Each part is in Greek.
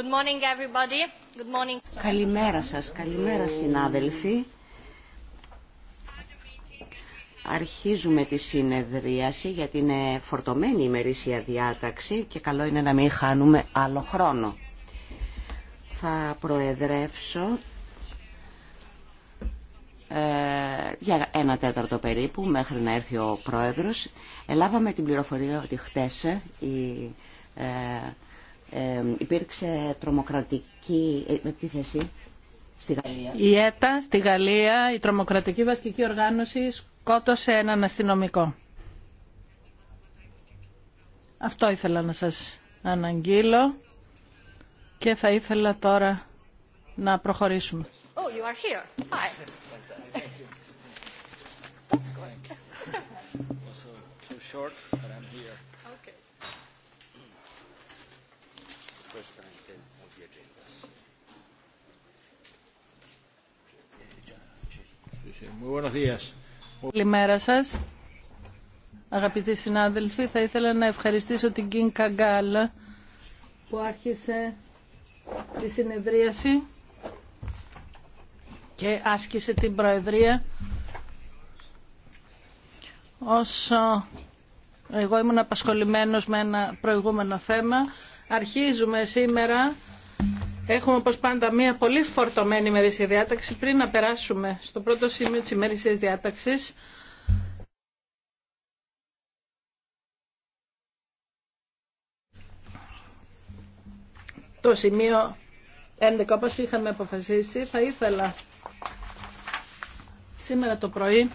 Good Καλημέρα σας, καλημέρα συνάδελφοι. Αρχίζουμε τη συνεδρίαση γιατί είναι φορτωμένη η ημερήσια διάταξη και καλό είναι να μην χάνουμε άλλο χρόνο. Θα προεδρεύσω ε, για ένα τέταρτο περίπου μέχρι να έρθει ο πρόεδρος. Ελάβαμε την πληροφορία ότι χτες η ε, υπήρξε τρομοκρατική επίθεση στη Γαλλία. Η ΕΤΑ στη Γαλλία, η τρομοκρατική βασική οργάνωση, σκότωσε έναν αστυνομικό. Αυτό ήθελα να σας αναγγείλω και θα ήθελα τώρα να προχωρήσουμε. Oh, first Καλημέρα σας. Αγαπητοί συνάδελφοι, θα ήθελα να ευχαριστήσω την Κιν Καγκάλ που άρχισε τη συνεδρίαση και άσκησε την Προεδρία όσο εγώ ήμουν απασχολημένος με ένα προηγούμενο θέμα Αρχίζουμε σήμερα. Έχουμε όπως πάντα μία πολύ φορτωμένη ημερήσια διάταξη πριν να περάσουμε στο πρώτο σημείο της ημερήσιας διάταξης. Το σημείο 11 όπως είχαμε αποφασίσει θα ήθελα σήμερα το πρωί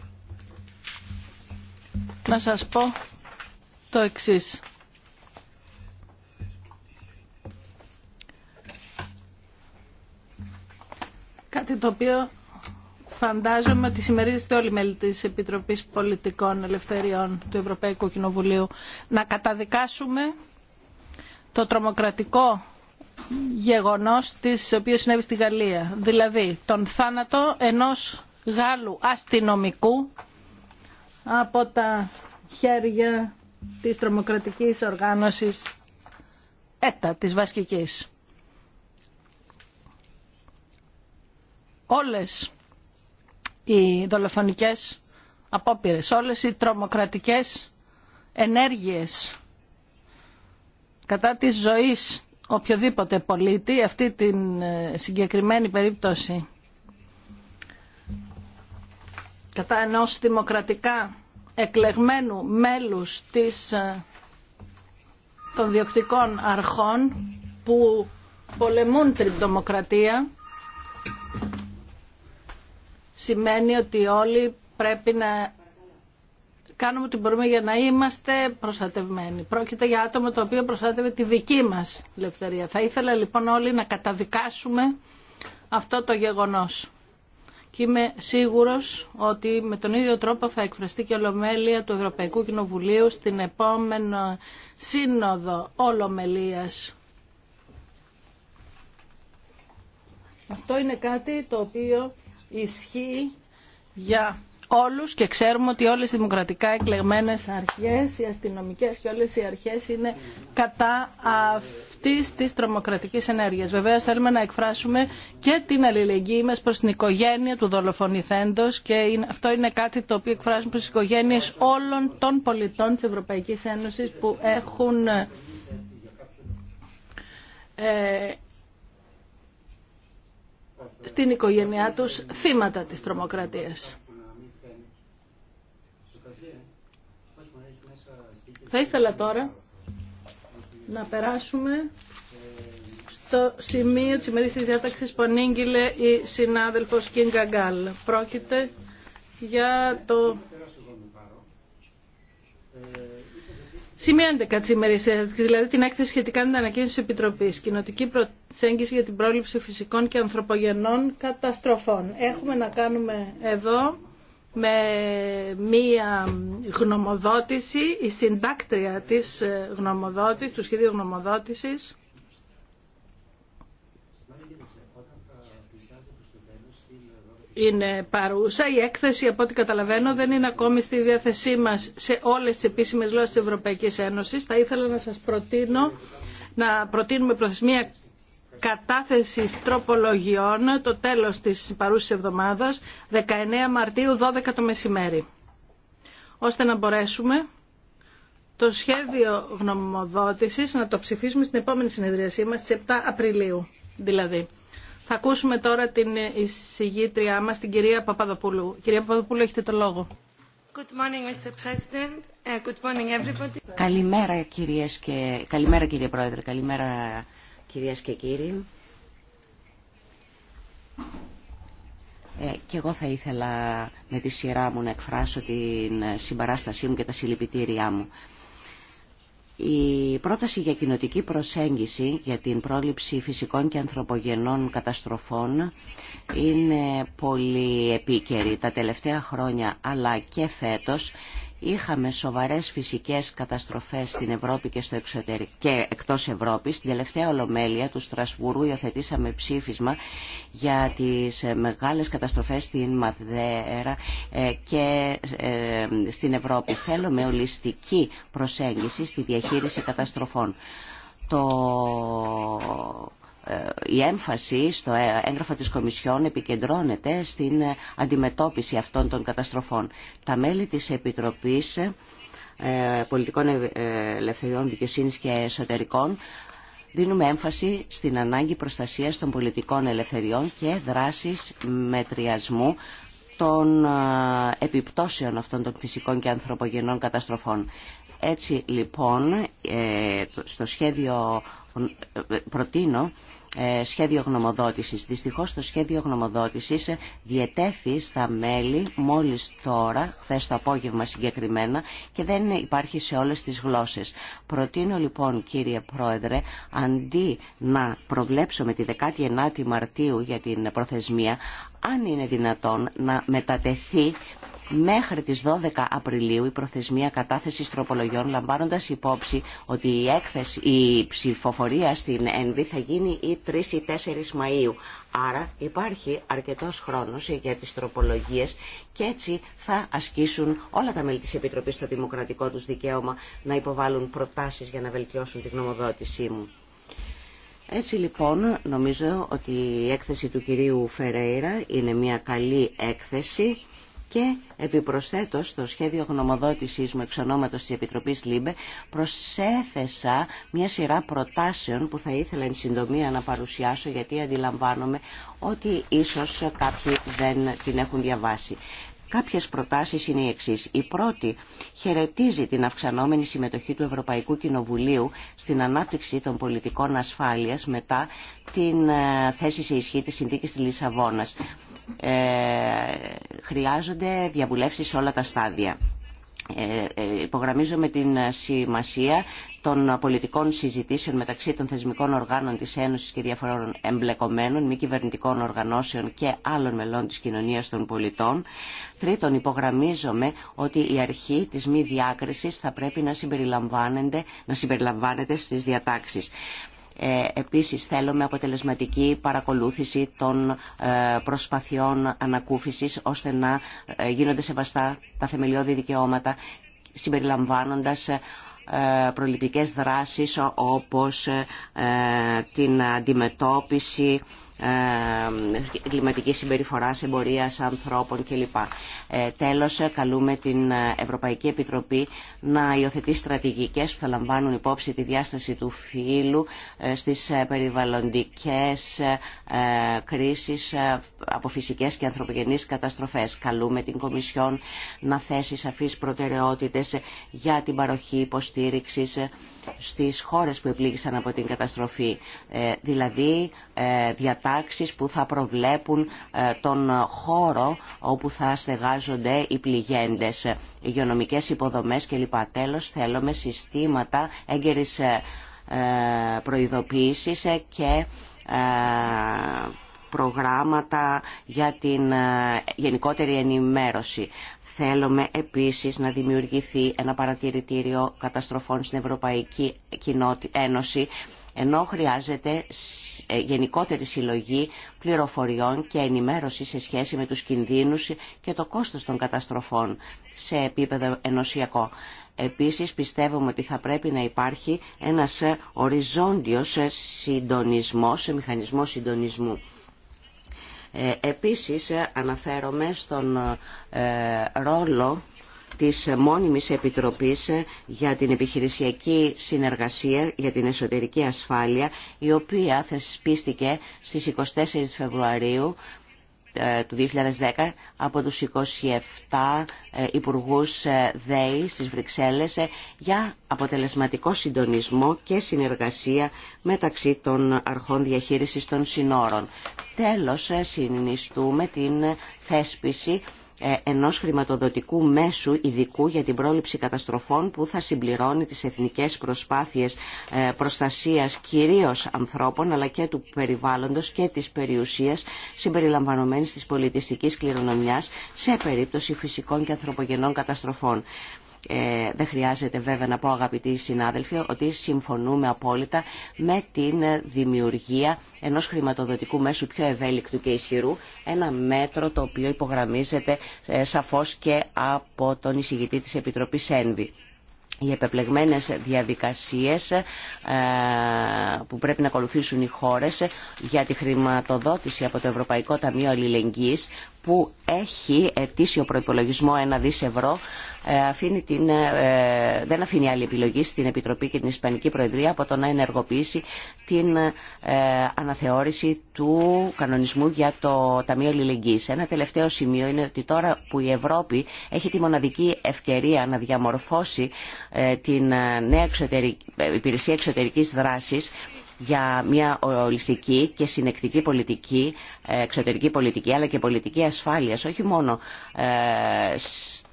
να σας πω το εξής. Κάτι το οποίο φαντάζομαι ότι συμμερίζεται όλοι οι μέλη της Επιτροπής Πολιτικών Ελευθεριών του Ευρωπαϊκού Κοινοβουλίου. Να καταδικάσουμε το τρομοκρατικό γεγονός της οποίο συνέβη στη Γαλλία. Δηλαδή τον θάνατο ενός Γάλλου αστυνομικού από τα χέρια της τρομοκρατικής οργάνωσης ΕΤΑ της Βασκικής. όλες οι δολοφονικές απόπειρες, όλες οι τρομοκρατικές ενέργειες κατά της ζωής οποιοδήποτε πολίτη, αυτή την ε, συγκεκριμένη περίπτωση κατά ενός δημοκρατικά εκλεγμένου μέλους της, ε, των διοκτικών αρχών που πολεμούν την δημοκρατία σημαίνει ότι όλοι πρέπει να κάνουμε ό,τι μπορούμε για να είμαστε προστατευμένοι. Πρόκειται για άτομα το οποίο προστάτευε τη δική μας ελευθερία. Θα ήθελα λοιπόν όλοι να καταδικάσουμε αυτό το γεγονός. Και είμαι σίγουρος ότι με τον ίδιο τρόπο θα εκφραστεί και ολομέλεια του Ευρωπαϊκού Κοινοβουλίου στην επόμενη σύνοδο ολομελίας. Αυτό είναι κάτι το οποίο ισχύει για όλους και ξέρουμε ότι όλες οι δημοκρατικά εκλεγμένες αρχές, οι αστυνομικές και όλες οι αρχές είναι κατά αυτής της τρομοκρατικής ενέργειας. Βεβαίως θέλουμε να εκφράσουμε και την αλληλεγγύη μας προς την οικογένεια του δολοφονηθέντος και αυτό είναι κάτι το οποίο εκφράζουμε προς τις οικογένειες όλων των πολιτών της Ευρωπαϊκής Ένωσης που έχουν ε, στην οικογένειά τους θύματα της τρομοκρατίας. Θα ήθελα τώρα να περάσουμε στο σημείο της ημερήσιας διάταξης που ανήγγειλε η συνάδελφος Κιν Καγκάλ. Πρόκειται για το Σημείο 11 τη ημερησία, δηλαδή την έκθεση σχετικά με την ανακοίνωση τη Επιτροπή. Κοινοτική προσέγγιση για την πρόληψη φυσικών και ανθρωπογενών καταστροφών. Έχουμε να κάνουμε εδώ με μία γνωμοδότηση, η συντάκτρια της ε, γνωμοδότησης, του σχεδίου γνωμοδότησης, είναι παρούσα. Η έκθεση, από ό,τι καταλαβαίνω, δεν είναι ακόμη στη διάθεσή μας σε όλες τις επίσημες γλώσσες της Ευρωπαϊκής Ένωσης. Θα ήθελα να σας προτείνω να προτείνουμε μια κατάθεση τροπολογιών το τέλος της παρούσης εβδομάδας, 19 Μαρτίου, 12 το μεσημέρι, ώστε να μπορέσουμε το σχέδιο γνωμοδότησης να το ψηφίσουμε στην επόμενη συνεδριασή μας, στις 7 Απριλίου δηλαδή. Θα ακούσουμε τώρα την εισηγήτριά μας, την κυρία Παπαδοπούλου. Κυρία Παπαδοπούλου, έχετε το λόγο. Good morning, Mr. President. Uh, good morning, everybody. Καλημέρα, κυρίες και... Καλημέρα, κύριε Πρόεδρε. Καλημέρα, κυρίες και κύριοι. Ε, και εγώ θα ήθελα με τη σειρά μου να εκφράσω την συμπαράστασή μου και τα συλληπιτήριά μου. Η πρόταση για κοινοτική προσέγγιση για την πρόληψη φυσικών και ανθρωπογενών καταστροφών είναι πολύ επίκαιρη τα τελευταία χρόνια αλλά και φέτος Είχαμε σοβαρές φυσικές καταστροφές στην Ευρώπη και, στο εξωτερικό, και εκτός Ευρώπης. Στην τελευταία ολομέλεια του Στρασβούρου υιοθετήσαμε ψήφισμα για τις ε, μεγάλες καταστροφές στην Μαδέρα ε, και ε, στην Ευρώπη. Θέλουμε ολιστική προσέγγιση στη διαχείριση καταστροφών. Το ε, η έμφαση στο ε, έγγραφο της Κομισιόν επικεντρώνεται στην ε, αντιμετώπιση αυτών των καταστροφών. Τα μέλη της Επιτροπής Πολιτικών Ελευθεριών Δικαιοσύνης και Εσωτερικών δίνουμε έμφαση στην ανάγκη προστασίας των πολιτικών ελευθεριών και δράσης μετριασμού των επιπτώσεων αυτών των φυσικών και ανθρωπογενών καταστροφών. Έτσι λοιπόν στο σχέδιο ε, προτείνω ε, σχέδιο γνωμοδότησης. Δυστυχώς το σχέδιο γνωμοδότησης διετέθη στα μέλη μόλις τώρα, χθε το απόγευμα συγκεκριμένα, και δεν υπάρχει σε όλες τις γλώσσες. Προτείνω λοιπόν κύριε Πρόεδρε, αντί να προβλέψουμε τη 19η Μαρτίου για την προθεσμία, αν είναι δυνατόν να μετατεθεί μέχρι τις 12 Απριλίου η προθεσμία κατάθεσης τροπολογιών λαμβάνοντας υπόψη ότι η, έκθεση, η ψηφοφορία στην ΕΝΒΗ θα γίνει ή 3 ή 4 Μαΐου. Άρα υπάρχει αρκετός χρόνος για τις τροπολογίες και έτσι θα ασκήσουν όλα τα μέλη της Επιτροπής στο δημοκρατικό τους δικαίωμα να υποβάλουν προτάσεις για να βελτιώσουν τη γνωμοδότησή μου. Έτσι λοιπόν νομίζω ότι η έκθεση του κυρίου Φερέιρα είναι μια καλή έκθεση και επιπροσθέτω, στο σχέδιο γνωμοδότησης μου εξ ονόματος της Επιτροπής ΛΥΜΠΕ προσέθεσα μια σειρά προτάσεων που θα ήθελα εν συντομία να παρουσιάσω γιατί αντιλαμβάνομαι ότι ίσως κάποιοι δεν την έχουν διαβάσει. Κάποιες προτάσεις είναι οι εξής. Η πρώτη χαιρετίζει την αυξανόμενη συμμετοχή του Ευρωπαϊκού Κοινοβουλίου στην ανάπτυξη των πολιτικών ασφάλειας μετά την ε, θέση σε ισχύ της συνθήκης της Λισαβόνας. Ε, χρειάζονται διαβουλεύσεις σε όλα τα στάδια. Ε, ε, υπογραμμίζω με την σημασία των πολιτικών συζητήσεων μεταξύ των θεσμικών οργάνων της Ένωσης και διαφορών εμπλεκομένων, μη κυβερνητικών οργανώσεων και άλλων μελών της κοινωνίας των πολιτών. Τρίτον, υπογραμμίζομαι ότι η αρχή της μη διάκρισης θα πρέπει να συμπεριλαμβάνεται, να συμπεριλαμβάνεται στις διατάξεις. Ε, επίσης θέλουμε αποτελεσματική παρακολούθηση των ε, προσπαθειών ανακούφισης ώστε να ε, γίνονται σεβαστά τα θεμελιώδη δικαιώματα συμπεριλαμβάνοντας προληπτικές δράσεις όπως την αντιμετώπιση ε, κλιματικής συμπεριφοράς, εμπορίας ανθρώπων κλπ. Ε, τέλος, καλούμε την Ευρωπαϊκή Επιτροπή να υιοθετεί στρατηγικές που θα λαμβάνουν υπόψη τη διάσταση του φύλου ε, στις περιβαλλοντικές κρίσεις από φυσικές και ανθρωπογενείς καταστροφές. Καλούμε την Κομισιόν να θέσει σαφείς προτεραιότητες για την παροχή υποστήριξης στις χώρες που επλήγησαν από την καταστροφή. Δηλαδή, διατάξεις που θα προβλέπουν ε, τον χώρο όπου θα στεγάζονται οι πληγέντες, ε, υγειονομικές υποδομές κλπ. Τέλος, θέλουμε συστήματα έγκαιρης ε, προειδοποίησης και προγράμματα για την γενικότερη ενημέρωση. Θέλουμε επίσης να δημιουργηθεί ένα παρατηρητήριο καταστροφών στην Ευρωπαϊκή Ένωση ενώ χρειάζεται ε, γενικότερη συλλογή πληροφοριών και ενημέρωση σε σχέση με τους κινδύνους και το κόστος των καταστροφών σε επίπεδο ενωσιακό. Επίσης πιστεύουμε ότι θα πρέπει να υπάρχει ένας οριζόντιος συντονισμός, μηχανισμός συντονισμού. Ε, επίσης αναφέρομαι στον ε, ρόλο της μόνιμης επιτροπής για την επιχειρησιακή συνεργασία για την εσωτερική ασφάλεια η οποία θεσπίστηκε στις 24 Φεβρουαρίου ε, του 2010 από τους 27 ε, υπουργούς ε, ΔΕΗ στις Βρυξέλλες για αποτελεσματικό συντονισμό και συνεργασία μεταξύ των αρχών διαχείρισης των συνόρων. Τέλος, συνιστούμε την θέσπιση ε, ενός χρηματοδοτικού μέσου ειδικού για την πρόληψη καταστροφών που θα συμπληρώνει τις εθνικές προσπάθειες ε, προστασίας κυρίως ανθρώπων αλλά και του περιβάλλοντος και της περιουσίας συμπεριλαμβανομένης της πολιτιστικής κληρονομιάς σε περίπτωση φυσικών και ανθρωπογενών καταστροφών. Ε, δεν χρειάζεται βέβαια να πω αγαπητοί συνάδελφοι ότι συμφωνούμε απόλυτα με την δημιουργία ενός χρηματοδοτικού μέσου πιο ευέλικτου και ισχυρού ένα μέτρο το οποίο υπογραμμίζεται ε, σαφώς και από τον εισηγητή της Επιτροπής ΕΝΒΗ οι επεπλεγμένες διαδικασίες ε, που πρέπει να ακολουθήσουν οι χώρες για τη χρηματοδότηση από το Ευρωπαϊκό Ταμείο Αλληλεγγύης που έχει ετήσιο προϋπολογισμό 1 δις ευρώ ε, αφήνει την, ε, δεν αφήνει άλλη επιλογή στην Επιτροπή και την Ισπανική Προεδρία από το να ενεργοποιήσει την ε, αναθεώρηση του κανονισμού για το Ταμείο Λιλεγγύης. Ένα τελευταίο σημείο είναι ότι τώρα που η Ευρώπη έχει τη μοναδική ευκαιρία να διαμορφώσει την νέα εξωτερική, υπηρεσία εξωτερικής δράσης για μια ολιστική και συνεκτική πολιτική, ε, εξωτερική πολιτική, αλλά και πολιτική ασφάλειας, όχι μόνο ε,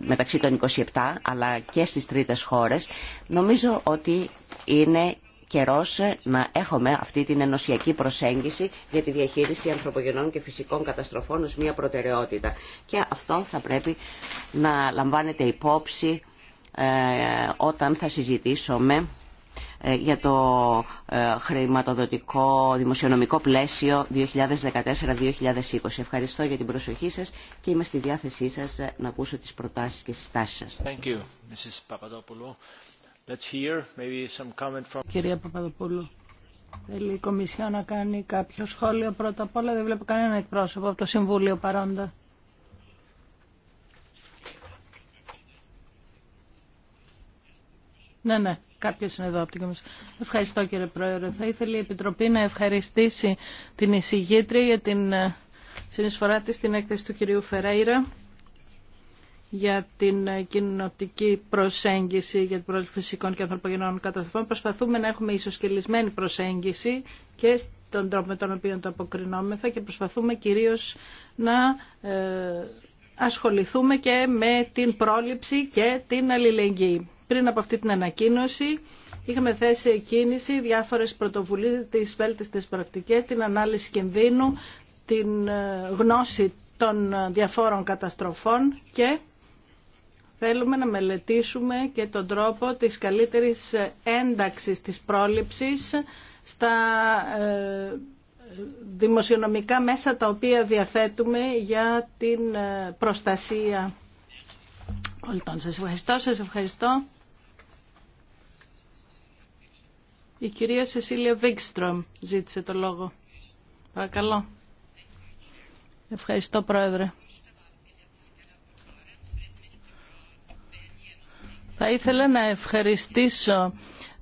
μεταξύ των 27, αλλά και στις τρίτες χώρες, νομίζω ότι είναι καιρός να έχουμε αυτή την ενωσιακή προσέγγιση για τη διαχείριση ανθρωπογενών και φυσικών καταστροφών ως μια προτεραιότητα. Και αυτό θα πρέπει να λαμβάνεται υπόψη ε, όταν θα συζητήσουμε ε, για το ε, χρηματοδοτικό δημοσιονομικό πλαίσιο 2014-2020. Ευχαριστώ για την προσοχή σας και είμαι στη διάθεσή σας ε, να ακούσω τις προτάσεις και συστάσεις σας. Thank you, Mrs. Let's hear maybe some comment from... Κυρία Παπαδοπούλου, θέλει η Κομισιόν να κάνει κάποιο σχόλιο. Πρώτα απ' όλα δεν βλέπω κανένα εκπρόσωπο από το Συμβούλιο παρόντα. Ναι, ναι, κάποιο είναι εδώ από την Κομισιόν. Ευχαριστώ κύριε Πρόεδρε. Θα ήθελε η Επιτροπή να ευχαριστήσει την εισηγήτρια για την ε, συνεισφορά της στην έκθεση του κυρίου Φεραίρα για την ε, κοινωτική προσέγγιση για την πρόληψη φυσικών και ανθρωπογενών καταστροφών. Προσπαθούμε να έχουμε ισοσκελισμένη προσέγγιση και στον τρόπο με τον οποίο το αποκρινόμεθα και προσπαθούμε κυρίως να ε, ασχοληθούμε και με την πρόληψη και την αλληλεγγύη πριν από αυτή την ανακοίνωση είχαμε θέσει κίνηση, διάφορες πρωτοβουλίες, τις βέλτιστες πρακτικές, την ανάλυση κινδύνου, την ε, γνώση των ε, διαφόρων καταστροφών και θέλουμε να μελετήσουμε και τον τρόπο της καλύτερης ε, ένταξης της πρόληψης στα δημοσιονομικά μέσα τα οποία διαθέτουμε για την προστασία ευχαριστώ, σας ευχαριστώ. Η κυρία Σεσίλια Βίγκστρομ ζήτησε το λόγο. Παρακαλώ. Ευχαριστώ, Πρόεδρε. Θα ήθελα να ευχαριστήσω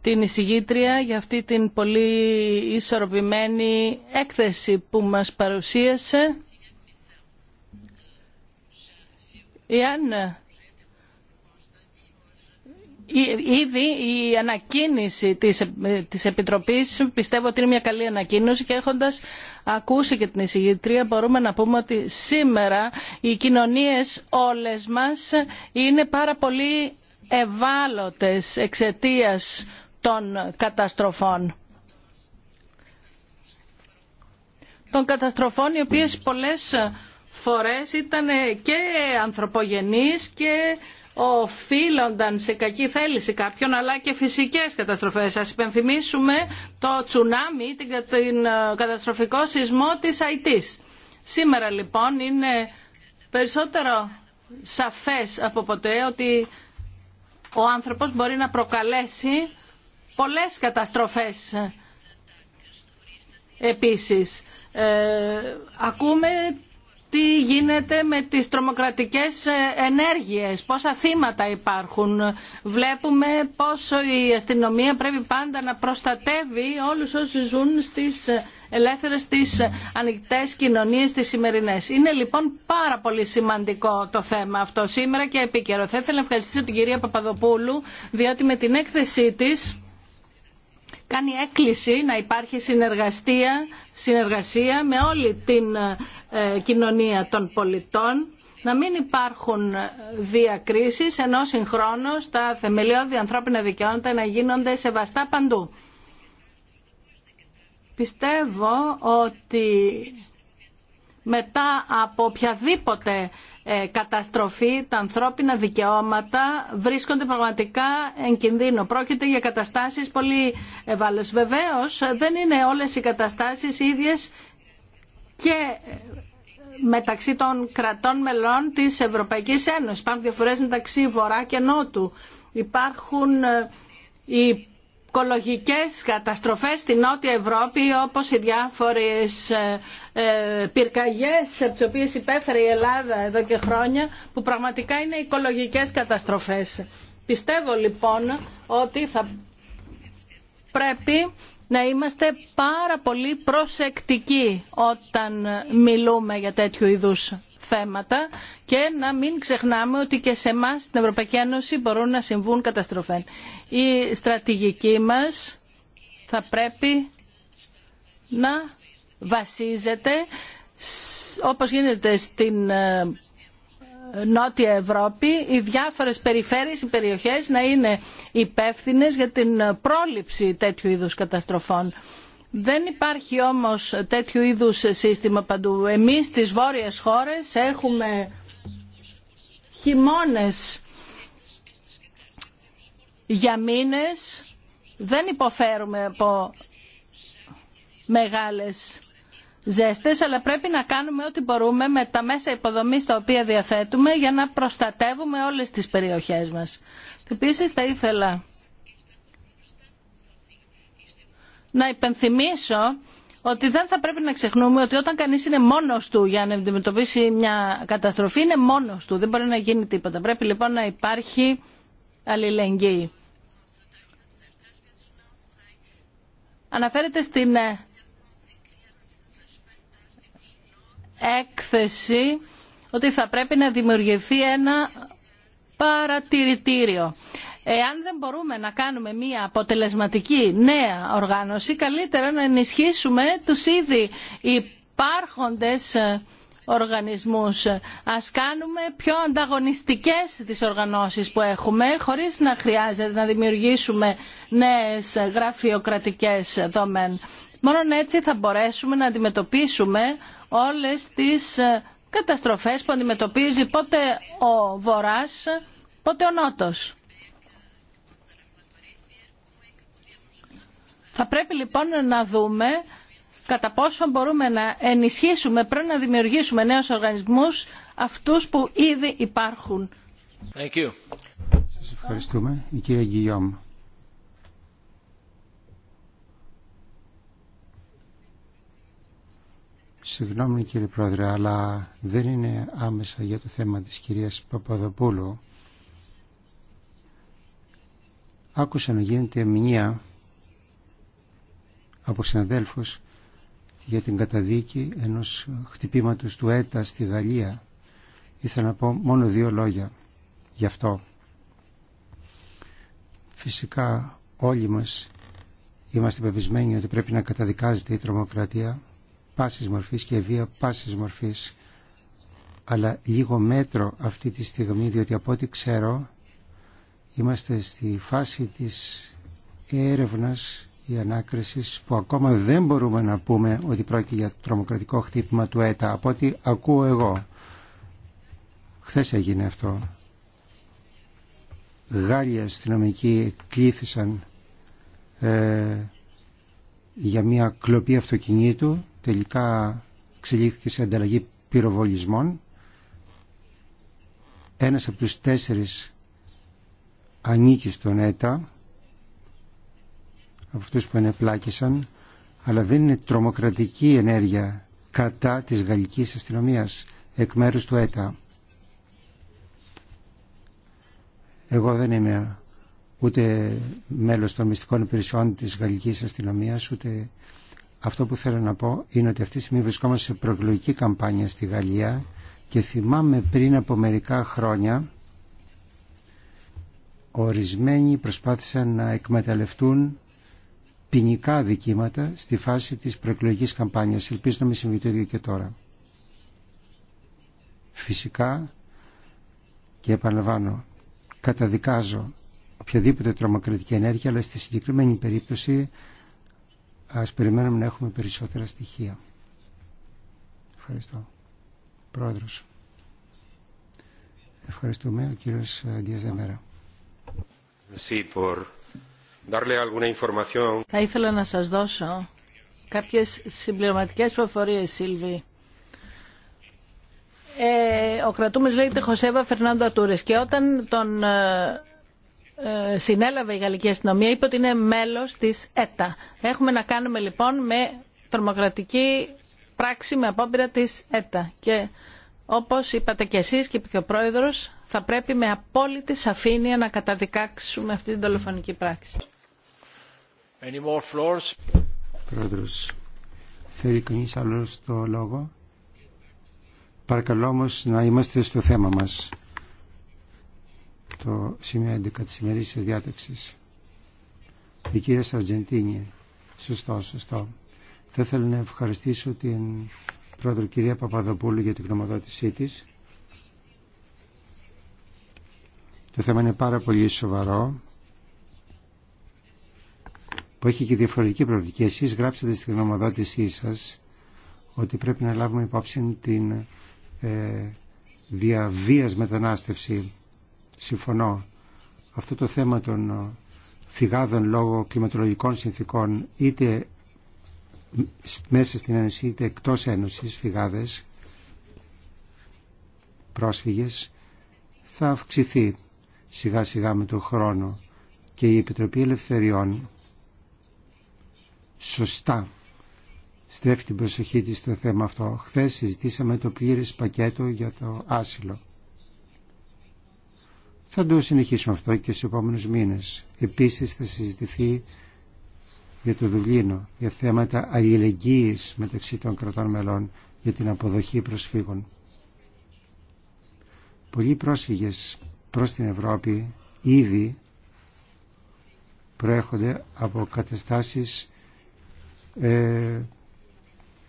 την εισηγήτρια για αυτή την πολύ ισορροπημένη έκθεση που μας παρουσίασε. Εάν Ήδη η ανακοίνηση ε, της Επιτροπής πιστεύω ότι είναι μια καλή ανακοίνωση και έχοντας ακούσει και την εισηγητρία μπορούμε να πούμε ότι σήμερα οι κοινωνίες όλες μας είναι πάρα πολύ ευάλωτες εξαιτίας των καταστροφών. Των καταστροφών οι οποίες πολλές φορές ήταν και ανθρωπογενείς και οφείλονταν σε κακή θέληση κάποιων αλλά και φυσικές καταστροφές. Ας υπενθυμίσουμε το τσουνάμι, την ε, καταστροφικό σεισμό της Αιτής. Σήμερα λοιπόν είναι περισσότερο σαφές από ποτέ ότι ο άνθρωπος μπορεί να προκαλέσει πολλές καταστροφές ε, επίσης. Ε, ακούμε τι γίνεται με τις τρομοκρατικές ε, ενέργειες, πόσα θύματα υπάρχουν. Βλέπουμε πόσο η αστυνομία πρέπει πάντα να προστατεύει όλους όσοι ζουν στις ε, ελεύθερες, στις ε, ανοιχτές κοινωνίες τις σημερινές. Είναι λοιπόν πάρα πολύ σημαντικό το θέμα αυτό σήμερα και επίκαιρο. Θα ήθελα να ευχαριστήσω την κυρία Παπαδοπούλου, διότι με την έκθεσή της κάνει έκκληση να υπάρχει συνεργασία, συνεργασία με όλη την ε, κοινωνία των πολιτών, να μην υπάρχουν διακρίσεις, ενώ συγχρόνως τα θεμελιώδη ανθρώπινα δικαιώματα να γίνονται σεβαστά παντού. Πιστεύω ότι μετά από οποιαδήποτε ε, καταστροφή τα ανθρώπινα δικαιώματα βρίσκονται πραγματικά εν κινδύνο. Πρόκειται για καταστάσεις πολύ ευάλωτες. Βεβαίως δεν είναι όλες οι καταστάσεις ίδιες και ε, μεταξύ των κρατών μελών της Ευρωπαϊκής Ένωσης. Υπάρχουν διαφορές μεταξύ Βορρά και Νότου. Υπάρχουν ε, οικολογικές καταστροφές στην Νότια Ευρώπη όπως οι διάφορες ε, ε, πυρκαγιές από τις οποίες υπέφερε η Ελλάδα εδώ και χρόνια που πραγματικά είναι οικολογικές καταστροφές. Πιστεύω λοιπόν ότι θα πρέπει να είμαστε πάρα πολύ προσεκτικοί όταν μιλούμε για τέτοιου είδους θέματα και να μην ξεχνάμε ότι και σε εμά στην Ευρωπαϊκή Ένωση μπορούν να συμβούν καταστροφές. Η στρατηγική μας θα πρέπει να βασίζεται όπως γίνεται στην ε, Νότια Ευρώπη, οι διάφορες περιφέρειες, οι περιοχές να είναι υπεύθυνε για την πρόληψη τέτοιου είδους καταστροφών. Δεν υπάρχει όμως τέτοιου είδους σύστημα παντού. Εμείς στις βόρειες χώρες έχουμε χειμώνες για μήνες. Δεν υποφέρουμε από μεγάλες ζέστες, αλλά πρέπει να κάνουμε ό,τι μπορούμε με τα μέσα υποδομής τα οποία διαθέτουμε για να προστατεύουμε όλες τις περιοχές μας. Επίσης θα ήθελα να υπενθυμίσω ότι δεν θα πρέπει να ξεχνούμε ότι όταν κανείς είναι μόνος του για να αντιμετωπίσει μια καταστροφή είναι μόνος του, δεν μπορεί να γίνει τίποτα. Πρέπει λοιπόν να υπάρχει αλληλεγγύη. Αναφέρεται στην ε, έκθεση ότι θα πρέπει να δημιουργηθεί ένα παρατηρητήριο. Εάν δεν μπορούμε να κάνουμε μια αποτελεσματική νέα οργάνωση, καλύτερα να ενισχύσουμε τους ήδη υπάρχοντες ε, οργανισμούς. Ας κάνουμε πιο ανταγωνιστικές τις οργανώσεις που έχουμε, χωρίς να χρειάζεται να δημιουργήσουμε νέες γραφειοκρατικές δόμεν. Μόνο έτσι θα μπορέσουμε να αντιμετωπίσουμε όλες τις ε, καταστροφές που αντιμετωπίζει πότε ο Βορράς, πότε ο Νότος. Θα πρέπει λοιπόν να δούμε κατά πόσο μπορούμε να ενισχύσουμε πριν να δημιουργήσουμε νέους οργανισμούς αυτούς που ήδη υπάρχουν. Thank you. Σας ευχαριστούμε. Η κυρία Γκυλιόμ. Συγγνώμη κύριε Πρόεδρε, αλλά δεν είναι άμεσα για το θέμα της κυρίας Παπαδοπούλου. Άκουσα να γίνεται μια από συναδέλφους για την καταδίκη ενός χτυπήματος του ΕΤΑ στη Γαλλία. Ήθελα να πω μόνο δύο λόγια γι' αυτό. Φυσικά όλοι μας είμαστε πεπισμένοι ότι πρέπει να καταδικάζεται η τρομοκρατία πάσης μορφής και βία πάσης μορφής αλλά λίγο μέτρο αυτή τη στιγμή διότι από ό,τι ξέρω είμαστε στη φάση της έρευνας η ανάκριση που ακόμα δεν μπορούμε να πούμε ότι πρόκειται για τρομοκρατικό χτύπημα του ΕΤΑ από ό,τι ακούω εγώ. Χθε έγινε αυτό. Γάλλοι αστυνομικοί κλήθησαν ε, για μια κλοπή αυτοκινήτου τελικά ξελίχθηκε σε ανταλλαγή πυροβολισμών ένας από τους τέσσερις ανήκει στον ΕΤΑ από αυτούς που ενεπλάκησαν, αλλά δεν είναι τρομοκρατική ενέργεια κατά της γαλλικής αστυνομίας εκ μέρους του ΕΤΑ. Εγώ δεν είμαι ούτε μέλος των μυστικών υπηρεσιών της γαλλικής αστυνομίας, ούτε αυτό που θέλω να πω είναι ότι αυτή τη στιγμή βρισκόμαστε σε προεκλογική καμπάνια στη Γαλλία και θυμάμαι πριν από μερικά χρόνια ορισμένοι προσπάθησαν να εκμεταλλευτούν ποινικά δικήματα στη φάση της προεκλογικής καμπάνιας. Ελπίζω να μην συμβεί το ίδιο και τώρα. Φυσικά και επαναλαμβάνω, καταδικάζω οποιαδήποτε τρομοκρατική ενέργεια, αλλά στη συγκεκριμένη περίπτωση ας περιμένουμε να έχουμε περισσότερα στοιχεία. Ευχαριστώ. Πρόεδρος. Ευχαριστούμε. Ο κύριος Διαζεμέρα. Θα ήθελα να σας δώσω κάποιες συμπληρωματικές προφορίες, Σίλβη. Ε, ο κρατούμενος λέγεται Χωσέβα Φερνάντο Ατούρες και όταν τον ε, ε, συνέλαβε η Γαλλική Αστυνομία είπε ότι είναι μέλος της ΕΤΑ. Έχουμε να κάνουμε λοιπόν με τρομοκρατική πράξη με απόπειρα της ΕΤΑ και όπως είπατε και εσείς και είπε ο Πρόεδρος, θα πρέπει με απόλυτη σαφήνεια να καταδικάξουμε αυτή την δολοφονική πράξη. Any Πρόεδρος, θέλει κανείς άλλο το λόγο. Παρακαλώ όμως να είμαστε στο θέμα μας. Το σημείο 11 της της διάταξης. Η κυρία Σαρτζεντίνη. Σωστό, σωστό. Θα ήθελα να ευχαριστήσω την Πρόεδρο κυρία Παπαδοπούλου για την γνωμοδότησή της. Το θέμα είναι πάρα πολύ σοβαρό που έχει και διαφορετική προοπτική. Εσεί, γράψατε στην γνωμοδότησή σας ότι πρέπει να λάβουμε υπόψη την ε, διαβίας μετανάστευση. Συμφωνώ. Αυτό το θέμα των φυγάδων λόγω κλιματολογικών συνθήκων είτε μέσα στην Ένωση είτε εκτός Ένωσης φυγάδες, πρόσφυγες, θα αυξηθεί σιγά σιγά με τον χρόνο και η Επιτροπή Ελευθεριών σωστά στρέφει την προσοχή της στο θέμα αυτό. Χθες συζητήσαμε το πλήρες πακέτο για το άσυλο. Θα το συνεχίσουμε αυτό και στους επόμενους μήνες. Επίσης θα συζητηθεί για το Δουβλίνο, για θέματα αλληλεγγύης μεταξύ των κρατών μελών για την αποδοχή προσφύγων. Πολλοί πρόσφυγες προς την Ευρώπη ήδη προέρχονται από καταστάσεις ε,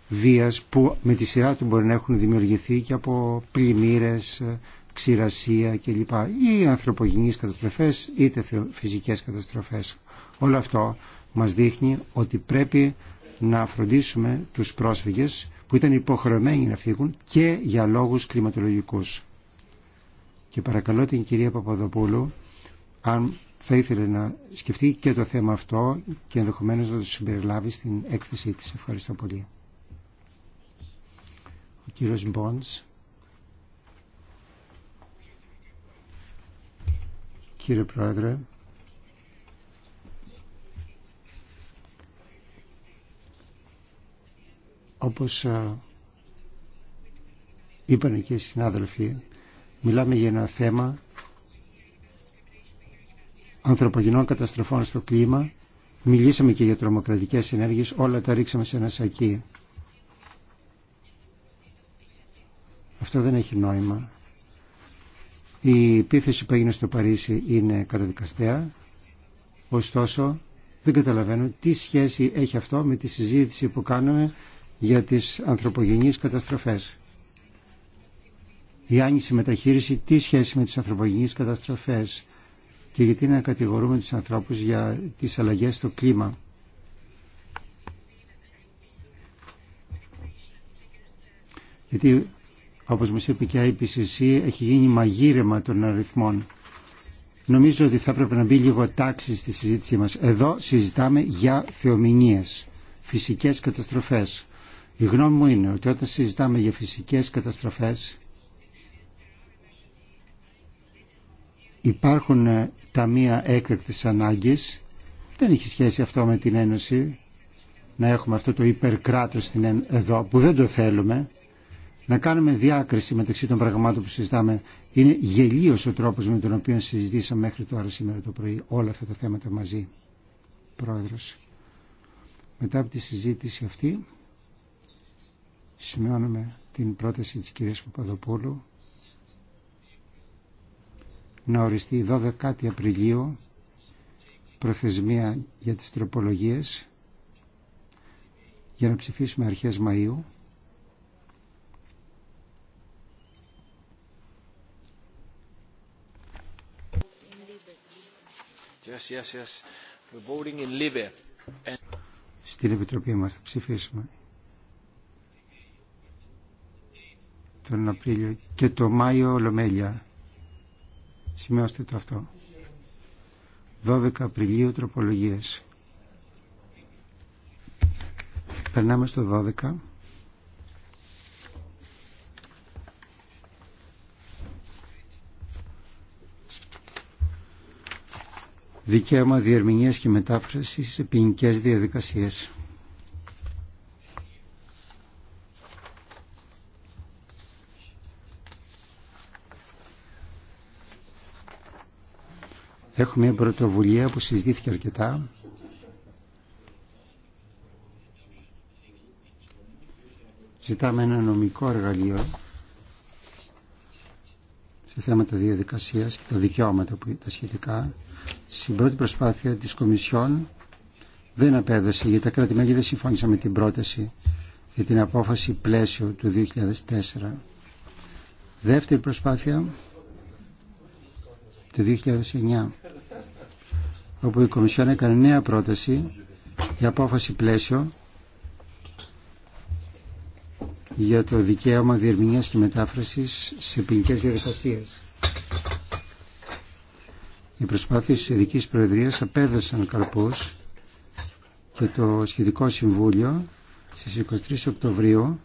βίας που με τη σειρά του μπορεί να έχουν δημιουργηθεί και από πλημμύρες, ε, ξηρασία κλπ. ή ανθρωπογενείς καταστροφές είτε φυσικές καταστροφές. Όλο αυτό μας δείχνει ότι πρέπει να φροντίσουμε τους πρόσφυγες που ήταν υποχρεωμένοι να φύγουν και για λόγους κλιματολογικούς. Και παρακαλώ την κυρία Παπαδοπούλου αν θα ήθελε να σκεφτεί και το θέμα αυτό και ενδεχομένως να το συμπεριλάβει στην έκθεσή της. Ευχαριστώ πολύ. Ο κύριος Μπόνς. Κύριε Πρόεδρε, Όπως ε, είπαν και οι συνάδελφοι, μιλάμε για ένα θέμα ανθρωπογενών καταστροφών στο κλίμα. Μιλήσαμε και για τρομοκρατικές ενέργειες, όλα τα ρίξαμε σε ένα σακί. Αυτό δεν έχει νόημα. Η επίθεση που έγινε στο Παρίσι είναι καταδικαστέα. Ωστόσο, δεν καταλαβαίνω τι σχέση έχει αυτό με τη συζήτηση που κάνουμε για τις ανθρωπογενείς καταστροφές. Η άνηση μεταχείριση τι σχέση με τις ανθρωπογενείς καταστροφές και γιατί να κατηγορούμε τους ανθρώπους για τις αλλαγές στο κλίμα. Γιατί, όπως μας είπε και η IPCC, έχει γίνει μαγείρεμα των αριθμών. Νομίζω ότι θα έπρεπε να μπει λίγο τάξη στη συζήτησή μας. Εδώ συζητάμε για θεομηνίες, φυσικές καταστροφές. Η γνώμη μου είναι ότι όταν συζητάμε για φυσικές καταστροφές υπάρχουν ε, ταμεία έκτακτης ανάγκης δεν έχει σχέση αυτό με την Ένωση να έχουμε αυτό το υπερκράτος στην εδώ που δεν το θέλουμε να κάνουμε διάκριση μεταξύ των πραγμάτων που συζητάμε είναι γελίος ο τρόπος με τον οποίο συζητήσαμε μέχρι τώρα σήμερα το πρωί όλα αυτά τα θέματα μαζί Πρόεδρος μετά από τη συζήτηση αυτή σημειώνουμε την πρόταση της κυρίας Παπαδοπούλου να οριστεί 12 Απριλίου προθεσμία για τις τροπολογίες για να ψηφίσουμε αρχές Μαΐου Yes, yes, yes. We're voting in Στην Επιτροπή μας θα ψηφίσουμε. τον Απρίλιο και το Μάιο Ολομέλεια. Σημειώστε το αυτό. 12 Απριλίου τροπολογίες. Περνάμε στο 12. Δικαίωμα διερμηνίας και μετάφρασης σε ποινικές διαδικασίες. Έχουμε μια πρωτοβουλία που συζητήθηκε αρκετά Ζητάμε ένα νομικό εργαλείο σε θέματα διαδικασίας και τα δικαιώματα που τα σχετικά. Στην πρώτη προσπάθεια της Κομισιόν δεν απέδωσε γιατί τα κράτη-μέλη δεν συμφώνησαν με την πρόταση για την απόφαση πλαίσιο του 2004. Δεύτερη προσπάθεια του 2009 όπου η Κομισιόν έκανε νέα πρόταση για απόφαση πλαίσιο για το δικαίωμα διερμηνίας και μετάφρασης σε ποινικέ διαδικασίες. Οι προσπάθειες της Ειδικής Προεδρίας απέδωσαν καρπούς και το Σχετικό Συμβούλιο στις 23 Οκτωβρίου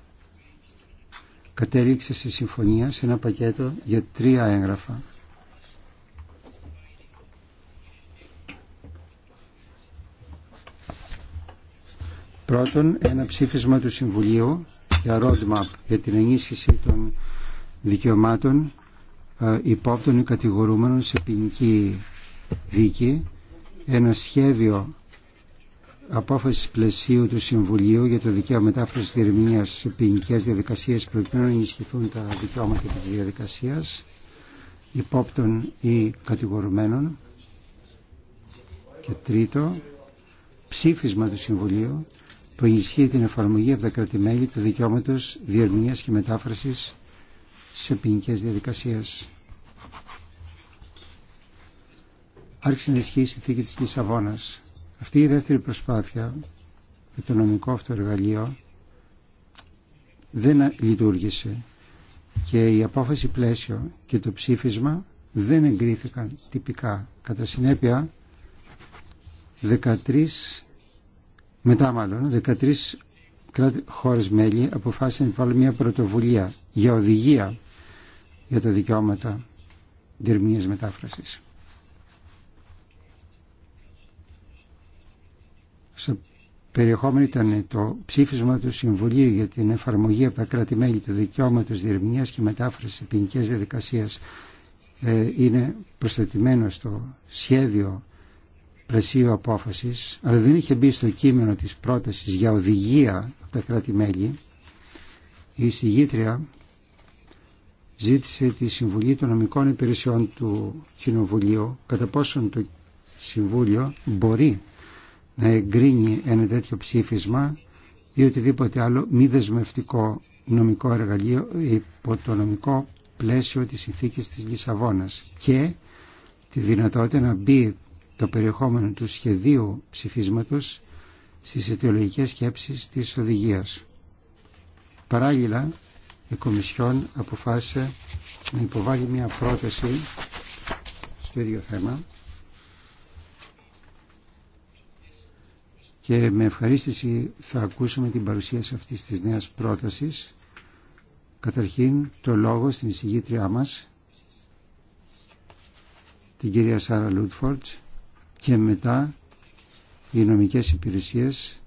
κατέληξε σε συμφωνία σε ένα πακέτο για τρία έγγραφα Πρώτον, ένα ψήφισμα του Συμβουλίου για roadmap για την ενίσχυση των δικαιωμάτων ε, υπόπτων ή κατηγορούμενων σε ποινική δίκη. Ένα σχέδιο απόφαση πλαισίου του Συμβουλίου για το δικαίωμα μετάφραση διερμηνία σε ποινικέ διαδικασίε προκειμένου να ενισχυθούν τα δικαιώματα τη διαδικασία υπόπτων ή κατηγορουμένων. Και τρίτο, ψήφισμα του Συμβουλίου που ενισχύει την εφαρμογή από τα κρατημέλη του δικαιώματο διερμηνίας και μετάφρασης σε ποινικέ διαδικασίες. Άρχισε να ισχύει η συνθήκη τη Λισαβόνα. Αυτή η δεύτερη προσπάθεια με το νομικό αυτό εργαλείο δεν λειτουργήσε και η απόφαση πλαίσιο και το ψήφισμα δεν εγκρίθηκαν τυπικά. Κατά συνέπεια, 13 μετά μάλλον 13 χώρε χώρες μέλη αποφάσισαν να μια πρωτοβουλία για οδηγία για τα δικαιώματα διερμηνίας μετάφρασης. Στο περιεχόμενο ήταν το ψήφισμα του Συμβουλίου για την εφαρμογή από τα κράτη-μέλη του δικαιώματος διερμηνίας και μετάφρασης ποινικέ διαδικασίας ε, είναι προσθετημένο στο σχέδιο πλαισίου απόφαση, αλλά δεν είχε μπει στο κείμενο τη πρόταση για οδηγία από τα κράτη-μέλη, η εισηγήτρια ζήτησε τη Συμβουλή των Νομικών Υπηρεσιών του Κοινοβουλίου κατά πόσον το Συμβούλιο μπορεί να εγκρίνει ένα τέτοιο ψήφισμα ή οτιδήποτε άλλο μη δεσμευτικό νομικό εργαλείο υπό το νομικό πλαίσιο της συνθήκη της Λισαβόνας και τη δυνατότητα να μπει το περιεχόμενο του σχεδίου ψηφίσματος στις αιτιολογικές σκέψεις της οδηγίας. Παράλληλα, η Κομισιόν αποφάσισε να υποβάλει μια πρόταση στο ίδιο θέμα και με ευχαρίστηση θα ακούσουμε την παρουσίαση αυτής της νέας πρότασης. Καταρχήν, το λόγο στην εισηγήτριά μας, την κυρία Σάρα Λούτφορτ, και μετά οι νομικές υπηρεσίες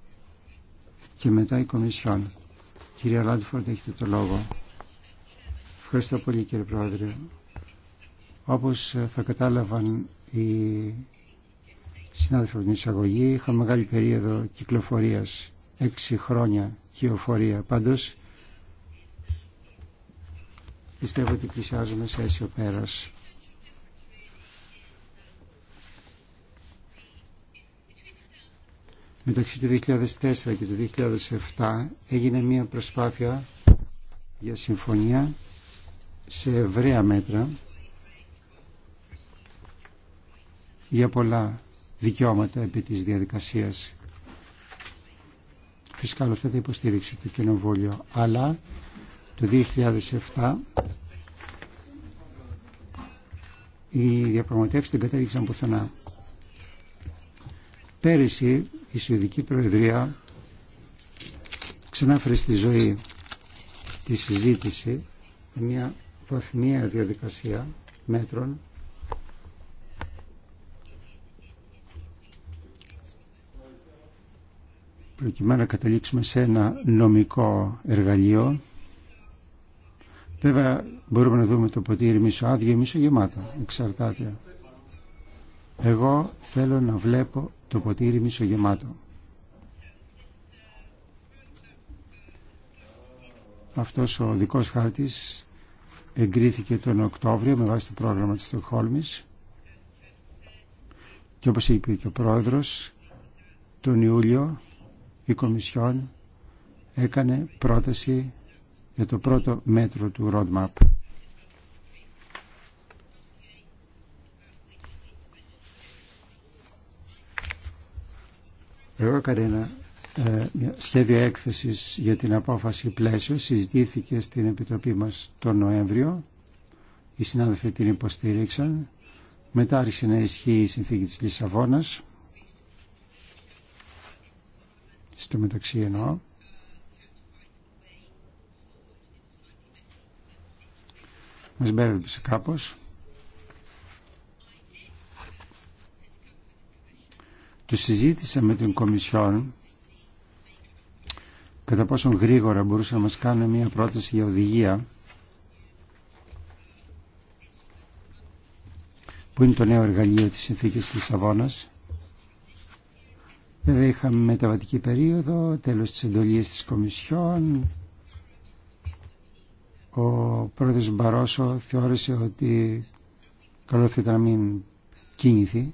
και μετά η Κομισιόν. Κυρία Ράντφορντ, έχετε το λόγο. Ευχαριστώ πολύ κύριε Πρόεδρε. Όπως ε, θα κατάλαβαν οι συνάδελφοι από την εισαγωγή, είχα μεγάλη περίοδο κυκλοφορίας, έξι χρόνια κυοφορία. Πάντως, πιστεύω ότι πλησιάζουμε σε αίσιο πέρας. μεταξύ του 2004 και του 2007 έγινε μια προσπάθεια για συμφωνία σε ευραία μέτρα για πολλά δικαιώματα επί της διαδικασίας. Φυσικά όλα αυτά τα υποστήριξε το Κοινοβούλιο, αλλά το 2007 οι διαπραγματεύσεις δεν κατέληξαν πουθενά. Πέρυσι η Σουηδική Προεδρία ξανάφερε στη ζωή τη συζήτηση με μια βαθμία διαδικασία μέτρων προκειμένου να καταλήξουμε σε ένα νομικό εργαλείο Βέβαια μπορούμε να δούμε το ποτήρι μισό άδειο ή μισό Εξαρτάται. Εγώ θέλω να βλέπω το ποτήρι μισογεμάτο. Αυτός ο δικός χάρτης εγκρίθηκε τον Οκτώβριο με βάση το πρόγραμμα της Στοκχόλμης και όπως είπε και ο Πρόεδρος τον Ιούλιο η Κομισιόν έκανε πρόταση για το πρώτο μέτρο του roadmap έκανα ένα ε, σχέδιο έκθεσης για την απόφαση πλαίσιο συζητήθηκε στην Επιτροπή μας τον Νοέμβριο οι συνάδελφοι την υποστήριξαν μετά άρχισε να ισχύει η συνθήκη της Λισαβόνας στο μεταξύ εννοώ μας μπέρδεψε κάπως το συζήτησα με την Κομισιόν κατά πόσο γρήγορα μπορούσε να μας κάνει μια πρόταση για οδηγία που είναι το νέο εργαλείο της συνθήκης της Λισαβόνας. Βέβαια είχαμε μεταβατική περίοδο, τέλος της εντολής της Κομισιόν. Ο πρόεδρος Μπαρόσο θεώρησε ότι καλό θα ήταν να μην κίνηθει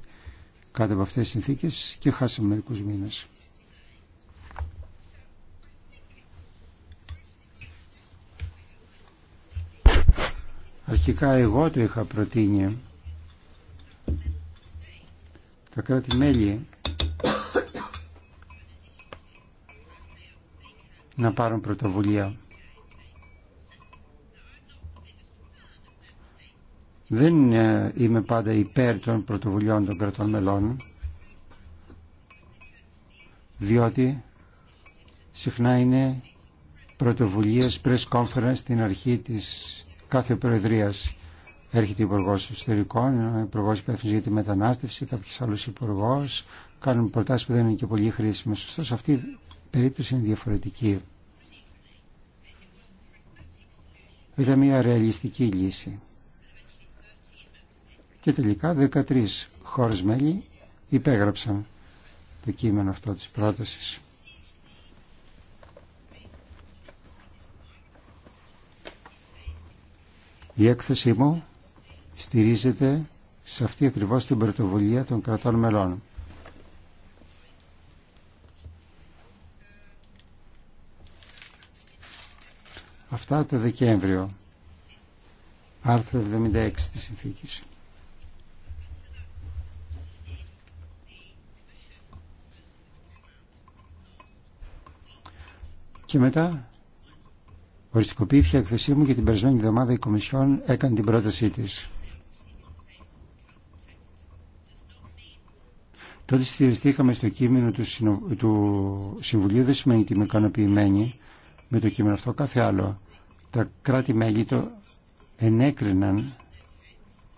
κάτω από αυτές τις συνθήκες και χάσαμε μερικούς μήνες. Αρχικά εγώ το είχα προτείνει. Τα κράτη-μέλη να πάρουν πρωτοβουλία. Δεν ε, είμαι πάντα υπέρ των πρωτοβουλειών των κρατών μελών, διότι συχνά είναι πρωτοβουλίες press conference στην αρχή της κάθε προεδρίας. Έρχεται ο Υπουργό Ιστορικών, ο Υπουργό Υπεύθυνο για τη Μετανάστευση, κάποιος άλλο υπουργός Κάνουν προτάσεις που δεν είναι και πολύ χρήσιμες. Ωστόσο, αυτή η περίπτωση είναι διαφορετική. Ήταν μια ρεαλιστική λύση. Και τελικά 13 χώρες μέλη υπέγραψαν το κείμενο αυτό της πρότασης. Η έκθεσή μου στηρίζεται σε αυτή ακριβώς την πρωτοβουλία των κρατών μελών. Αυτά το Δεκέμβριο, άρθρο 76 της Συνθήκης. Και μετά οριστικοποιήθηκε η εκθεσή μου και την περασμένη εβδομάδα η Κομισιόν έκανε την πρότασή της. Τότε στηριστήκαμε στο κείμενο του, συνο... του Συμβουλίου, δεν σημαίνει ότι είμαι ικανοποιημένη με το κείμενο αυτό, κάθε άλλο. Τα κράτη-μέλη το ενέκριναν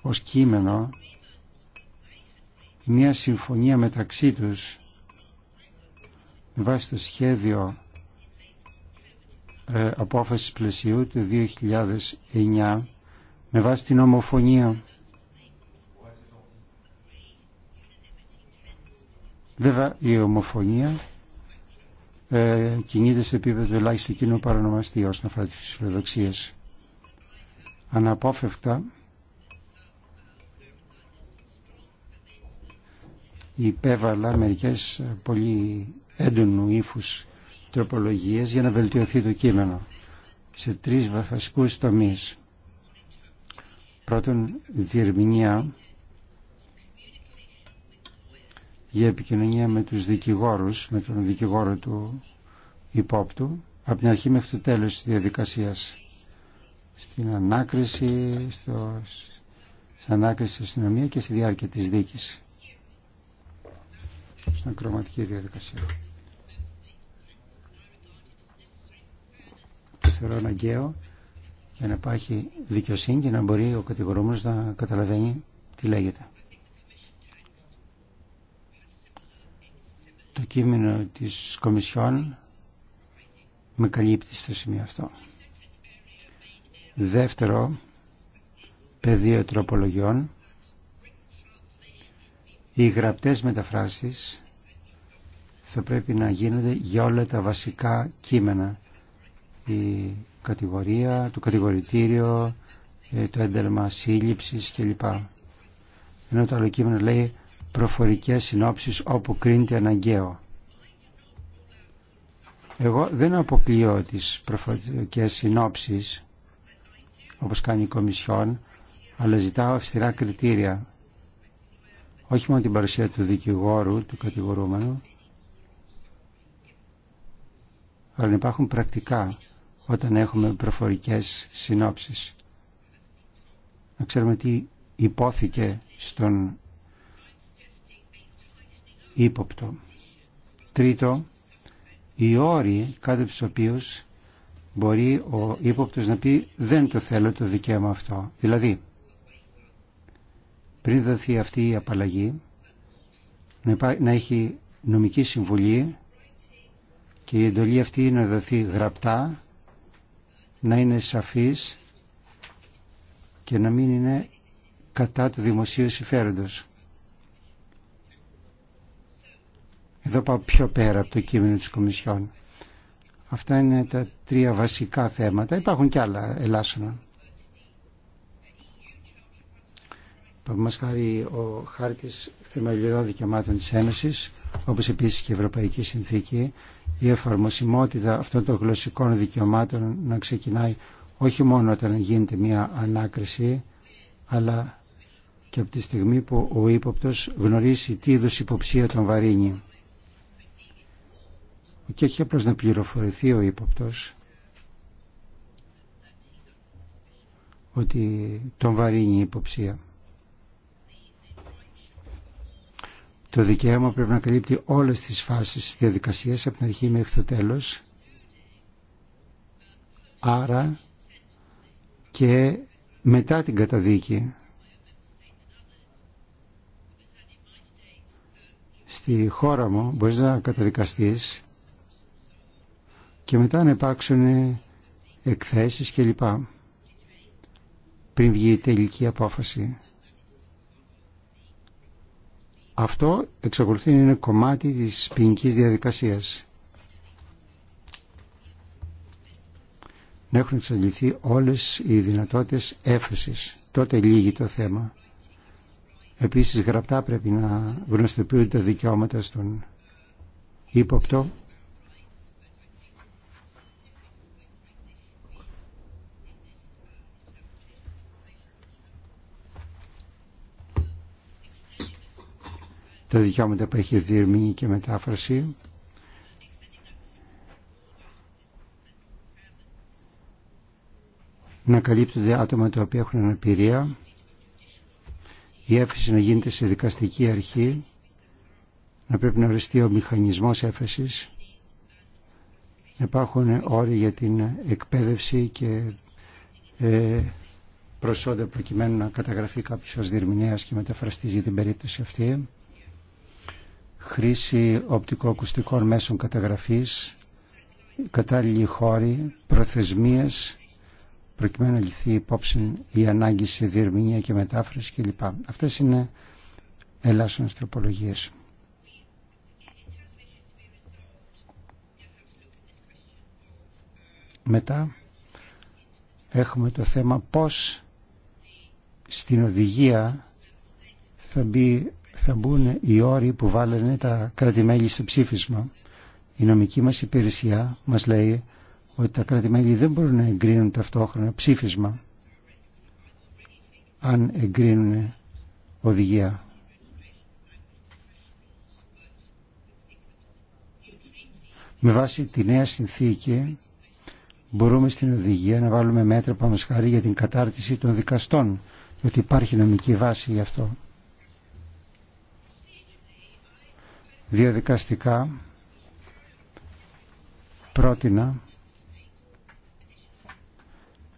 ως κείμενο μια συμφωνία μεταξύ τους βάσει βάση το σχέδιο ε, απόφασης πλαισίου του 2009 με βάση την ομοφωνία. Βέβαια η ομοφωνία ε, κινείται στο επίπεδο ελάχιστου κοινού παρονομαστή όσον αφορά τις φιλοδοξίες. Αναπόφευκτα υπέβαλα μερικές ε, πολύ έντονου ύφους τροπολογίες για να βελτιωθεί το κείμενο σε τρεις βασικούς τομείς. Πρώτον, διερμηνία για επικοινωνία με τους δικηγόρους, με τον δικηγόρο του υπόπτου, από την αρχή μέχρι το τέλος της διαδικασίας. Στην ανάκριση, στο, στην ανάκριση στην αστυνομία και στη διάρκεια της δίκης. Στην ακροματική διαδικασία. θεωρώ αναγκαίο για να υπάρχει δικαιοσύνη και να μπορεί ο κατηγορούμενος να καταλαβαίνει τι λέγεται. Το κείμενο της Κομισιόν με καλύπτει στο σημείο αυτό. Δεύτερο, πεδίο τροπολογιών, οι γραπτές μεταφράσεις θα πρέπει να γίνονται για όλα τα βασικά κείμενα η κατηγορία, το κατηγορητήριο, ε, το ένταλμα σύλληψης κλπ. Ενώ το άλλο κείμενο λέει προφορικές συνόψεις όπου κρίνεται αναγκαίο. Εγώ δεν αποκλείω τις προφορικές συνόψεις όπως κάνει η Κομισιόν, αλλά ζητάω αυστηρά κριτήρια. Όχι μόνο την παρουσία του δικηγόρου, του κατηγορούμενου, αλλά υπάρχουν πρακτικά όταν έχουμε προφορικές συνόψεις. Να ξέρουμε τι υπόθηκε στον ύποπτο. Τρίτο, οι όροι κάτω από τους οποίους μπορεί ο ύποπτος να πει δεν το θέλω το δικαίωμα αυτό. Δηλαδή, πριν δοθεί αυτή η απαλλαγή, να έχει νομική συμβουλή και η εντολή αυτή να δοθεί γραπτά να είναι σαφής και να μην είναι κατά του δημοσίου συμφέροντος. Εδώ πάω πιο πέρα από το κείμενο της Κομισιόν. Αυτά είναι τα τρία βασικά θέματα. Υπάρχουν κι άλλα ελάσσονα. Μας χάρη ο χάρτης θεμελιωδών δικαιωμάτων της Ένωσης, όπως επίσης και η Ευρωπαϊκή Συνθήκη, η εφαρμοσιμότητα αυτών των γλωσσικών δικαιωμάτων να ξεκινάει όχι μόνο όταν γίνεται μια ανάκριση, αλλά και από τη στιγμή που ο ύποπτο γνωρίζει τι είδους υποψία τον βαρύνει. Και όχι απλώ να πληροφορηθεί ο ύποπτο ότι τον βαρύνει η υποψία. Το δικαίωμα πρέπει να καλύπτει όλες τις φάσεις της διαδικασίας από την αρχή μέχρι το τέλος. Άρα και μετά την καταδίκη. Στη χώρα μου μπορείς να καταδικαστείς και μετά να υπάρξουν εκθέσεις κλπ. Πριν βγει η τελική απόφαση. Αυτό εξακολουθεί να είναι κομμάτι της ποινική διαδικασίας. Να έχουν εξαντληθεί όλες οι δυνατότητες έφεσης. Τότε λύγει το θέμα. Επίσης γραπτά πρέπει να γνωστοποιούνται τα δικαιώματα στον ύποπτο τα δικαιώματα που έχει διερμηνή και μετάφραση. να καλύπτονται άτομα τα οποία έχουν αναπηρία, η έφεση να γίνεται σε δικαστική αρχή, να πρέπει να οριστεί ο μηχανισμός έφεσης, να υπάρχουν όροι για την εκπαίδευση και ε, προσόντα προκειμένου να καταγραφεί κάποιος ως διερμηνέας και μεταφραστής για την περίπτωση αυτή χρήση οπτικοακουστικών μέσων καταγραφής, κατάλληλοι χώροι, προθεσμίες, προκειμένου να ληφθεί υπόψη η ανάγκη σε διερμηνία και μετάφραση κλπ. Αυτές είναι ελάσσονες τροπολογίες. Μετά έχουμε το θέμα πώς στην οδηγία θα μπει θα μπουν οι όροι που βάλανε τα κρατη στο ψήφισμα. Η νομική μας υπηρεσιά μας λέει ότι τα κρατη δεν μπορούν να εγκρίνουν ταυτόχρονα ψήφισμα αν εγκρίνουν οδηγία. Με βάση τη νέα συνθήκη μπορούμε στην οδηγία να βάλουμε μέτρα πάνω χάρη για την κατάρτιση των δικαστών, ότι υπάρχει νομική βάση γι' αυτό. διαδικαστικά πρότεινα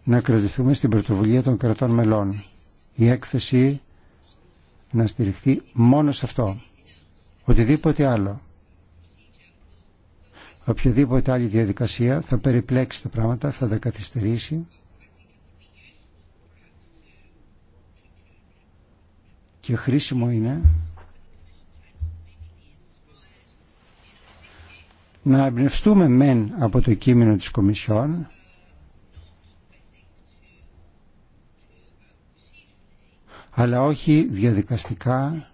να κρατηθούμε στην πρωτοβουλία των κρατών μελών. Η έκθεση να στηριχθεί μόνο σε αυτό. Οτιδήποτε άλλο. Οποιαδήποτε άλλη διαδικασία θα περιπλέξει τα πράγματα, θα τα καθυστερήσει. Και χρήσιμο είναι να εμπνευστούμε μεν από το κείμενο της Κομισιόν αλλά όχι διαδικαστικά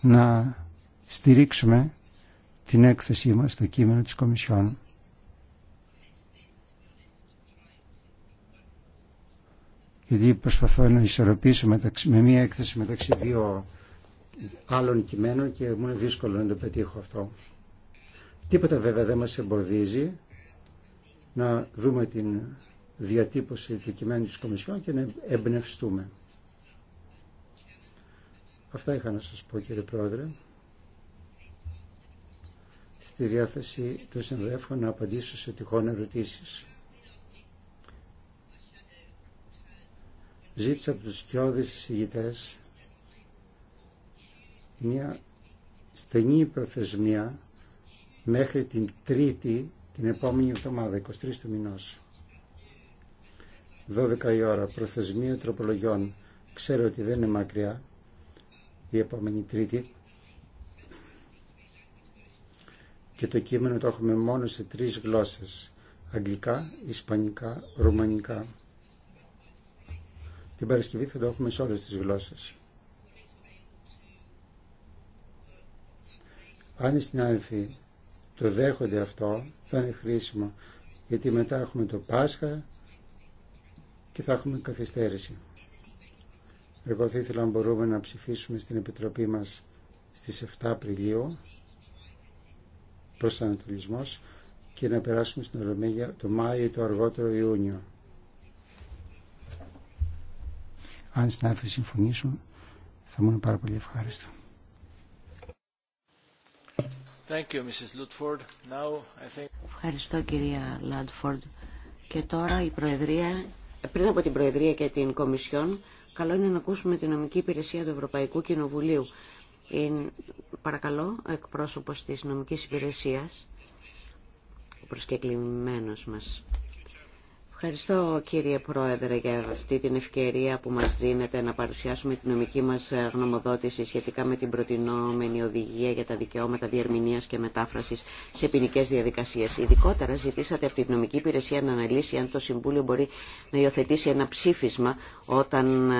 να στηρίξουμε την έκθεσή μας στο κείμενο της Κομισιόν. Γιατί προσπαθώ να ισορροπήσω με μία έκθεση μεταξύ δύο άλλων κειμένων και μου είναι δύσκολο να το πετύχω αυτό. Τίποτα βέβαια δεν μας εμποδίζει να δούμε την διατύπωση του κειμένου της Κομισιόν και να εμπνευστούμε. Αυτά είχα να σας πω κύριε Πρόεδρε. Στη διάθεση του συνδέφου να απαντήσω σε τυχόν ερωτήσεις. Ζήτησα από τους κοιόδες εισηγητές μια στενή προθεσμία μέχρι την Τρίτη την επόμενη εβδομάδα, 23 του μηνός. 12 η ώρα, προθεσμία τροπολογιών. Ξέρω ότι δεν είναι μακριά η επόμενη Τρίτη και το κείμενο το έχουμε μόνο σε τρεις γλώσσες. Αγγλικά, Ισπανικά, Ρουμανικά. Την Παρασκευή θα το έχουμε σε όλες τις γλώσσες. Αν οι το δέχονται αυτό, θα είναι χρήσιμο, γιατί μετά έχουμε το Πάσχα και θα έχουμε καθυστέρηση. Εγώ θα ήθελα να μπορούμε να ψηφίσουμε στην Επιτροπή μας στις 7 Απριλίου προς Ανατολισμός και να περάσουμε στην Ολομέγεια το Μάιο ή το αργότερο Ιούνιο. Αν συνάδελφοι συμφωνήσουν, θα μου είναι πάρα πολύ ευχάριστο. Ευχαριστώ κυρία Λάντφορντ. Και τώρα η Προεδρία, πριν από την Προεδρία και την Κομισιόν, καλό είναι να ακούσουμε τη νομική υπηρεσία του Ευρωπαϊκού Κοινοβουλίου. παρακαλώ, εκπρόσωπος της νομικής υπηρεσίας, ο προσκεκλημένος μας. Ευχαριστώ κύριε Πρόεδρε για αυτή την ευκαιρία που μας δίνεται να παρουσιάσουμε την νομική μας ε, γνωμοδότηση σχετικά με την προτινόμενη οδηγία για τα δικαιώματα διερμηνίας και μετάφρασης σε ποινικέ διαδικασίες. Ειδικότερα ζητήσατε από την νομική υπηρεσία να αναλύσει αν το Συμβούλιο μπορεί να υιοθετήσει ένα ψήφισμα όταν ε,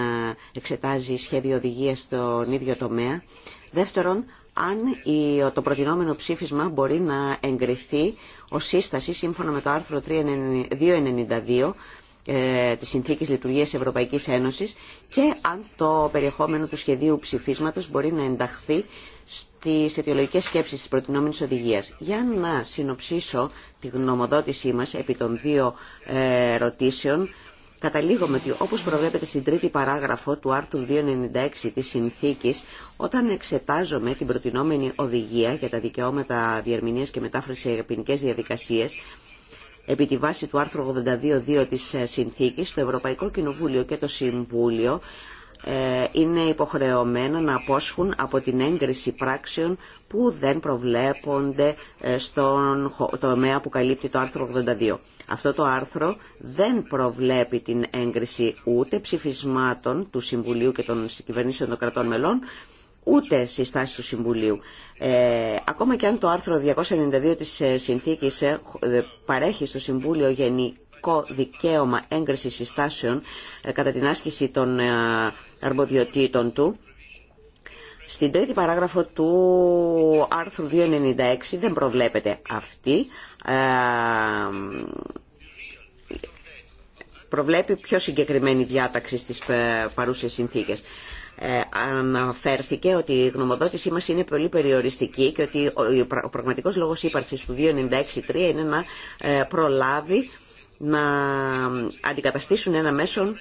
εξετάζει σχέδιο οδηγίας στον ίδιο τομέα. Δεύτερον, αν το προτινόμενο ψήφισμα μπορεί να εγκριθεί ως σύσταση σύμφωνα με το άρθρο 292 ε, της Συνθήκης Λειτουργίας Ευρωπαϊκής Ένωσης και αν το περιεχόμενο του σχεδίου ψηφίσματος μπορεί να ενταχθεί στις αιτιολογικές σκέψεις της προτινόμενης οδηγίας. Για να συνοψίσω τη γνωμοδότησή μας επί των δύο ε, ερωτήσεων Καταλήγουμε ότι όπως προβλέπεται στην τρίτη παράγραφο του άρθρου 296 της Συνθήκης, όταν εξετάζομαι την προτινόμενη οδηγία για τα δικαιώματα διερμηνίας και μετάφραση σε ποινικές διαδικασίες, επί τη βάση του άρθρου 82.2 της Συνθήκης, το Ευρωπαϊκό Κοινοβούλιο και το Συμβούλιο ε, είναι υποχρεωμένα να απόσχουν από την έγκριση πράξεων που δεν προβλέπονται ε, στον τομέα που καλύπτει το άρθρο 82. Αυτό το άρθρο δεν προβλέπει την έγκριση ούτε ψηφισμάτων του Συμβουλίου και των κυβερνήσεων των κρατών μελών, ούτε συστάσεις του Συμβουλίου. Ε, ακόμα και αν το άρθρο 292 της ε, συνθήκης παρέχει στο Συμβούλιο γενικό δικαίωμα έγκρισης συστάσεων κατά την άσκηση των αρμοδιοτήτων του. Στην τρίτη παράγραφο του άρθρου 296 δεν προβλέπεται αυτή. Ε, προβλέπει πιο συγκεκριμένη διάταξη στις ε, παρούσες συνθήκες. Ε, αναφέρθηκε ότι η γνωμοδότησή μας είναι πολύ περιοριστική και ότι ο πραγματικός λόγος ύπαρξης του 296-3 είναι να ε, προλάβει να αντικαταστήσουν ένα μέσον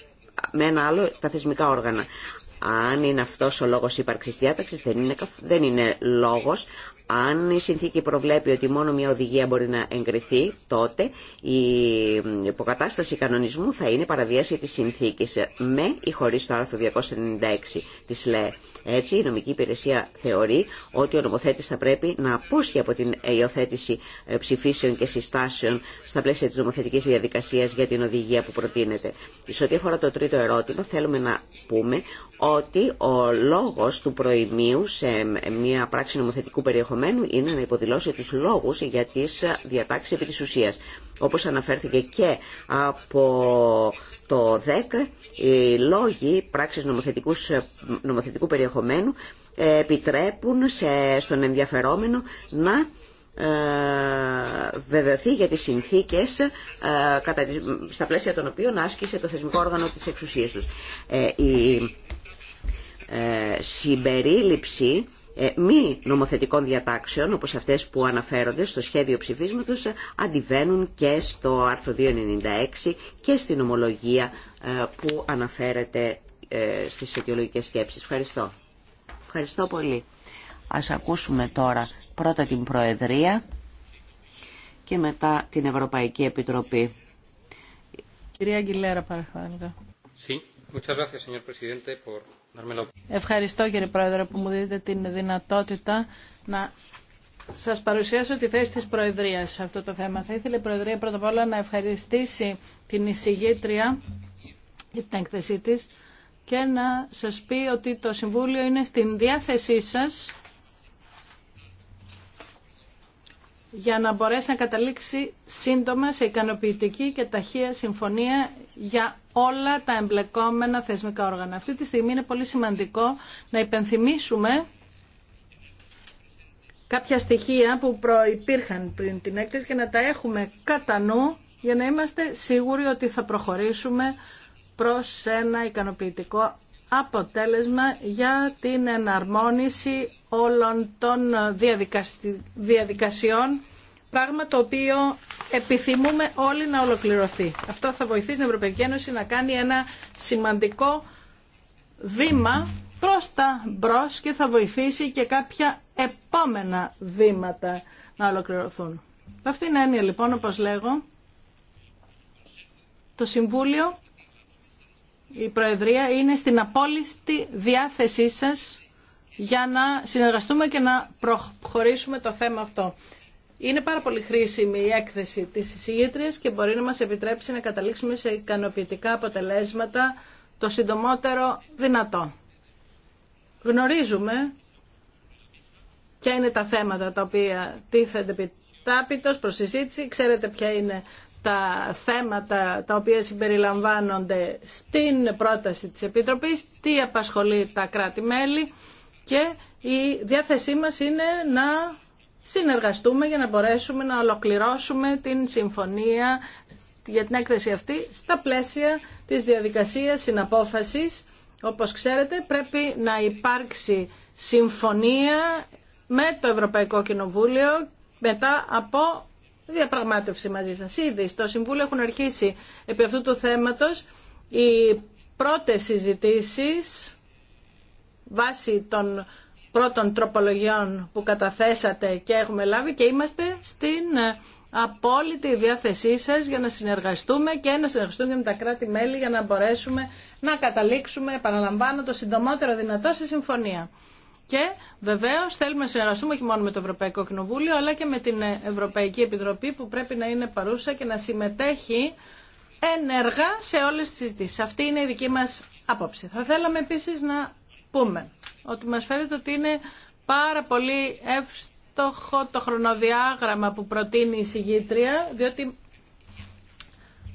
με ένα άλλο τα θεσμικά όργανα. Αν είναι αυτός ο λόγος ύπαρξης διάταξης, δεν είναι, δεν είναι λόγος, αν η συνθήκη προβλέπει ότι μόνο μια οδηγία μπορεί να εγκριθεί, τότε η υποκατάσταση κανονισμού θα είναι παραβίαση της συνθήκης με ή χωρίς το άρθρο 296 της ΛΕ. Έτσι, η νομική υπηρεσία θεωρεί ότι ο νομοθέτης θα πρέπει να απόσχει από την υιοθέτηση ε, ψηφίσεων και συστάσεων στα πλαίσια της νομοθετικής διαδικασίας για την οδηγία που προτείνεται. Σε ό,τι αφορά το τρίτο ερώτημα, θέλουμε να πούμε ότι ο λόγος του προημίου σε μια πράξη νομοθετικού περιεχομένου είναι να υποδηλώσει τους λόγους για τις διατάξεις επί της ουσίας. Όπως αναφέρθηκε και από το 10, οι λόγοι πράξης νομοθετικού περιεχομένου επιτρέπουν σε, στον ενδιαφερόμενο να ε, βεβαιωθεί για τις συνθήκες ε, στα πλαίσια των οποίων άσκησε το θεσμικό όργανο της εξουσίας τους. Ε, ε, συμπερίληψη ε, μη νομοθετικών διατάξεων όπως αυτές που αναφέρονται στο σχέδιο ψηφίσματος ε, αντιβαίνουν και στο άρθρο 296 και στην ομολογία που αναφέρεται στις αιτιολογικές σκέψεις. Ευχαριστώ. Ευχαριστώ πολύ. Ας ακούσουμε τώρα πρώτα την Προεδρία και μετά την Ευρωπαϊκή Επιτροπή. Κυρία Αγγιλέρα, παρακαλώ. Sí, muchas gracias, señor presidente, Ευχαριστώ κύριε Πρόεδρε που μου δίνετε την δυνατότητα να σας παρουσιάσω τη θέση της Προεδρίας σε αυτό το θέμα. Θα ήθελε η Προεδρία πρώτα απ' όλα να ευχαριστήσει την εισηγήτρια για την έκθεσή της και να σας πει ότι το Συμβούλιο είναι στην διάθεσή σας για να μπορέσει να καταλήξει σύντομα σε ικανοποιητική και ταχεία συμφωνία για όλα τα εμπλεκόμενα θεσμικά όργανα. Αυτή τη στιγμή είναι πολύ σημαντικό να υπενθυμίσουμε κάποια στοιχεία που προϋπήρχαν πριν την έκθεση και να τα έχουμε κατά νου για να είμαστε σίγουροι ότι θα προχωρήσουμε προς ένα ικανοποιητικό αποτέλεσμα για την εναρμόνιση όλων των ε, διαδικασιών, πράγμα το οποίο επιθυμούμε όλοι να ολοκληρωθεί. Αυτό θα βοηθήσει την Ευρωπαϊκή Ένωση να κάνει ένα σημαντικό βήμα προς τα μπρος και θα βοηθήσει και κάποια επόμενα βήματα να ολοκληρωθούν. Αυτή είναι έννοια λοιπόν, όπως λέγω, το Συμβούλιο, η Προεδρία είναι στην απόλυστη διάθεσή σας για να συνεργαστούμε και να προχωρήσουμε το θέμα αυτό. Είναι πάρα πολύ χρήσιμη η έκθεση της εισηγήτριας και μπορεί να μας επιτρέψει να καταλήξουμε σε ικανοποιητικά αποτελέσματα το συντομότερο δυνατό. Γνωρίζουμε ποια είναι τα θέματα τα οποία τίθενται επιτάπητος προς συζήτηση. Ξέρετε ποια είναι τα θέματα τα οποία συμπεριλαμβάνονται στην πρόταση της Επιτροπής, τι απασχολεί τα κράτη-μέλη και η διάθεσή μας είναι να συνεργαστούμε για να μπορέσουμε να ολοκληρώσουμε την συμφωνία για την έκθεση αυτή στα πλαίσια της διαδικασίας συναπόφασης. Όπως ξέρετε πρέπει να υπάρξει συμφωνία με το Ευρωπαϊκό Κοινοβούλιο μετά από διαπραγμάτευση μαζί σας. Ήδη στο Συμβούλιο έχουν αρχίσει επί αυτού του θέματος οι πρώτες συζητήσεις βάσει των πρώτων τροπολογιών που καταθέσατε και έχουμε λάβει και είμαστε στην ε, απόλυτη διάθεσή σας για να συνεργαστούμε και να συνεργαστούμε με τα κράτη-μέλη για να μπορέσουμε να καταλήξουμε, επαναλαμβάνω, το συντομότερο δυνατό σε συμφωνία. Και βεβαίω θέλουμε να συνεργαστούμε όχι μόνο με το Ευρωπαϊκό Κοινοβούλιο, αλλά και με την ε, Ευρωπαϊκή Επιτροπή που πρέπει να είναι παρούσα και να συμμετέχει ενεργά σε όλε τι συζητήσει. Αυτή είναι η δική μα απόψη. Θα θέλαμε επίση να πούμε ότι μας φαίνεται ότι είναι πάρα πολύ εύστοχο το χρονοδιάγραμμα που προτείνει η συγγήτρια, διότι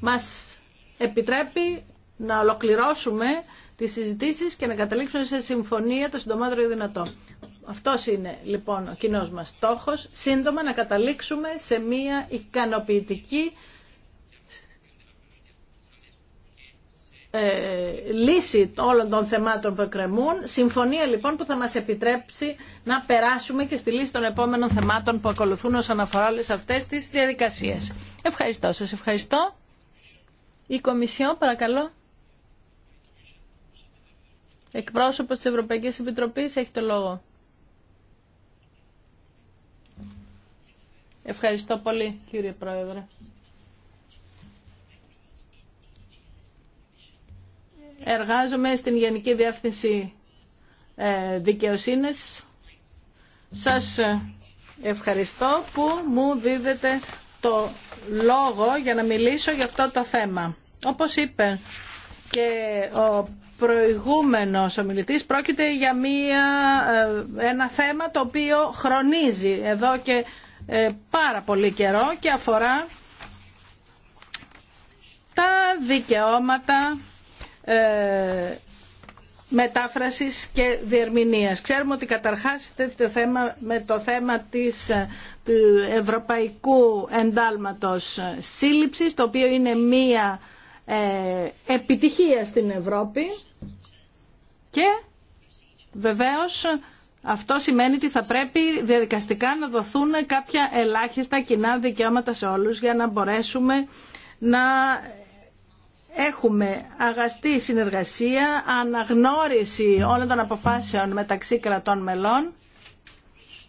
μας επιτρέπει να ολοκληρώσουμε τις συζητήσεις και να καταλήξουμε σε συμφωνία το συντομότερο δυνατό. Αυτό είναι λοιπόν ο κοινός μας στόχος, σύντομα να καταλήξουμε σε μια ικανοποιητική Ε, λύση όλων των θεμάτων που εκκρεμούν. Συμφωνία λοιπόν που θα μας επιτρέψει να περάσουμε και στη λύση των επόμενων θεμάτων που ακολουθούν όσον αφορά όλες αυτές τις διαδικασίες. Ευχαριστώ. Σας ευχαριστώ. Η Κομισιό παρακαλώ. Εκπρόσωπος της Ευρωπαϊκής Επιτροπής έχει το λόγο. Ευχαριστώ πολύ κύριε Πρόεδρε. Εργάζομαι στην Γενική Διεύθυνση ε, Δικαιοσύνης. Σας ε, ευχαριστώ που μου δίδετε το λόγο για να μιλήσω για αυτό το θέμα. Όπως είπε και ο προηγούμενος ομιλητής πρόκειται για μία, ε, ένα θέμα το οποίο χρονίζει εδώ και πάρα πολύ καιρό και αφορά τα δικαιώματα ε, μετάφρασης και διερμηνίας. Ξέρουμε ότι καταρχάς το θέμα, με το θέμα της, ε, του ευρωπαϊκού εντάλματος σύλληψης, το οποίο είναι μία ε, επιτυχία στην Ευρώπη και βεβαίως αυτό σημαίνει ότι θα πρέπει διαδικαστικά να δοθούν κάποια ελάχιστα κοινά δικαιώματα σε όλους για να μπορέσουμε να έχουμε αγαστή συνεργασία, αναγνώριση όλων των αποφάσεων μεταξύ κρατών μελών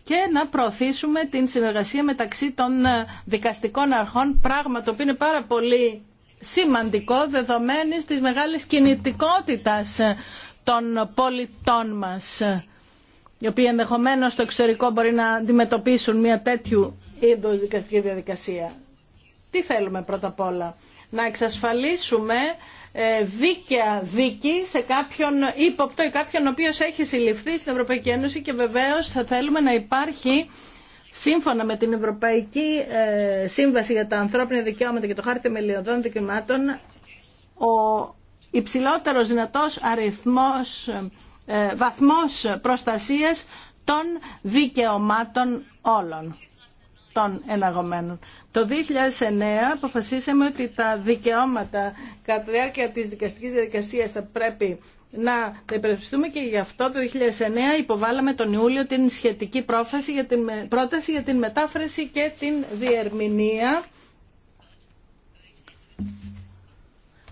και να προωθήσουμε την συνεργασία μεταξύ των ε, δικαστικών αρχών, πράγμα το οποίο είναι πάρα πολύ σημαντικό δεδομένης της μεγάλης κινητικότητας ε, των πολιτών μας ε, οι οποίοι ενδεχομένως στο εξωτερικό μπορεί να αντιμετωπίσουν μια τέτοιου είδους δικαστική διαδικασία. Τι θέλουμε πρώτα απ' όλα να εξασφαλίσουμε ε, δίκαια δίκη σε κάποιον ύποπτο ή κάποιον ο οποίος έχει συλληφθεί στην Ευρωπαϊκή Ένωση και βεβαίως θα θέλουμε να υπάρχει σύμφωνα με την Ευρωπαϊκή ε, Σύμβαση για τα Ανθρώπινα Δικαιώματα και το Χάρτη Μελιωδών Δικαιωμάτων ο υψηλότερος δυνατός αριθμός, ε, βαθμός προστασίας των δικαιωμάτων όλων των εναγωμένων. Το 2009 αποφασίσαμε ότι τα δικαιώματα κατά τη διάρκεια της δικαστικής διαδικασίας θα πρέπει να τα και γι' αυτό το 2009 υποβάλαμε τον Ιούλιο την σχετική πρόφαση για την, πρόταση για την μετάφραση και την διερμηνία.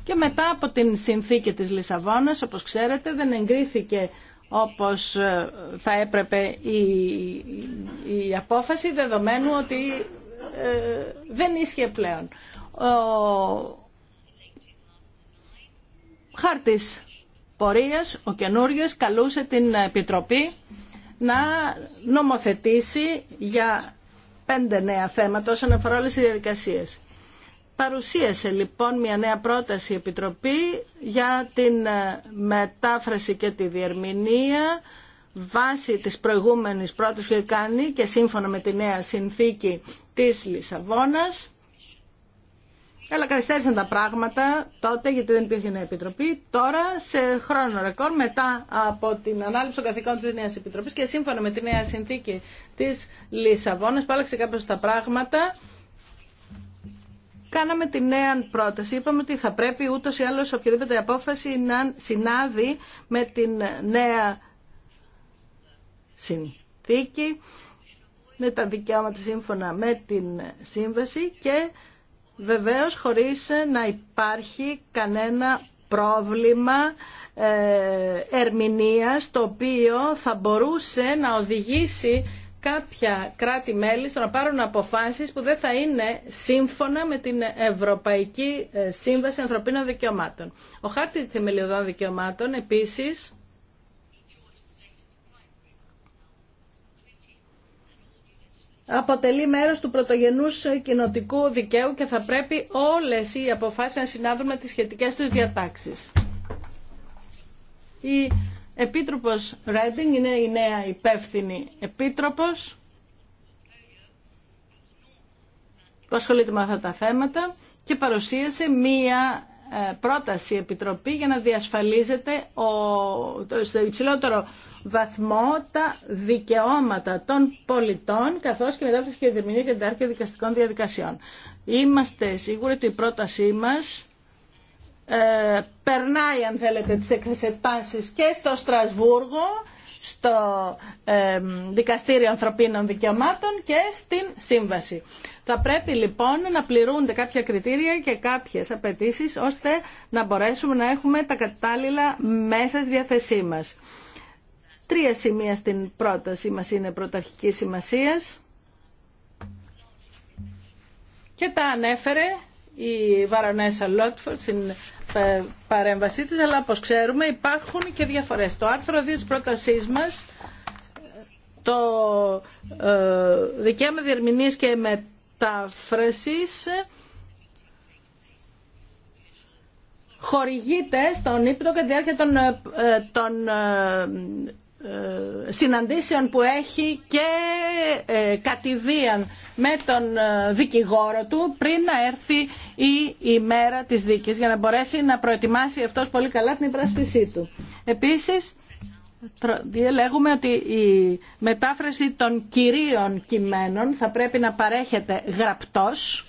Και μετά από την συνθήκη της Λισαβόνας, όπως ξέρετε, δεν εγκρίθηκε όπως ε, θα έπρεπε η, απόφαση δεδομένου ότι ε, δεν ίσχυε πλέον. Ο χάρτης πορείας, ο καινούριο καλούσε την Επιτροπή να νομοθετήσει για πέντε νέα θέματα όσον αφορά όλες τις διαδικασίες. Παρουσίασε λοιπόν μια νέα πρόταση η Επιτροπή για την ε, μετάφραση και τη διερμηνία βάσει της προηγούμενης πρότασης που κάνει και σύμφωνα με τη νέα συνθήκη της Λισαβόνας. Αλλά καθυστέρησαν τα πράγματα τότε γιατί δεν υπήρχε νέα επιτροπή. Τώρα σε χρόνο ρεκόρ μετά από την ανάληψη των καθηκόντων της νέας επιτροπής και σύμφωνα με τη νέα συνθήκη της Λισαβόνας που άλλαξε κάπως τα πράγματα Κάναμε τη νέα πρόταση. Είπαμε ότι θα πρέπει ούτως ή άλλως οποιαδήποτε απόφαση να συνάδει με την νέα συνθήκη, με τα δικαιώματα σύμφωνα με την σύμβαση και βεβαίως χωρίς να υπάρχει κανένα πρόβλημα ε, ερμηνείας το οποίο θα μπορούσε να οδηγήσει κάποια κράτη-μέλη στο να πάρουν αποφάσεις που δεν θα είναι σύμφωνα με την Ευρωπαϊκή ε, Σύμβαση Ανθρωπίνων Δικαιωμάτων. Ο χάρτης θεμελιωδών δικαιωμάτων επίσης αποτελεί μέρος του πρωτογενούς κοινοτικού δικαίου και θα πρέπει όλες οι αποφάσεις να συνάδουν με τις σχετικές τους διατάξεις. Επίτροπος Ρέντινγκ είναι η νέα υπεύθυνη επίτροπος που ασχολείται με αυτά τα θέματα και παρουσίασε μία ε, πρόταση επιτροπή για να διασφαλίζεται ο, στο υψηλότερο βαθμό τα δικαιώματα των πολιτών καθώς και μετάφραση και σχεδιασμή και διάρκεια δικαστικών διαδικασιών. Είμαστε σίγουροι ότι η πρότασή μας ε, περνάει αν θέλετε τις εξετάσεις και στο Στρασβούργο, στο ε, Δικαστήριο Ανθρωπίνων Δικαιωμάτων και στην Σύμβαση. Θα πρέπει λοιπόν να πληρούνται κάποια κριτήρια και κάποιες απαιτήσει ώστε να μπορέσουμε να έχουμε τα κατάλληλα μέσα στη διάθεσή μας. Τρία σημεία στην πρόταση μας είναι πρωταρχική σημασίας και τα ανέφερε η Βαρονέσα Λότφορτ στην ε, παρέμβασή της, αλλά όπως ξέρουμε υπάρχουν και διαφορές. Το άρθρο 2 της πρότασής μας, το ε, δικαίωμα διερμηνής και μετάφρασης, χορηγείται στον ύπνο κατά τη διάρκεια των, ε, ε, των ε, συναντήσεων που έχει και ε, κατηδίαν με τον ε, δικηγόρο του πριν να έρθει η ημέρα της δίκης για να μπορέσει να προετοιμάσει αυτός πολύ καλά την υπράσπισή του. Επίσης, λέγουμε ότι η μετάφραση των κυρίων κειμένων θα πρέπει να παρέχεται γραπτός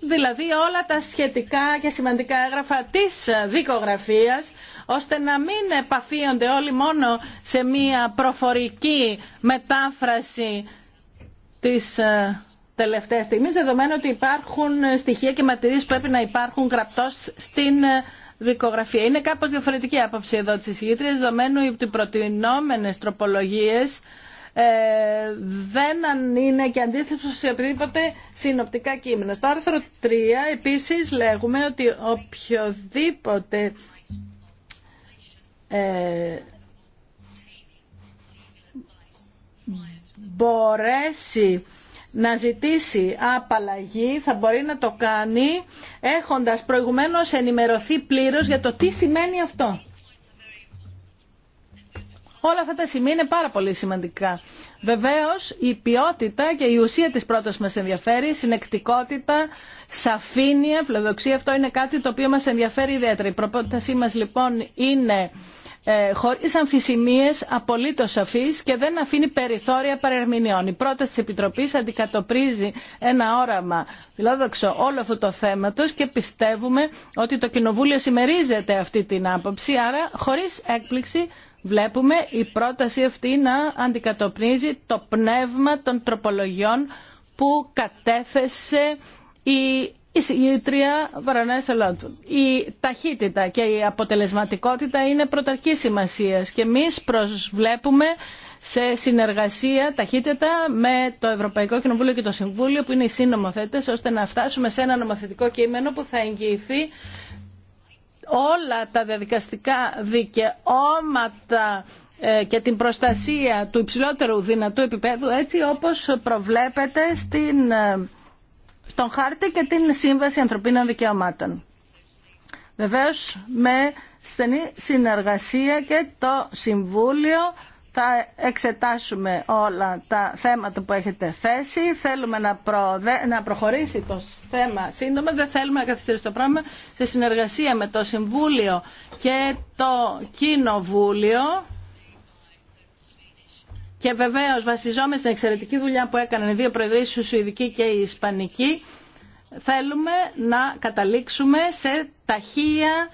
δηλαδή όλα τα σχετικά και σημαντικά έγγραφα της δικογραφίας, ώστε να μην επαφίονται όλοι μόνο σε μία προφορική μετάφραση της ε, τελευταίας στιγμής, δεδομένου ότι υπάρχουν στοιχεία και ματηρίες που πρέπει να υπάρχουν γραπτός στην ε, δικογραφία. Είναι κάπως διαφορετική άποψη εδώ της εισηγήτριας, δεδομένου ότι οι προτινόμενες τροπολογίες ε, δεν είναι και αντίθετο σε οποιοδήποτε συνοπτικά κείμενα. Στο άρθρο 3 επίσης λέγουμε ότι οποιοδήποτε ε, μπορέσει να ζητήσει απαλλαγή θα μπορεί να το κάνει έχοντας προηγουμένως ενημερωθεί πλήρως για το τι σημαίνει αυτό. Όλα αυτά τα σημεία είναι πάρα πολύ σημαντικά. Βεβαίω, η ποιότητα και η ουσία τη πρόταση μα ενδιαφέρει, συνεκτικότητα, σαφήνεια, φιλοδοξία, Αυτό είναι κάτι το οποίο μα ενδιαφέρει ιδιαίτερα. Η πρότασή μα λοιπόν είναι ε, χωρίς αμφισημίες, απολύτως σαφής και δεν αφήνει περιθώρια παρερμηνιών. Η πρόταση τη Επιτροπή αντικατοπρίζει ένα όραμα φιλόδοξο όλο αυτό το θέματο και πιστεύουμε ότι το Κοινοβούλιο συμμερίζεται αυτή την άποψη, άρα χωρί έκπληξη βλέπουμε η πρόταση αυτή να αντικατοπνίζει το πνεύμα των τροπολογιών που κατέθεσε η εισηγήτρια Βαρονέ Σαλόντου. Η ταχύτητα και η αποτελεσματικότητα είναι πρωταρχή σημασία και εμεί προσβλέπουμε σε συνεργασία ταχύτητα με το Ευρωπαϊκό Κοινοβούλιο και το Συμβούλιο που είναι οι συνομοθέτες ώστε να φτάσουμε σε ένα νομοθετικό κείμενο που θα εγγυηθεί όλα τα διαδικαστικά δικαιώματα ε, και την προστασία του υψηλότερου δυνατού επίπεδου έτσι όπως προβλέπεται στην, ε, στον χάρτη και την Σύμβαση Ανθρωπίνων Δικαιωμάτων. Βεβαίως με στενή συνεργασία και το Συμβούλιο θα εξετάσουμε όλα τα θέματα που έχετε θέσει. Θέλουμε να, προχωρήσει το θέμα σύντομα. Δεν θέλουμε να καθυστερήσει το πράγμα σε συνεργασία με το Συμβούλιο και το Κοινοβούλιο. Και βεβαίως βασιζόμαστε στην εξαιρετική δουλειά που έκαναν οι δύο προεδρήσεις, η Σουηδική και η Ισπανική, θέλουμε να καταλήξουμε σε ταχεία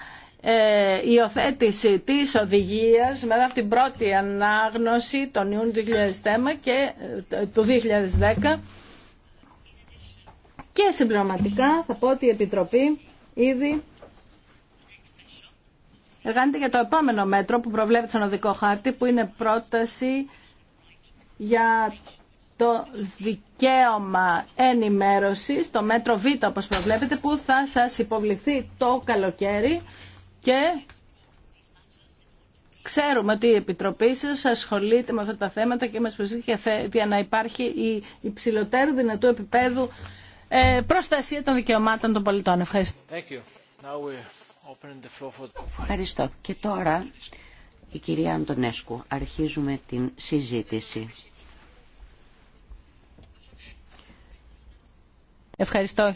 ε, υιοθέτηση της οδηγίας μετά από την πρώτη ανάγνωση τον Ιούνιο του 2010 και, ε, του 2010 και συμπληρωματικά θα πω ότι η Επιτροπή ήδη εργάζεται για το επόμενο μέτρο που προβλέπει στον οδικό χάρτη που είναι πρόταση για το δικαίωμα ενημέρωσης, το μέτρο Β όπως προβλέπετε που θα σας υποβληθεί το καλοκαίρι και ξέρουμε ότι η Επιτροπή σας ασχολείται με αυτά τα θέματα και μας προσθέτει για να υπάρχει η υψηλότερου δυνατού επίπεδου ε, προστασία των δικαιωμάτων των πολιτών. Ευχαριστώ. Ευχαριστώ. Και τώρα η κυρία Αντωνέσκου. Αρχίζουμε την συζήτηση. Ευχαριστώ.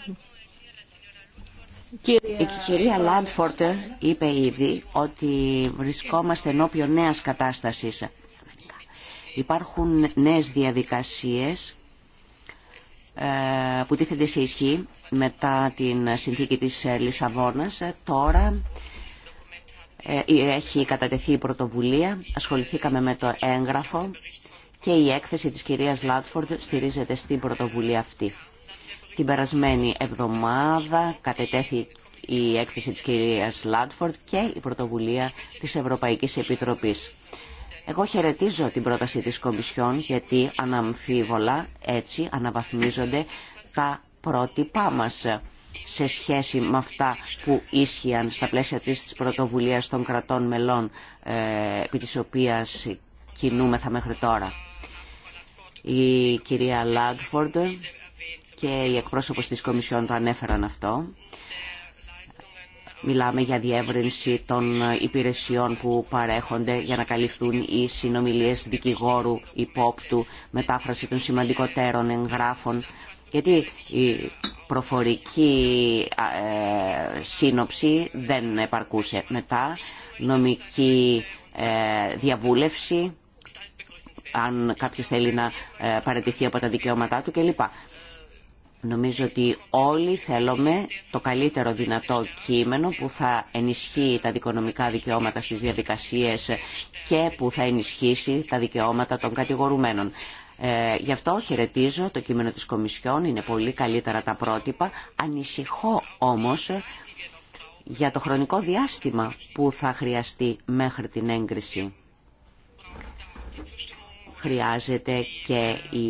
Ε, η κυρία Λάντφορτ είπε ήδη ότι βρισκόμαστε ενώπιον νέας κατάστασης. Υπάρχουν νέες διαδικασίες ε, που τίθενται σε ισχύ μετά την συνθήκη της Λισαβόνας. Ε, τώρα έχει κατατεθεί η πρωτοβουλία, ασχοληθήκαμε με το έγγραφο και η έκθεση της κυρίας Λάντφορντ στηρίζεται στην πρωτοβουλία αυτή. Την περασμένη εβδομάδα κατετέθη η έκθεση της κυρίας Λάντφορντ και η πρωτοβουλία της Ευρωπαϊκής Επιτροπής. Εγώ χαιρετίζω την πρόταση της Κομισιόν γιατί αναμφίβολα έτσι αναβαθμίζονται τα πρότυπά μας σε σχέση με αυτά που ίσχυαν στα πλαίσια της πρωτοβουλίας των κρατών μελών ε, επί της οποίας κινούμεθα μέχρι τώρα. Η κυρία Λάντφορντ και οι εκπρόσωπος της Κομισιόν το ανέφεραν αυτό. Μιλάμε για διεύρυνση των υπηρεσιών που παρέχονται για να καλυφθούν οι συνομιλίες δικηγόρου, υπόπτου, μετάφραση των σημαντικότερων εγγράφων. Γιατί η προφορική ε, σύνοψη δεν επαρκούσε. Μετά νομική ε, διαβούλευση, αν κάποιος θέλει να ε, παραιτηθεί από τα δικαιώματά του κλπ. Νομίζω ότι όλοι θέλουμε το καλύτερο δυνατό κείμενο που θα ενισχύει τα δικονομικά δικαιώματα στις διαδικασίες και που θα ενισχύσει τα δικαιώματα των κατηγορουμένων. Ε, γι' αυτό χαιρετίζω το κείμενο της Κομισιόν, είναι πολύ καλύτερα τα πρότυπα. Ανησυχώ όμως για το χρονικό διάστημα που θα χρειαστεί μέχρι την έγκριση χρειάζεται και η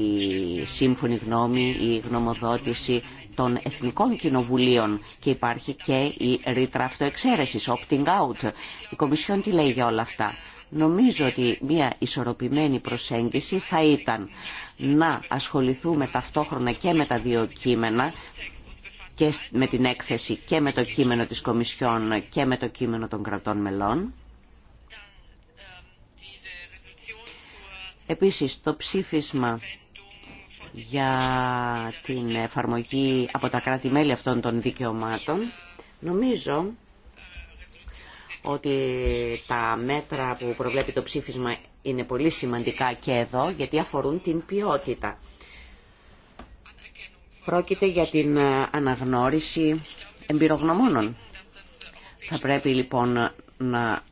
σύμφωνη γνώμη, η γνωμοδότηση των Εθνικών Κοινοβουλίων και υπάρχει και η ρήτρα αυτοεξαίρεσης, opting out. Η Κομισιόν τι λέει για όλα αυτά. Νομίζω ότι μια ισορροπημένη προσέγγιση θα ήταν να ασχοληθούμε ταυτόχρονα και με τα δύο κείμενα, και με την έκθεση και με το κείμενο της Κομισιόν και με το κείμενο των κρατών μελών. Επίσης, το ψήφισμα για την εφαρμογή από τα κράτη-μέλη αυτών των δικαιωμάτων, νομίζω ότι τα μέτρα που προβλέπει το ψήφισμα είναι πολύ σημαντικά και εδώ, γιατί αφορούν την ποιότητα. Πρόκειται για την αναγνώριση εμπειρογνωμόνων. Θα πρέπει λοιπόν να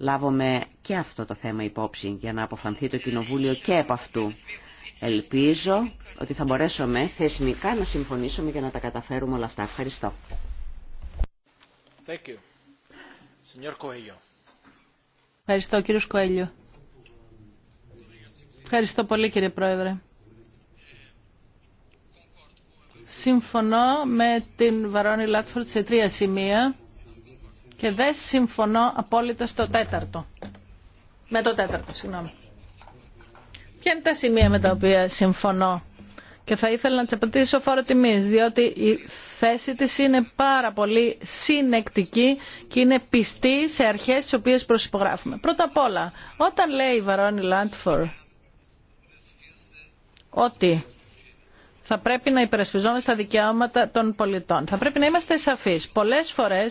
λάβουμε και αυτό το θέμα υπόψη για να αποφανθεί το Κοινοβούλιο και από αυτού. Ελπίζω ότι θα μπορέσουμε θεσμικά να συμφωνήσουμε για να τα καταφέρουμε όλα αυτά. Ευχαριστώ. Ευχαριστώ κύριο Σκοέλιο. Ευχαριστώ πολύ κύριε Πρόεδρε. Συμφωνώ με την Βαρόνι Λάτφορτ σε τρία σημεία και δεν συμφωνώ απόλυτα στο τέταρτο. Με το τέταρτο, συγγνώμη. Ποια είναι τα σημεία με τα οποία συμφωνώ και θα ήθελα να τι απαντήσω φόρο τιμή, διότι η θέση τη είναι πάρα πολύ συνεκτική και είναι πιστή σε αρχέ τι οποίε προσυπογράφουμε. Πρώτα απ' όλα, όταν λέει η Βαρόνι Λάντφορ ότι θα πρέπει να υπερασπιζόμαστε τα δικαιώματα των πολιτών, θα πρέπει να είμαστε σαφεί. Πολλέ φορέ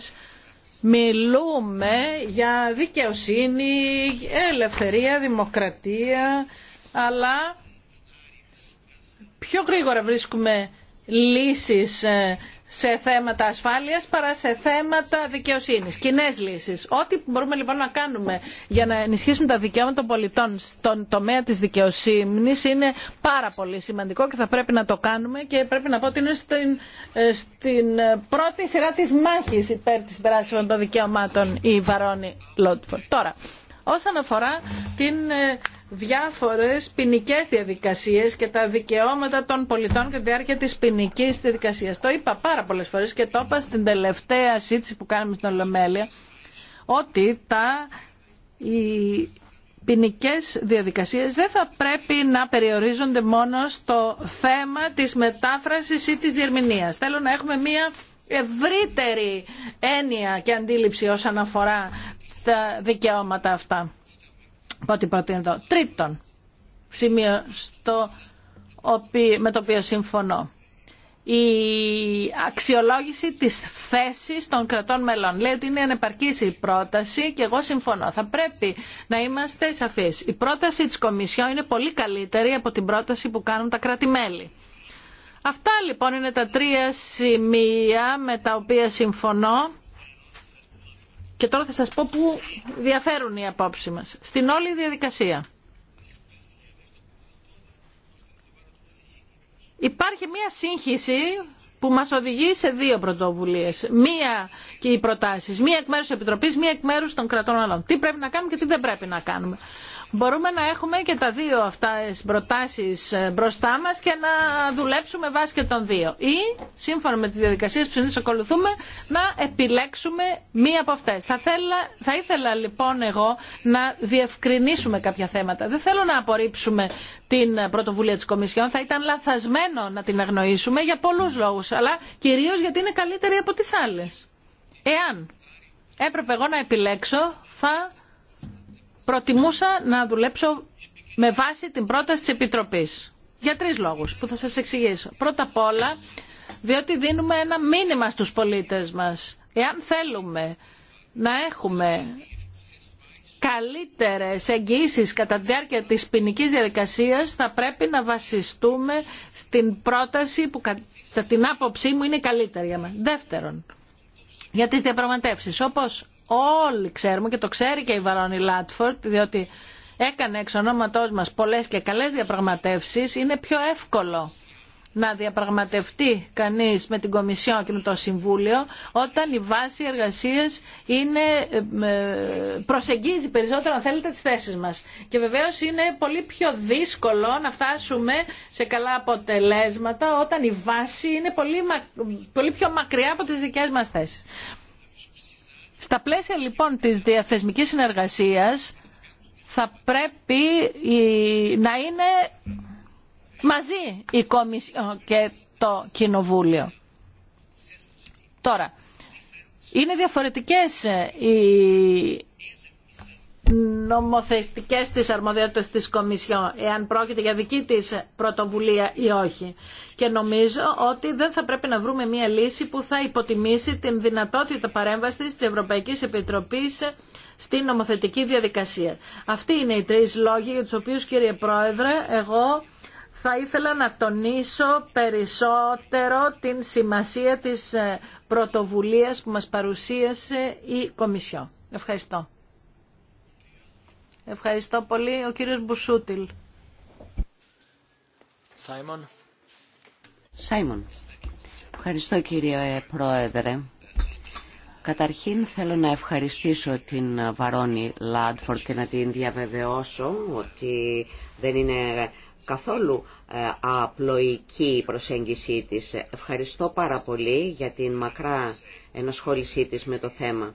Μιλούμε για δικαιοσύνη, ελευθερία, δημοκρατία, αλλά πιο γρήγορα βρίσκουμε λύσεις ε, σε θέματα ασφάλειας παρά σε θέματα δικαιοσύνης, κοινέ λύσεις. Ό,τι μπορούμε λοιπόν να κάνουμε για να ενισχύσουμε τα δικαιώματα των πολιτών στον τομέα της δικαιοσύνης είναι πάρα πολύ σημαντικό και θα πρέπει να το κάνουμε και πρέπει να πω ότι είναι στην, ε, στην ε, πρώτη σειρά της μάχης υπέρ της περάσεων των δικαιωμάτων η Βαρόνη Λότφορντ όσον αφορά την ε, διάφορες ποινικέ διαδικασίες και τα δικαιώματα των πολιτών και τη διάρκεια της ποινική διαδικασίας. Το είπα πάρα πολλές φορές και το είπα στην τελευταία σύντηση που κάναμε στην Ολομέλεια ότι τα, οι ποινικέ διαδικασίες δεν θα πρέπει να περιορίζονται μόνο στο θέμα της μετάφρασης ή της διερμηνίας. Θέλω να έχουμε μία ευρύτερη έννοια και αντίληψη όσον αφορά τα δικαιώματα αυτά. Πότι πρώτη εδώ. Τρίτον, σημείο στο με το οποίο συμφωνώ. Η αξιολόγηση της θέσης των κρατών μελών. Λέει ότι είναι ανεπαρκής η πρόταση και εγώ συμφωνώ. Θα πρέπει να είμαστε σαφείς. Η πρόταση της Κομισιόν είναι πολύ καλύτερη από την πρόταση που κάνουν τα κράτη-μέλη. Αυτά λοιπόν είναι τα τρία σημεία με τα οποία συμφωνώ και τώρα θα σας πω που διαφέρουν οι απόψεις μας. Στην όλη διαδικασία. Υπάρχει μία σύγχυση που μας οδηγεί σε δύο πρωτοβουλίες. Μία και οι προτάσεις. Μία εκ μέρους της Επιτροπής, μία εκ μέρους των κρατών άλλων. Τι πρέπει να κάνουμε και τι δεν πρέπει να κάνουμε μπορούμε να έχουμε και τα δύο αυτά προτάσει ε, μπροστά μα και να δουλέψουμε βάσει και των δύο. Ή, σύμφωνα με τις διαδικασίες που συνήθω ακολουθούμε, να επιλέξουμε μία από αυτές. Θα, θα ήθελα λοιπόν εγώ να διευκρινίσουμε κάποια θέματα. Δεν θέλω να απορρίψουμε την πρωτοβουλία τη Κομισιόν. Θα ήταν λαθασμένο να την αγνοήσουμε για πολλού λόγου, αλλά κυρίω γιατί είναι καλύτερη από τι άλλε. Εάν έπρεπε εγώ να επιλέξω, θα προτιμούσα να δουλέψω με βάση την πρόταση της Επιτροπής. Για τρεις λόγους που θα σας εξηγήσω. Πρώτα απ' όλα, διότι δίνουμε ένα μήνυμα στους πολίτες μας. Εάν θέλουμε να έχουμε καλύτερες εγγυήσεις κατά τη διάρκεια της ποινική διαδικασίας θα πρέπει να βασιστούμε στην πρόταση που κατά την άποψή μου είναι καλύτερη για μας. Δεύτερον, για τις διαπραγματεύσεις. Όπως όλοι ξέρουμε και το ξέρει και η Βαρόνι Λάτφορτ, διότι έκανε εξ ονόματό μας πολλές και καλές διαπραγματεύσεις, είναι πιο εύκολο να διαπραγματευτεί κανείς με την Κομισιό και με το Συμβούλιο όταν η βάση εργασία είναι, ε, ε, προσεγγίζει περισσότερο αν θέλετε τις θέσεις μας. Και βεβαίω είναι πολύ πιο δύσκολο να φτάσουμε σε καλά αποτελέσματα όταν η βάση είναι πολύ, πολύ πιο μακριά από τι δικές μα θέσει. Στα πλαίσια λοιπόν της διαθεσμικής συνεργασίας θα πρέπει να είναι μαζί η Κομισιόν και το Κοινοβούλιο. Τώρα, είναι διαφορετικές ε, οι νομοθεστικές της αρμοδιότητες της Κομισιόν, εάν πρόκειται για δική της πρωτοβουλία ή όχι. Και νομίζω ότι δεν θα πρέπει να βρούμε μια λύση που θα υποτιμήσει την δυνατότητα παρέμβασης της Ευρωπαϊκής Επιτροπής στην νομοθετική διαδικασία. Αυτοί είναι οι τρεις λόγοι για τους οποίους κύριε Πρόεδρε εγώ θα ήθελα να τονίσω περισσότερο την σημασία της πρωτοβουλίας που μας παρουσίασε η Κομισιό. Ευχαριστώ. Ευχαριστώ πολύ. Ο κύριος Μπουσούτιλ. Σάιμον. Σάιμον. Ευχαριστώ κύριε Πρόεδρε. Καταρχήν θέλω να ευχαριστήσω την Βαρόνι Λάντφορτ και να την διαβεβαιώσω ότι δεν είναι καθόλου ε, απλοϊκή η προσέγγιση της. Ευχαριστώ πάρα πολύ για την μακρά ενασχόλησή της με το θέμα.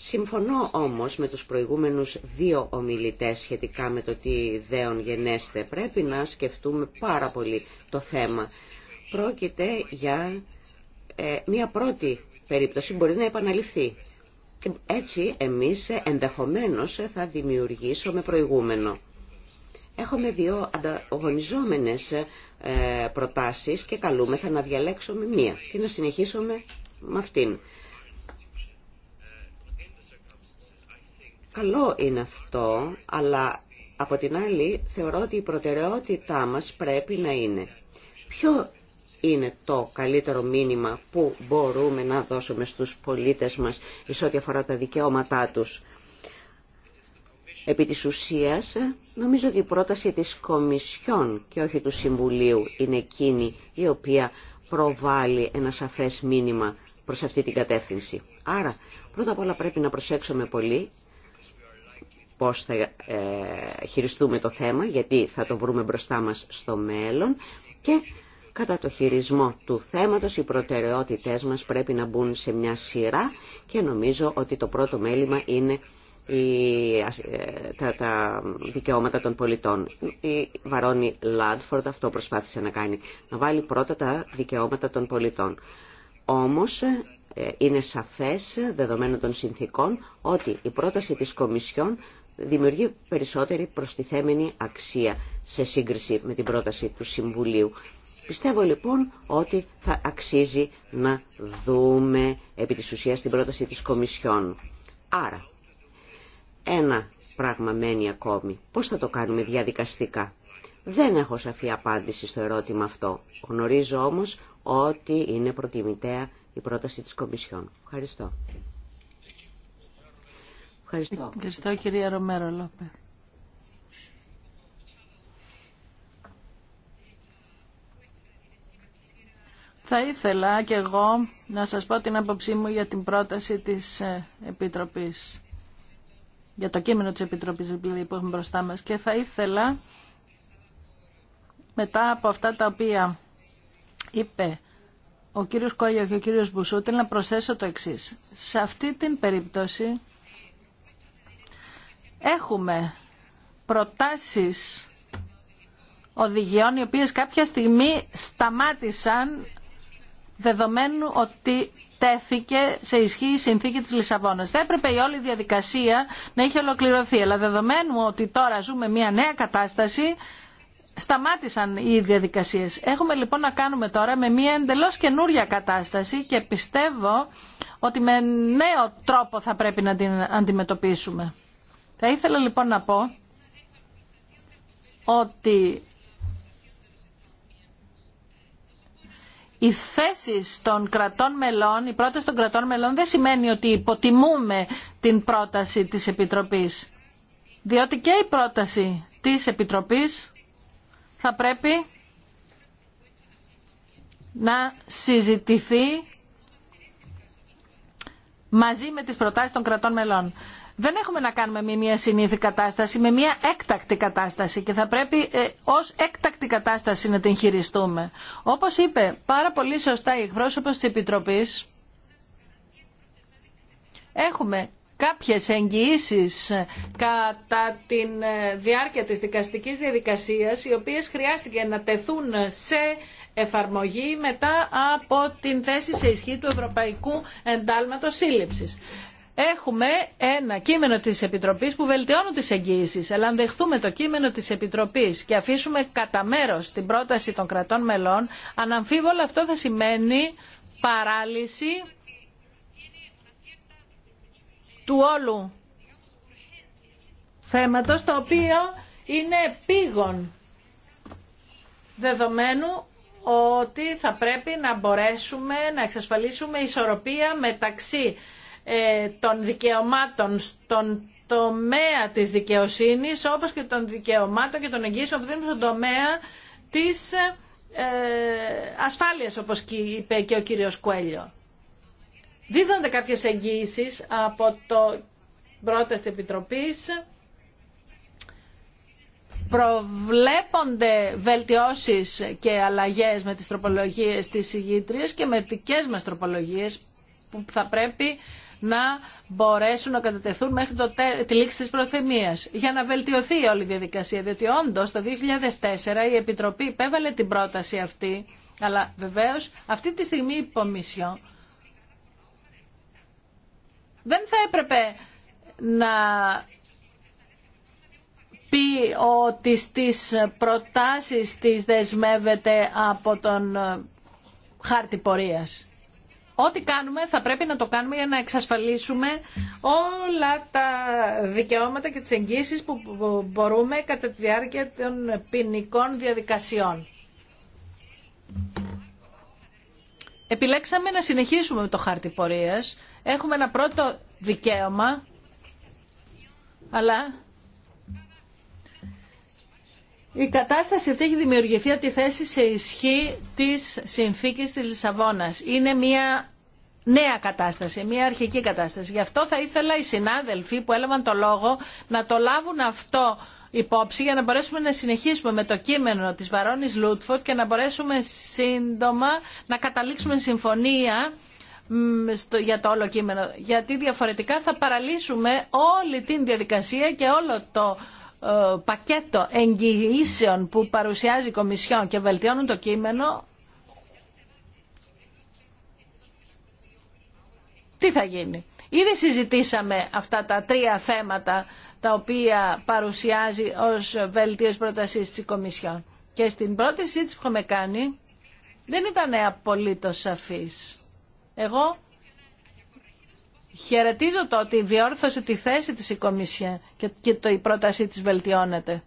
Συμφωνώ όμως με τους προηγούμενους δύο ομιλητές σχετικά με το τι δέον γενέστε. Πρέπει να σκεφτούμε πάρα πολύ το θέμα. Πρόκειται για ε, μια πρώτη περίπτωση μπορεί να επαναληφθεί. Έτσι εμείς ενδεχομένως θα δημιουργήσουμε προηγούμενο. Έχουμε δύο ανταγωνιζόμενες ε, προτάσεις και καλούμεθα να διαλέξουμε μία και να συνεχίσουμε με αυτήν. Καλό είναι αυτό, αλλά από την άλλη θεωρώ ότι η προτεραιότητά μας πρέπει να είναι ποιο είναι το καλύτερο μήνυμα που μπορούμε να δώσουμε στους πολίτες μας εις ό,τι αφορά τα δικαιώματά τους. Επί της ουσίας, νομίζω ότι η πρόταση της Κομισιόν και όχι του Συμβουλίου είναι εκείνη η οποία προβάλλει ένα σαφές μήνυμα προς αυτή την κατεύθυνση. Άρα, πρώτα απ' όλα πρέπει να προσέξουμε πολύ πώς θα ε, χειριστούμε το θέμα, γιατί θα το βρούμε μπροστά μας στο μέλλον και κατά το χειρισμό του θέματος οι προτεραιότητές μας πρέπει να μπουν σε μια σειρά και νομίζω ότι το πρώτο μέλημα είναι η, ε, τα, δικαιώματα των πολιτών. Η Βαρόνι Λάντφορντ αυτό προσπάθησε να κάνει, να βάλει πρώτα τα δικαιώματα των πολιτών. Όμως ε, είναι σαφές, δεδομένων των συνθήκων, ότι η πρόταση της Κομισιόν δημιουργεί περισσότερη προστιθέμενη αξία σε σύγκριση με την πρόταση του Συμβουλίου. Πιστεύω λοιπόν ότι θα αξίζει να δούμε επί της ουσίας την πρόταση της Κομισιόν. Άρα, ένα πράγμα μένει ακόμη. Πώς θα το κάνουμε διαδικαστικά. Δεν έχω σαφή απάντηση στο ερώτημα αυτό. Γνωρίζω όμως ότι είναι προτιμητέα η πρόταση της Κομισιόν. Ευχαριστώ. Ευχαριστώ. Ευχαριστώ κυρία Ρομέρο Λόπε. Θα ήθελα και εγώ να σας πω την άποψή μου για την πρόταση της ε, Επιτροπής, για το κείμενο της Επιτροπής δηλαδή, που έχουμε μπροστά μας και θα ήθελα μετά από αυτά τα οποία είπε ο κύριος Κόλιο και ο κύριος Μπουσούτη να προσθέσω το εξής. Σε αυτή την περίπτωση έχουμε προτάσεις οδηγιών οι οποίες κάποια στιγμή σταμάτησαν δεδομένου ότι τέθηκε σε ισχύ η συνθήκη της Λισαβόνας. Θα έπρεπε η όλη διαδικασία να είχε ολοκληρωθεί, αλλά δεδομένου ότι τώρα ζούμε μια νέα κατάσταση, σταμάτησαν οι διαδικασίες. Έχουμε λοιπόν να κάνουμε τώρα με μια εντελώς καινούρια κατάσταση και πιστεύω ότι με νέο τρόπο θα πρέπει να την αντιμετωπίσουμε. Θα ήθελα λοιπόν να πω ότι οι θέσει των κρατών μελών, η πρόταση των κρατών μελών δεν σημαίνει ότι υποτιμούμε την πρόταση της Επιτροπής. Διότι και η πρόταση της Επιτροπής θα πρέπει να συζητηθεί μαζί με τις προτάσεις των κρατών μελών δεν έχουμε να κάνουμε με μια συνήθη κατάσταση, με μια έκτακτη κατάσταση και θα πρέπει ε, ως έκτακτη κατάσταση να την χειριστούμε. Όπως είπε πάρα πολύ σωστά η εκπρόσωπος της Επιτροπής, έχουμε κάποιες εγγυήσει ε, κατά τη ε, διάρκεια της δικαστικής διαδικασίας, οι οποίες χρειάστηκε να τεθούν σε εφαρμογή μετά από την θέση σε ισχύ του Ευρωπαϊκού Εντάλματος Σύλληψης έχουμε ένα κείμενο της Επιτροπής που βελτιώνουν τις εγγύησει Αλλά αν δεχθούμε το κείμενο τη Επιτροπής και αφήσουμε κατά μέρο την πρόταση των κρατών μελών, αναμφίβολα αυτό θα σημαίνει παράλυση του όλου θέματος, το οποίο είναι πήγον δεδομένου ότι θα πρέπει να μπορέσουμε να εξασφαλίσουμε ισορροπία μεταξύ ε, των δικαιωμάτων στον τομέα της δικαιοσύνης όπως και των δικαιωμάτων και των εγγύσεων που δίνουν στον τομέα της ε, ασφάλειας όπως είπε και ο κύριος Κουέλιο. Δίδονται κάποιες εγγύσεις από το πρώτο της Επιτροπής προβλέπονται βελτιώσεις και αλλαγές με τις τροπολογίες της ηγήτριας και με δικές μας τροπολογίες που θα πρέπει να μπορέσουν να κατατεθούν μέχρι το τε... τη λήξη της προθεμίας για να βελτιωθεί όλη η διαδικασία. Διότι όντως το 2004 η Επιτροπή επέβαλε την πρόταση αυτή, αλλά βεβαίως αυτή τη στιγμή η Πομισιό δεν θα έπρεπε να πει ότι στις προτάσεις της δεσμεύεται από τον ε, χάρτη πορείας. Ό,τι κάνουμε θα πρέπει να το κάνουμε για να εξασφαλίσουμε όλα τα δικαιώματα και τις εγγύσεις που μπορούμε κατά τη διάρκεια των ποινικών διαδικασιών. Επιλέξαμε να συνεχίσουμε με το χάρτη πορείας. Έχουμε ένα πρώτο δικαίωμα, αλλά η κατάσταση αυτή έχει δημιουργηθεί από τη θέση σε ισχύ της συνθήκης της Λισαβόνας. Είναι μια νέα κατάσταση, μια αρχική κατάσταση. Γι' αυτό θα ήθελα οι συνάδελφοι που έλαβαν το λόγο να το λάβουν αυτό υπόψη για να μπορέσουμε να συνεχίσουμε με το κείμενο της Βαρόνης Λούτφορτ και να μπορέσουμε σύντομα να καταλήξουμε συμφωνία για το όλο κείμενο. Γιατί διαφορετικά θα παραλύσουμε όλη την διαδικασία και όλο το ε, πακέτο εγγυήσεων που παρουσιάζει η Κομισιόν και βελτιώνουν το κείμενο, τι θα γίνει. Ήδη συζητήσαμε αυτά τα τρία θέματα τα οποία παρουσιάζει ως βελτίωση πρότασή της Κομισιόν. Και στην πρώτη συζήτηση που είχαμε κάνει δεν ήταν απολύτως σαφής. Εγώ Χαιρετίζω το ότι διόρθωσε τη θέση της η και το, η πρότασή της βελτιώνεται.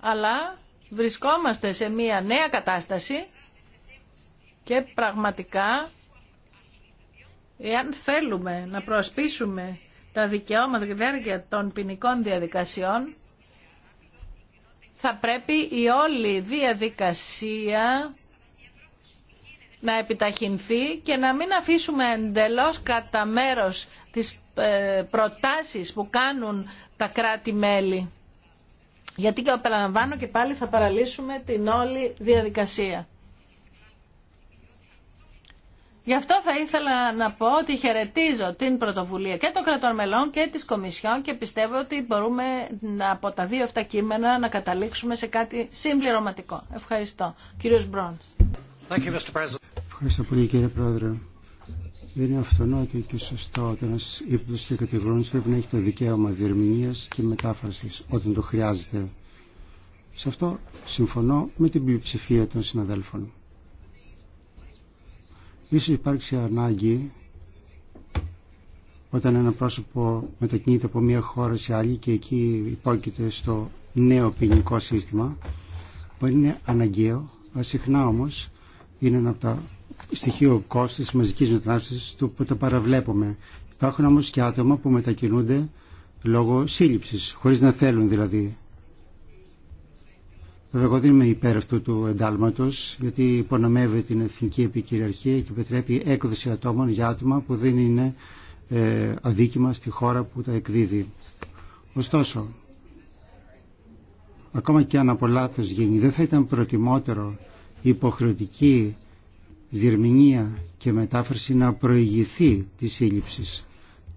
Αλλά βρισκόμαστε σε μια νέα κατάσταση και πραγματικά εάν θέλουμε να προσπίσουμε τα δικαιώματα και διάρκεια των ποινικών διαδικασιών θα πρέπει η όλη διαδικασία να επιταχυνθεί και να μην αφήσουμε εντελώς κατά μέρος τις ε, προτάσεις που κάνουν τα κράτη-μέλη. Γιατί και παραλαμβάνω και πάλι θα παραλύσουμε την όλη διαδικασία. Γι' αυτό θα ήθελα να πω ότι χαιρετίζω την πρωτοβουλία και των κρατών μελών και της Κομισιόν και πιστεύω ότι μπορούμε να, από τα δύο αυτά κείμενα να καταλήξουμε σε κάτι συμπληρωματικό. Ευχαριστώ. Κύριος Ευχαριστώ πολύ κύριε Πρόεδρε. Είναι αυτονόητο και σωστό ότι ένα ύπνο και κατηγορούμενο πρέπει να έχει το δικαίωμα διερμηνία και μετάφραση όταν το χρειάζεται. Σε αυτό συμφωνώ με την πλειοψηφία των συναδέλφων. σω υπάρξει ανάγκη όταν ένα πρόσωπο μετακινείται από μία χώρα σε άλλη και εκεί υπόκειται στο νέο ποινικό σύστημα που είναι αναγκαίο, συχνά όμως είναι ένα από τα στοιχεία κόστη, μαζική μαζικής του που το παραβλέπουμε. Υπάρχουν όμω και άτομα που μετακινούνται λόγω σύλληψη, χωρίς να θέλουν δηλαδή. Βέβαια, εγώ δεν είμαι υπέρ αυτού του εντάλματο, γιατί υπονομεύει την εθνική επικυριαρχία και επιτρέπει έκδοση ατόμων για άτομα που δεν είναι ε, αδίκημα στη χώρα που τα εκδίδει. Ωστόσο, ακόμα και αν από λάθο γίνει, δεν θα ήταν προτιμότερο υποχρεωτική διερμηνία και μετάφραση να προηγηθεί τη σύλληψη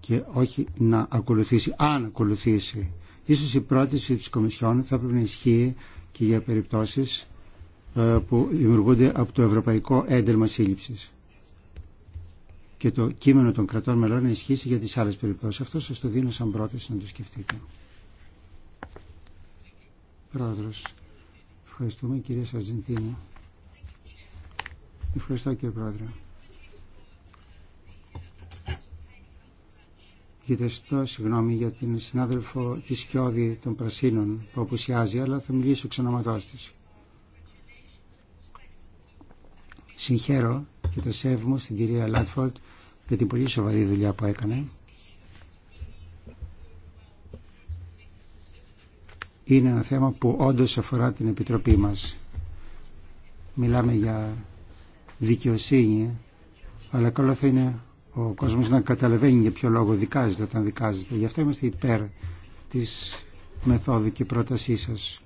και όχι να ακολουθήσει, αν ακολουθήσει. Ίσως η πρόταση της Κομισιόν θα πρέπει να ισχύει και για περιπτώσεις ε, που δημιουργούνται από το Ευρωπαϊκό Έντερμα Σύλληψης και το κείμενο των κρατών μελών να ισχύσει για τις άλλες περιπτώσεις. Αυτό σας το δίνω σαν πρόταση να το σκεφτείτε. Πρόεδρος, ευχαριστούμε κυρία Σαρζεντίνη. Ευχαριστώ κύριε Πρόεδρε. Ζητώ συγγνώμη για την συνάδελφο τη Σκιώδη των Πρασίνων που απουσιάζει, αλλά θα μιλήσω ξανά ονόματός της. Συγχαίρω και το σέβομαι στην κυρία Λάτφορντ για την πολύ σοβαρή δουλειά που έκανε. Είναι ένα θέμα που όντως αφορά την Επιτροπή μας. Μιλάμε για δικαιοσύνη, αλλά καλό θα είναι ο κόσμος να καταλαβαίνει για ποιο λόγο δικάζεται όταν δικάζεται. Γι' αυτό είμαστε υπέρ της μεθόδου και πρότασή σας.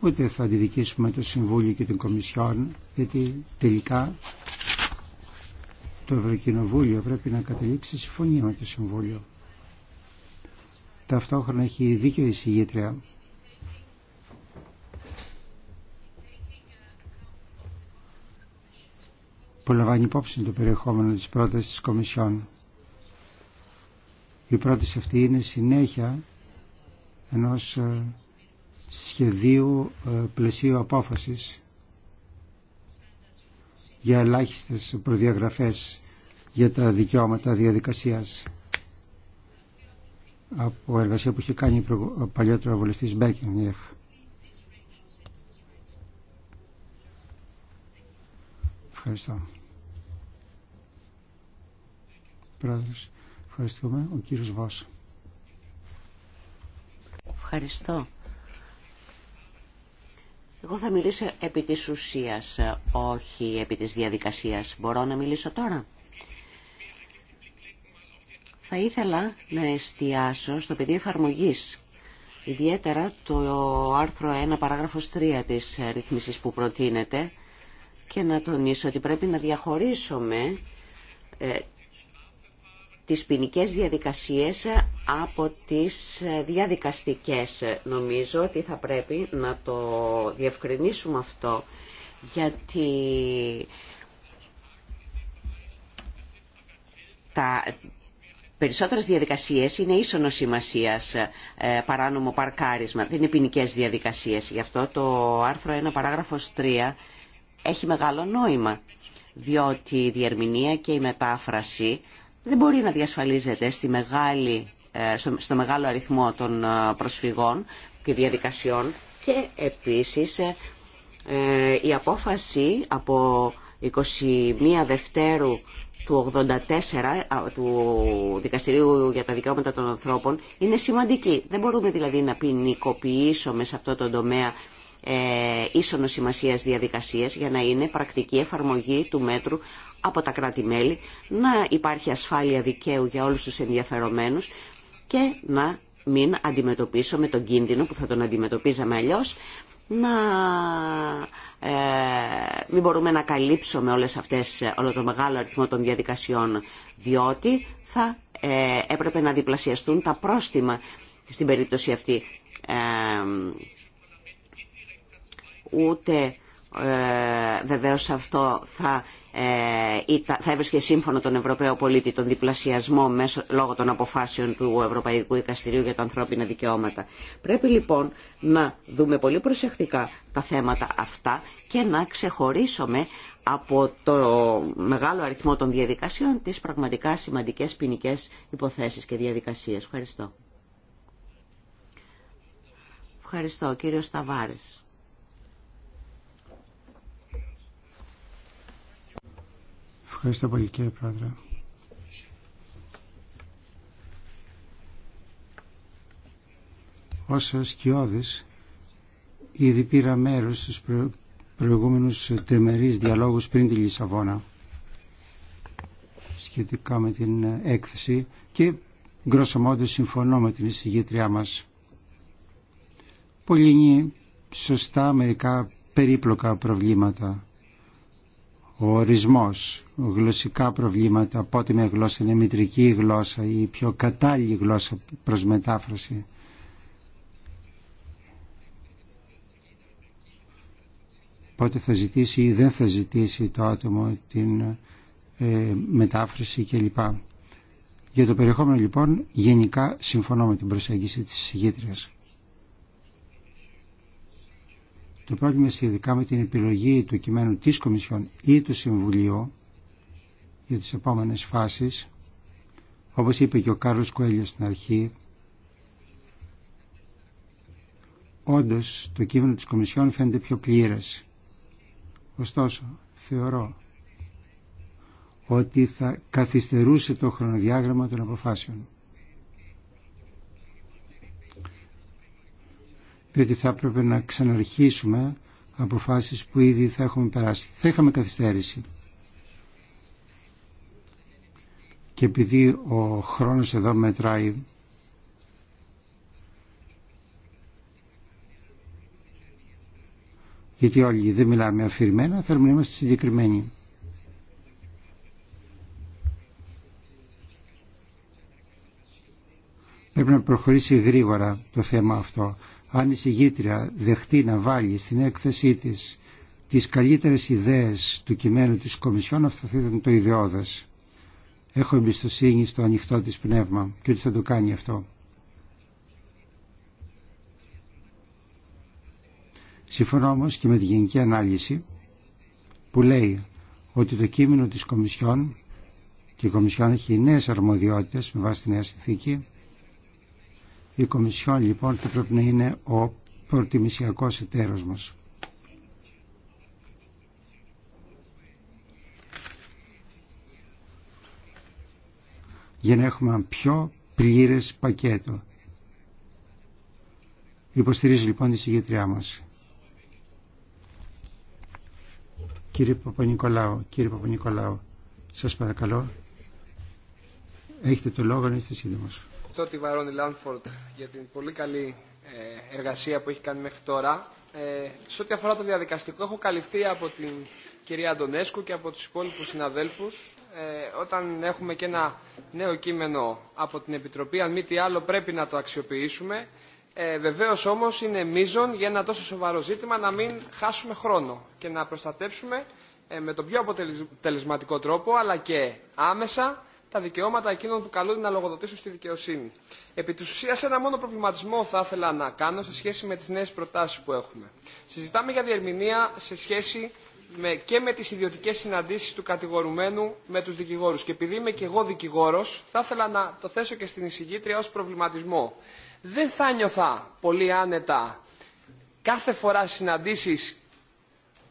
Ούτε θα αντιδικήσουμε το Συμβούλιο και την Κομισιόν, γιατί τελικά το Ευρωκοινοβούλιο πρέπει να καταλήξει συμφωνία με το Συμβούλιο. Ταυτόχρονα έχει δίκιο η συγγήτρια που λαμβάνει υπόψη το περιεχόμενο της πρότασης της Κομισιόν. Η πρόταση αυτή είναι συνέχεια ενός ε, σχεδίου ε, πλαισίου απόφασης για ελάχιστες προδιαγραφές για τα δικαιώματα διαδικασίας από εργασία που είχε κάνει ο παλιότερο βουλευτής Μπέκινγκ. Ευχαριστώ. Πρόεδρος. Ευχαριστούμε. Ο κύριος Βάσο. Ευχαριστώ. Εγώ θα μιλήσω επί της ουσίας, όχι επί της διαδικασίας. Μπορώ να μιλήσω τώρα. Θα ήθελα να εστιάσω στο πεδίο εφαρμογή. Ιδιαίτερα το άρθρο 1 παράγραφος 3 της ρυθμίσης που προτείνεται και να τονίσω ότι πρέπει να διαχωρίσουμε ε, τις ποινικέ διαδικασίες από τις διαδικαστικές. Νομίζω ότι θα πρέπει να το διευκρινίσουμε αυτό, γιατί τα περισσότερες διαδικασίες είναι ίσονος σημασίας ε, παράνομο παρκάρισμα, δεν είναι ποινικέ διαδικασίες. Γι' αυτό το άρθρο 1 παράγραφος 3 έχει μεγάλο νόημα, διότι η διερμηνία και η μετάφραση δεν μπορεί να διασφαλίζεται στη μεγάλη, ε, στο, μεγάλο αριθμό των ε, προσφυγών και διαδικασιών και επίσης ε, η απόφαση από 21 Δευτέρου του 84 του Δικαστηρίου για τα Δικαιώματα των Ανθρώπων είναι σημαντική. Δεν μπορούμε δηλαδή να ποινικοποιήσουμε σε αυτό το τομέα ε, ίσονο σημασίας διαδικασίας για να είναι πρακτική εφαρμογή του μέτρου από τα κράτη-μέλη, να υπάρχει ασφάλεια δικαίου για όλους τους ενδιαφερομένους και να μην αντιμετωπίσουμε τον κίνδυνο που θα τον αντιμετωπίζαμε αλλιώ, να ε, μην μπορούμε να καλύψουμε όλες αυτές, όλο το μεγάλο αριθμό των διαδικασιών, διότι θα ε, έπρεπε να διπλασιαστούν τα πρόστιμα στην περίπτωση αυτή. Ε, ούτε ε, βεβαίως αυτό θα, ε, θα έβρισκε σύμφωνο τον Ευρωπαίο πολίτη τον διπλασιασμό μέσω, λόγω των αποφάσεων του Ευρωπαϊκού Δικαστηρίου για τα ανθρώπινα δικαιώματα. Πρέπει λοιπόν να δούμε πολύ προσεκτικά τα θέματα αυτά και να ξεχωρίσουμε από το μεγάλο αριθμό των διαδικασιών τις πραγματικά σημαντικές ποινικέ υποθέσεις και διαδικασίες. Ευχαριστώ. Ευχαριστώ κύριο Σταβάρης. Ευχαριστώ πολύ κύριε Πρόεδρε. Ως σκιώδης ήδη πήρα μέρος στους προηγούμενους τεμερείς διαλόγους πριν τη Λισαβόνα σχετικά με την έκθεση και γκρόσο συμφωνώ με την εισηγήτριά μας. Πολύ σωστά μερικά περίπλοκα προβλήματα ο ορισμός, γλωσσικά προβλήματα, πότε μια γλώσσα είναι μητρική γλώσσα ή πιο κατάλληλη γλώσσα προς μετάφραση. Πότε θα ζητήσει ή δεν θα ζητήσει το άτομο την ε, μετάφραση κλπ. Για το περιεχόμενο λοιπόν γενικά συμφωνώ με την προσέγγιση της συγκήτριας. Το πρόβλημα σχετικά με την επιλογή του κειμένου της Κομισιόν ή του Συμβουλίου για τις επόμενες φάσεις, όπως είπε και ο Κάρλος Κοέλιο στην αρχή, όντως το κείμενο της Κομισιόν φαίνεται πιο πλήρες. Ωστόσο, θεωρώ ότι θα καθυστερούσε το χρονοδιάγραμμα των αποφάσεων. διότι θα έπρεπε να ξαναρχίσουμε αποφάσεις που ήδη θα έχουμε περάσει. Θα είχαμε καθυστέρηση. Και επειδή ο χρόνος εδώ μετράει, γιατί όλοι δεν μιλάμε αφηρημένα, θέλουμε να είμαστε συγκεκριμένοι. Πρέπει να προχωρήσει γρήγορα το θέμα αυτό αν η συγγήτρια δεχτεί να βάλει στην έκθεσή της τις καλύτερες ιδέες του κειμένου της Κομισιόν αυτό θα ήταν το ιδεώδες. Έχω εμπιστοσύνη στο ανοιχτό της πνεύμα και ότι θα το κάνει αυτό. Συμφωνώ όμως και με τη γενική ανάλυση που λέει ότι το κείμενο της Κομισιόν και η Κομισιόν έχει νέες αρμοδιότητες με βάση τη νέα συνθήκη η Κομισιόν λοιπόν θα πρέπει να είναι ο προτιμησιακός εταίρος μας. για να έχουμε πιο πλήρες πακέτο. Υποστηρίζει λοιπόν τη συγγετριά μας. Κύριε Παπα-Νικολάου, κύριε Παπα-Νικολάου, σας παρακαλώ, έχετε το λόγο να είστε σύντομος ευχαριστώ τη Βαρόνι Λάνφορντ για την πολύ καλή ε, εργασία που έχει κάνει μέχρι τώρα. Ε, σε ό,τι αφορά το διαδικαστικό, έχω καλυφθεί από την κυρία Αντωνέσκου και από τους υπόλοιπους συναδέλφους. Ε, όταν έχουμε και ένα νέο κείμενο από την Επιτροπή, αν μη τι άλλο πρέπει να το αξιοποιήσουμε. Ε, βεβαίως όμως είναι μείζον για ένα τόσο σοβαρό ζήτημα να μην χάσουμε χρόνο και να προστατέψουμε ε, με τον πιο αποτελεσματικό τρόπο, αλλά και άμεσα τα δικαιώματα εκείνων που καλούνται να λογοδοτήσουν στη δικαιοσύνη. Επί τη ουσία, ένα μόνο προβληματισμό θα ήθελα να κάνω σε σχέση με τι νέε προτάσει που έχουμε. Συζητάμε για διερμηνία σε σχέση με, και με τι ιδιωτικέ συναντήσει του κατηγορουμένου με του δικηγόρου. Και επειδή είμαι και εγώ δικηγόρο, θα ήθελα να το θέσω και στην εισηγήτρια ω προβληματισμό. Δεν θα νιωθά πολύ άνετα κάθε φορά συναντήσεις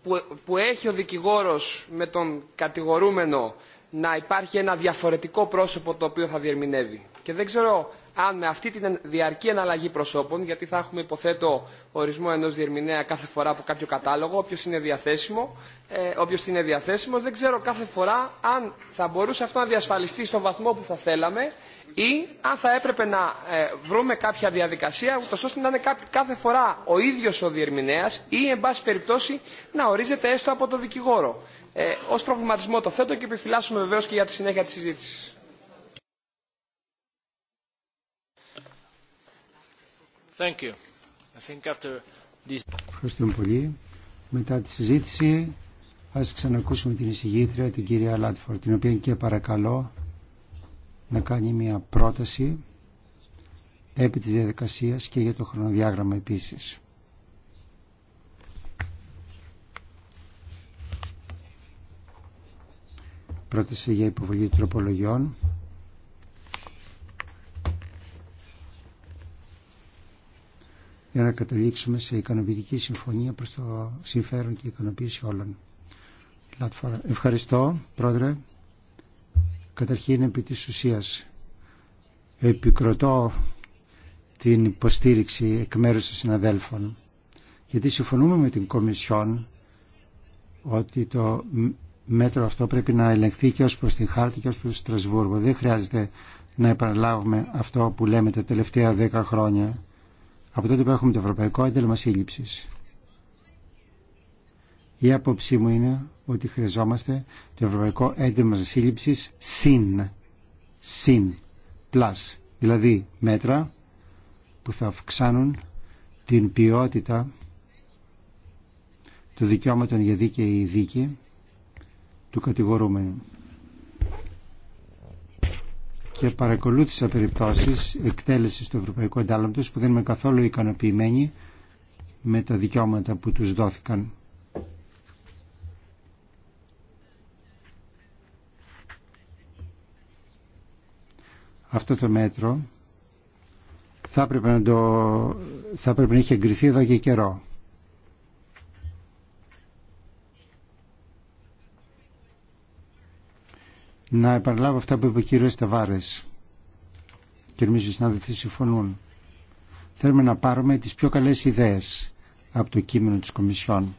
που, που έχει ο δικηγόρος με τον κατηγορούμενο να υπάρχει ένα διαφορετικό πρόσωπο το οποίο θα διερμηνεύει. Και δεν ξέρω αν με αυτή την διαρκή εναλλαγή προσώπων, γιατί θα έχουμε υποθέτω ορισμό ενός διερμηνέα κάθε φορά από κάποιο κατάλογο, όποιος είναι, διαθέσιμο, ε, όποιος είναι διαθέσιμος, δεν ξέρω κάθε φορά αν θα μπορούσε αυτό να διασφαλιστεί στον βαθμό που θα θέλαμε ή αν θα έπρεπε να ε, βρούμε κάποια διαδικασία ούτως ώστε να είναι κάθε φορά ο ίδιος ο διερμηνέας ή εν πάση περιπτώσει να ορίζεται έστω από το δικηγόρο. Ε, ως προβληματισμό το θέτω και επιφυλάσσουμε βεβαίω και για τη συνέχεια της συζήτηση. Ευχαριστούμε πολύ. Μετά τη συζήτηση α ξανακούσουμε την εισηγήτρια, την κυρία Λάτφορ, την οποία και παρακαλώ να κάνει μια πρόταση επί της διαδικασίας και για το χρονοδιάγραμμα επίσης. πρόταση για υποβολή τροπολογιών. για να καταλήξουμε σε ικανοποιητική συμφωνία προς το συμφέρον και ικανοποίηση όλων. Ευχαριστώ, Πρόεδρε. Καταρχήν, επί της ουσίας, επικροτώ την υποστήριξη εκ μέρους των συναδέλφων, γιατί συμφωνούμε με την Κομισιόν ότι το μέτρο αυτό πρέπει να ελεγχθεί και ως προς τη χάρτη και ως προς το Στρασβούργο. Δεν χρειάζεται να επαναλάβουμε αυτό που λέμε τα τελευταία δέκα χρόνια από τότε που έχουμε το Ευρωπαϊκό Έντελμα Σύλληψης. Η άποψή μου είναι ότι χρειαζόμαστε το Ευρωπαϊκό Έντελμα Σύλληψης συν, συν, πλας, δηλαδή μέτρα που θα αυξάνουν την ποιότητα του δικαιώματων για δίκαιη δίκη του κατηγορούμενου και παρακολούθησα περιπτώσεις εκτέλεσης του Ευρωπαϊκού Εντάλλοντο που δεν είμαι καθόλου ικανοποιημένοι με τα δικαιώματα που τους δόθηκαν. Αυτό το μέτρο θα έπρεπε να, το, θα έπρεπε να είχε εγκριθεί εδώ και καιρό. να επαναλάβω αυτά που είπε ο κύριος Ταβάρες και νομίζω οι συνάδελφοι συμφωνούν. Θέλουμε να πάρουμε τις πιο καλές ιδέες από το κείμενο της Κομισιόν.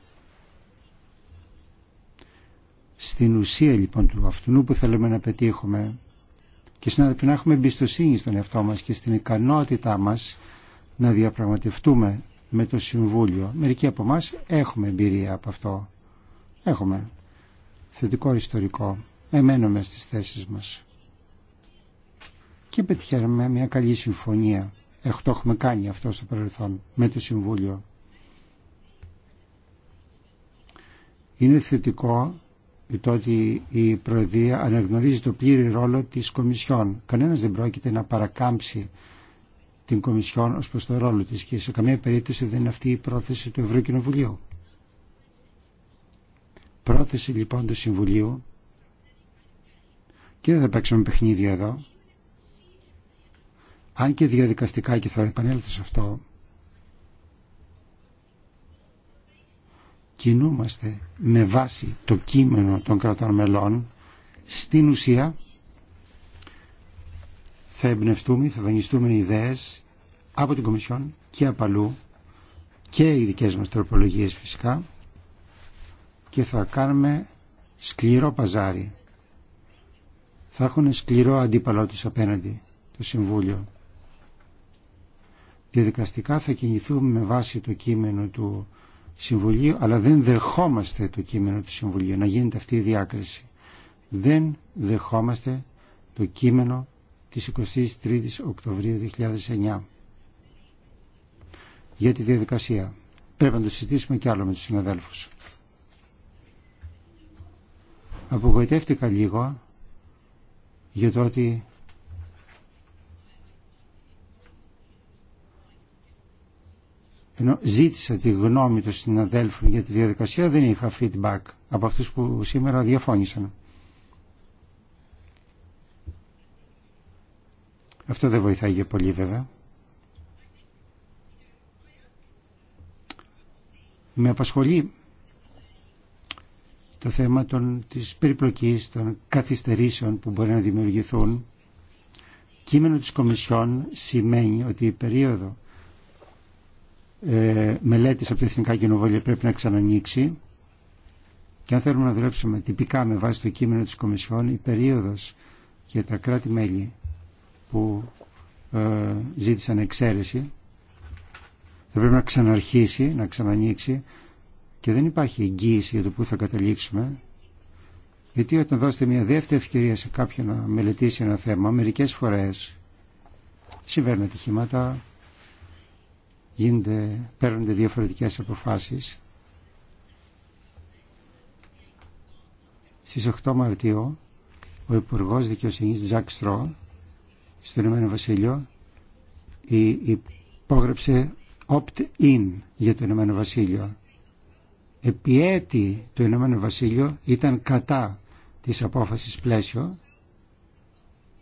Στην ουσία λοιπόν του αυτού που θέλουμε να πετύχουμε και συνάδελφοι να έχουμε εμπιστοσύνη στον εαυτό μας και στην ικανότητά μας να διαπραγματευτούμε με το Συμβούλιο. Μερικοί από εμά έχουμε εμπειρία από αυτό. Έχουμε θετικό ιστορικό εμένουμε στις θέσεις μας. Και πετυχαίνουμε μια καλή συμφωνία. Εχτό έχουμε κάνει αυτό στο παρελθόν με το Συμβούλιο. Είναι θετικό το ότι η Προεδρία αναγνωρίζει το πλήρη ρόλο της Κομισιόν. Κανένας δεν πρόκειται να παρακάμψει την Κομισιόν ως προς το ρόλο της και σε καμία περίπτωση δεν είναι αυτή η πρόθεση του Ευρωκοινοβουλίου. Πρόθεση λοιπόν του Συμβουλίου και δεν θα παίξουμε παιχνίδια εδώ. Αν και διαδικαστικά και θα επανέλθω σε αυτό, κινούμαστε με βάση το κείμενο των κρατών μελών, στην ουσία θα εμπνευστούμε, θα δανειστούμε ιδέες από την Κομισιόν και από απαλού και οι δικές μας τροπολογίες φυσικά και θα κάνουμε σκληρό παζάρι θα έχουν σκληρό αντίπαλό τους απέναντι το Συμβούλιο. Διαδικαστικά θα κινηθούμε με βάση το κείμενο του Συμβουλίου, αλλά δεν δεχόμαστε το κείμενο του Συμβουλίου, να γίνεται αυτή η διάκριση. Δεν δεχόμαστε το κείμενο της 23ης Οκτωβρίου 2009 για τη διαδικασία. Πρέπει να το συζητήσουμε κι άλλο με τους συναδέλφους. Απογοητεύτηκα λίγο για το ότι ζήτησα τη γνώμη των συναδέλφων για τη διαδικασία δεν είχα feedback από αυτούς που σήμερα διαφώνησαν. Αυτό δεν βοηθάει για πολύ βέβαια. Με απασχολεί το θέμα των, της περιπλοκής των καθυστερήσεων που μπορεί να δημιουργηθούν. Κείμενο της Κομισιόν σημαίνει ότι η περίοδο ε, μελέτης από τα Εθνικά Κοινοβόλια πρέπει να ξανανοίξει και αν θέλουμε να δουλέψουμε τυπικά με βάση το κείμενο της Κομισιόν η περίοδος για τα κράτη-μέλη που ε, ζήτησαν εξαίρεση θα πρέπει να ξαναρχίσει, να ξανανοίξει και δεν υπάρχει εγγύηση για το που θα καταλήξουμε γιατί όταν δώσετε μια δεύτερη ευκαιρία σε κάποιον να μελετήσει ένα θέμα μερικές φορές συμβαίνουν ατυχήματα γίνονται, παίρνονται διαφορετικές αποφάσεις Στις 8 Μαρτίου ο Υπουργός δικαιοσύνη Τζακ Στρό στο Ηνωμένο Βασίλειο υπόγραψε opt-in για το Ηνωμένο Βασίλειο επιέτη το Ηνωμένο Βασίλειο ήταν κατά της απόφασης πλαίσιο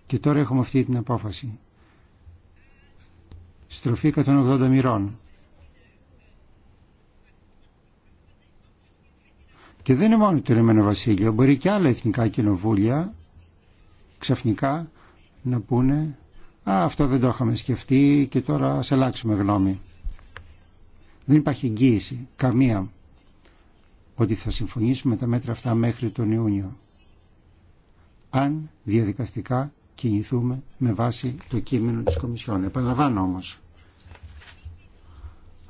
και τώρα έχουμε αυτή την απόφαση. Στροφή 180 μοιρών. Και δεν είναι μόνο το Ηνωμένο Βασίλειο, μπορεί και άλλα εθνικά κοινοβούλια ξαφνικά να πούνε «Α, αυτό δεν το είχαμε σκεφτεί και τώρα ας αλλάξουμε γνώμη». Δεν υπάρχει εγγύηση, καμία ότι θα συμφωνήσουμε τα μέτρα αυτά μέχρι τον Ιούνιο. Αν διαδικαστικά κινηθούμε με βάση το κείμενο της Κομισιόν. Επαναλαμβάνω όμως.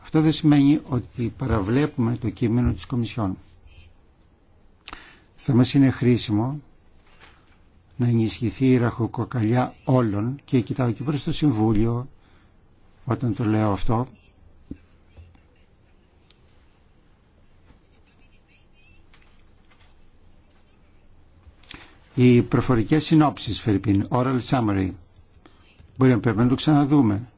Αυτό δεν σημαίνει ότι παραβλέπουμε το κείμενο της Κομισιόν. Θα μας είναι χρήσιμο να ενισχυθεί η ραχοκοκαλιά όλων και κοιτάω και προς το Συμβούλιο όταν το λέω αυτό Οι προφορικές συνόψεις, Φερρυπίν, oral summary. Μπορεί να πρέπει να το ξαναδούμε.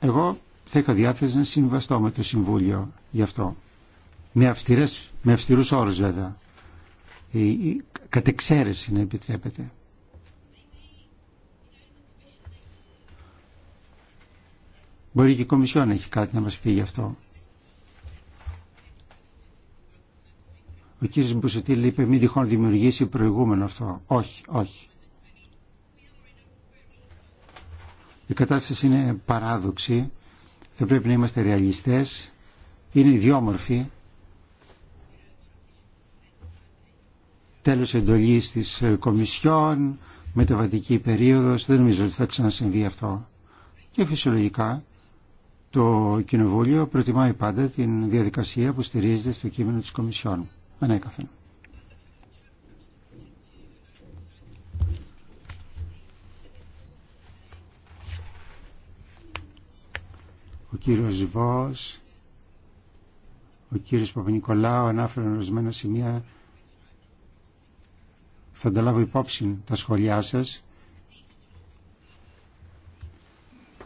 Εγώ θα είχα διάθεση να συμβαστώ με το Συμβούλιο γι' αυτό. Με, αυστηρές, με αυστηρούς όρους βέβαια. Η, η κατεξαίρεση να επιτρέπεται. Μπορεί και η Κομισιόν έχει κάτι να μας πει γι' αυτό. Ο κύριος Μπουσουτήλ είπε μην τυχόν δημιουργήσει προηγούμενο αυτό. Όχι, όχι. Η κατάσταση είναι παράδοξη. Θα πρέπει να είμαστε ρεαλιστές. Είναι ιδιόμορφη. Τέλος εντολής της ε, Κομισιόν, μεταβατική περίοδος. Δεν νομίζω ότι θα ξανασυμβεί αυτό. Και φυσιολογικά το Κοινοβούλιο προτιμάει πάντα την διαδικασία που στηρίζεται στο κείμενο της Κομισιόν ανέκαθεν. Ο κύριος Βός, ο κύριος Παπα-Νικολάου ανάφεραν ορισμένα σημεία. Θα ανταλάβω υπόψη τα σχόλιά σας.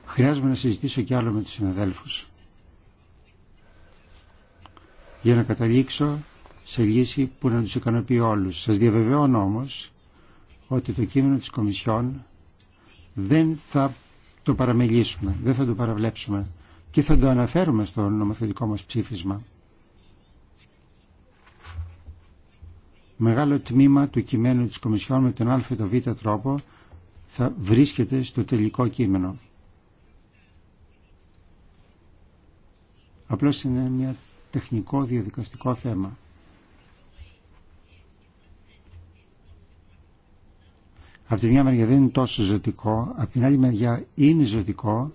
Χρειάζομαι να συζητήσω κι άλλο με τους συναδέλφους. Για να καταλήξω σε λύση που να τους ικανοποιεί όλους. Σας διαβεβαιώνω όμως ότι το κείμενο της Κομισιόν δεν θα το παραμελήσουμε, δεν θα το παραβλέψουμε και θα το αναφέρουμε στο νομοθετικό μας ψήφισμα. Μεγάλο τμήμα του κειμένου της Κομισιόν με τον α το β τρόπο θα βρίσκεται στο τελικό κείμενο. Απλώς είναι μια τεχνικό διαδικαστικό θέμα. Από τη μια μεριά δεν είναι τόσο ζωτικό, από την άλλη μεριά είναι ζωτικό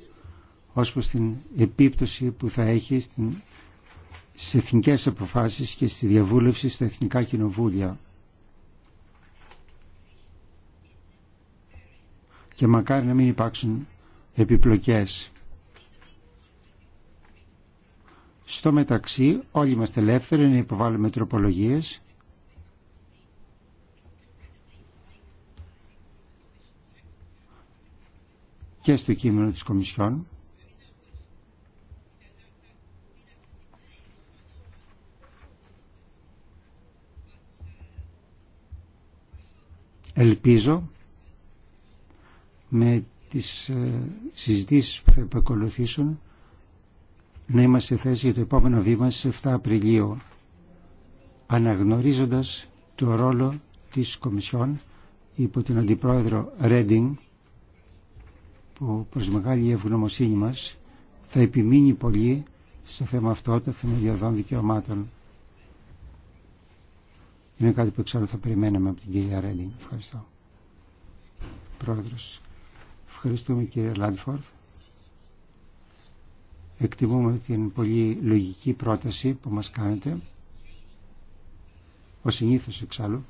ως προς την επίπτωση που θα έχει στην, στις εθνικές αποφάσεις και στη διαβούλευση στα εθνικά κοινοβούλια. Και μακάρι να μην υπάρξουν επιπλοκές. Στο μεταξύ όλοι είμαστε ελεύθεροι να υποβάλουμε τροπολογίες και στο κείμενο της Κομισιόν. Ελπίζω με τις ε, συζητήσεις που θα επακολουθήσουν να είμαστε θέση για το επόμενο βήμα στις 7 Απριλίου αναγνωρίζοντας το ρόλο της Κομισιόν υπό την Αντιπρόεδρο Ρέντινγκ που προς μεγάλη ευγνωμοσύνη μας θα επιμείνει πολύ στο θέμα αυτό των θεμελιωδών δικαιωμάτων. Είναι κάτι που εξάλλου θα περιμέναμε από την κυρία Ρέντινγκ. Ευχαριστώ. Πρόεδρος. Ευχαριστούμε κύριε Λάντφορθ. Εκτιμούμε την πολύ λογική πρόταση που μας κάνετε. Ο συνήθως εξάλλου.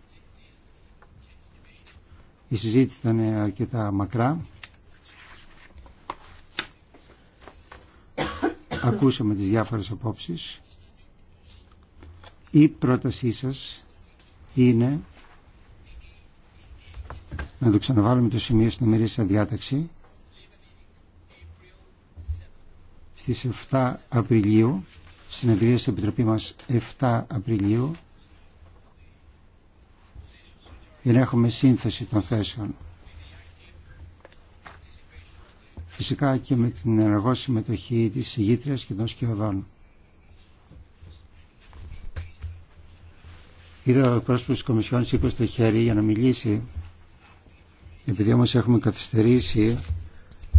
Η συζήτηση ήταν αρκετά μακρά. Ακούσαμε τις διάφορες απόψεις. Η πρότασή σας είναι να το ξαναβάλουμε το σημείο στην ημερήσια διάταξη στις 7 Απριλίου συνεδρία στην Επιτροπή μας 7 Απριλίου για να έχουμε σύνθεση των θέσεων φυσικά και με την ενεργό συμμετοχή της ηγήτριας και των σκιωδών. Είδα ο πρόσωπος της Κομισιόν σήκωσε το χέρι για να μιλήσει. Επειδή όμως έχουμε καθυστερήσει,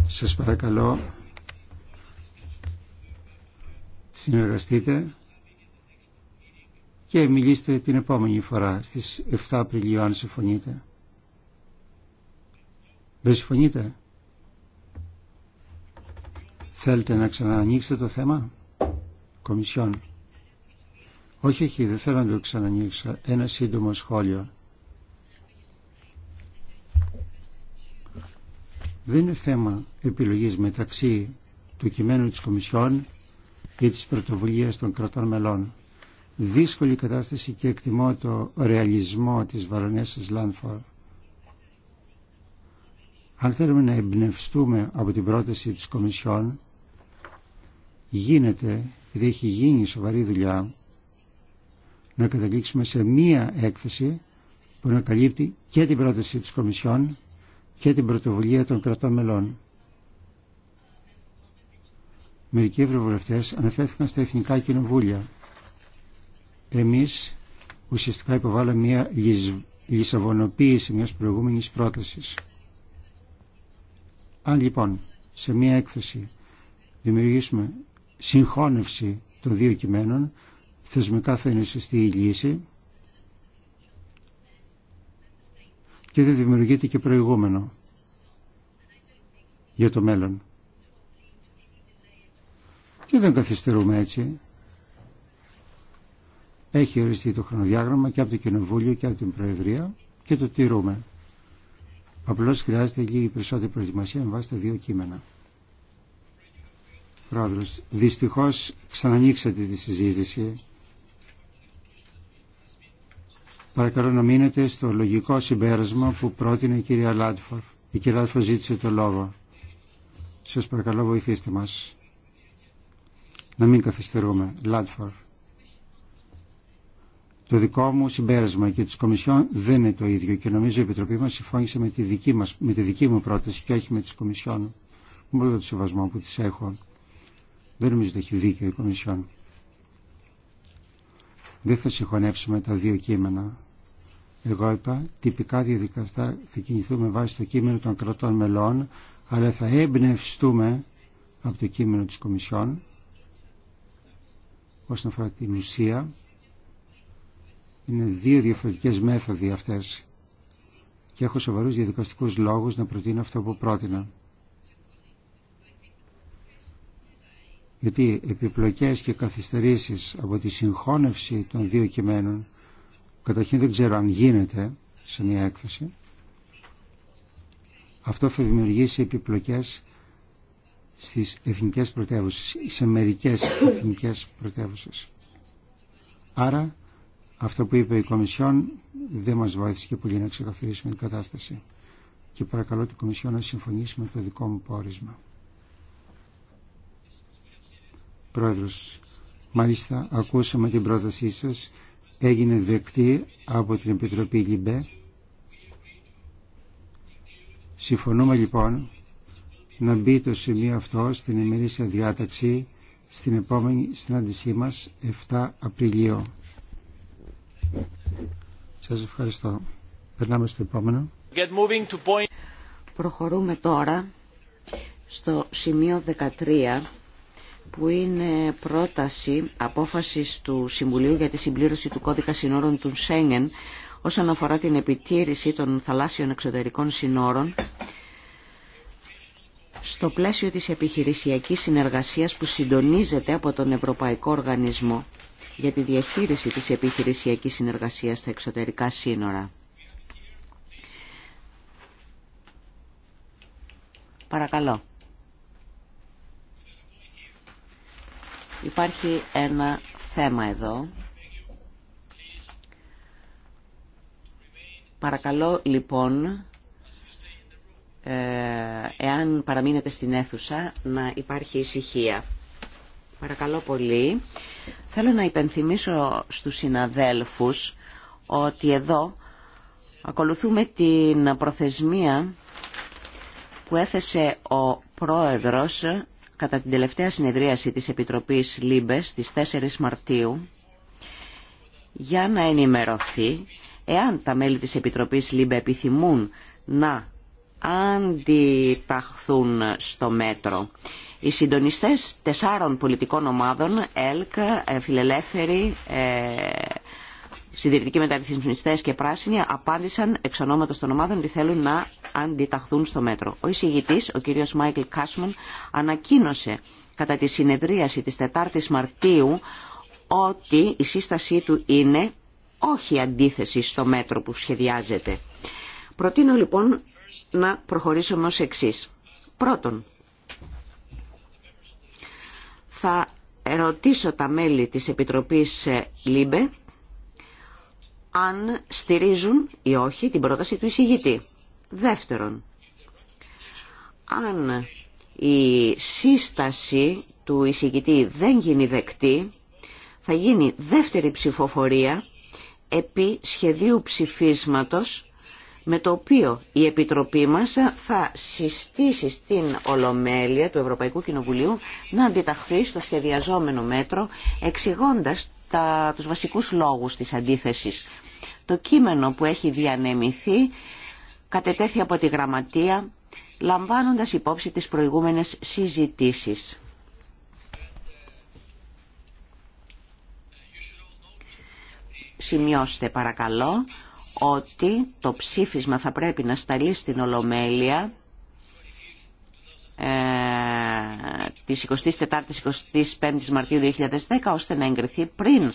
σας παρακαλώ συνεργαστείτε και μιλήστε την επόμενη φορά στις 7 Απριλίου αν συμφωνείτε. Δεν συμφωνείτε. Θέλετε να ξανανοίξετε το θέμα, Κομισιόν. Όχι, όχι, δεν θέλω να το ξανανοίξω. Ένα σύντομο σχόλιο. Δεν είναι θέμα επιλογής μεταξύ του κειμένου της Κομισιόν ή της πρωτοβουλίας των κρατών μελών. Δύσκολη κατάσταση και εκτιμώ το ρεαλισμό της Βαρονέσης Λάνφορ. Αν θέλουμε να εμπνευστούμε από την πρόταση της Κομισιόν, γίνεται, επειδή έχει γίνει σοβαρή δουλειά, να καταλήξουμε σε μία έκθεση που να καλύπτει και την πρόταση της Κομισιόν και την πρωτοβουλία των κρατών μελών. Μερικοί ευρωβουλευτές αναφέρθηκαν στα εθνικά κοινοβούλια. Εμείς ουσιαστικά υποβάλαμε μία λισαβονοποίηση μιας προηγούμενης πρότασης. Αν λοιπόν σε μία έκθεση δημιουργήσουμε συγχώνευση των δύο κειμένων θεσμικά θα είναι σωστή η λύση και δεν δημιουργείται και προηγούμενο για το μέλλον. Και δεν καθυστερούμε έτσι. Έχει οριστεί το χρονοδιάγραμμα και από το Κοινοβούλιο και από την Προεδρία και το τηρούμε. Απλώς χρειάζεται λίγη περισσότερη προετοιμασία με βάση τα δύο κείμενα. Πρόεδρος, δυστυχώς ξανανοίξατε τη συζήτηση. Παρακαλώ να μείνετε στο λογικό συμπέρασμα που πρότεινε η κυρία Λάντφορ. Η κυρία Λάντφορ ζήτησε το λόγο. Σας παρακαλώ βοηθήστε μας. Να μην καθυστερούμε. Λάντφορ. Το δικό μου συμπέρασμα και της Κομισιόν δεν είναι το ίδιο και νομίζω η Επιτροπή μας συμφώνησε με τη δική, μας, με τη δική μου πρόταση και όχι με της Κομισιόν. Με όλο το σεβασμό που τις έχω. Δεν νομίζω ότι έχει δίκιο η Κομισιόν. Δεν θα συγχωνεύσουμε τα δύο κείμενα. Εγώ είπα, τυπικά διαδικαστά θα κινηθούμε βάσει το κείμενο των κρατών μελών, αλλά θα εμπνευστούμε από το κείμενο της Κομισιόν όσον αφορά την ουσία. Είναι δύο διαφορετικές μέθοδοι αυτές και έχω σοβαρούς διαδικαστικούς λόγους να προτείνω αυτό που πρότεινα. γιατί επιπλοκές και καθυστερήσεις από τη συγχώνευση των δύο κειμένων καταρχήν δεν ξέρω αν γίνεται σε μια έκθεση αυτό θα δημιουργήσει επιπλοκές στις εθνικές πρωτεύουσες σε μερικές εθνικές πρωτεύουσες άρα αυτό που είπε η Κομισιόν δεν μας βοήθησε και πολύ να ξεκαθαρίσουμε την κατάσταση και παρακαλώ την Κομισιόν να συμφωνήσει με το δικό μου πόρισμα Πρόεδρος, μάλιστα ακούσαμε την πρότασή σας, έγινε δεκτή από την Επιτροπή ΛΙΜΠΕ. Συμφωνούμε λοιπόν να μπει το σημείο αυτό στην ημερήσια διάταξη στην επόμενη συνάντησή μας 7 Απριλίου. Σας ευχαριστώ. Περνάμε στο επόμενο. Προχωρούμε τώρα στο σημείο 13 που είναι πρόταση απόφασης του Συμβουλίου για τη συμπλήρωση του κώδικα συνόρων του Σέγγεν όσον αφορά την επιτήρηση των θαλάσσιων εξωτερικών συνόρων στο πλαίσιο της επιχειρησιακής συνεργασίας που συντονίζεται από τον Ευρωπαϊκό Οργανισμό για τη διαχείριση της επιχειρησιακής συνεργασίας στα εξωτερικά σύνορα. Παρακαλώ. Υπάρχει ένα θέμα εδώ. Παρακαλώ λοιπόν, ε, εάν παραμείνετε στην αίθουσα, να υπάρχει ησυχία. Παρακαλώ πολύ. Θέλω να υπενθυμίσω στους συναδέλφους ότι εδώ ακολουθούμε την προθεσμία που έθεσε ο πρόεδρος κατά την τελευταία συνεδρίαση της Επιτροπής ΛΥΜΠΕΣ στις 4 Μαρτίου για να ενημερωθεί εάν τα μέλη της Επιτροπής ΛΥΜΠΕ επιθυμούν να αντιταχθούν στο μέτρο. Οι συντονιστές τεσσάρων πολιτικών ομάδων, ΕΛΚ, ε, Φιλελεύθεροι, ε, συντηρητικοί μεταρρυθμιστέ και πράσινοι απάντησαν εξ ονόματο των ομάδων ότι θέλουν να αντιταχθούν στο μέτρο. Ο εισηγητή, ο κ. Μάικλ Κάσμαν, ανακοίνωσε κατά τη συνεδρίαση της 4 η Μαρτίου ότι η σύστασή του είναι όχι αντίθεση στο μέτρο που σχεδιάζεται. Προτείνω λοιπόν να προχωρήσουμε ως εξής. Πρώτον, θα ερωτήσω τα μέλη της Επιτροπής ε, ΛΥΜΠΕ αν στηρίζουν ή όχι την πρόταση του εισηγητή. Δεύτερον, αν η σύσταση του εισηγητή δεν γίνει δεκτή, θα γίνει δεύτερη ψηφοφορία επί σχεδίου ψηφίσματος με το οποίο η Επιτροπή μας θα συστήσει στην Ολομέλεια του Ευρωπαϊκού Κοινοβουλίου να αντιταχθεί στο σχεδιαζόμενο μέτρο εξηγώντας τα, τους βασικούς λόγους της αντίθεσης το κείμενο που έχει διανεμηθεί κατετέθη από τη Γραμματεία λαμβάνοντας υπόψη τις προηγούμενες συζητήσεις. Σημειώστε παρακαλώ ότι το ψήφισμα θα πρέπει να σταλεί στην Ολομέλεια ε, της 24 η 25 η μαρτιου 2010 ώστε να εγκριθεί πριν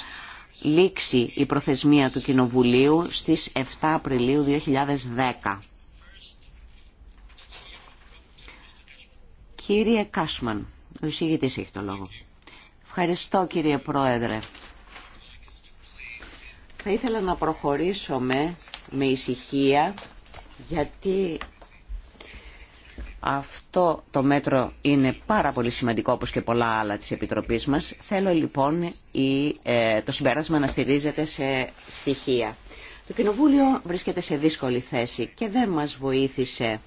λήξει η προθεσμία του Κοινοβουλίου στις 7 Απριλίου 2010. Κύριε Κάσμαν, ο εισηγητής έχει το λόγο. Ευχαριστώ κύριε Πρόεδρε. Θα ήθελα να προχωρήσουμε με ησυχία γιατί αυτό το μέτρο είναι πάρα πολύ σημαντικό όπως και πολλά άλλα της Επιτροπής μας. Θέλω λοιπόν η, ε, το συμπέρασμα να στηρίζεται σε στοιχεία. Το Κοινοβούλιο βρίσκεται σε δύσκολη θέση και δεν μας βοήθησε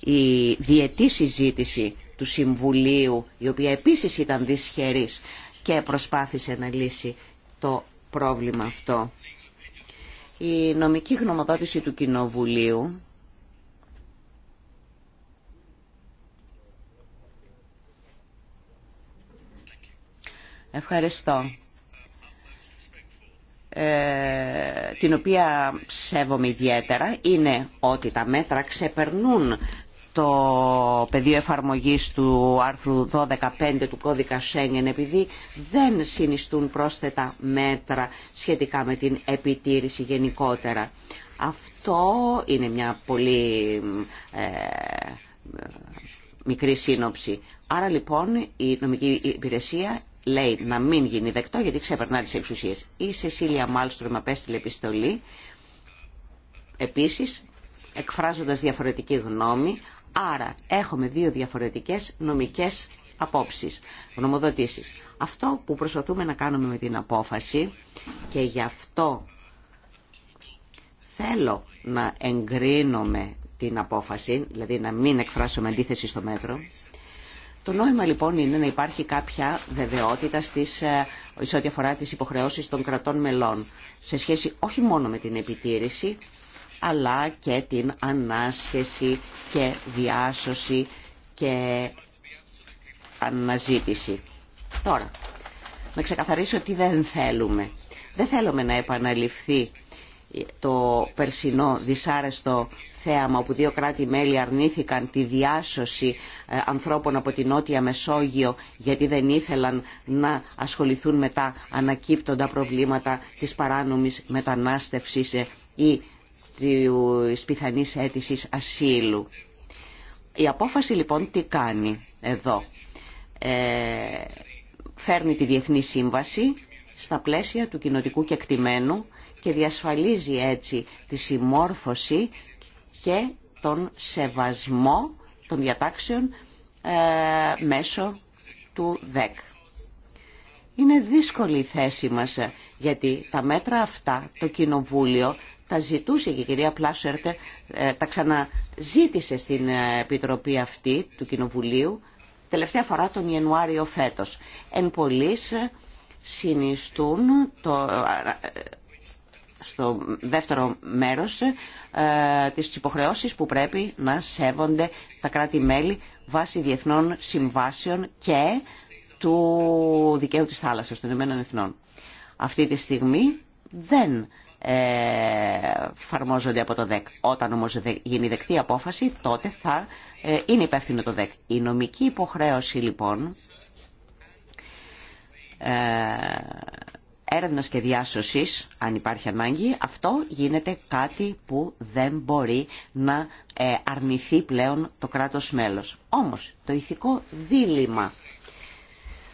η διετή συζήτηση του Συμβουλίου, η οποία επίσης ήταν δυσχερής και προσπάθησε να λύσει το πρόβλημα αυτό. Η νομική γνωμοδότηση του Κοινοβουλίου Ευχαριστώ. Ε, την οποία σέβομαι ιδιαίτερα είναι ότι τα μέτρα ξεπερνούν το πεδίο εφαρμογής του άρθρου 12.5 του κώδικα Σέγγεν επειδή δεν συνιστούν πρόσθετα μέτρα σχετικά με την επιτήρηση γενικότερα. Αυτό είναι μια πολύ ε, μικρή σύνοψη. Άρα λοιπόν η νομική υπηρεσία λέει να μην γίνει δεκτό γιατί ξεπερνά τις εξουσίες. Η Σεσίλια Μάλστρομ απέστειλε επιστολή επίσης εκφράζοντας διαφορετική γνώμη άρα έχουμε δύο διαφορετικές νομικές απόψεις, γνωμοδοτήσεις. Αυτό που προσπαθούμε να κάνουμε με την απόφαση και γι' αυτό θέλω να εγκρίνομαι την απόφαση, δηλαδή να μην εκφράσουμε αντίθεση στο μέτρο, το νόημα λοιπόν είναι να υπάρχει κάποια βεβαιότητα στις, ε, σε ό,τι αφορά τις υποχρεώσεις των κρατών μελών σε σχέση όχι μόνο με την επιτήρηση αλλά και την ανάσχεση και διάσωση και αναζήτηση. Τώρα, να ξεκαθαρίσω τι δεν θέλουμε. Δεν θέλουμε να επαναληφθεί το περσινό δυσάρεστο θέαμα όπου δύο κράτη-μέλη αρνήθηκαν τη διάσωση ε, ανθρώπων από την Νότια Μεσόγειο γιατί δεν ήθελαν να ασχοληθούν με τα ανακύπτοντα προβλήματα της παράνομης μετανάστευσης ε, ή της πιθανής αίτησης ασύλου. Η της πιθανης σύμβαση ασυλου λοιπόν τι κάνει εδώ. Ε, φέρνει τη Διεθνή Σύμβαση στα πλαίσια του κοινοτικού κεκτημένου και διασφαλίζει έτσι τη συμμόρφωση και τον σεβασμό των διατάξεων ε, μέσω του ΔΕΚ. Είναι δύσκολη η θέση μας ε, γιατί τα μέτρα αυτά το Κοινοβούλιο τα ζητούσε και η κυρία Πλάσσερτε τα ξαναζήτησε στην ε, Επιτροπή αυτή του Κοινοβουλίου τελευταία φορά τον Ιανουάριο φέτος. Εν πολλής συνιστούν το, στο δεύτερο μέρος ε, τις υποχρεώσεις που πρέπει να σέβονται τα κράτη-μέλη βάσει διεθνών συμβάσεων και του δικαίου της θάλασσας των Ηνωμένων Εθνών. Αυτή τη στιγμή δεν ε, εφαρμόζονται από το ΔΕΚ. Όταν όμως γίνει δεκτή απόφαση, τότε θα ε, είναι υπεύθυνο το ΔΕΚ. Η νομική υποχρέωση λοιπόν... Ε, έρευνας και διάσωσης, αν υπάρχει ανάγκη, αυτό γίνεται κάτι που δεν μπορεί να ε, αρνηθεί πλέον το κράτος μέλος. Όμως, το ηθικό δίλημα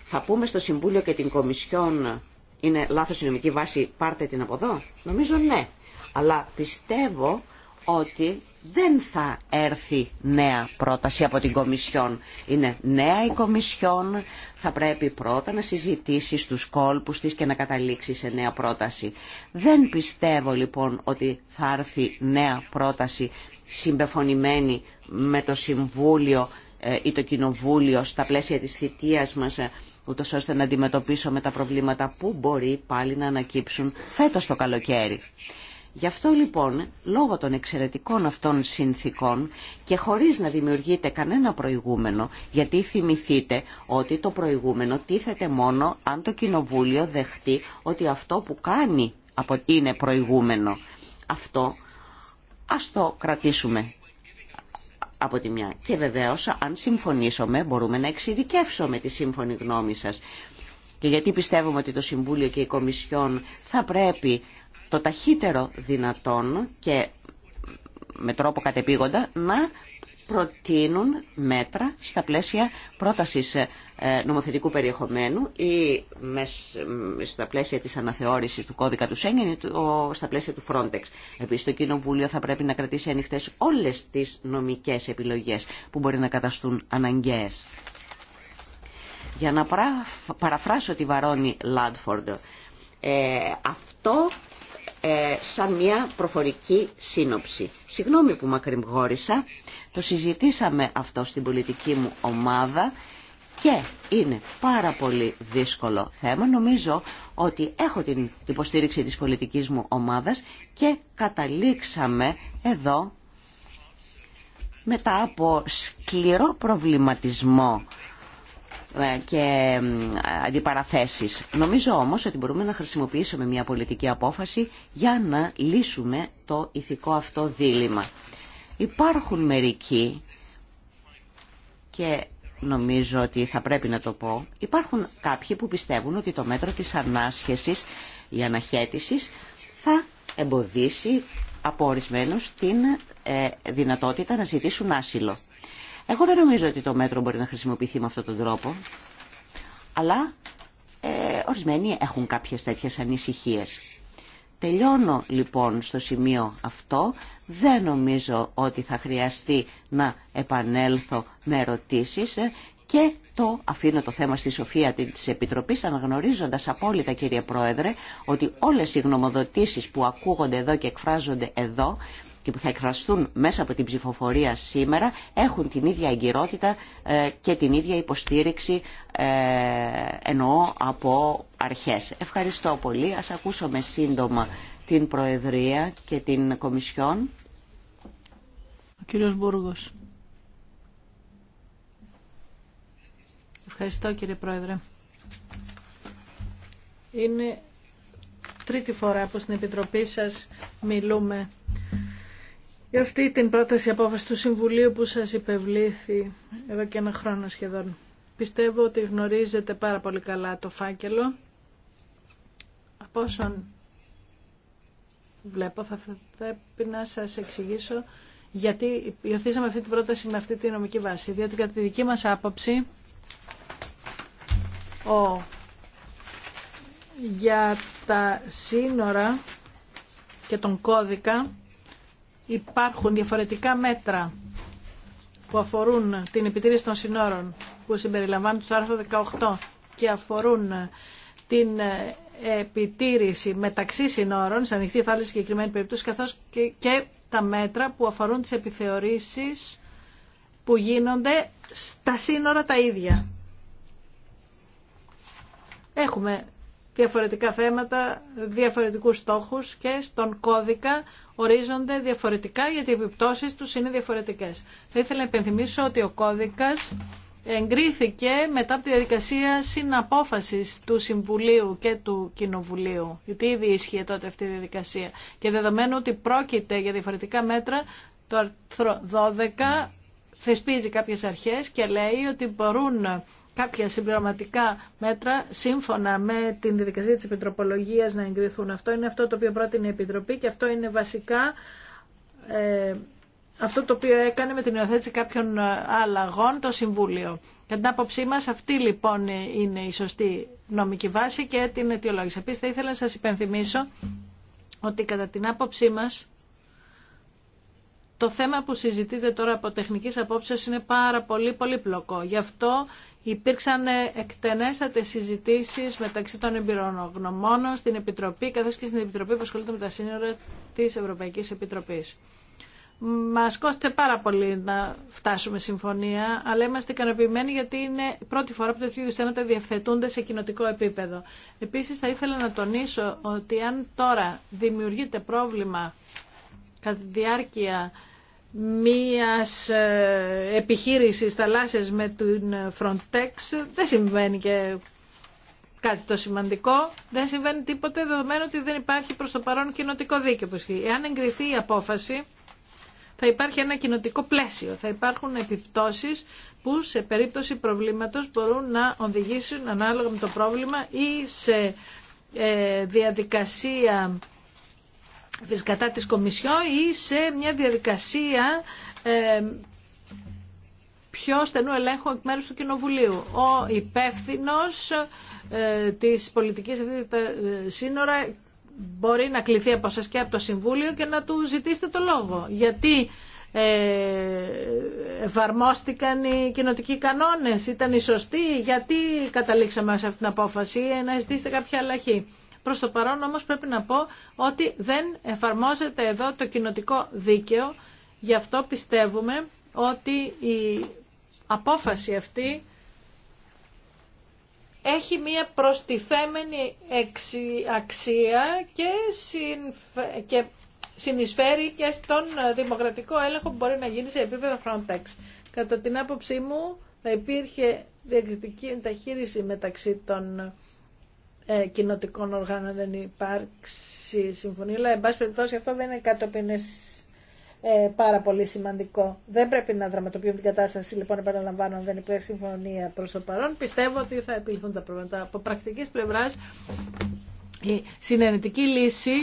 θα πούμε στο Συμβούλιο και την Κομισιόν είναι λάθος η νομική βάση, πάρτε την από εδώ. Νομίζω ναι. Αλλά πιστεύω ότι δεν θα έρθει νέα πρόταση από την Κομισιόν. Είναι νέα η Κομισιόν, θα πρέπει πρώτα να συζητήσει τους κόλπους της και να καταλήξει σε νέα πρόταση. Δεν πιστεύω λοιπόν ότι θα έρθει νέα πρόταση συμπεφωνημένη με το Συμβούλιο ε, ή το Κοινοβούλιο στα πλαίσια της θητείας μας ε, ούτως ώστε να αντιμετωπίσουμε τα προβλήματα που μπορεί πάλι να ανακύψουν φέτος το καλοκαίρι. Γι' αυτό λοιπόν, λόγω των εξαιρετικών αυτών συνθήκων και χωρίς να δημιουργείται κανένα προηγούμενο, γιατί θυμηθείτε ότι το προηγούμενο τίθεται μόνο αν το Κοινοβούλιο δεχτεί ότι αυτό που κάνει από είναι προηγούμενο. Αυτό ας το κρατήσουμε από τη μια. Και βεβαίως αν συμφωνήσουμε μπορούμε να εξειδικεύσουμε τη σύμφωνη γνώμη σας. Και γιατί πιστεύουμε ότι το Συμβούλιο και η Κομισιόν θα πρέπει το ταχύτερο δυνατόν και με τρόπο κατεπήγοντα να προτείνουν μέτρα στα πλαίσια πρότασης ε, νομοθετικού περιεχομένου ή στα πλαίσια της αναθεώρησης του κώδικα του Σέγγεν ή στα πλαίσια του Frontex. Επίσης, το Κοινοβούλιο θα πρέπει να κρατήσει ανοιχτές όλες τις νομικές επιλογές που μπορεί να καταστούν αναγκαίες. Για να παραφράσω τη Βαρόνη Λάντφορντ, ε, αυτό ε, σαν μια προφορική σύνοψη. Συγγνώμη που μακρυμγόρησα, το συζητήσαμε αυτό στην πολιτική μου ομάδα και είναι πάρα πολύ δύσκολο θέμα. Νομίζω ότι έχω την υποστήριξη της πολιτικής μου ομάδας και καταλήξαμε εδώ μετά από σκληρό προβληματισμό ε, και αντιπαραθέσεις. Νομίζω όμως ότι μπορούμε να χρησιμοποιήσουμε μια πολιτική απόφαση για να λύσουμε το ηθικό αυτό δίλημα. Υπάρχουν μερικοί και νομίζω ότι θα πρέπει να το πω, υπάρχουν κάποιοι που πιστεύουν ότι το μέτρο της ανάσχεσης ή αναχέτησης θα εμποδίσει από ορισμένους την ε, δυνατότητα να ζητήσουν άσυλο. Εγώ δεν νομίζω ότι το μέτρο μπορεί να χρησιμοποιηθεί με αυτόν τον τρόπο, αλλά ε, ορισμένοι έχουν κάποιες τέτοιες ανησυχίες. Τελειώνω λοιπόν στο σημείο αυτό. Δεν νομίζω ότι θα χρειαστεί να επανέλθω με ερωτήσεις ε, και το αφήνω το θέμα στη σοφία της Επιτροπής αναγνωρίζοντας απόλυτα κύριε Πρόεδρε ότι όλες οι γνωμοδοτήσεις που ακούγονται εδώ και εκφράζονται εδώ και που θα εκφραστούν μέσα από την ψηφοφορία σήμερα έχουν την ίδια εγκυρότητα ε, και την ίδια υποστήριξη ε, εννοώ από αρχές. Ευχαριστώ πολύ. Ας ακούσουμε σύντομα την Προεδρία και την Κομισιόν. Ο κύριος Μπούργος. Ευχαριστώ κύριε Πρόεδρε. Είναι τρίτη φορά που στην Επιτροπή σας μιλούμε για αυτή την πρόταση απόφαση του Συμβουλίου που σας υπευλήθη εδώ και ένα χρόνο σχεδόν. Πιστεύω ότι γνωρίζετε πάρα πολύ καλά το φάκελο. Από όσον βλέπω θα πρέπει να σας εξηγήσω γιατί υιοθήσαμε αυτή την πρόταση με αυτή τη νομική βάση. Διότι κατά τη δική μας άποψη ο, για τα σύνορα και τον κώδικα υπάρχουν διαφορετικά μέτρα που αφορούν την επιτήρηση των συνόρων που συμπεριλαμβάνουν στο άρθρο 18 και αφορούν την επιτήρηση μεταξύ συνόρων σε ανοιχτή θάλασσα συγκεκριμένη περίπτωση καθώς και, τα μέτρα που αφορούν τις επιθεωρήσεις που γίνονται στα σύνορα τα ίδια. Έχουμε διαφορετικά θέματα, διαφορετικούς στόχους και στον κώδικα ορίζονται διαφορετικά γιατί οι επιπτώσει τους είναι διαφορετικές. Θα ήθελα να υπενθυμίσω ότι ο κώδικας εγκρίθηκε μετά από τη διαδικασία συναπόφασης του Συμβουλίου και του Κοινοβουλίου, γιατί ήδη ίσχυε τότε αυτή η διαδικασία. Και δεδομένου ότι πρόκειται για διαφορετικά μέτρα, το άρθρο 12 θεσπίζει κάποιες αρχές και λέει ότι μπορούν κάποια συμπληρωματικά μέτρα σύμφωνα με την διαδικασία της επιτροπολογίας να εγκριθούν. Αυτό είναι αυτό το οποίο πρότεινε η Επιτροπή και αυτό είναι βασικά ε, αυτό το οποίο έκανε με την υιοθέτηση κάποιων αλλαγών το Συμβούλιο. Κατά την άποψή μας αυτή λοιπόν είναι η σωστή νομική βάση και την αιτιολόγηση. Επίσης θα ήθελα να σας υπενθυμίσω ότι κατά την άποψή μας το θέμα που συζητείτε τώρα από τεχνικής απόψεως είναι πάρα πολύ πολύπλοκο. Γι' αυτό Υπήρξαν ε, εκτενέστατε συζητήσει μεταξύ των εμπειρογνωμόνων στην Επιτροπή, καθώς και στην Επιτροπή που ασχολείται με τα σύνορα της Ευρωπαϊκής Επιτροπής. Μας κόστησε πάρα πολύ να φτάσουμε συμφωνία, αλλά είμαστε ικανοποιημένοι γιατί είναι πρώτη φορά που τέτοιου είδου θέματα διευθετούνται σε κοινοτικό επίπεδο. επίση θα ήθελα να τονίσω ότι αν τώρα δημιουργείται πρόβλημα κατά τη διάρκεια μίας ε, επιχείρησης θαλάσσιας με την Frontex δεν συμβαίνει και κάτι το σημαντικό. Δεν συμβαίνει τίποτε δεδομένου ότι δεν υπάρχει προς το παρόν κοινοτικό δίκαιο που Εάν εγκριθεί η απόφαση θα υπάρχει ένα κοινοτικό πλαίσιο. Θα υπάρχουν επιπτώσεις που σε περίπτωση προβλήματος μπορούν να οδηγήσουν ανάλογα με το πρόβλημα ή σε ε, διαδικασία της κατά της Κομισιό ή σε μια διαδικασία ε, πιο στενού ελέγχου εκ μέρους του Κοινοβουλίου. Ο υπεύθυνο ε, της πολιτικής ε, σύνορα μπορεί να κληθεί από σας και από το Συμβούλιο και να του ζητήσετε το λόγο. Γιατί ε, εφαρμόστηκαν οι κοινοτικοί κανόνες, ήταν οι σωστοί, γιατί καταλήξαμε σε αυτήν την απόφαση ε, να ζητήσετε κάποια αλλαγή. Προς το παρόν όμως πρέπει να πω ότι δεν εφαρμόζεται εδώ το κοινοτικό δίκαιο. Γι' αυτό πιστεύουμε ότι η απόφαση αυτή έχει μία προστιθέμενη αξία και, και συνεισφέρει και στον δημοκρατικό έλεγχο που μπορεί να γίνει σε επίπεδο Frontex. Κατά την άποψή μου θα υπήρχε διακριτική ενταχείριση μεταξύ των ε, κοινοτικών οργάνων δεν υπάρξει συμφωνία. Αλλά, εν πάση περιπτώσει, αυτό δεν είναι κάτι που είναι ε, πάρα πολύ σημαντικό. Δεν πρέπει να δραματοποιούμε την κατάσταση, λοιπόν, επαναλαμβάνω, αν δεν υπάρχει συμφωνία προ το παρόν. Πιστεύω ότι θα επιληθούν τα προβλήματα. Από πρακτική πλευρά, η συνενετική λύση,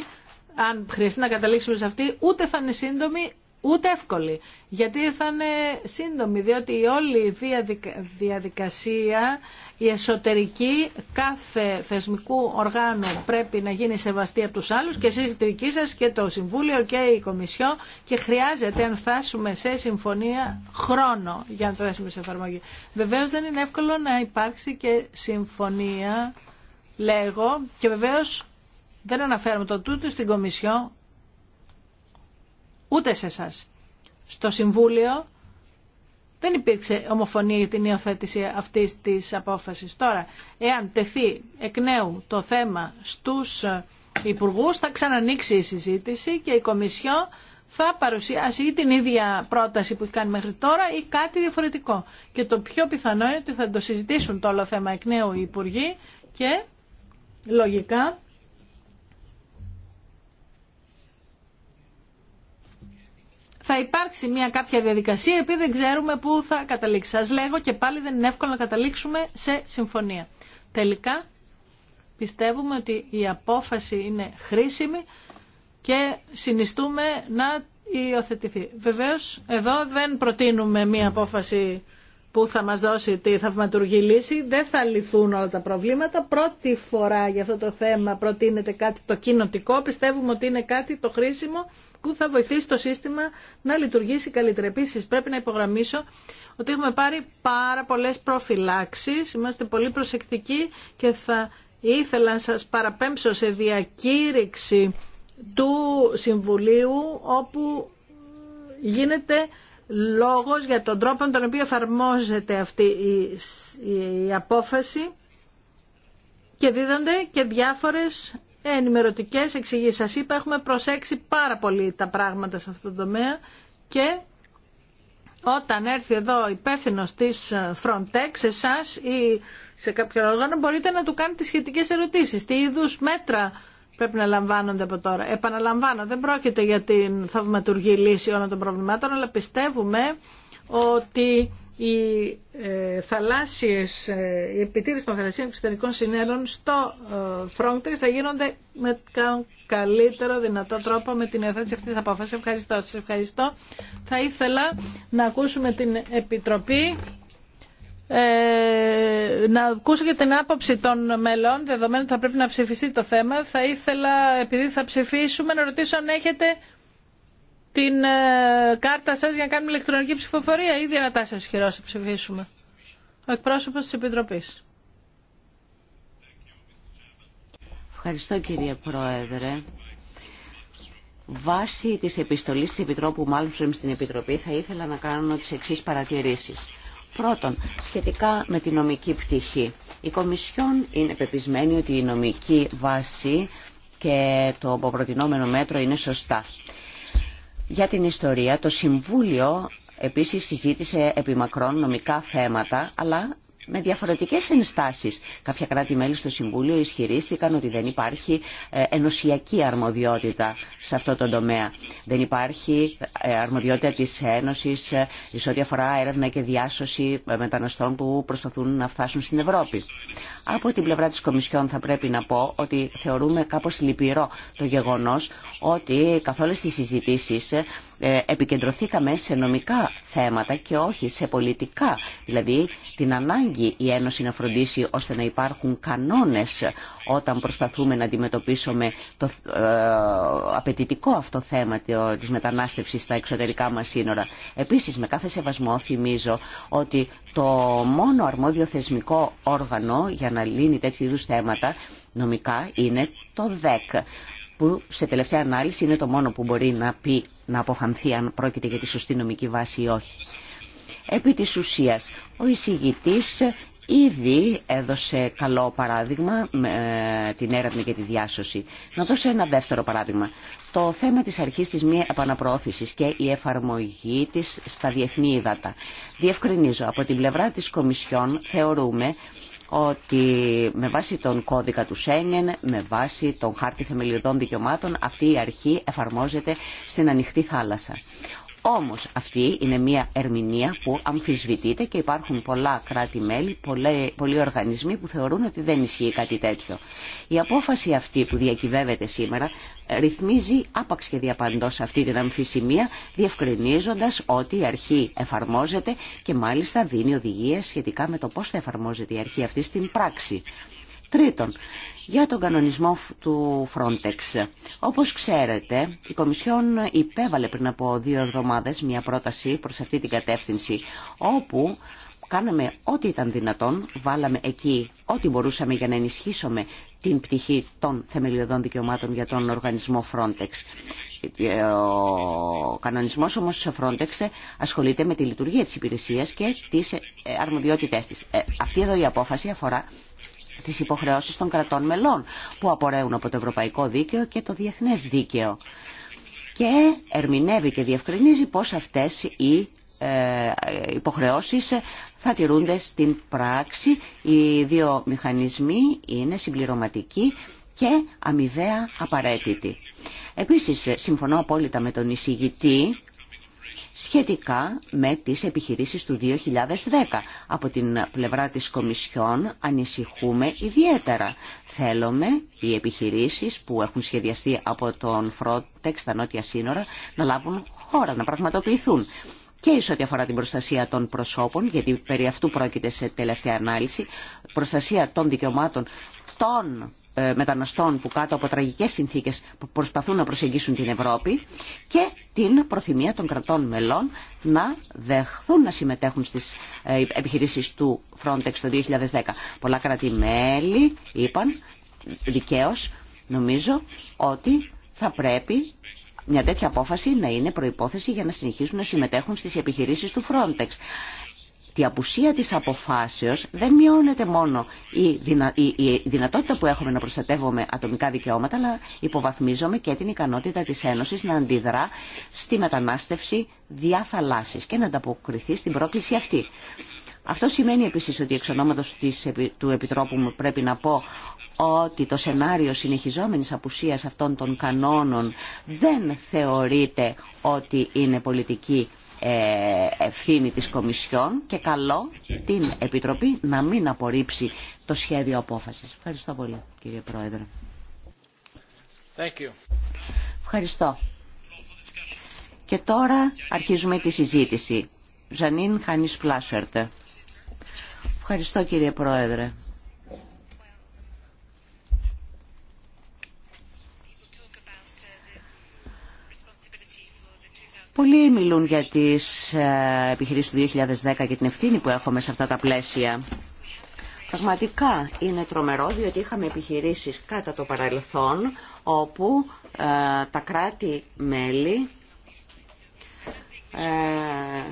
αν χρειαστεί να καταλήξουμε σε αυτή, ούτε θα είναι σύντομη, ούτε εύκολη. Γιατί θα είναι σύντομη, διότι η όλη διαδικασία η εσωτερική κάθε θεσμικού οργάνου πρέπει να γίνει σεβαστή από τους άλλους και εσείς η και το Συμβούλιο και η Κομισιό και χρειάζεται αν φτάσουμε σε συμφωνία χρόνο για να το θέσουμε σε εφαρμογή. Βεβαίως δεν είναι εύκολο να υπάρξει και συμφωνία λέγω και βεβαίως δεν αναφέρουμε το τούτο στην Κομισιό ούτε σε εσά. Στο Συμβούλιο δεν υπήρξε ομοφωνία για την υιοθέτηση αυτής της απόφασης. Τώρα, εάν τεθεί εκ νέου το θέμα στους υπουργούς, θα ξανανοίξει η συζήτηση και η Κομισιό θα παρουσιάσει ή την ίδια πρόταση που έχει κάνει μέχρι τώρα ή κάτι διαφορετικό. Και το πιο πιθανό είναι ότι θα το συζητήσουν το όλο θέμα εκ νέου οι υπουργοί και λογικά θα υπάρξει μια κάποια διαδικασία επειδή δεν ξέρουμε πού θα καταλήξει. Σα λέγω και πάλι δεν είναι εύκολο να καταλήξουμε σε συμφωνία. Τελικά πιστεύουμε ότι η απόφαση είναι χρήσιμη και συνιστούμε να υιοθετηθεί. Βεβαίω, εδώ δεν προτείνουμε μια απόφαση που θα μας δώσει τη θαυματουργή λύση. Δεν θα λυθούν όλα τα προβλήματα. Πρώτη φορά για αυτό το θέμα προτείνεται κάτι το κοινοτικό. Πιστεύουμε ότι είναι κάτι το χρήσιμο που θα βοηθήσει το σύστημα να λειτουργήσει καλύτερα. Επίση, πρέπει να υπογραμμίσω ότι έχουμε πάρει πάρα πολλέ προφυλάξει. Είμαστε πολύ προσεκτικοί και θα ήθελα να σα παραπέμψω σε διακήρυξη του Συμβουλίου όπου γίνεται λόγος για τον τρόπο τον οποίο εφαρμόζεται αυτή η, απόφαση και δίδονται και διάφορες Ενημερωτικέ εξηγήσει. Σα είπα, έχουμε προσέξει πάρα πολύ τα πράγματα σε αυτό το τομέα και όταν έρθει εδώ υπεύθυνο τη ε, Frontex, εσά ή σε κάποιο όργανο, μπορείτε να του κάνετε σχετικές ερωτήσεις. Τι είδου μέτρα πρέπει να λαμβάνονται από τώρα. Επαναλαμβάνω, δεν πρόκειται για την θαυματουργή λύση όλων των προβλημάτων, αλλά πιστεύουμε ότι οι ε, θαλάσσιες, ε, επιτήρηση των θαλασσίων εξωτερικών συνέρων στο ε, Frontex θα γίνονται με καλύτερο δυνατό τρόπο με την εθέτηση αυτής της αποφάσης. Ευχαριστώ. Σας ευχαριστώ. Θα ήθελα να ακούσουμε την Επιτροπή να ακούσω και την άποψη των μελών, δεδομένου ότι θα πρέπει να ψηφιστεί το θέμα. Θα ήθελα, επειδή θα ψηφίσουμε, να ρωτήσω αν έχετε την ε, κάρτα σας για να κάνουμε ηλεκτρονική ψηφοφορία ή διανατάσσεω χειρός να ψηφίσουμε. Ο εκπρόσωπος της Επιτροπής. Ευχαριστώ κύριε Πρόεδρε. Βάσει της επιστολής της Επιτρόπου Μάλμστρομ στην Επιτροπή θα ήθελα να κάνω τις εξής παρατηρήσεις. Πρώτον, σχετικά με τη νομική πτυχή. Η Κομισιόν είναι πεπισμένη ότι η νομική βάση και το προτινόμενο μέτρο είναι σωστά. Για την ιστορία, το Συμβούλιο επίσης συζήτησε μακρόν νομικά θέματα, αλλά με διαφορετικές ενστάσεις. Κάποια κράτη-μέλη στο Συμβούλιο ισχυρίστηκαν ότι δεν υπάρχει ε, ενωσιακή αρμοδιότητα σε αυτό το τομέα. Δεν υπάρχει ε, αρμοδιότητα της Ένωσης σε ό,τι αφορά έρευνα και διάσωση ε, μεταναστών που προσπαθούν να φτάσουν στην Ευρώπη. Από την πλευρά της Κομισιόν θα πρέπει να πω ότι θεωρούμε κάπως λυπηρό το γεγονός ότι καθ' όλες τις συζητήσεις ε, επικεντρωθήκαμε σε νομικά θέματα και όχι σε πολιτικά. Δηλαδή την ανάγκη η Ένωση να φροντίσει ώστε να υπάρχουν κανόνες όταν προσπαθούμε να αντιμετωπίσουμε το ε, απαιτητικό αυτό θέμα της μετανάστευσης στα εξωτερικά μας σύνορα. Επίσης με κάθε σεβασμό θυμίζω ότι το μόνο αρμόδιο θεσμικό όργανο για να λύνει τέτοιου είδους θέματα νομικά είναι το ΔΕΚ που σε τελευταία ανάλυση είναι το μόνο που μπορεί να πει, να αποφανθεί αν πρόκειται για τη σωστή νομική βάση ή όχι. Επί της ουσίας, ο εισηγητής ήδη έδωσε καλό παράδειγμα με ε, την έρευνα και τη διάσωση. Να δώσω ένα δεύτερο παράδειγμα. Το θέμα της αρχής της μη επαναπροώθησης και η εφαρμογή της στα διεθνή ύδατα. Διευκρινίζω, από την πλευρά της Κομισιόν θεωρούμε ότι με βάση τον κώδικα του Σέγγεν, με βάση τον χάρτη θεμελιωδών δικαιωμάτων, αυτή η αρχή εφαρμόζεται στην ανοιχτή θάλασσα. Όμως αυτή είναι μια ερμηνεία που αμφισβητείται και υπάρχουν πολλά κράτη-μέλη, πολλοί οργανισμοί που θεωρούν ότι δεν ισχύει κάτι τέτοιο. Η απόφαση αυτή που διακυβεύεται σήμερα ε, ρυθμίζει άπαξ και διαπαντός αυτή την αμφισημία, διευκρινίζοντας ότι η αρχή εφαρμόζεται και μάλιστα δίνει οδηγίες σχετικά με το πώς θα εφαρμόζεται η αρχή αυτή στην πράξη. Τρίτον, για τον κανονισμό του Frontex. Όπως ξέρετε, η Κομισιόν υπέβαλε πριν από δύο εβδομάδες μια πρόταση προς αυτή την κατεύθυνση, όπου κάναμε ό,τι ήταν δυνατόν, βάλαμε εκεί ό,τι μπορούσαμε για να ενισχύσουμε την πτυχή των θεμελιωδών δικαιωμάτων για τον οργανισμό Frontex. Ο κανονισμός όμως της Frontex ασχολείται με τη λειτουργία της υπηρεσίας και τις ε, αρμοδιότητές της. Ε, αυτή εδώ η απόφαση αφορά τις υποχρεώσει των κρατών μελών που απορρέουν από το ευρωπαϊκό δίκαιο και το διεθνέ δίκαιο. Και ερμηνεύει και διευκρινίζει πω αυτές οι ε, υποχρεώσεις θα τηρούνται στην πράξη. Οι δύο μηχανισμοί είναι συμπληρωματικοί και αμοιβαία απαραίτητοι. Επίσης, συμφωνώ απόλυτα με τον εισηγητή σχετικά με τις επιχειρήσεις του 2010. Από την πλευρά της Κομισιόν ανησυχούμε ιδιαίτερα. Θέλουμε οι επιχειρήσεις που έχουν σχεδιαστεί από τον Frontex στα νότια σύνορα να λάβουν χώρα, να πραγματοποιηθούν. Και σε ό,τι αφορά την προστασία των προσώπων, γιατί περί αυτού πρόκειται σε τελευταία ανάλυση, προστασία των δικαιωμάτων των ε, μεταναστών που κάτω από τραγικές συνθήκες προσπαθούν να προσεγγίσουν την Ευρώπη και την προθυμία των κρατών μελών να δεχθούν να συμμετέχουν στις ε, επιχειρήσεις του Frontex το 2010. Πολλά κράτη-μέλη είπαν δικαίως νομίζω ότι θα πρέπει μια τέτοια απόφαση να είναι προϋπόθεση για να συνεχίσουν να συμμετέχουν στις επιχειρήσεις του Frontex. Η απουσία της αποφάσεως δεν μειώνεται μόνο η, η δυνατότητα που έχουμε να προστατεύουμε ατομικά δικαιώματα, αλλά υποβαθμίζομαι και την ικανότητα της Ένωσης να αντιδρά στη μετανάστευση διαθαλάσσης και να ανταποκριθεί στην πρόκληση αυτή. Αυτό σημαίνει επίσης ότι εξ ονόματος του Επιτρόπου μου πρέπει να πω ότι το σενάριο συνεχιζόμενης απουσίας αυτών των κανόνων δεν θεωρείται ότι είναι πολιτική ε, ευθύνη της Κομισιόν και καλό την Επιτροπή να μην απορρίψει το σχέδιο απόφασης. Ευχαριστώ πολύ κύριε Πρόεδρε. Thank you. Ευχαριστώ. Και τώρα αρχίζουμε τη συζήτηση. Ζανίν Χανής Πλάσερτε. Ευχαριστώ κύριε Πρόεδρε. Πολλοί μιλούν για τις ε, επιχειρήσεις του 2010 και την ευθύνη που έχουμε σε αυτά τα πλαίσια. Πραγματικά είναι τρομερό διότι είχαμε επιχειρήσεις κατά το παρελθόν όπου ε, τα κράτη-μέλη ε,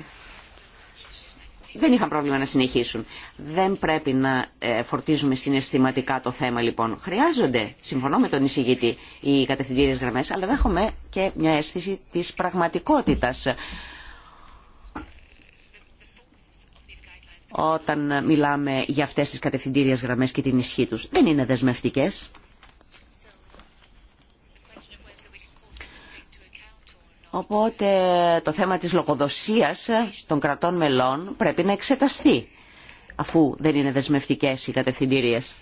δεν είχαν πρόβλημα να συνεχίσουν. Δεν πρέπει να ε, φορτίζουμε συναισθηματικά το θέμα λοιπόν. Χρειάζονται, συμφωνώ με τον εισηγητή, οι κατευθυντήριε γραμμέ, αλλά δεν έχουμε και μια αίσθηση τη πραγματικότητα. Όταν μιλάμε για αυτές τις κατευθυντήριες γραμμές και την ισχύ τους, δεν είναι δεσμευτικές. Οπότε το θέμα της λογοδοσίας των κρατών μελών πρέπει να εξεταστεί αφού δεν είναι δεσμευτικές οι κατευθυντηρίες.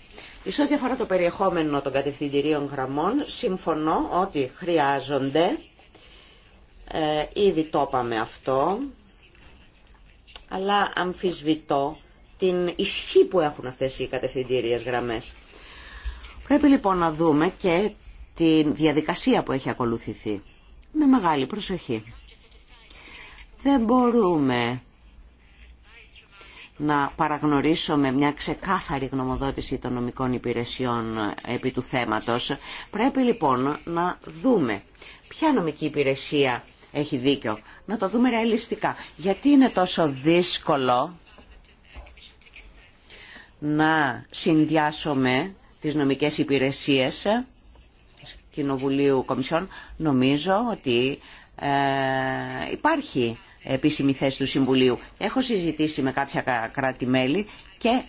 Σε ό,τι αφορά το περιεχόμενο των κατευθυντηρίων γραμμών, συμφωνώ ότι χρειάζονται, ε, ήδη το είπαμε αυτό, αλλά αμφισβητώ την ισχύ που έχουν αυτές οι κατευθυντήριες γραμμές. Πρέπει λοιπόν να δούμε και τη διαδικασία που έχει ακολουθηθεί με μεγάλη προσοχή. Δεν μπορούμε να παραγνωρίσουμε μια ξεκάθαρη γνωμοδότηση των νομικών υπηρεσιών επί του θέματος. Πρέπει λοιπόν να δούμε ποια νομική υπηρεσία έχει δίκιο. Να το δούμε ρεαλιστικά. Γιατί είναι τόσο δύσκολο να συνδυάσουμε τις νομικές υπηρεσίες Κοινοβουλίου Κομισιόν, νομίζω ότι ε, υπάρχει επίσημη θέση του Συμβουλίου. Έχω συζητήσει με κάποια κράτη-μέλη και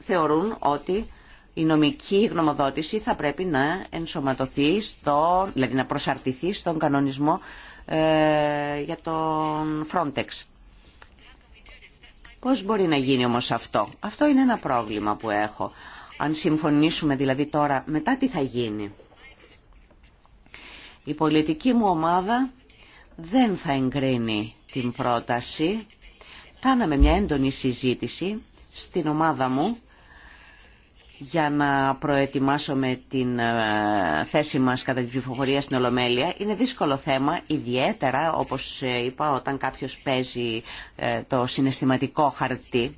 θεωρούν ότι η νομική γνωμοδότηση θα πρέπει να ενσωματωθεί, στο, δηλαδή να προσαρτηθεί στον κανονισμό ε, για τον Frontex. Πώς μπορεί να γίνει όμως αυτό. Αυτό είναι ένα πρόβλημα που έχω. Αν συμφωνήσουμε δηλαδή τώρα, μετά τι θα γίνει. Η πολιτική μου ομάδα δεν θα εγκρίνει την πρόταση. Κάναμε μια έντονη συζήτηση στην ομάδα μου για να προετοιμάσουμε την ε, θέση μας κατά τη ψηφοφορία στην Ολομέλεια. Είναι δύσκολο θέμα, ιδιαίτερα, όπως ε, είπα, όταν κάποιος παίζει ε, το συναισθηματικό χαρτί.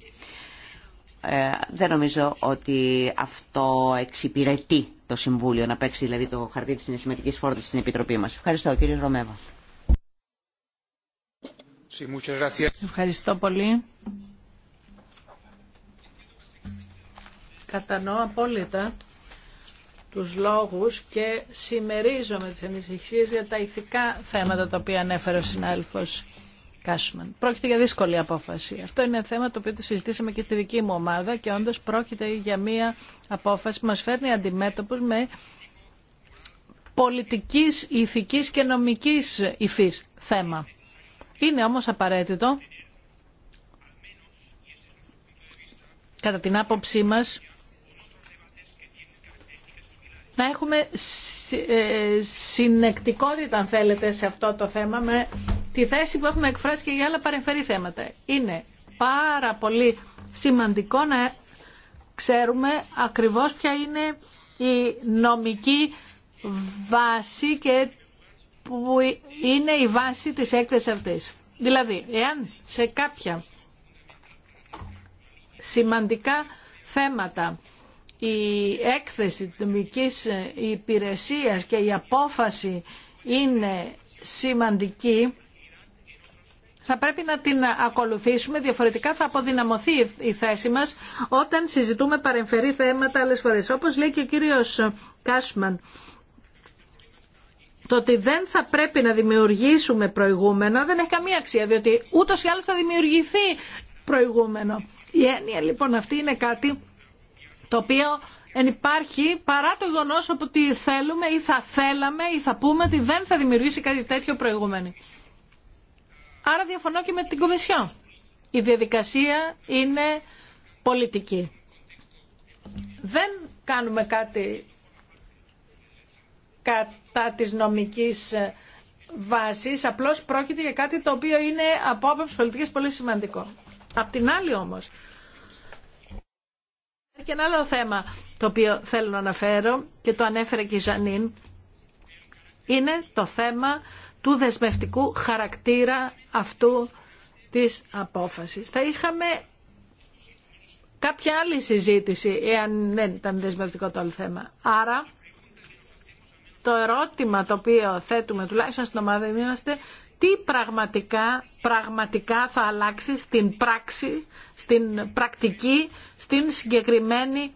Δεν νομίζω ότι αυτό εξυπηρετεί το Συμβούλιο, να παίξει δηλαδή το χαρτί της συναισθηματικής φόρτισης στην Επιτροπή μας. Ευχαριστώ, κύριε Ρωμέβα. Ευχαριστώ πολύ. Κατανοώ απόλυτα τους λόγους και συμμερίζομαι τις ανησυχίες για τα ηθικά θέματα τα οποία ανέφερε ο συνάδελφος. Κάσμαν. Πρόκειται για δύσκολη απόφαση. Αυτό είναι θέμα το οποίο το συζητήσαμε και στη δική μου ομάδα και όντω πρόκειται για μία απόφαση που μας φέρνει αντιμέτωπους με πολιτική ηθική και νομική υφή θέμα. Είναι όμως απαραίτητο, κατά την άποψή μας, να έχουμε ε, συνεκτικότητα, αν θέλετε, σε αυτό το θέμα με τη θέση που έχουμε εκφράσει και για άλλα παρεμφερή θέματα. Είναι πάρα πολύ σημαντικό να ξέρουμε ακριβώς ποια είναι η νομική βάση και που είναι η βάση της έκθεσης αυτής. Δηλαδή, εάν σε κάποια σημαντικά θέματα η έκθεση της νομικής υπηρεσίας και η απόφαση είναι σημαντική, θα πρέπει να την ακολουθήσουμε, διαφορετικά θα αποδυναμωθεί η θέση μας όταν συζητούμε παρεμφερή θέματα άλλες φορές. Όπως λέει και ο κύριος Κάσμαν, το ότι δεν θα πρέπει να δημιουργήσουμε προηγούμενο δεν έχει καμία αξία, διότι ούτως ή άλλως θα δημιουργηθεί προηγούμενο. Η έννοια λοιπόν αυτή είναι κάτι το οποίο εν υπάρχει παρά το γεγονό ότι θέλουμε ή θα θέλαμε ή θα πούμε ότι δεν θα δημιουργήσει κάτι τέτοιο προηγούμενο. Άρα διαφωνώ και με την Κομισιό. Η διαδικασία είναι πολιτική. Δεν κάνουμε κάτι κατά της νομικής βάσης, απλώς πρόκειται για κάτι το οποίο είναι από άποψη πολιτικής πολύ σημαντικό. Απ' την άλλη όμως, και ένα άλλο θέμα το οποίο θέλω να αναφέρω και το ανέφερε και η Ζανίν είναι το θέμα του δεσμευτικού χαρακτήρα αυτού της απόφασης. Θα είχαμε κάποια άλλη συζήτηση εάν δεν ήταν δεσμευτικό το άλλο θέμα. Άρα το ερώτημα το οποίο θέτουμε τουλάχιστον στην ομάδα είμαστε τι πραγματικά, πραγματικά θα αλλάξει στην πράξη, στην πρακτική, στην συγκεκριμένη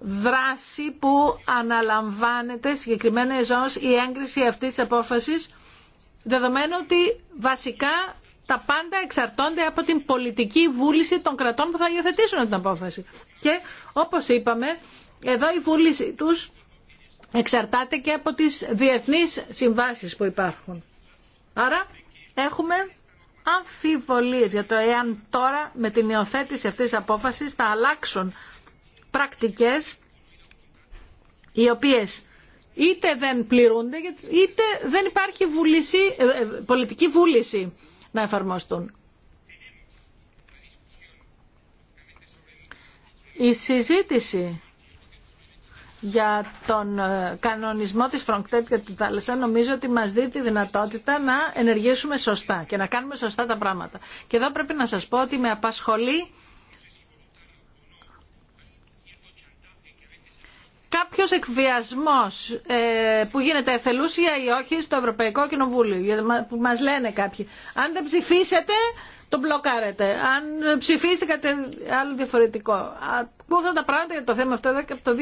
δράση που αναλαμβάνεται συγκεκριμένα ζώνες η έγκριση αυτής της απόφασης δεδομένου ότι βασικά τα πάντα εξαρτώνται από την πολιτική βούληση των κρατών που θα υιοθετήσουν την απόφαση. Και όπως είπαμε, εδώ η βούληση τους εξαρτάται και από τις διεθνείς συμβάσεις που υπάρχουν. Άρα έχουμε αμφιβολίες για το εάν τώρα με την υιοθέτηση αυτής της απόφασης θα αλλάξουν πρακτικές οι οποίες είτε δεν πληρούνται είτε δεν υπάρχει βούληση, ε, ε, πολιτική βούληση να εφαρμοστούν. Η συζήτηση για τον ε, κανονισμό της Φρονκτέτ και του Θάλασσα νομίζω ότι μας δίνει τη δυνατότητα να ενεργήσουμε σωστά και να κάνουμε σωστά τα πράγματα. Και εδώ πρέπει να σας πω ότι με απασχολεί κάποιος εκβιασμός ε, που γίνεται εθελούσια ή όχι στο Ευρωπαϊκό Κοινοβούλιο που μας λένε κάποιοι αν δεν ψηφίσετε το μπλοκάρετε. Αν ψηφίσετε άλλο διαφορετικό. Ακούω αυτά τα πράγματα για το θέμα αυτό εδώ και από το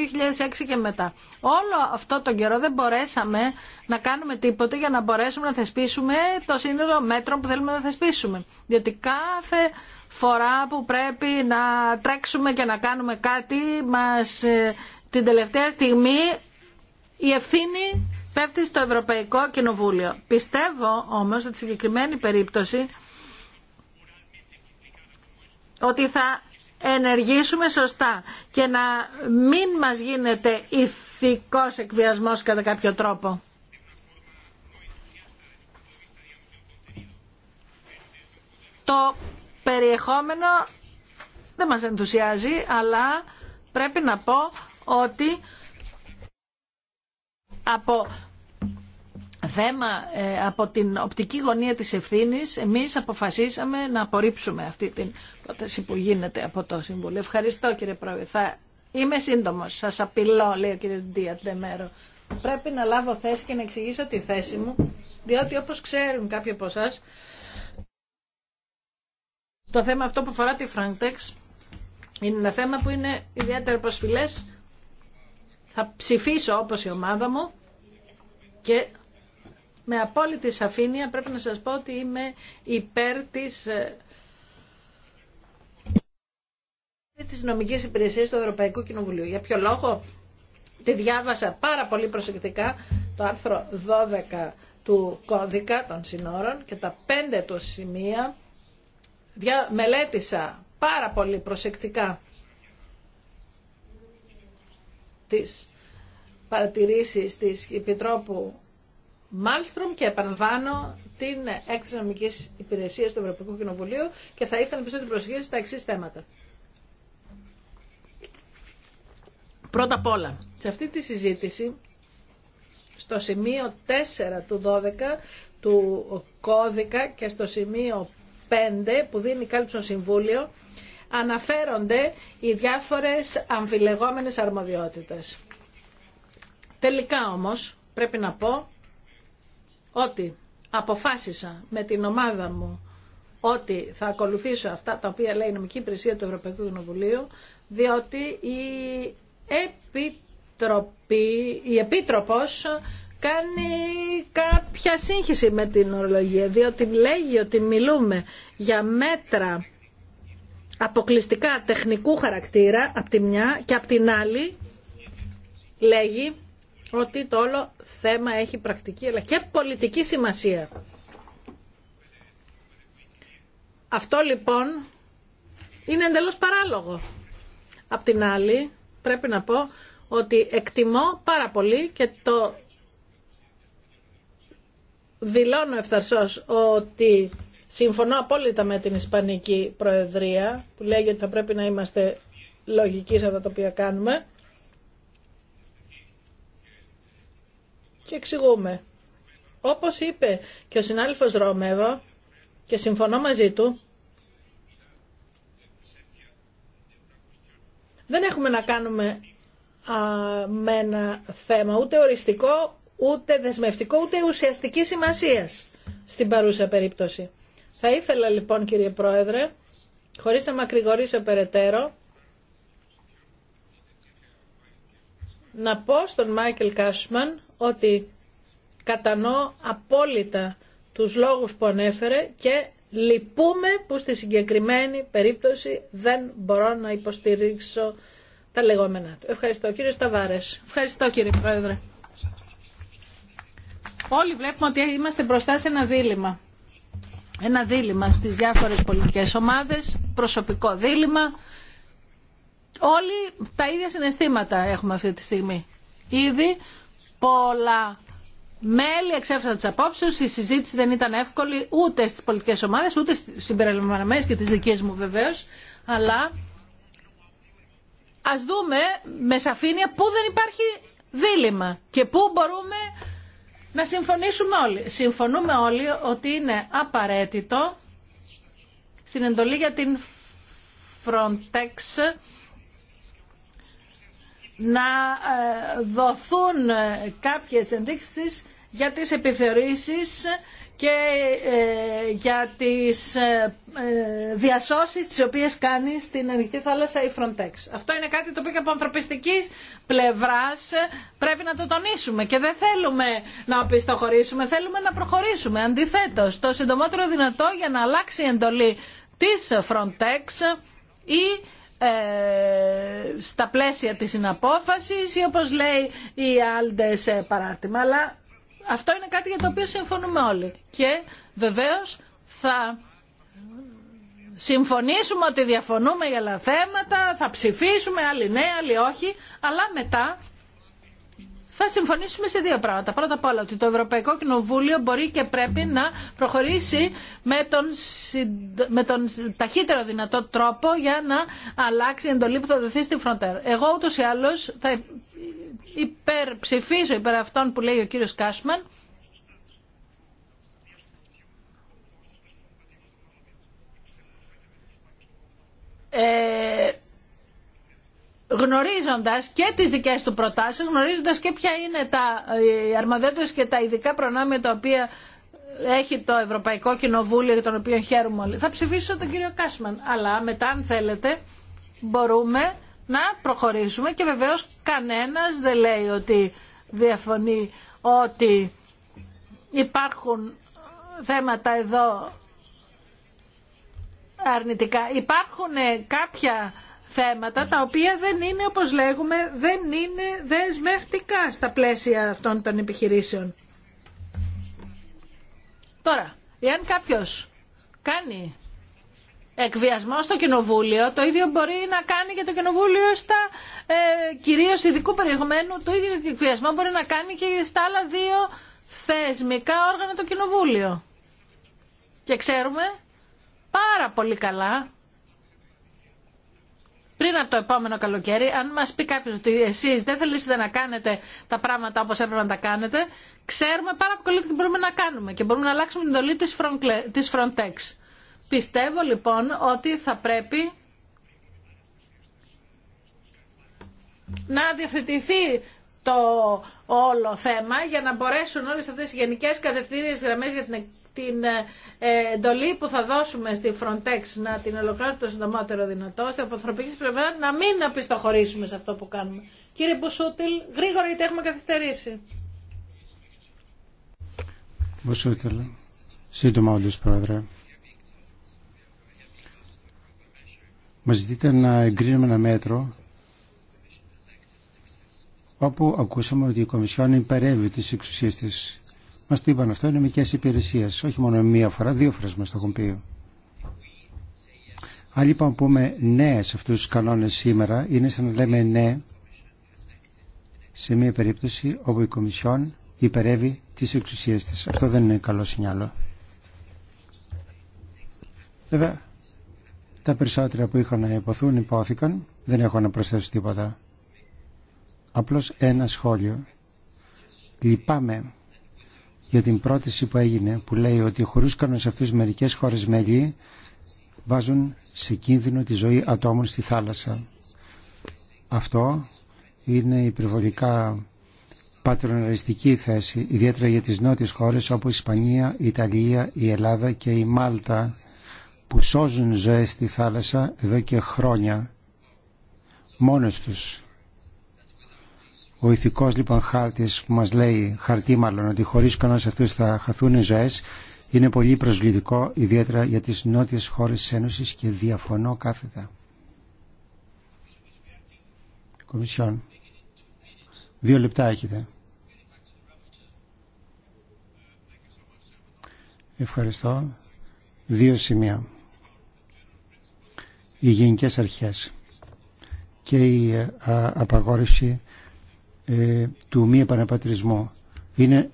2006 και μετά. Όλο αυτό τον καιρό δεν μπορέσαμε να κάνουμε τίποτα για να μπορέσουμε να θεσπίσουμε το σύνολο μέτρων που θέλουμε να θεσπίσουμε. Διότι κάθε φορά που πρέπει να τρέξουμε και να κάνουμε κάτι, μας ε, την τελευταία στιγμή η ευθύνη πέφτει στο Ευρωπαϊκό Κοινοβούλιο. Πιστεύω όμως ότι στη συγκεκριμένη περίπτωση ότι θα ενεργήσουμε σωστά και να μην μας γίνεται ηθικός εκβιασμός κατά κάποιο τρόπο. Το περιεχόμενο δεν μας ενθουσιάζει, αλλά πρέπει να πω ότι από θέμα ε, από την οπτική γωνία της ευθύνης εμείς αποφασίσαμε να απορρίψουμε αυτή την πρόταση που γίνεται από το Συμβούλιο. Ευχαριστώ κύριε Πρόεδρε. Θα είμαι σύντομος. Σας απειλώ λέει ο κύριος Ντία Πρέπει να λάβω θέση και να εξηγήσω τη θέση μου διότι όπως ξέρουν κάποιοι από εσά, το θέμα αυτό που αφορά τη Frontex είναι ένα θέμα που είναι ιδιαίτερα προσφυλές. Θα ψηφίσω όπως η ομάδα μου και με απόλυτη σαφήνεια πρέπει να σας πω ότι είμαι υπέρ της, ε, της νομικής υπηρεσίας του Ευρωπαϊκού Κοινοβουλίου. Για ποιο λόγο τη διάβασα πάρα πολύ προσεκτικά το άρθρο 12 του κώδικα των συνόρων και τα πέντε του σημεία δια, μελέτησα πάρα πολύ προσεκτικά τις παρατηρήσεις της Επιτρόπου Μάλστρομ και επαναλαμβάνω την έκθεση νομική υπηρεσία του Ευρωπαϊκού Κοινοβουλίου και θα ήθελα να πιστεύω την προσοχή στα εξή θέματα. Πρώτα απ' όλα, σε αυτή τη συζήτηση, στο σημείο 4 του 12 του κώδικα και στο σημείο 5 που δίνει κάλυψη στο Συμβούλιο, αναφέρονται οι διάφορες αμφιλεγόμενες αρμοδιότητες. Τελικά όμως, πρέπει να πω ότι αποφάσισα με την ομάδα μου ότι θα ακολουθήσω αυτά τα οποία λέει η νομική υπηρεσία του Ευρωπαϊκού Κοινοβουλίου, διότι η Επιτροπή, η Επίτροπος κάνει κάποια σύγχυση με την ορολογία, διότι λέγει ότι μιλούμε για μέτρα αποκλειστικά τεχνικού χαρακτήρα από τη μια και από την άλλη λέγει ότι το όλο θέμα έχει πρακτική αλλά και πολιτική σημασία. Αυτό λοιπόν είναι εντελώς παράλογο. Απ' την άλλη πρέπει να πω ότι εκτιμώ πάρα πολύ και το δηλώνω ευθαρσώς ότι συμφωνώ απόλυτα με την Ισπανική Προεδρία που λέγεται ότι θα πρέπει να είμαστε λογικοί σε αυτά τα οποία κάνουμε. και εξηγούμε. Όπως είπε και ο συνάλφος Ρώμεβα και συμφωνώ μαζί του, δεν έχουμε να κάνουμε με ένα θέμα ούτε οριστικό, ούτε δεσμευτικό, ούτε ουσιαστική σημασίας στην παρούσα περίπτωση. Θα ήθελα λοιπόν κύριε Πρόεδρε, χωρίς να μακρηγορήσω περαιτέρω, να πω στον Μάικλ Κάσμαν ότι κατανοώ απόλυτα τους λόγους που ανέφερε και λυπούμε που στη συγκεκριμένη περίπτωση δεν μπορώ να υποστηρίξω τα λεγόμενά του. Ευχαριστώ κύριε Σταβάρες. Ευχαριστώ κύριε Πρόεδρε. Όλοι βλέπουμε ότι είμαστε μπροστά σε ένα δίλημα. Ένα δίλημα στις διάφορες πολιτικές ομάδες, προσωπικό δίλημα. Όλοι τα ίδια συναισθήματα έχουμε αυτή τη στιγμή. Ήδη πολλά μέλη εξέφρασαν τις απόψεις, η συζήτηση δεν ήταν εύκολη ούτε στις πολιτικές ομάδες, ούτε συμπεριλαμβανομένε και τι δικέ μου βεβαίω. αλλά α δούμε με σαφήνεια πού δεν υπάρχει δίλημα και πού μπορούμε να συμφωνήσουμε όλοι. Συμφωνούμε όλοι ότι είναι απαραίτητο στην εντολή για την Frontex να ε, δοθούν ε, κάποιες ενδείξεις για τις επιθεωρήσεις και ε, για τις διασώσεις τις οποίες κάνει στην ανοιχτή θάλασσα η Frontex. Αυτό είναι κάτι το οποίο από ανθρωπιστικής πλευράς πρέπει να το τονίσουμε και δεν θέλουμε να οπισθοχωρήσουμε, θέλουμε να προχωρήσουμε. Αντιθέτως, το συντομότερο δυνατό για να αλλάξει η εντολή της Frontex ή ε, στα πλαίσια της συναπόφασης ή όπως λέει η Άλντε σε παράρτημα. Αλλά αυτό είναι κάτι για το οποίο συμφωνούμε όλοι. Και βεβαίως θα συμφωνήσουμε ότι διαφωνούμε για άλλα θέματα, θα ψηφίσουμε άλλοι ναι, άλλοι όχι, αλλά μετά θα συμφωνήσουμε σε δύο πράγματα. Πρώτα απ' όλα ότι το Ευρωπαϊκό Κοινοβούλιο μπορεί και πρέπει να προχωρήσει με τον, με τον ταχύτερο δυνατό τρόπο για να αλλάξει η εντολή που θα δοθεί στη φροντέρ. Εγώ ούτως ή άλλως θα υπερψηφίσω υπέρ αυτών που λέει ο κύριος Κάσμαν ε, γνωρίζοντας και τις δικές του προτάσεις, γνωρίζοντας και ποια είναι τα ε, αρμοδέντες και τα ειδικά προνόμια τα οποία έχει το Ευρωπαϊκό Κοινοβούλιο για τον οποίο χαίρομαι όλοι. Θα ψηφίσω τον κύριο Κάσμαν, αλλά μετά αν θέλετε μπορούμε να προχωρήσουμε και βεβαίως κανένας δεν λέει ότι διαφωνεί ότι υπάρχουν θέματα εδώ αρνητικά. Υπάρχουν κάποια θέματα τα οποία δεν είναι όπως λέγουμε δεν είναι δεσμευτικά στα πλαίσια αυτών των επιχειρήσεων. Τώρα, εάν κάποιος κάνει εκβιασμό στο κοινοβούλιο, το ίδιο μπορεί να κάνει και το κοινοβούλιο στα ε, κυρίως ειδικού περιεχομένου, το ίδιο εκβιασμό μπορεί να κάνει και στα άλλα δύο θεσμικά όργανα το κοινοβούλιο. Και ξέρουμε πάρα πολύ καλά πριν από το επόμενο καλοκαίρι, αν μα πει κάποιο ότι εσεί δεν θελήσετε να κάνετε τα πράγματα όπω έπρεπε να τα κάνετε, ξέρουμε πάρα πολύ τι μπορούμε να κάνουμε και μπορούμε να αλλάξουμε την εντολή τη Frontex. Πιστεύω λοιπόν ότι θα πρέπει να διευθετηθεί το όλο θέμα για να μπορέσουν όλες αυτές οι γενικές κατευθύνσεις γραμμές για την την ε, εντολή που θα δώσουμε στη Frontex να την ολοκληρώσουμε το συντομότερο δυνατό, ώστε από ανθρωπική πλευρά να μην απιστοχωρήσουμε σε αυτό που κάνουμε. Κύριε Μπουσούτιλ, γρήγορα γιατί έχουμε καθυστερήσει. Μπουσούτιλ, σύντομα ως πρόεδρε. Μας ζητείτε να εγκρίνουμε ένα μέτρο όπου ακούσαμε ότι η Κομισιόν υπερεύει τις εξουσίες της μας το είπαν αυτό είναι μικρέ υπηρεσίε, όχι μόνο μία φορά, δύο φορές μα το έχουν πει. Αν λοιπόν πούμε ναι σε αυτούς τους κανόνες σήμερα, είναι σαν να λέμε ναι σε μία περίπτωση όπου η Κομισιόν υπερεύει τις εξουσίες τη. Αυτό δεν είναι καλό σινιάλο. Βέβαια, τα περισσότερα που είχαν να υποθούν υπόθηκαν. Δεν έχω να προσθέσω τίποτα. Απλώς ένα σχόλιο. Λυπάμαι για την πρόταση που έγινε που λέει ότι χωρί κανόνες αυτούς μερικές χώρες μέλη βάζουν σε κίνδυνο τη ζωή ατόμων στη θάλασσα. Αυτό είναι η υπερβολικά πατροναριστική θέση, ιδιαίτερα για τις νότιες χώρες όπως η Ισπανία, η Ιταλία, η Ελλάδα και η Μάλτα που σώζουν ζωές στη θάλασσα εδώ και χρόνια μόνο τους. Ο ηθικό λοιπόν χάρτη που μας λέει, χαρτί μάλλον, ότι χωρίς κανόνε αυτού θα χαθούν οι είναι πολύ προσβλητικό, ιδιαίτερα για τις νότιες χώρες της Ένωσης και διαφωνώ κάθετα. Κομισιόν. Δύο λεπτά έχετε. Ευχαριστώ. Δύο σημεία. Οι γενικές αρχές και η ε, απαγόρευση ε, του μη επαναπατρισμού. Είναι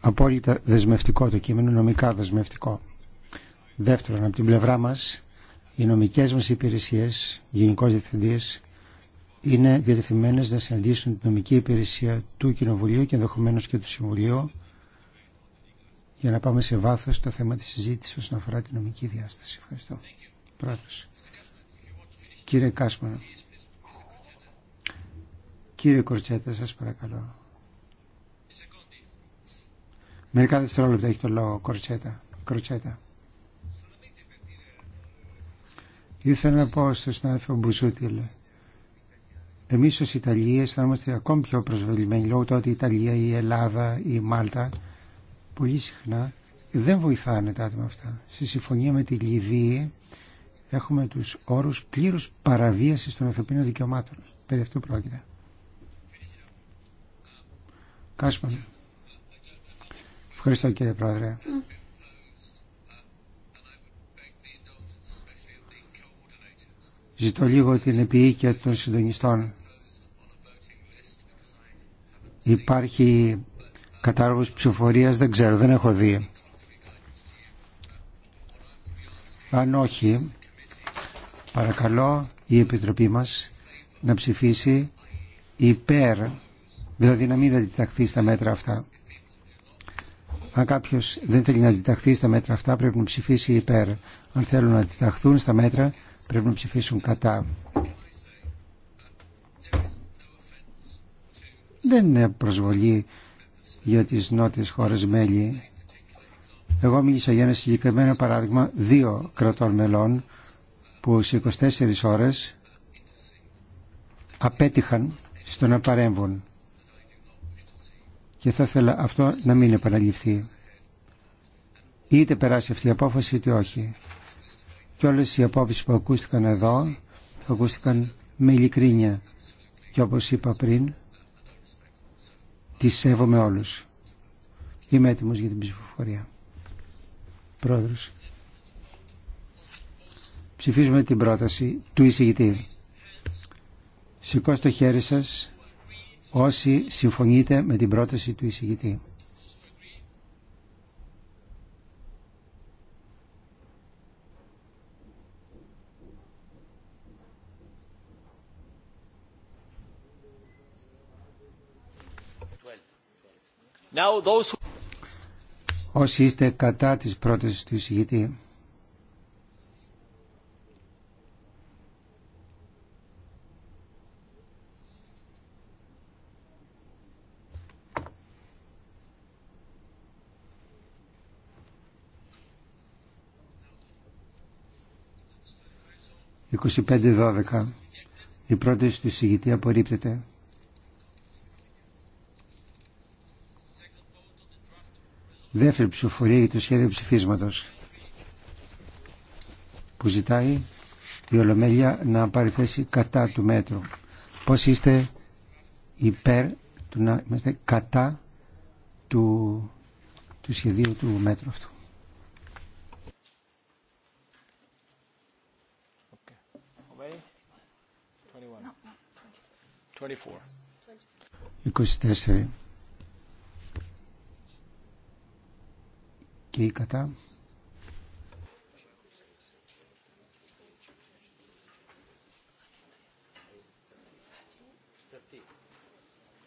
απόλυτα δεσμευτικό το κείμενο, νομικά δεσμευτικό. Δεύτερον, από την πλευρά μας, οι νομικές μας υπηρεσίες, γενικώ διευθυντής, είναι διατεθειμένες να συναντήσουν την νομική υπηρεσία του Κοινοβουλίου και ενδεχομένω και του Συμβουλίου για να πάμε σε βάθος το θέμα της συζήτησης όσον αφορά την νομική διάσταση. Ευχαριστώ. Κύριε Κάσμανα, Κύριε Κορτσέτα, σας παρακαλώ. Μερικά δευτερόλεπτα έχει το λόγο Κορτσέτα. Κορτσέτα. Ήθελα να πω στον συνάδελφο Μπουζούτιλ. Εμείς ως θα αισθανόμαστε ακόμη πιο προσβελημένοι λόγω του ότι η Ιταλία, η Ελλάδα, η Μάλτα πολύ συχνά δεν βοηθάνε τα άτομα αυτά. Στη συμφωνία με τη Λιβύη έχουμε τους όρους πλήρους παραβίασης των ανθρωπίνων δικαιωμάτων. Περί αυτού πρόκειται. Κάσμαν. Ευχαριστώ κύριε Πρόεδρε. Ζητώ λίγο την επίοικια των συντονιστών. Υπάρχει κατάργος ψηφοφορίας, δεν ξέρω, δεν έχω δει. Αν όχι, παρακαλώ η Επιτροπή μας να ψηφίσει υπέρ δηλαδή να μην αντιταχθεί στα μέτρα αυτά. Αν κάποιο δεν θέλει να αντιταχθεί στα μέτρα αυτά, πρέπει να ψηφίσει υπέρ. Αν θέλουν να αντιταχθούν στα μέτρα, πρέπει να ψηφίσουν κατά. Δεν είναι προσβολή για τις νότιες χώρες μέλη. Εγώ μίλησα για ένα συγκεκριμένο παράδειγμα δύο κρατών μελών που σε 24 ώρες απέτυχαν στο να παρέμβουν και θα ήθελα αυτό να μην επαναληφθεί. Είτε περάσει αυτή η απόφαση είτε όχι. Και όλες οι απόψεις που ακούστηκαν εδώ ακούστηκαν με ειλικρίνεια και όπως είπα πριν τις σέβομαι όλους. Είμαι έτοιμος για την ψηφοφορία. Πρόεδρος. Ψηφίζουμε την πρόταση του εισηγητή. Σηκώστε το χέρι σας όσοι συμφωνείτε με την πρόταση του εισηγητή. Όσοι είστε κατά της πρότασης του εισηγητή. 25-12. Η πρόταση του συγητή απορρίπτεται. Δεύτερη ψηφοφορία για το σχέδιο ψηφίσματος που ζητάει η Ολομέλεια να πάρει θέση κατά του μέτρου. Πώς είστε υπέρ του να είμαστε κατά του, του σχεδίου του μέτρου αυτού. 24. Και η κατά.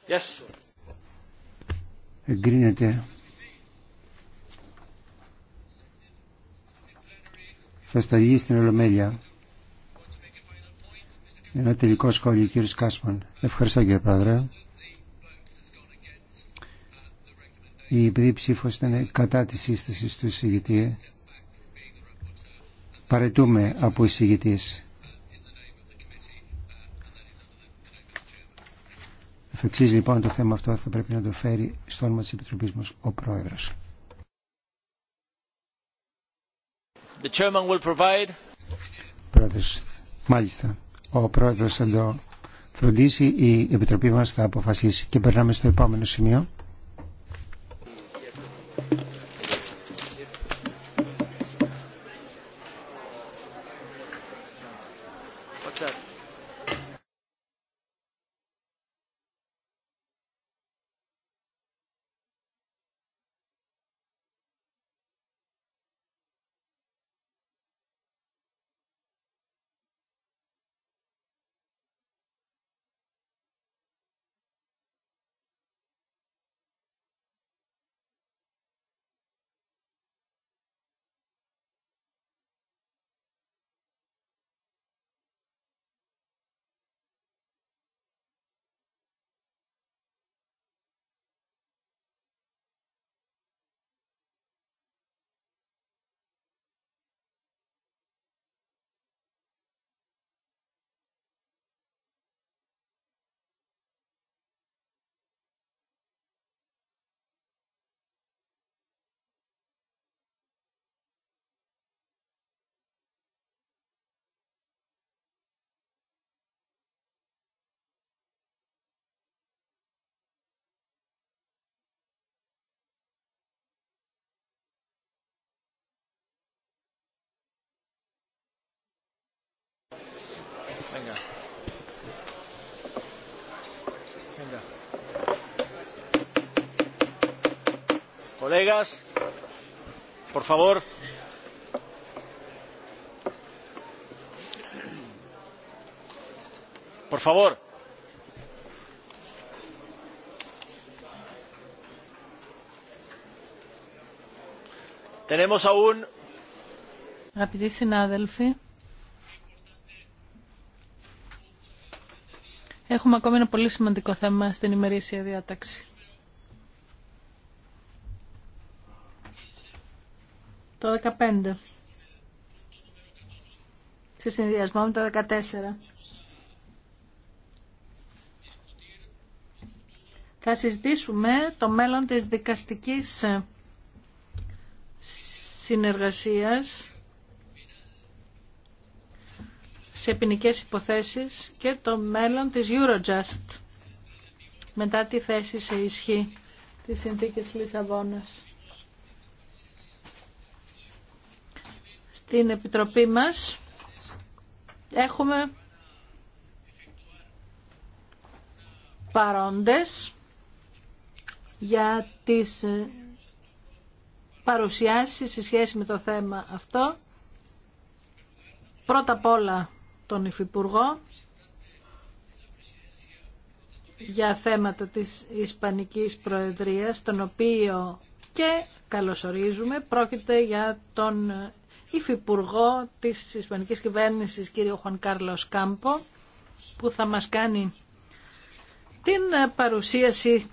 Yes. Εγκρίνεται. Θα σταλεί στην Ολομέλεια. Ένα τελικό σχόλιο, κύριε Κάσπαν, Ευχαριστώ, κύριε Πρόεδρε. Η επειδή ψήφο ήταν κατά τη σύσταση του εισηγητή, παρετούμε από εισηγητή. Εφ' λοιπόν το θέμα αυτό θα πρέπει να το φέρει στο όνομα της Επιτροπής μας ο Πρόεδρος. μάλιστα ο πρόεδρος θα το φροντίσει, η Επιτροπή μας θα αποφασίσει. Και περνάμε στο επόμενο σημείο. Colegas, por favor. Αγαπητοί συνάδελφοι, έχουμε ακόμη ένα πολύ σημαντικό θέμα στην ημερήσια διάταξη. Το 15. Σε συνδυασμό με το 14. Θα συζητήσουμε το μέλλον της δικαστικής συνεργασίας σε ποινικέ υποθέσεις και το μέλλον της Eurojust μετά τη θέση σε ισχύ της συνθήκης Λισαβόνας. την Επιτροπή μας έχουμε παρόντες για τις παρουσιάσεις σε σχέση με το θέμα αυτό. Πρώτα απ' όλα τον Υφυπουργό για θέματα της Ισπανικής Προεδρίας, τον οποίο και καλωσορίζουμε. Πρόκειται για τον υφυπουργό της Ισπανικής Κυβέρνησης κύριο Χουαν Κάρλος Κάμπο που θα μας κάνει την παρουσίαση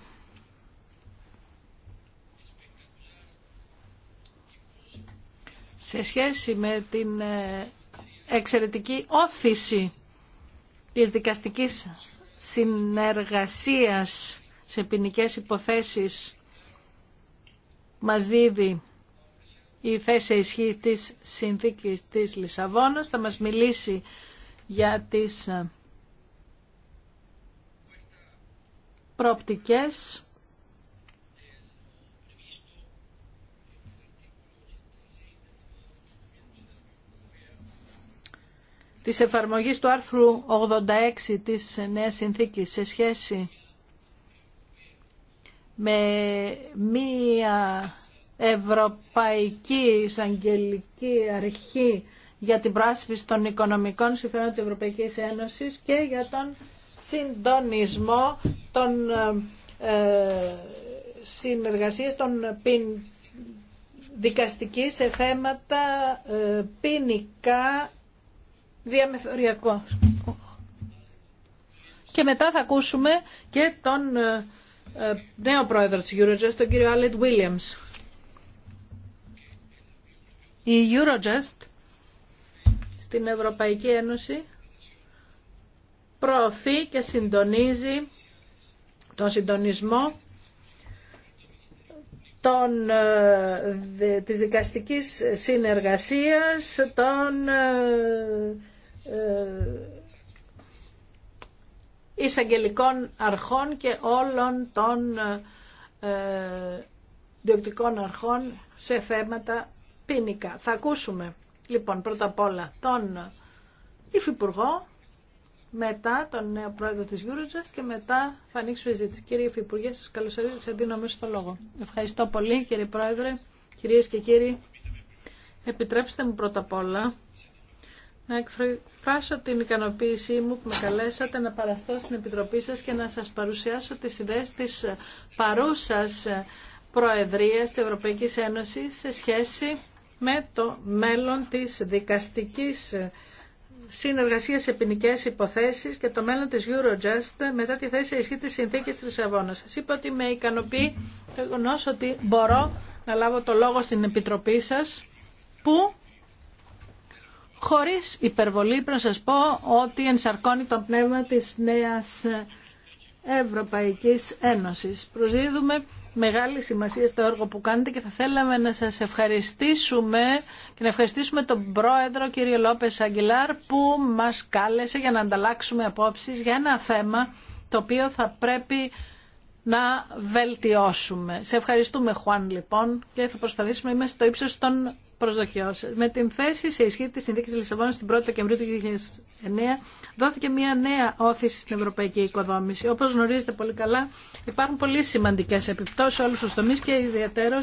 σε σχέση με την ε, εξαιρετική όθηση της δικαστικής συνεργασίας σε ποινικέ υποθέσεις μας δίδει η θέση ισχύ της συνθήκης της Λισαβόνας. Θα μας μιλήσει για τις ε, προοπτικές της εφαρμογής του άρθρου 86 της Νέας Συνθήκης σε σχέση με μία Ευρωπαϊκή Εισαγγελική Αρχή για την πράσπιση των οικονομικών συμφέροντων της Ευρωπαϊκής Ένωσης και για τον συντονισμό των ε, συνεργασίες των πιν, δικαστική σε θέματα ε, ποινικά διαμεθοριακό. Και μετά θα ακούσουμε και τον ε, νέο πρόεδρο της Eurojust, τον κύριο Άλετ Williams. Η Eurojust στην Ευρωπαϊκή Ένωση προωθεί και συντονίζει τον συντονισμό των, ε, της δικαστικής συνεργασίας των ε, ε, εισαγγελικών αρχών και όλων των διοκτικών αρχών σε θέματα ποινικά. Θα ακούσουμε λοιπόν πρώτα απ' όλα τον Υφυπουργό, μετά τον νέο πρόεδρο της Eurojust και μετά θα ανοίξουμε ζήτηση. Κύριε Υφυπουργέ, σας καλωσορίζω και δίνω μέσα το λόγο. Ευχαριστώ πολύ κύριε Πρόεδρε, κυρίες και κύριοι. Επιτρέψτε μου πρώτα απ' όλα να εκφράσω την ικανοποίησή μου που με καλέσατε να παραστώ στην Επιτροπή σας και να σας παρουσιάσω τις ιδέες της παρούσας Προεδρίας της Ευρωπαϊκής Ένωσης σε σχέση με το μέλλον της δικαστικής συνεργασία σε ποινικέ υποθέσει και το μέλλον τη Eurojust μετά τη θέση ισχύ τη συνθήκη τη Αβώνα. Σα είπα ότι με ικανοποιεί το γεγονό ότι μπορώ να λάβω το λόγο στην επιτροπή σα που χωρί υπερβολή πρέπει να σα πω ότι ενσαρκώνει το πνεύμα της νέα Ευρωπαϊκής Ένωσης. Προσδίδουμε μεγάλη σημασία στο έργο που κάνετε και θα θέλαμε να σας ευχαριστήσουμε και να ευχαριστήσουμε τον πρόεδρο κύριο Λόπες Αγγιλάρ που μας κάλεσε για να ανταλλάξουμε απόψεις για ένα θέμα το οποίο θα πρέπει να βελτιώσουμε. Σε ευχαριστούμε Χουάν λοιπόν και θα προσπαθήσουμε να είμαστε στο ύψος των με την θέση σε ισχύ τη συνθήκη Λισαβόνα την 1η Δεκεμβρίου του 2009 δόθηκε μια νέα όθηση στην ευρωπαϊκή οικοδόμηση. Όπω γνωρίζετε πολύ καλά, υπάρχουν πολύ σημαντικέ επιπτώσει σε όλου του τομεί και ιδιαίτερω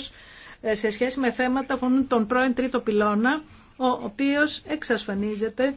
ε, σε σχέση με θέματα αφορούν τον πρώην τρίτο πυλώνα, ο οποίο εξασφανίζεται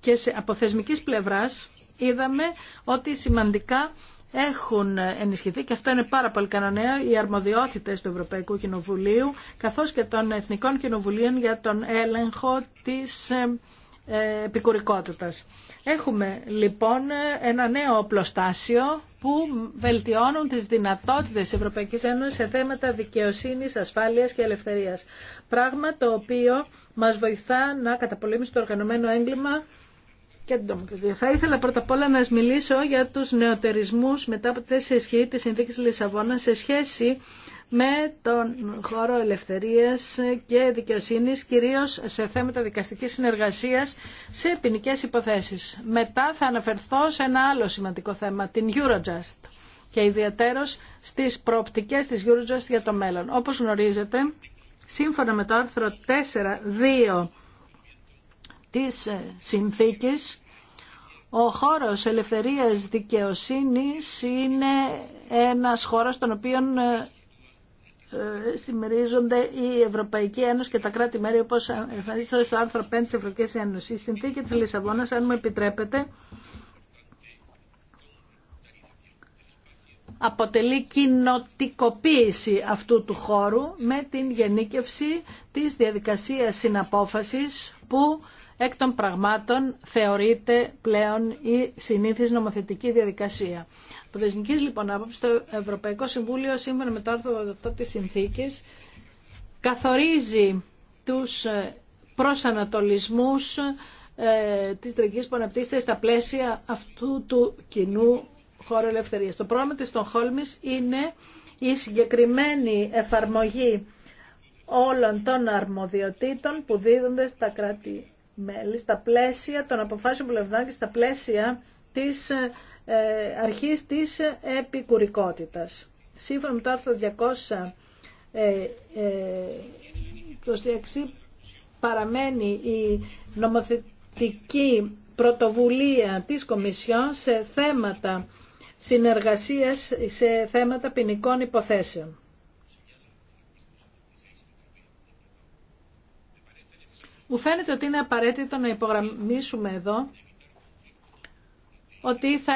και σε θεσμική πλευρά είδαμε ότι σημαντικά έχουν ενισχυθεί και αυτό είναι πάρα πολύ κανονέο οι αρμοδιότητες του Ευρωπαϊκού Κοινοβουλίου καθώς και των Εθνικών Κοινοβουλίων για τον έλεγχο της ε, ε, επικουρικότητας. Έχουμε λοιπόν ένα νέο οπλοστάσιο που βελτιώνουν τις δυνατότητες της Ευρωπαϊκής Ένωσης σε θέματα δικαιοσύνης, ασφάλειας και ελευθερίας. Πράγμα το οποίο μας βοηθά να καταπολεμήσουμε το οργανωμένο έγκλημα και την Θα ήθελα πρώτα απ' όλα να μιλήσω για τους νεοτερισμούς μετά από τη ισχύει της Συνθήκης Λισαβόνα σε σχέση με τον χώρο ελευθερίας και δικαιοσύνης, κυρίως σε θέματα δικαστικής συνεργασίας σε ποινικέ υποθέσεις. Μετά θα αναφερθώ σε ένα άλλο σημαντικό θέμα, την Eurojust και ιδιαίτερος στις προοπτικές της Eurojust για το μέλλον. Όπως γνωρίζετε, σύμφωνα με το άρθρο 4.2 της ε, συνθήκης ο χώρος ελευθερίας δικαιοσύνης είναι ένας χώρος τον οποίο ε, ε, συμμερίζονται η Ευρωπαϊκή Ένωση και τα κράτη-μέρη όπως εμφανίζεται στο άρθρο 5 της Ευρωπαϊκής Ένωσης. Η συνθήκη της Λισαβόνας, αν μου επιτρέπετε, αποτελεί κοινοτικοποίηση αυτού του χώρου με την γενίκευση της διαδικασίας συναπόφασης που εκ των πραγμάτων θεωρείται πλέον η συνήθις νομοθετική διαδικασία. Από δεσμικής λοιπόν άποψη το Ευρωπαϊκό Συμβούλιο σύμφωνα με το άρθρο 8 της συνθήκης καθορίζει τους προσανατολισμούς ε, της τραγικής που αναπτύσσεται στα πλαίσια αυτού του κοινού χώρου ελευθερίας. Το πρόγραμμα της των Χόλμης είναι η συγκεκριμένη εφαρμογή όλων των αρμοδιοτήτων που δίδονται στα κράτη μέλη στα πλαίσια των αποφάσεων που λαμβάνουν και στα πλαίσια της ε, αρχής της επικουρικότητας. Σύμφωνα με το άρθρο 226 ε, ε, παραμένει η νομοθετική πρωτοβουλία της Κομισιόν σε θέματα συνεργασίας, σε θέματα ποινικών υποθέσεων. Μου φαίνεται ότι είναι απαραίτητο να υπογραμμίσουμε εδώ ότι θα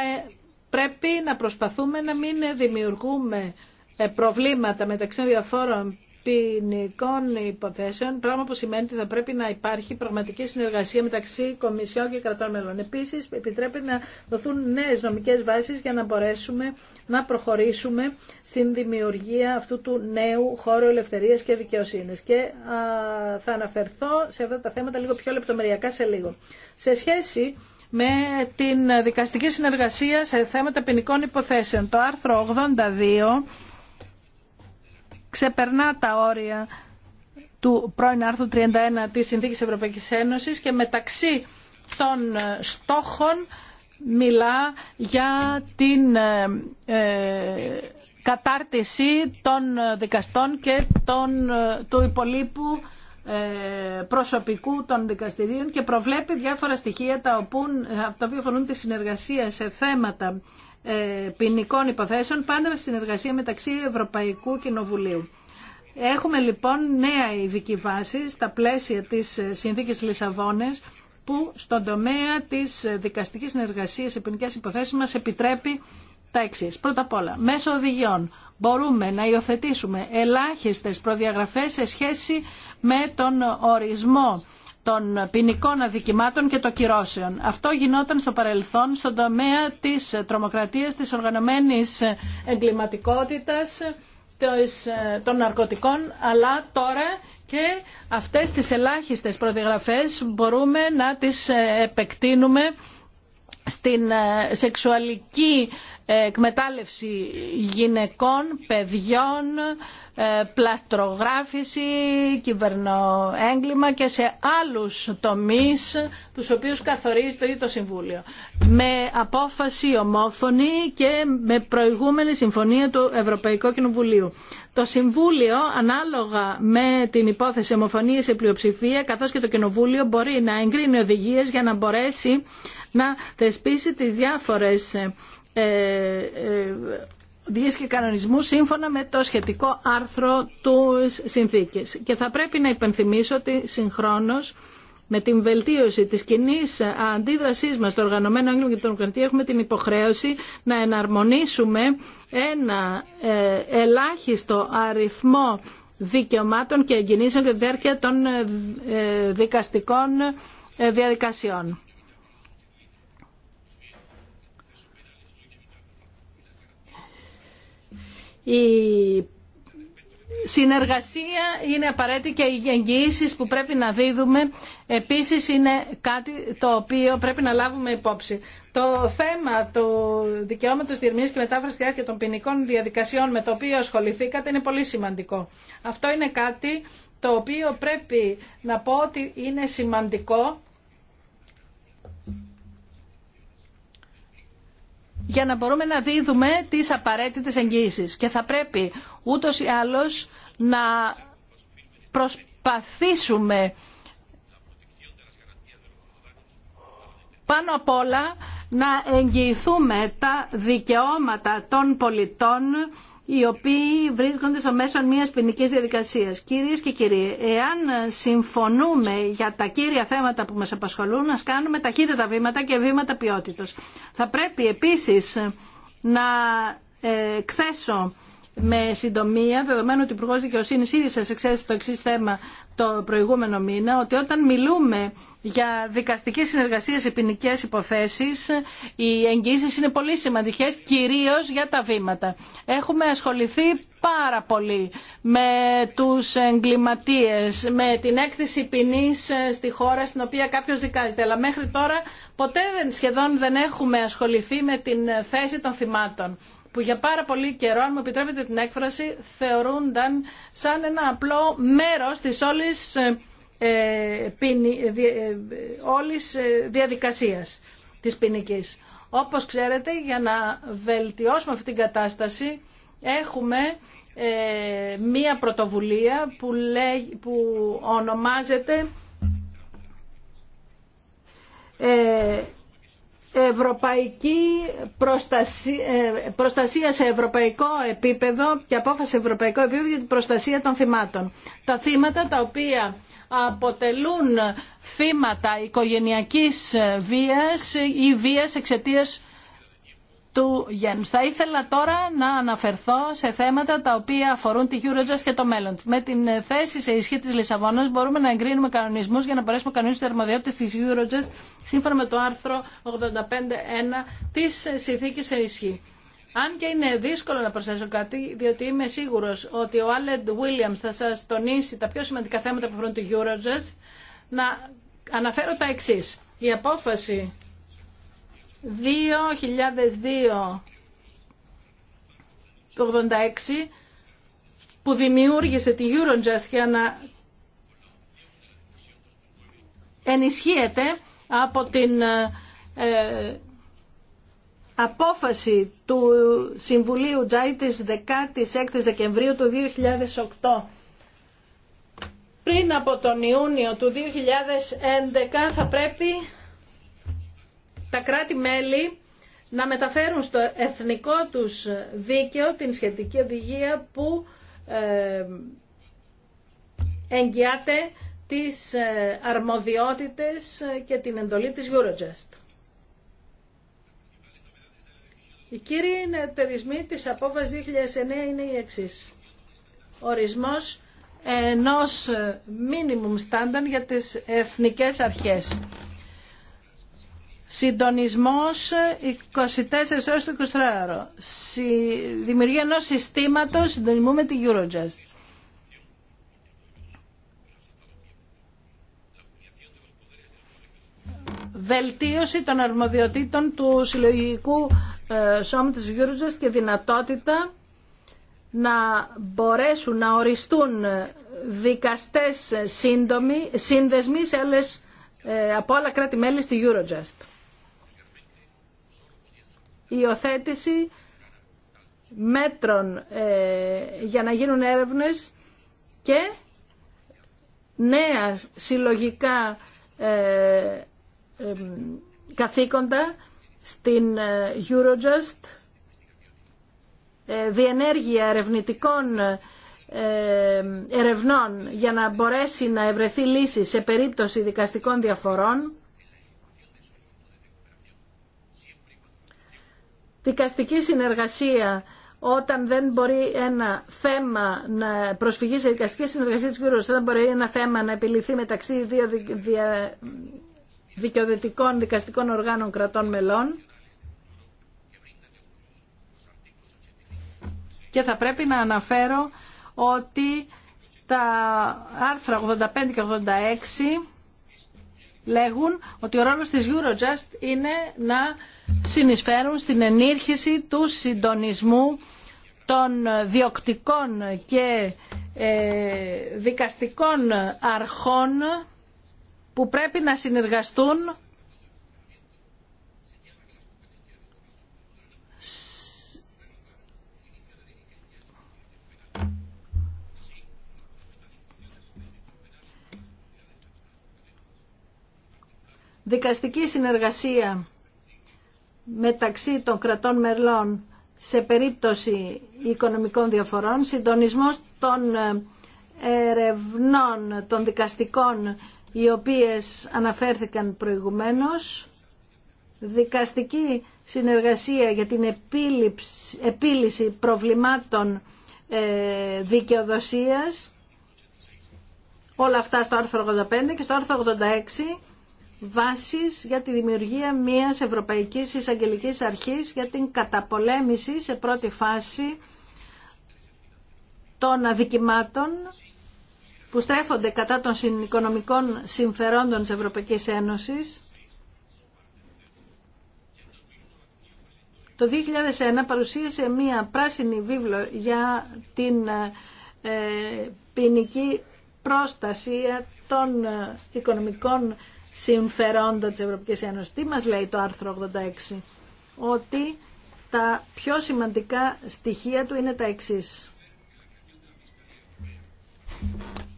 πρέπει να προσπαθούμε να μην δημιουργούμε ε, προβλήματα μεταξύ των διαφόρων ποινικών υποθέσεων, πράγμα που σημαίνει ότι θα πρέπει να υπάρχει πραγματική συνεργασία μεταξύ Κομισιών και κρατών μελών. Επίση, επιτρέπει να δοθούν νέε νομικέ βάσει για να μπορέσουμε να προχωρήσουμε στην δημιουργία αυτού του νέου χώρου ελευθερία και δικαιοσύνη. Και α, θα αναφερθώ σε αυτά τα θέματα λίγο πιο λεπτομεριακά σε λίγο. Σε σχέση με την δικαστική συνεργασία σε θέματα ποινικών υποθέσεων, το άρθρο 82 ξεπερνά τα όρια του πρώην άρθρου 31 της Συνθήκης Ευρωπαϊκής Ένωσης και μεταξύ των ε, στόχων μιλά για την ε, ε, κατάρτιση των δικαστών και των, του υπολείπου προσωπικού των δικαστηρίων και προβλέπει διάφορα στοιχεία τα οποία αφορούν τη συνεργασία σε θέματα ε, ποινικών υποθέσεων, πάντα με συνεργασία μεταξύ Ευρωπαϊκού Κοινοβουλίου. Έχουμε λοιπόν νέα ειδική βάση στα πλαίσια της ε, Συνθήκης Λισαβόνες που στον τομέα της ε, δικαστικής συνεργασίας σε ποινικές υποθέσεις μας επιτρέπει τα εξής. Πρώτα απ' όλα, μέσω οδηγιών μπορούμε να υιοθετήσουμε ελάχιστες προδιαγραφές σε σχέση με τον ορισμό των ποινικών αδικημάτων και των κυρώσεων. Αυτό γινόταν στο παρελθόν στον τομέα της τρομοκρατίας, της οργανωμένης εγκληματικότητας, των ναρκωτικών, αλλά τώρα και αυτές τις ελάχιστες προδιαγραφές μπορούμε να τις επεκτείνουμε στην ε, σεξουαλική ε, εκμετάλλευση γυναικών, παιδιών, ε, πλαστρογράφηση, κυβερνοέγκλημα και σε άλλους τομείς τους οποίους καθορίζει το ίδιο το Συμβούλιο. Με απόφαση ομόφωνη και με προηγούμενη συμφωνία του Ευρωπαϊκού Κοινοβουλίου. Το Συμβούλιο, ανάλογα με την υπόθεση ομοφωνίας σε πλειοψηφία, καθώς και το Κοινοβούλιο, μπορεί να εγκρίνει οδηγίες για να μπορέσει να θεσπίσει τις διάφορες ε, ε, οδηγίες και κανονισμού σύμφωνα με το σχετικό άρθρο του συνθήκης. Και θα πρέπει να υπενθυμίσω ότι συγχρόνως με την βελτίωση της κοινή αντίδρασής μας στο οργανωμένο έγκλημα και την τρομοκρατία έχουμε την υποχρέωση να εναρμονίσουμε ένα ε, ελάχιστο αριθμό δικαιωμάτων και εγκινήσεων και διάρκεια των ε, δικαστικών ε, διαδικασιών. η συνεργασία είναι απαραίτητη και οι εγγυήσει που πρέπει να δίδουμε επίσης είναι κάτι το οποίο πρέπει να λάβουμε υπόψη. Το θέμα του δικαιώματος διερμηνής και μετάφρασης και των ποινικών διαδικασιών με το οποίο ασχοληθήκατε είναι πολύ σημαντικό. Αυτό είναι κάτι το οποίο πρέπει να πω ότι είναι σημαντικό για να μπορούμε να δίδουμε τις απαραίτητες εγγύησει. Και θα πρέπει ούτως ή άλλως να προσπαθήσουμε πάνω απ' όλα να εγγυηθούμε τα δικαιώματα των πολιτών οι οποίοι βρίσκονται στο μέσο μια ποινική διαδικασίας. Κυρίες και κύριοι, εάν συμφωνούμε για τα κύρια θέματα που μας απασχολούν, να κάνουμε ταχύτερα βήματα και βήματα ποιότητος. Θα πρέπει επίσης να ε, εκθέσω με συντομία, δεδομένου ότι ο Υπουργό Δικαιοσύνη ήδη σα εξέθεσε το εξή θέμα το προηγούμενο μήνα, ότι όταν μιλούμε για δικαστική συνεργασία σε ποινικέ υποθέσει, οι εγγύσει είναι πολύ σημαντικέ, κυρίω για τα βήματα. Έχουμε ασχοληθεί πάρα πολύ με τους εγκληματίες, με την έκθεση ποινή ε, στη χώρα στην οποία κάποιος δικάζεται. Αλλά μέχρι τώρα ποτέ δεν, σχεδόν δεν έχουμε ασχοληθεί με την θέση των θυμάτων που για πάρα πολύ καιρό, αν μου επιτρέπετε την έκφραση, θεωρούνταν σαν ένα απλό μέρος της όλης, ε, ε, ε, ε διαδικασίας της ποινική. Όπως ξέρετε, για να βελτιώσουμε αυτή την κατάσταση, έχουμε μία πρωτοβουλία που, λέ που ονομάζεται ευρωπαϊκή ε, προστασία, σε ευρωπαϊκό επίπεδο και απόφαση σε ευρωπαϊκό επίπεδο για την προστασία των θυμάτων. Τα θύματα τα οποία αποτελούν θύματα οικογενειακής βίας ή βίας εξαιτίας του Θα ήθελα τώρα να αναφερθώ σε θέματα τα οποία αφορούν τη Eurojust και το μέλλον. Με την ε, θέση σε ισχύ τη Λισαβόνα μπορούμε να εγκρίνουμε κανονισμού για να μπορέσουμε κανονίσουμε τι αρμοδιότητε τη Eurojust σύμφωνα με το άρθρο 85.1 τη συνθήκη σε ισχύ. Αν και είναι δύσκολο να προσθέσω κάτι, διότι είμαι σίγουρο ότι ο Άλεντ Βίλιαμ θα σα τονίσει τα πιο σημαντικά θέματα που αφορούν τη Eurojust, να αναφέρω τα εξή. Η απόφαση 2002 το 86 που δημιούργησε τη Eurojust για να ενισχύεται από την ε, ε, απόφαση του Συμβουλίου Τζάι της 16 Δεκεμβρίου του 2008. Πριν από τον Ιούνιο του 2011 θα πρέπει τα κράτη-μέλη να μεταφέρουν στο εθνικό τους δίκαιο την σχετική οδηγία που ε, εγγυάται τις ε, αρμοδιότητες και την εντολή της Eurojust. Οι κύριοι εταιρισμοί της απόφασης 2009 είναι η εξής. Ορισμός ενός minimum standard για τις εθνικές αρχές. Συντονισμός 24 ώρες το 23 ώρο. Δημιουργία ενός συστήματος συντονισμού με τη Eurojust. Βελτίωση των αρμοδιοτήτων του συλλογικού ε, σώματος της Eurojust και δυνατότητα να μπορέσουν να οριστούν δικαστές σύνδεσμοι σε άλλες, ε, από όλα κράτη-μέλη στη Eurojust υιοθέτηση μέτρων ε, για να γίνουν έρευνες και νέα συλλογικά ε, ε, καθήκοντα στην Eurojust, διενέργεια ερευνητικών ερευνών για να μπορέσει να ευρεθεί λύση σε περίπτωση δικαστικών διαφορών δικαστική συνεργασία όταν δεν μπορεί ένα θέμα να προσφυγεί σε δικαστική συνεργασία της Eurojust, όταν μπορεί ένα θέμα να επιληθεί μεταξύ δύο δικαιοδετικών δικαστικών οργάνων κρατών μελών. Και θα πρέπει να αναφέρω ότι τα άρθρα 85 και 86 λέγουν ότι ο ρόλος της Eurojust είναι να συνεισφέρουν στην ενήρχηση του συντονισμού των διοκτικών και ε, δικαστικών αρχών που πρέπει να συνεργαστούν δικαστική συνεργασία μεταξύ των κρατών μελών σε περίπτωση οικονομικών διαφορών, συντονισμός των ε, ερευνών των δικαστικών οι οποίες αναφέρθηκαν προηγουμένως, δικαστική συνεργασία για την επίλυση προβλημάτων ε, δικαιοδοσίας, όλα αυτά στο άρθρο 85 και στο άρθρο 86 βάσεις για τη δημιουργία μιας Ευρωπαϊκής Εισαγγελικής Αρχής για την καταπολέμηση σε πρώτη φάση των αδικημάτων που στρέφονται κατά των οικονομικών συμφερόντων της Ευρωπαϊκής Ένωσης. Το 2001 παρουσίασε μία πράσινη βίβλο για την ε, ποινική πρόσταση των ε, οικονομικών Συμφερόντα της Ευρωπαϊκής Ένωσης. Τι μας λέει το άρθρο 86. Ότι τα πιο σημαντικά στοιχεία του είναι τα εξής.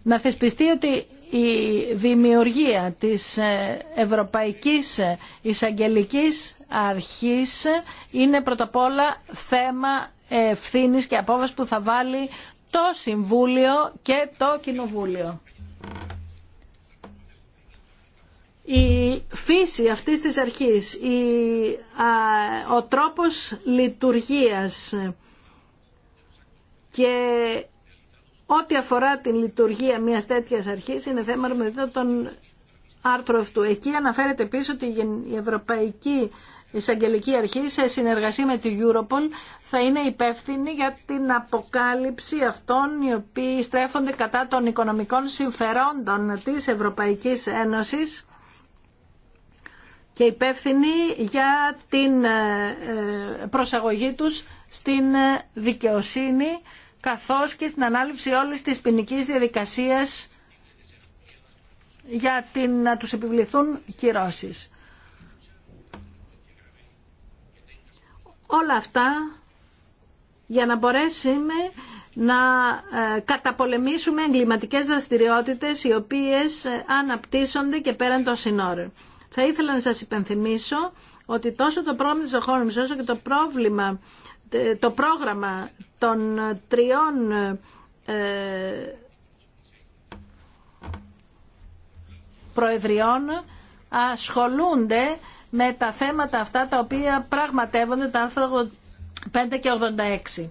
Να θεσπιστεί ότι η δημιουργία της ε, Ευρωπαϊκής Εισαγγελικής Αρχής είναι πρώτα απ' όλα θέμα ευθύνης και απόβαση που θα βάλει το Συμβούλιο και το Κοινοβούλιο. η φύση αυτής της αρχής, η, ο τρόπος λειτουργίας και ό,τι αφορά την λειτουργία μιας τέτοιας αρχής είναι θέμα με των άρθρο αυτού. Εκεί αναφέρεται επίσης ότι η Ευρωπαϊκή Εισαγγελική Αρχή σε συνεργασία με την Europol θα είναι υπεύθυνη για την αποκάλυψη αυτών οι οποίοι στρέφονται κατά των οικονομικών συμφερόντων της Ευρωπαϊκής Ένωσης και υπεύθυνοι για την ε, ε, προσαγωγή τους στην ε, δικαιοσύνη καθώς και στην ανάληψη όλης της ποινική διαδικασίας για την, να τους επιβληθούν κυρώσεις. Όλα αυτά για να μπορέσουμε να καταπολεμήσουμε εγκληματικές δραστηριότητες οι οποίες αναπτύσσονται και πέραν των συνόρων. Θα ήθελα να σας υπενθυμίσω ότι τόσο το πρόγραμμα της οχόνομης όσο και το, πρόβλημα, ε, το πρόγραμμα των ε, τριών ε, προεδριών ασχολούνται με τα θέματα αυτά τα οποία πραγματεύονται τα άρθρα 5 και 86.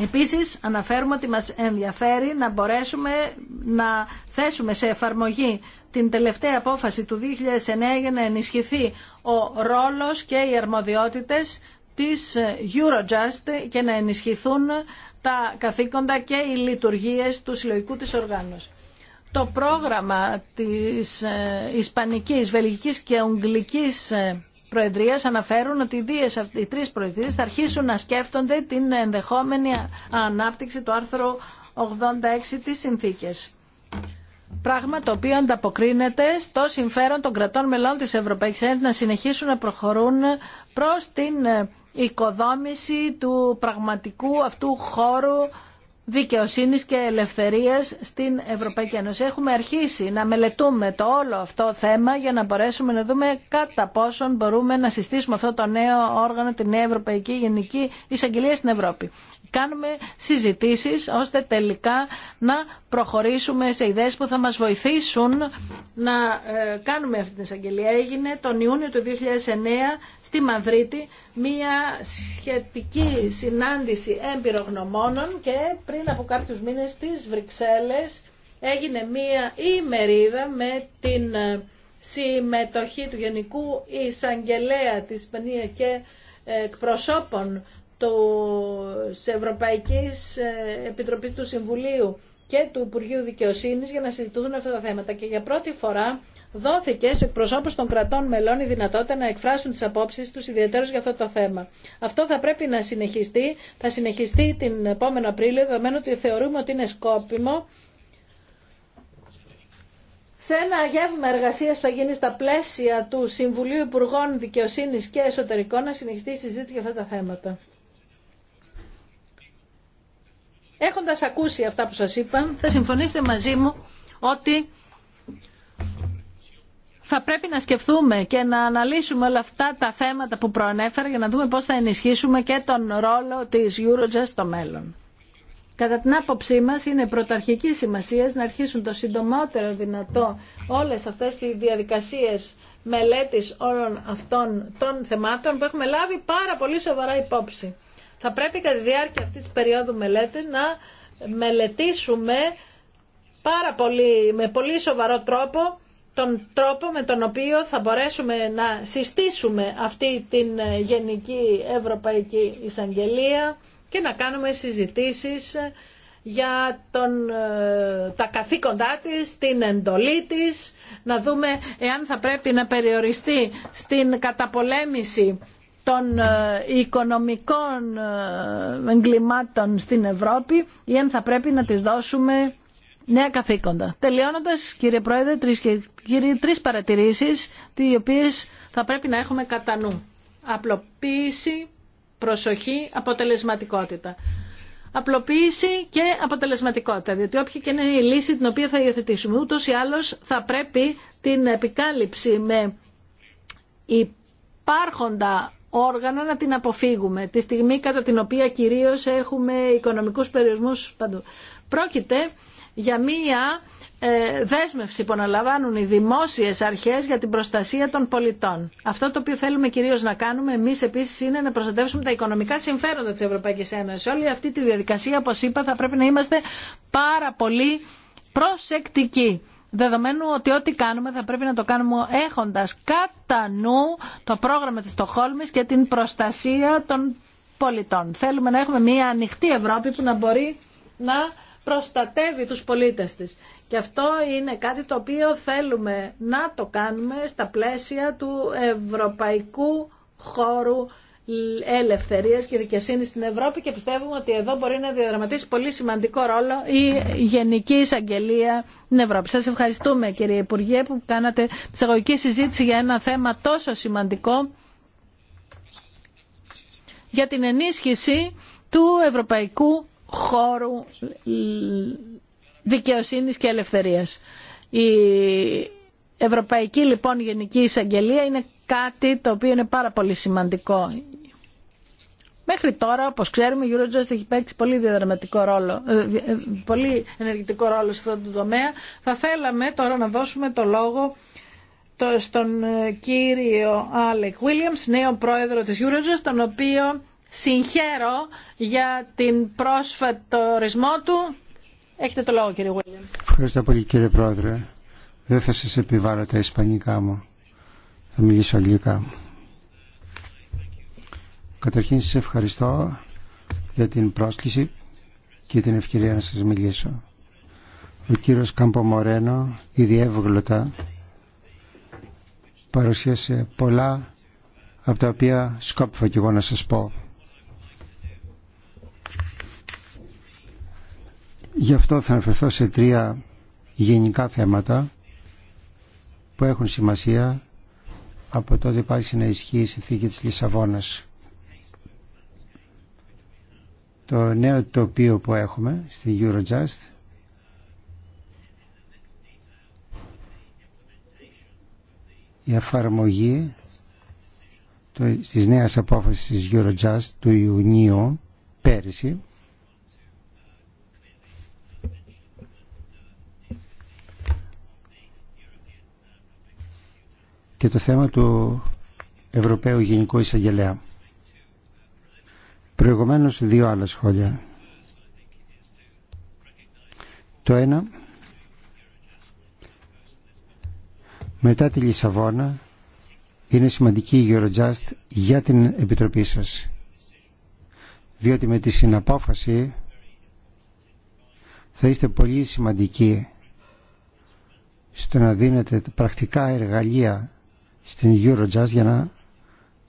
Επίσης αναφέρουμε ότι μας ενδιαφέρει να μπορέσουμε να θέσουμε σε εφαρμογή την τελευταία απόφαση του 2009 για να ενισχυθεί ο ρόλος και οι αρμοδιότητες της Eurojust και να ενισχυθούν τα καθήκοντα και οι λειτουργίες του συλλογικού της οργάνωσης. Το πρόγραμμα της ε, Ισπανικής, Βελγικής και Ουγγλικής ε, αναφέρουν ότι οι, δύο, οι τρεις προεδρίες θα αρχίσουν να σκέφτονται την ενδεχόμενη ανάπτυξη του άρθρου 86 της συνθήκες. Πράγμα το οποίο ανταποκρίνεται στο συμφέρον των κρατών μελών της Ευρωπαϊκής Ένωσης να συνεχίσουν να προχωρούν προς την οικοδόμηση του πραγματικού αυτού χώρου δικαιοσύνης και ελευθερίας στην Ευρωπαϊκή Ένωση. Έχουμε αρχίσει να μελετούμε το όλο αυτό θέμα για να μπορέσουμε να δούμε κατά πόσον μπορούμε να συστήσουμε αυτό το νέο όργανο, την νέα Ευρωπαϊκή Γενική Εισαγγελία στην Ευρώπη κάνουμε συζητήσεις ώστε τελικά να προχωρήσουμε σε ιδέες που θα μας βοηθήσουν να ε, κάνουμε αυτή την εισαγγελία. Έγινε τον Ιούνιο του 2009 στη Μαδρίτη μια σχετική συνάντηση εμπειρογνωμόνων και πριν από κάποιους μήνες στις Βρυξέλλες έγινε μια ημερίδα με την ε, συμμετοχή του Γενικού Εισαγγελέα της Ισπανία και ε, εκπροσώπων Τη Ευρωπαϊκής ε, Επιτροπής του Συμβουλίου και του Υπουργείου Δικαιοσύνης για να συζητούν αυτά τα θέματα. Και για πρώτη φορά δόθηκε σε εκπροσώπους των κρατών μελών η δυνατότητα να εκφράσουν τις απόψεις τους ιδιαίτερως για αυτό το θέμα. Αυτό θα πρέπει να συνεχιστεί, θα συνεχιστεί την επόμενη Απρίλιο, δεδομένου ότι θεωρούμε ότι είναι σκόπιμο σε ένα γεύμα εργασία που θα γίνει στα πλαίσια του Συμβουλίου Υπουργών Δικαιοσύνη και Εσωτερικών να συνεχιστεί η συζήτηση για αυτά τα θέματα. Έχοντας ακούσει αυτά που σας είπα, θα συμφωνήσετε μαζί μου ότι θα πρέπει να σκεφτούμε και να αναλύσουμε όλα αυτά τα θέματα που προανέφερα για να δούμε πώς θα ενισχύσουμε και τον ρόλο της Eurojust στο μέλλον. Κατά την άποψή μας είναι πρωταρχική σημασία να αρχίσουν το συντομότερο δυνατό όλες αυτές τις διαδικασίες μελέτης όλων αυτών των θεμάτων που έχουμε λάβει πάρα πολύ σοβαρά υπόψη θα πρέπει κατά τη διάρκεια αυτής της περίοδου μελέτη να μελετήσουμε πάρα πολύ, με πολύ σοβαρό τρόπο τον τρόπο με τον οποίο θα μπορέσουμε να συστήσουμε αυτή την ε, Γενική Ευρωπαϊκή Εισαγγελία και να κάνουμε συζητήσεις ε, για τον, ε, τα καθήκοντά της, την εντολή της, να δούμε εάν θα πρέπει να περιοριστεί στην καταπολέμηση των ε, οικονομικών ε, εγκλημάτων στην Ευρώπη ή αν θα πρέπει να τις δώσουμε νέα καθήκοντα. Τελειώνοντας, κύριε Πρόεδρε, τρεις, και, τρεις παρατηρήσεις τις οποίες θα πρέπει να έχουμε κατά νου. Απλοποίηση, προσοχή, αποτελεσματικότητα. Απλοποίηση και αποτελεσματικότητα, διότι όποια και είναι η λύση την οποία θα υιοθετήσουμε, ούτως ή άλλως θα πρέπει την επικάλυψη με υπάρχοντα όργανα να την αποφύγουμε, τη στιγμή κατά την οποία κυρίως έχουμε οικονομικούς περιορισμούς παντού. Πρόκειται για μία ε, δέσμευση που αναλαμβάνουν οι δημόσιες αρχές για την προστασία των πολιτών. Αυτό το οποίο θέλουμε κυρίως να κάνουμε εμείς επίσης είναι να προστατεύσουμε τα οικονομικά συμφέροντα της Ευρωπαϊκής Ένωσης. όλη αυτή τη διαδικασία, όπως είπα, θα πρέπει να είμαστε πάρα πολύ προσεκτικοί δεδομένου ότι ό,τι κάνουμε θα πρέπει να το κάνουμε έχοντας κατά νου το πρόγραμμα της Στοχόλμης και την προστασία των πολιτών. Θέλουμε να έχουμε μια ανοιχτή Ευρώπη που να μπορεί να προστατεύει τους πολίτες της. Και αυτό είναι κάτι το οποίο θέλουμε να το κάνουμε στα πλαίσια του ευρωπαϊκού χώρου Ελευθερία και δικαιοσύνη στην Ευρώπη και πιστεύουμε ότι εδώ μπορεί να διαδραματίσει πολύ σημαντικό ρόλο η Γενική Εισαγγελία στην Ευρώπη. Σας ευχαριστούμε κύριε Υπουργέ που κάνατε τη σαγωγική συζήτηση για ένα θέμα τόσο σημαντικό για την ενίσχυση του ευρωπαϊκού χώρου δικαιοσύνης και ελευθερίας. Η Ευρωπαϊκή λοιπόν Γενική Εισαγγελία είναι κάτι το οποίο είναι πάρα πολύ σημαντικό Μέχρι τώρα, όπω ξέρουμε, η Eurojust έχει παίξει πολύ, διαδραματικό ρόλο, ε, ε, πολύ ενεργητικό ρόλο σε αυτό το τομέα. Θα θέλαμε τώρα να δώσουμε το λόγο στον ε, κύριο Άλεκ Βίλιαμ, νέο πρόεδρο της Eurojust, τον οποίο συγχαίρω για την πρόσφατο ορισμό του. Έχετε το λόγο κύριε Βίλιαμς. Ευχαριστώ πολύ κύριε πρόεδρε. Δεν θα σας επιβάλλω τα ισπανικά μου. Θα μιλήσω αγγλικά μου. Καταρχήν σας ευχαριστώ για την πρόσκληση και την ευκαιρία να σας μιλήσω. Ο κύριος Καμπομορένο ήδη εύγλωτα παρουσίασε πολλά από τα οποία σκόπιφα κι εγώ να σας πω. Γι' αυτό θα αναφερθώ σε τρία γενικά θέματα που έχουν σημασία από τότε πάλι να ισχύει η συνθήκη της Λισαβόνας το νέο τοπίο που έχουμε στη Eurojust η εφαρμογή το, της νέας απόφασης της Eurojust του Ιουνίου πέρυσι και το θέμα του Ευρωπαίου Γενικού Εισαγγελέα. Προηγουμένως δύο άλλα σχόλια. Το ένα, μετά τη Λισαβόνα, είναι σημαντική η Eurojust για την Επιτροπή σας. Διότι με τη συναπόφαση θα είστε πολύ σημαντικοί στο να δίνετε πρακτικά εργαλεία στην Eurojust για να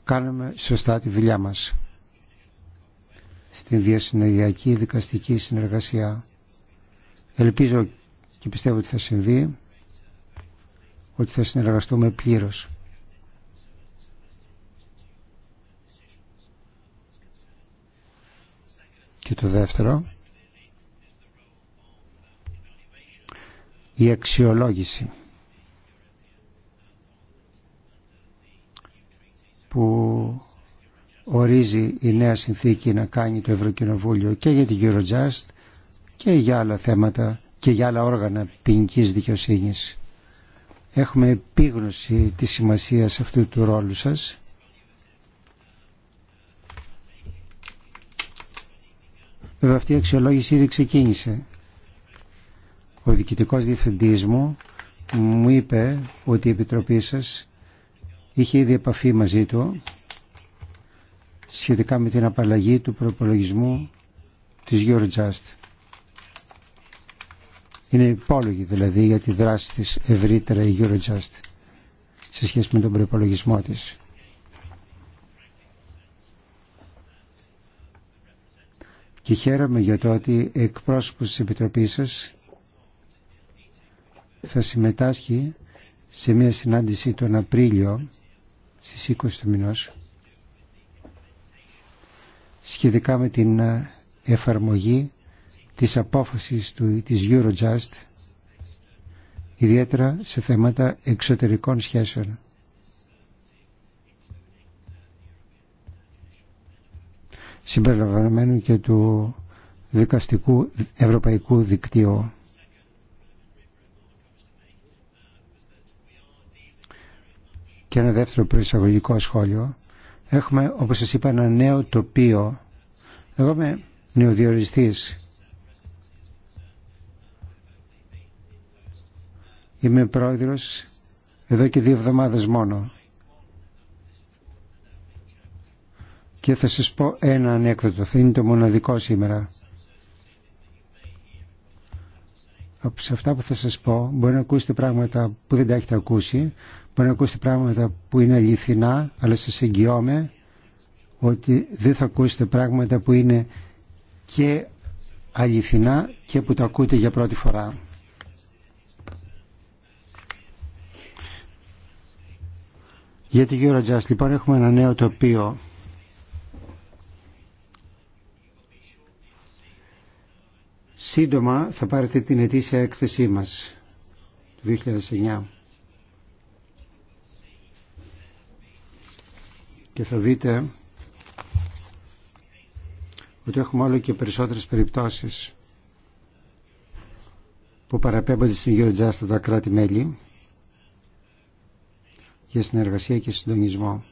κάνουμε σωστά τη δουλειά μας στην διασυνεργειακή δικαστική συνεργασία. Ελπίζω και πιστεύω ότι θα συμβεί ότι θα συνεργαστούμε πλήρως. Και το δεύτερο, η αξιολόγηση που ορίζει η νέα συνθήκη να κάνει το Ευρωκοινοβούλιο και για την Eurojust και για άλλα θέματα και για άλλα όργανα ποινική δικαιοσύνης. Έχουμε επίγνωση τη σημασίας αυτού του ρόλου σας. Βέβαια αυτή η αξιολόγηση ήδη ξεκίνησε. Ο διοικητικός διευθυντής μου μου είπε ότι η Επιτροπή σας είχε ήδη επαφή μαζί του σχετικά με την απαλλαγή του προπολογισμού της Eurojust. Είναι υπόλογη δηλαδή για τη δράση της ευρύτερα η Eurojust σε σχέση με τον προπολογισμό της. Και χαίρομαι για το ότι εκπρόσωπος της Επιτροπής σας θα συμμετάσχει σε μια συνάντηση τον Απρίλιο στις 20 του μηνός σχετικά με την ε, εφαρμογή της απόφασης του, της Eurojust ιδιαίτερα σε θέματα εξωτερικών σχέσεων. συμπεριλαμβανομένου και του δικαστικού ευρωπαϊκού δικτύου. Και ένα δεύτερο προεισαγωγικό σχόλιο Έχουμε, όπως σας είπα, ένα νέο τοπίο. Εγώ είμαι νεοδιοριστής. Είμαι πρόεδρος εδώ και δύο εβδομάδες μόνο. Και θα σας πω ένα ανέκδοτο, θα είναι το μοναδικό σήμερα. σε αυτά που θα σας πω μπορεί να ακούσετε πράγματα που δεν τα έχετε ακούσει, Μπορεί να ακούσετε πράγματα που είναι αληθινά, αλλά σας εγγυώμαι ότι δεν θα ακούσετε πράγματα που είναι και αληθινά και που τα ακούτε για πρώτη φορά. Για τη Eurojust λοιπόν έχουμε ένα νέο τοπίο. Σύντομα θα πάρετε την ετήσια έκθεσή μας του 2009. και θα δείτε ότι έχουμε όλο και περισσότερες περιπτώσεις που παραπέμπονται στην Eurojust από τα κράτη-μέλη για συνεργασία και συντονισμό.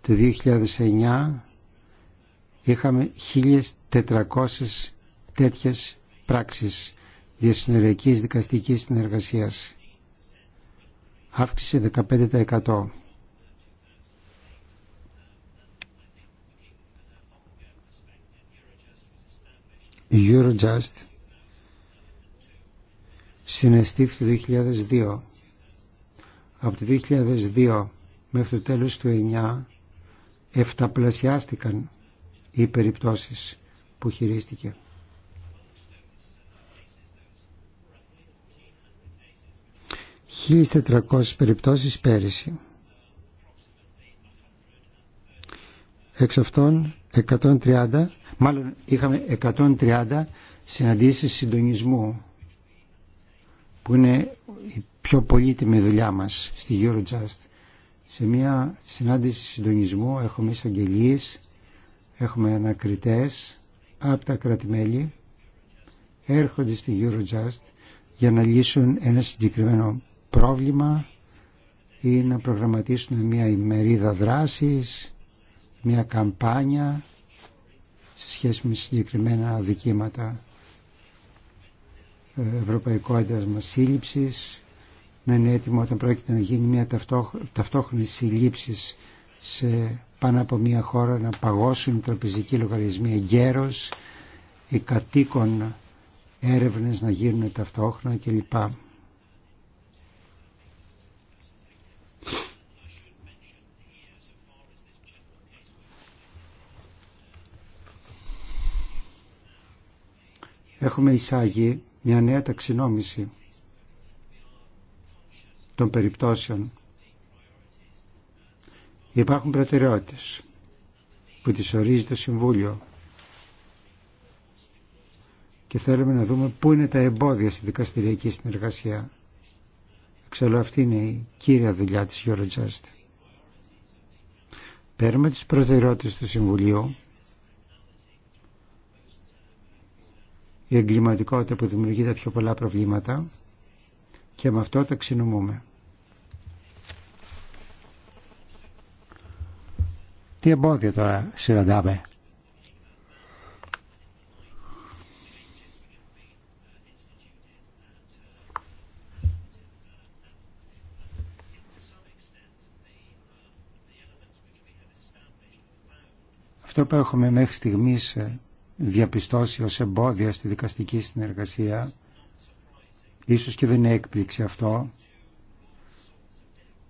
Το 2009 είχαμε 1.400 τέτοιες πράξεις διασυνοριακής δικαστικής συνεργασίας. Αύξησε 15%. Η Eurojust συναισθήθηκε το 2002. Από το 2002 μέχρι το τέλος του 2009 εφταπλασιάστηκαν οι περιπτώσεις που χειρίστηκε. 1.400 περιπτώσεις πέρυσι. Εξ αυτών 130 μάλλον είχαμε 130 συναντήσεις συντονισμού που είναι η πιο πολύτιμη δουλειά μας στη Eurojust. Σε μια συνάντηση συντονισμού έχουμε εισαγγελίε, έχουμε ανακριτές από τα κρατημέλη, έρχονται στη Eurojust για να λύσουν ένα συγκεκριμένο πρόβλημα ή να προγραμματίσουν μια ημερίδα δράσης, μια καμπάνια σε σχέση με συγκεκριμένα αδικήματα ε, ευρωπαϊκό έντασμα σύλληψης να είναι έτοιμο όταν πρόκειται να γίνει μια ταυτόχρονη σύλληψη σε πάνω από μια χώρα να παγώσουν οι τραπεζικοί λογαριασμοί εγκαίρως οι κατοίκων έρευνες να γίνουν ταυτόχρονα κλπ. έχουμε εισάγει μια νέα ταξινόμηση των περιπτώσεων. Υπάρχουν προτεραιότητες που τις ορίζει το Συμβούλιο και θέλουμε να δούμε πού είναι τα εμπόδια στη δικαστηριακή συνεργασία. Ξέρω αυτή είναι η κύρια δουλειά της Eurojust. Παίρνουμε τις προτεραιότητες του Συμβουλίου η εγκληματικότητα που δημιουργεί τα πιο πολλά προβλήματα και με αυτό τα ξυνομούμε. Τι εμπόδια τώρα συναντάμε. Αυτό που έχουμε μέχρι στιγμής ε, διαπιστώσει ως εμπόδια στη δικαστική συνεργασία. Ίσως και δεν είναι έκπληξη αυτό.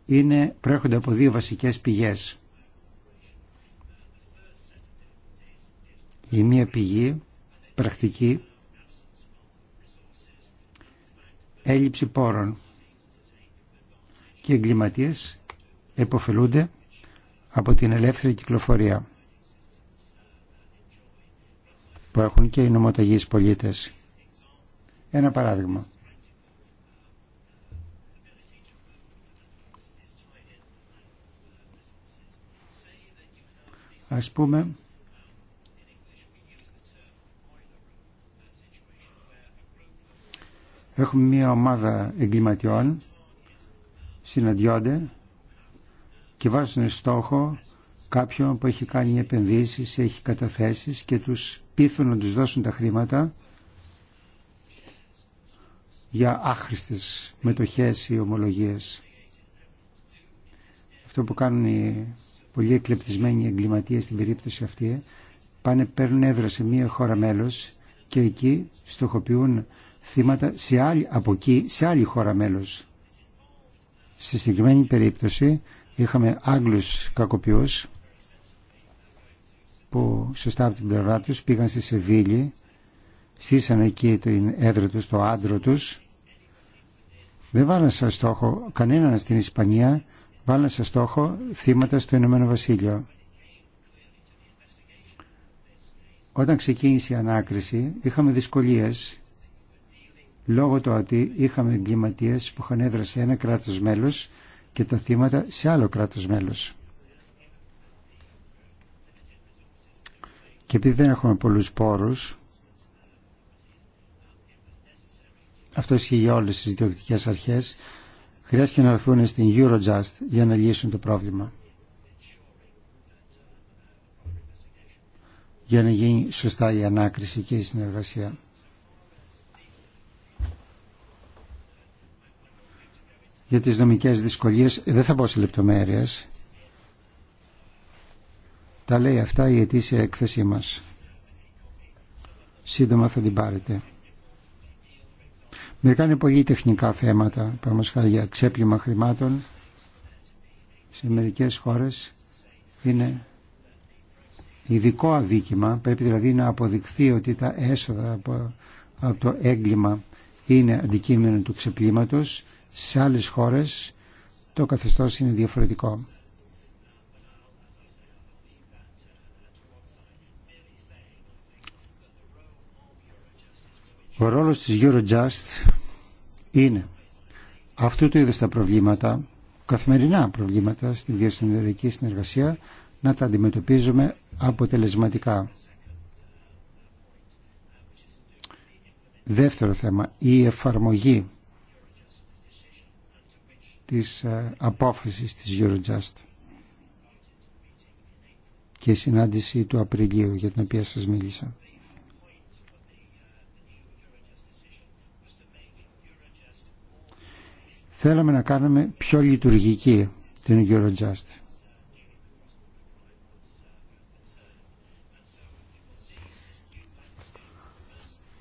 Είναι, προέρχονται από δύο βασικές πηγές. Η μία πηγή, πρακτική, έλλειψη πόρων και εγκληματίες εποφελούνται από την ελεύθερη κυκλοφορία που έχουν και οι νομοταγείς πολίτες. Ένα παράδειγμα. Ας πούμε, έχουμε μία ομάδα εγκληματιών, συναντιόνται και βάζουν στόχο κάποιον που έχει κάνει επενδύσεις, έχει καταθέσεις και τους πείθουν να τους δώσουν τα χρήματα για άχρηστες μετοχές ή ομολογίες. Αυτό που κάνουν οι πολύ εκλεπτισμένοι εγκληματίες στην περίπτωση αυτή πάνε παίρνουν έδρα σε μία χώρα μέλος και εκεί στοχοποιούν θύματα σε άλλη, από εκεί σε άλλη χώρα μέλος. Στη συγκεκριμένη περίπτωση είχαμε Άγγλους κακοποιούς που σωστά από την πλευρά τους πήγαν στη Σεβίλη, στήσαν εκεί την έδρα τους, το άντρο τους. Δεν βάλαν σαν στόχο κανέναν στην Ισπανία, βάλαν σαν στόχο θύματα στο Ηνωμένο Βασίλειο. Όταν ξεκίνησε η ανάκριση είχαμε δυσκολίες λόγω του ότι είχαμε εγκληματίες που είχαν έδρα σε ένα κράτος μέλος και τα θύματα σε άλλο κράτος μέλος. και επειδή δεν έχουμε πολλούς πόρους αυτό ισχύει για όλες τις διοκτικές αρχές χρειάστηκε να έρθουν στην Eurojust για να λύσουν το πρόβλημα για να γίνει σωστά η ανάκριση και η συνεργασία. Για τις νομικές δυσκολίες δεν θα μπω σε λεπτομέρειες τα λέει αυτά η ετήσια έκθεσή μας. Σύντομα θα την πάρετε. Μερικά είναι πολύ τεχνικά θέματα, πραγματικά για ξέπλυμα χρημάτων. Σε μερικές χώρες είναι ειδικό αδίκημα, πρέπει δηλαδή να αποδειχθεί ότι τα έσοδα από, το έγκλημα είναι αντικείμενο του ξεπλήματος. Σε άλλες χώρες το καθεστώς είναι διαφορετικό. Ο ρόλος της Eurojust είναι αυτού του είδους τα προβλήματα, καθημερινά προβλήματα στην διασυνδερική συνεργασία, να τα αντιμετωπίζουμε αποτελεσματικά. Δεύτερο θέμα, η εφαρμογή της ε, απόφασης της Eurojust και η συνάντηση του Απριλίου για την οποία σας μίλησα. Θέλαμε να κάνουμε πιο λειτουργική την Eurojust.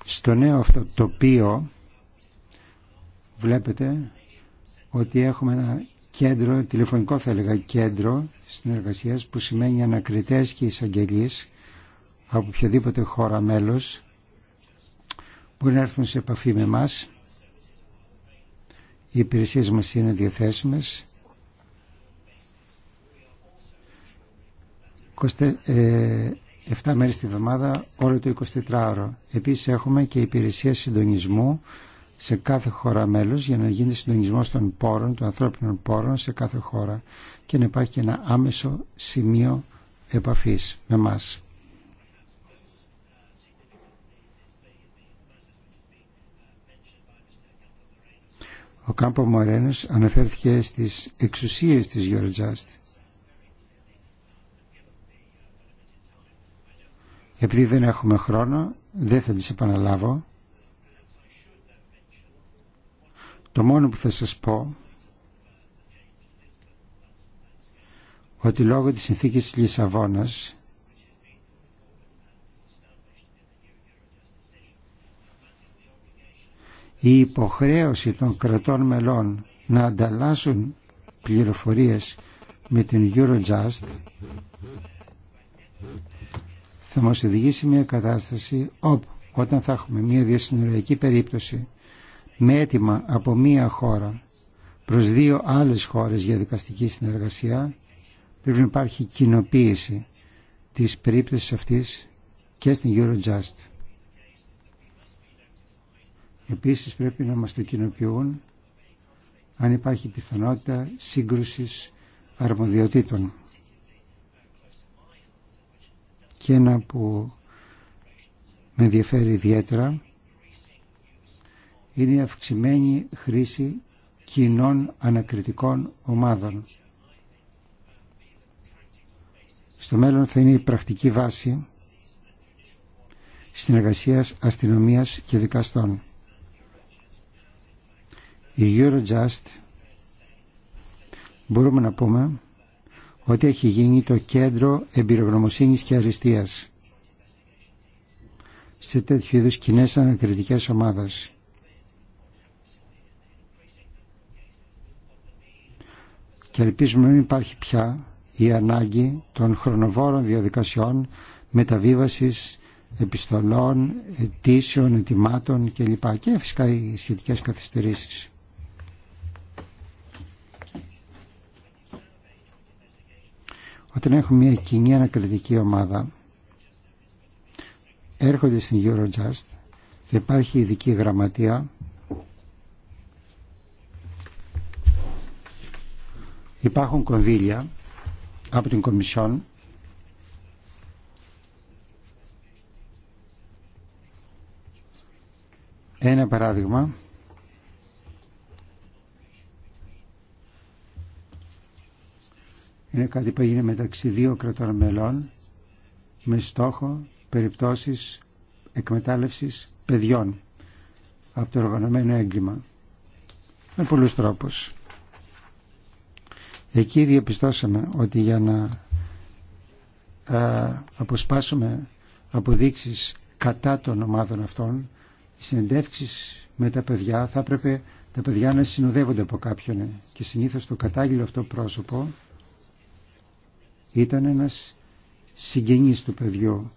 Στο νέο αυτό τοπίο βλέπετε ότι έχουμε ένα κέντρο, τηλεφωνικό θα έλεγα κέντρο συνεργασίας που σημαίνει ανακριτές και εισαγγελείς από οποιαδήποτε χώρα μέλος μπορεί να έρθουν σε επαφή με μας οι υπηρεσίες μας είναι διαθέσιμες. 7 ε, μέρες τη βδομάδα όλο το 24ωρο. Επίσης έχουμε και υπηρεσία συντονισμού σε κάθε χώρα μέλος για να γίνει συντονισμός των πόρων, των ανθρώπινων πόρων σε κάθε χώρα και να υπάρχει και ένα άμεσο σημείο επαφής με μας. Ο Κάμπο Μορένος αναφέρθηκε στις εξουσίες της Eurojust. Επειδή δεν έχουμε χρόνο, δεν θα τις επαναλάβω. Το μόνο που θα σας πω ότι λόγω της συνθήκης της Λισαβόνας η υποχρέωση των κρατών μελών να ανταλλάσσουν πληροφορίες με την Eurojust θα μας οδηγήσει μια κατάσταση όπου όταν θα έχουμε μια διασυνοριακή περίπτωση με αίτημα από μια χώρα προς δύο άλλες χώρες για δικαστική συνεργασία πρέπει να υπάρχει κοινοποίηση της περίπτωσης αυτής και στην Eurojust. Επίσης πρέπει να μας το κοινοποιούν αν υπάρχει πιθανότητα σύγκρουσης αρμοδιοτήτων. Και ένα που με ενδιαφέρει ιδιαίτερα είναι η αυξημένη χρήση κοινών ανακριτικών ομάδων. Στο μέλλον θα είναι η πρακτική βάση συνεργασίας αστυνομίας και δικαστών. Η Eurojust μπορούμε να πούμε ότι έχει γίνει το κέντρο εμπειρογνωμοσύνης και αριστείας σε τέτοιου είδους κοινέ ανακριτικές ομάδες. Και ελπίζουμε να υπάρχει πια η ανάγκη των χρονοβόρων διαδικασιών μεταβίβασης επιστολών, αιτήσεων, ετοιμάτων κλπ. Και φυσικά οι σχετικές καθυστερήσεις. Όταν έχουμε μια κοινή ανακριτική ομάδα, έρχονται στην Eurojust, θα υπάρχει ειδική γραμματεία, υπάρχουν κονδύλια από την Κομισιόν, ένα παράδειγμα είναι κάτι που έγινε μεταξύ δύο κρατών μελών με στόχο περιπτώσεις εκμετάλλευσης παιδιών από το οργανωμένο έγκλημα με πολλούς τρόπους. Εκεί διαπιστώσαμε ότι για να αποσπάσουμε αποδείξεις κατά των ομάδων αυτών οι συνεντεύξεις με τα παιδιά θα έπρεπε τα παιδιά να συνοδεύονται από κάποιον και συνήθως το κατάλληλο αυτό πρόσωπο ήταν ένας συγγενής του παιδιού.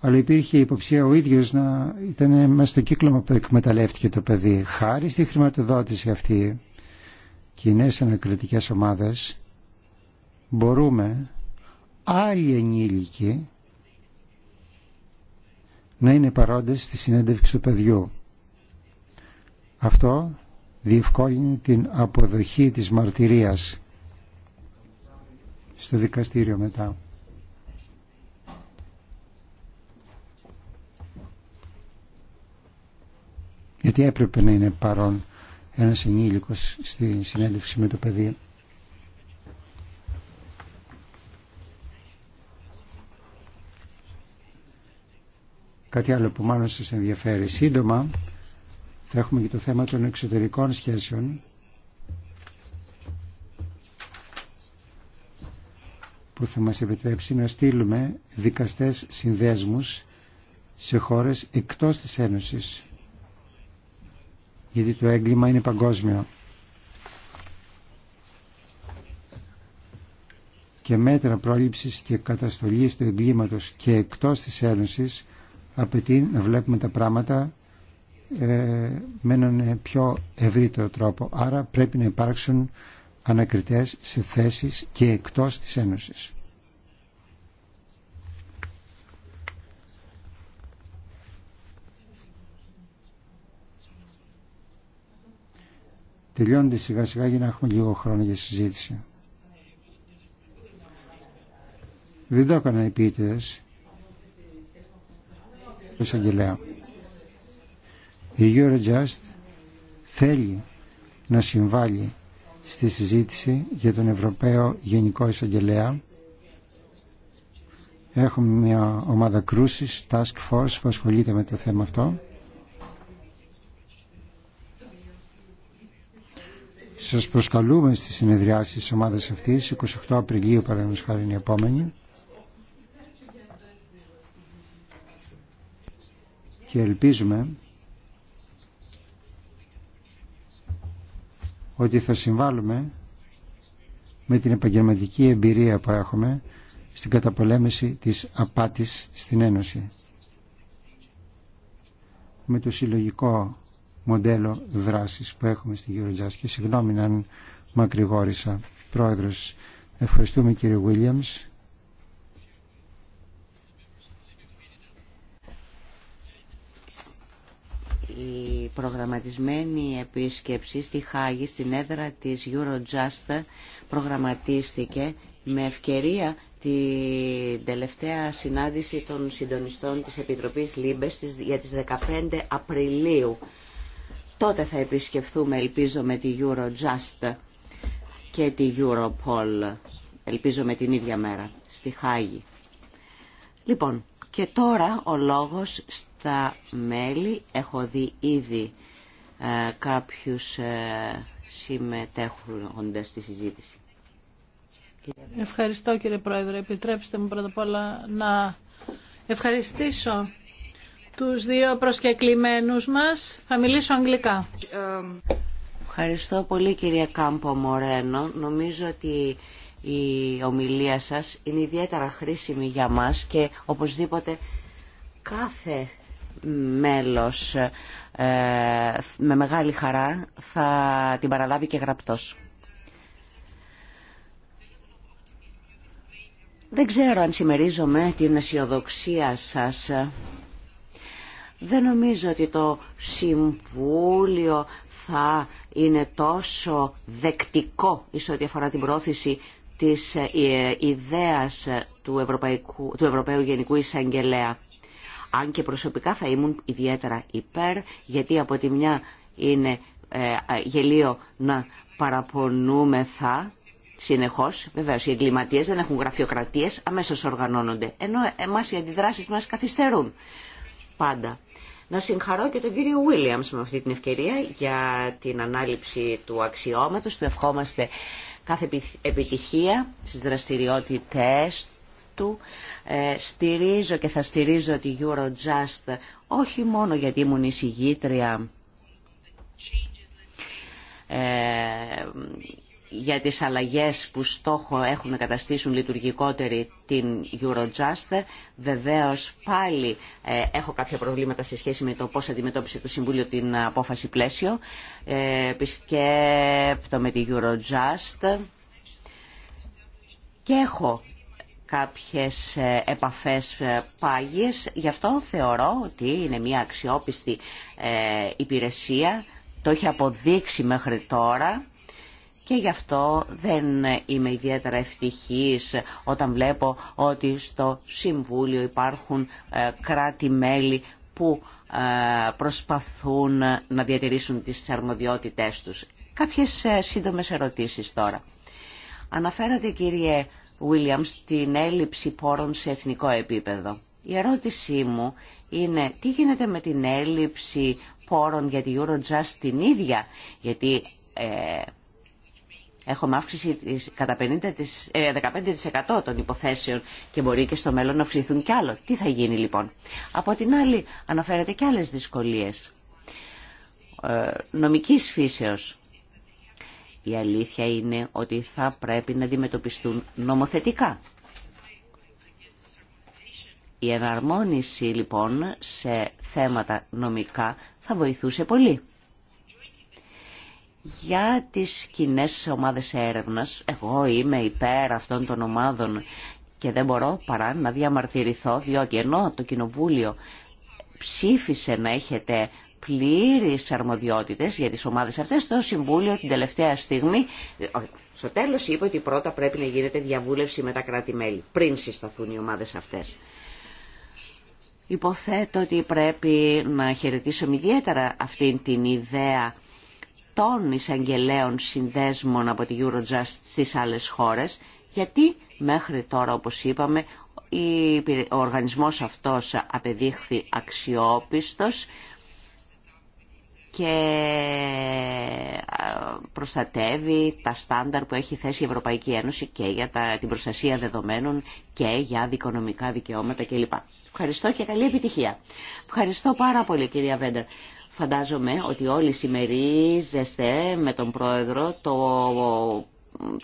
Αλλά υπήρχε υποψία ο ίδιος να ήταν μέσα στο κύκλωμα που εκμεταλλεύτηκε το παιδί. Χάρη στη χρηματοδότηση αυτή νέες ανακριτικές ομάδες μπορούμε άλλοι ενήλικοι να είναι παρόντες στη συνέντευξη του παιδιού. Αυτό διευκόλυνε την αποδοχή της μαρτυρίας στο δικαστήριο μετά. Γιατί έπρεπε να είναι παρόν ένας ενήλικος στη συνέντευξη με το παιδί. Κάτι άλλο που μάλλον σας ενδιαφέρει. Σύντομα θα έχουμε και το θέμα των εξωτερικών σχέσεων που θα μας επιτρέψει να στείλουμε δικαστές συνδέσμους σε χώρες εκτός της Ένωσης. Γιατί το έγκλημα είναι παγκόσμιο. Και μέτρα πρόληψης και καταστολής του εγκλήματος και εκτός της Ένωσης απαιτεί να βλέπουμε τα πράγματα ε, με έναν ε, πιο ευρύτερο τρόπο. Άρα πρέπει να υπάρξουν ανακριτές σε θέσεις και εκτός της Ένωσης. Τελειώνεται σιγά σιγά για να έχουμε λίγο χρόνο για συζήτηση. Δεν το έκανα οι ποιητές του Η Eurojust θέλει να συμβάλλει στη συζήτηση για τον Ευρωπαίο Γενικό Εισαγγελέα. Έχουμε μια ομάδα κρούσης, task force, που ασχολείται με το θέμα αυτό. Σας προσκαλούμε στη συνεδριάση της ομάδας αυτής, 28 Απριλίου παραδείγματος χάρη είναι η επόμενη. Και ελπίζουμε ότι θα συμβάλλουμε με την επαγγελματική εμπειρία που έχουμε στην καταπολέμηση της απάτης στην Ένωση. Με το συλλογικό μοντέλο δράσης που έχουμε στη Eurojust και συγγνώμη αν μακρηγόρησα πρόεδρος. Ευχαριστούμε κύριε Williams. η προγραμματισμένη επίσκεψη στη Χάγη, στην έδρα της Eurojust, προγραμματίστηκε με ευκαιρία την τελευταία συνάντηση των συντονιστών της Επιτροπής Λίμπες για τις 15 Απριλίου. Τότε θα επισκεφθούμε, ελπίζω, με τη Eurojust και τη Europol, ελπίζω με την ίδια μέρα, στη Χάγη. Λοιπόν, και τώρα ο λόγος στα μέλη. Έχω δει ήδη ε, κάποιους ε, συμμετέχοντες στη συζήτηση. Ευχαριστώ κύριε Πρόεδρε. Επιτρέψτε μου πρώτα απ' όλα να ευχαριστήσω τους δύο προσκεκλημένους μας. Θα μιλήσω αγγλικά. Ευχαριστώ πολύ κυρία Κάμπο Μορένο. Νομίζω ότι η ομιλία σας είναι ιδιαίτερα χρήσιμη για μας και οπωσδήποτε κάθε μέλος ε, με μεγάλη χαρά θα την παραλάβει και γραπτός. Δεν ξέρω αν συμμερίζομαι την αισιοδοξία σας. Δεν νομίζω ότι το Συμβούλιο θα είναι τόσο δεκτικό εις ό,τι αφορά την πρόθεση της ε, ιδέας ε, του, Ευρωπαϊκού, του Ευρωπαίου Γενικού Εισαγγελέα. Αν και προσωπικά θα ήμουν ιδιαίτερα υπέρ, γιατί από τη μια είναι ε, γελίο να παραπονούμεθα συνεχώς. Βεβαίως οι εγκληματίες δεν έχουν γραφειοκρατίες, αμέσως οργανώνονται, ενώ εμάς οι αντιδράσεις μας καθυστερούν πάντα. Να συγχαρώ και τον κύριο Βίλιαμς με αυτή την ευκαιρία για την ανάληψη του αξιώματος. Του ευχόμαστε κάθε επιτυχία στις δραστηριότητες του. Ε, στηρίζω και θα στηρίζω τη Eurojust όχι μόνο γιατί ήμουν εισηγήτρια ε, για τις αλλαγές που στόχο έχουν να καταστήσουν λειτουργικότερη την Eurojust. Βεβαίως πάλι ε, έχω κάποια προβλήματα σε σχέση με το πώς αντιμετώπισε το Συμβούλιο την απόφαση πλαίσιο. Ε, επισκέπτομαι με τη Eurojust και έχω κάποιες ε, επαφές ε, πάγιες. Γι' αυτό θεωρώ ότι είναι μια αξιόπιστη υπηρεσία. Το έχει αποδείξει μέχρι τώρα και γι' αυτό δεν είμαι ιδιαίτερα ευτυχής όταν βλέπω ότι στο Συμβούλιο υπάρχουν ε, κράτη-μέλη που ε, προσπαθούν να διατηρήσουν τις αρμοδιότητές τους. Κάποιες ε, σύντομες ερωτήσεις τώρα. Αναφέρατε κύριε Williams την έλλειψη πόρων σε εθνικό επίπεδο. Η ερώτησή μου είναι τι γίνεται με την έλλειψη πόρων για τη Eurojust την ίδια, γιατί Έχουμε αύξηση κατά 50, 15% ε, των υποθέσεων και μπορεί και στο μέλλον να αυξηθούν κι άλλο. Τι θα γίνει λοιπόν. Από την άλλη αναφέρεται κι άλλες δυσκολίες. Ε, νομικής φύσεως. Η αλήθεια είναι ότι θα πρέπει να αντιμετωπιστούν νομοθετικά. Η εναρμόνιση λοιπόν σε θέματα νομικά θα βοηθούσε πολύ. Για τις κοινέ ομάδες έρευνας, εγώ είμαι υπέρ αυτών των ομάδων και δεν μπορώ παρά να διαμαρτυρηθώ, διότι ενώ το Κοινοβούλιο ψήφισε να έχετε πλήρεις αρμοδιότητες για τις ομάδες αυτές, το Συμβούλιο την τελευταία στιγμή, στο τέλος είπε ότι πρώτα πρέπει να γίνεται διαβούλευση με τα κράτη-μέλη, πριν συσταθούν οι ομάδες αυτές. Υποθέτω ότι πρέπει να χαιρετήσουμε ιδιαίτερα αυτήν την ιδέα των εισαγγελέων συνδέσμων από τη Eurojust στις άλλες χώρες, γιατί μέχρι τώρα, όπως είπαμε, ο οργανισμός αυτός απεδείχθη αξιόπιστος και ε, προστατεύει τα στάνταρ που έχει θέσει η Ευρωπαϊκή Ένωση και για την προστασία δεδομένων και για δικονομικά δικαιώματα κλπ. Ευχαριστώ και καλή επιτυχία. Ευχαριστώ πάρα πολύ κυρία Βέντερ. Φαντάζομαι ότι όλοι συμμερίζεστε με τον Πρόεδρο το,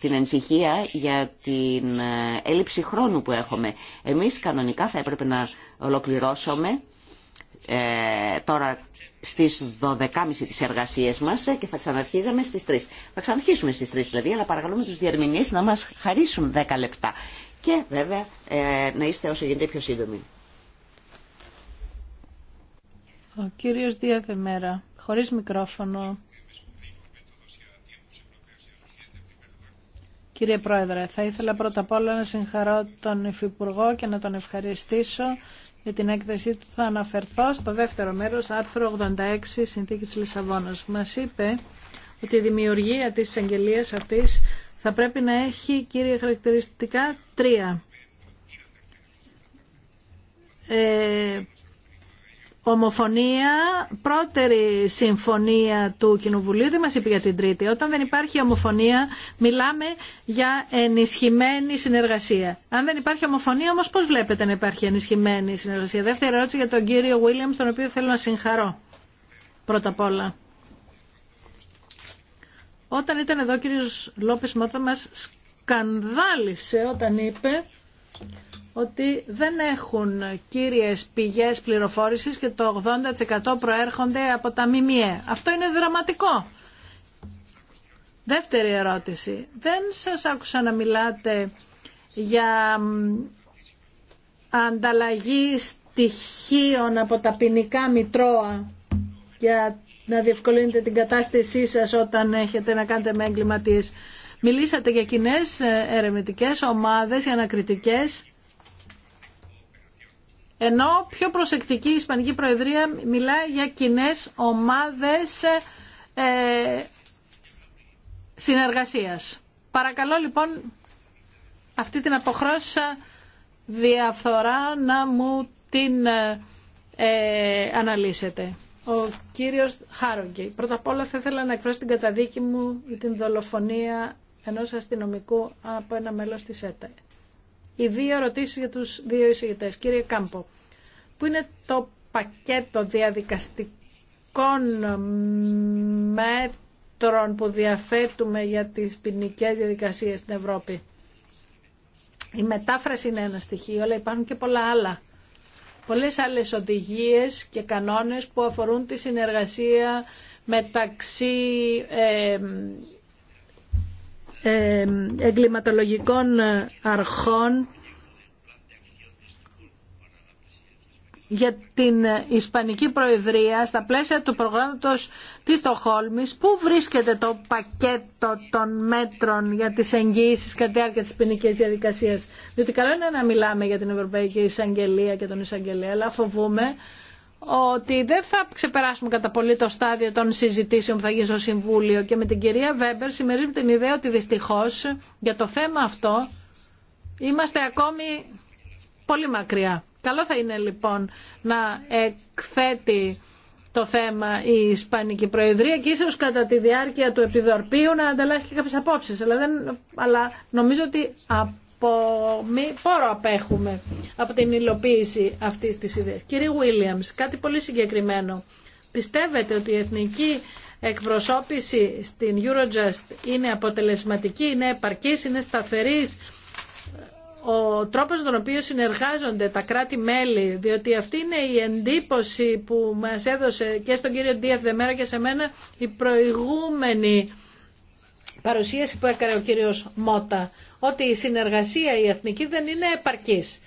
την ενσυχία για την ε, έλλειψη χρόνου που έχουμε. Εμείς κανονικά θα έπρεπε να ολοκληρώσουμε ε, τώρα στις 12.30 τις εργασίες μας και θα ξαναρχίζαμε στις 3. Θα ξαναρχίσουμε στις 3 δηλαδή, αλλά παρακαλούμε τους διερμηνείς να μας χαρίσουν 10 λεπτά. Και βέβαια ε, να είστε όσο γίνεται πιο σύντομοι. Ο κύριος Διαδεμέρα, χωρίς μικρόφωνο. Κύριε Πρόεδρε, θα ήθελα πρώτα απ' όλα να συγχαρώ τον Υφυπουργό και να τον ευχαριστήσω για την έκθεσή του. Θα αναφερθώ στο δεύτερο μέρος, άρθρο 86, Συνθήκη της Λισαβόνας. Μας είπε ότι η δημιουργία της εισαγγελία αυτής θα πρέπει να έχει κύρια χαρακτηριστικά τρία. Ε, ομοφωνία, πρώτερη συμφωνία του Κοινοβουλίου, δεν μας είπε για την τρίτη. Όταν δεν υπάρχει ομοφωνία, μιλάμε για ενισχυμένη συνεργασία. Αν δεν υπάρχει ομοφωνία, όμως πώς βλέπετε να υπάρχει ενισχυμένη συνεργασία. Δεύτερη ερώτηση για τον κύριο Βίλιαμ, τον οποίο θέλω να συγχαρώ πρώτα απ' όλα. Όταν ήταν εδώ ο κύριος Λόπης Μότα μας σκανδάλισε όταν είπε ότι δεν έχουν κύριες πηγές πληροφόρησης και το 80% προέρχονται από τα ΜΜΕ. Αυτό είναι δραματικό. Δεύτερη ερώτηση. Δεν σας άκουσα να μιλάτε για ανταλλαγή στοιχείων από τα ποινικά μητρώα για να διευκολύνετε την κατάστασή σας όταν έχετε να κάνετε με εγκληματίες. Μιλήσατε για κοινέ ε, ερευνητικές ομάδες, για ανακριτικές ενώ πιο προσεκτική η Ισπανική Προεδρία μιλάει για κοινέ ομάδες ε, συνεργασίας. Παρακαλώ λοιπόν αυτή την αποχρώσα διαφθορά να μου την ε, ε αναλύσετε. Ο κύριος Χάρογκη. Πρώτα απ' όλα θα ήθελα να εκφράσω την καταδίκη μου για την δολοφονία ενός αστυνομικού από ένα μέλος της ΕΤΑ. Οι δύο ερωτήσεις για τους δύο εισηγητές. Κύριε Κάμπο που είναι το πακέτο διαδικαστικών μέτρων που διαθέτουμε για τις ποινικέ διαδικασίες στην Ευρώπη. Η μετάφραση είναι ένα στοιχείο, αλλά υπάρχουν και πολλά άλλα. Πολλές άλλες οδηγίες και κανόνες που αφορούν τη συνεργασία μεταξύ εγκληματολογικών αρχών για την Ισπανική Προεδρία στα πλαίσια του προγράμματος της Στοχόλμης. Πού βρίσκεται το πακέτο των μέτρων για τις εγγύησεις κατά τη διάρκεια της ποινική διαδικασίας. Διότι καλό είναι να μιλάμε για την Ευρωπαϊκή Εισαγγελία και τον Εισαγγελέα, αλλά φοβούμε ότι δεν θα ξεπεράσουμε κατά πολύ το στάδιο των συζητήσεων που θα γίνει στο Συμβούλιο και με την κυρία Βέμπερ συμμερίζουμε την ιδέα ότι δυστυχώς για το θέμα αυτό είμαστε ακόμη πολύ μακριά. Καλό θα είναι λοιπόν να εκθέτει το θέμα η Ισπανική Προεδρία και ίσως κατά τη διάρκεια του επιδορπίου να ανταλλάσσει και κάποιες απόψεις. Αλλά, δεν, αλλά νομίζω ότι από μη πόρο απέχουμε από την υλοποίηση αυτής της ιδέας. Κύριε Βίλιαμς, κάτι πολύ συγκεκριμένο. Πιστεύετε ότι η εθνική εκπροσώπηση στην Eurojust είναι αποτελεσματική, είναι επαρκής, είναι σταθερής ο τρόπος τον οποίο συνεργάζονται τα κράτη-μέλη, διότι αυτή είναι η εντύπωση που μας έδωσε και στον κύριο Ντίεφ Δεμέρα και σε μένα η προηγούμενη παρουσίαση που έκανε ο κύριος Μότα, ότι η συνεργασία η εθνική δεν είναι επαρκής.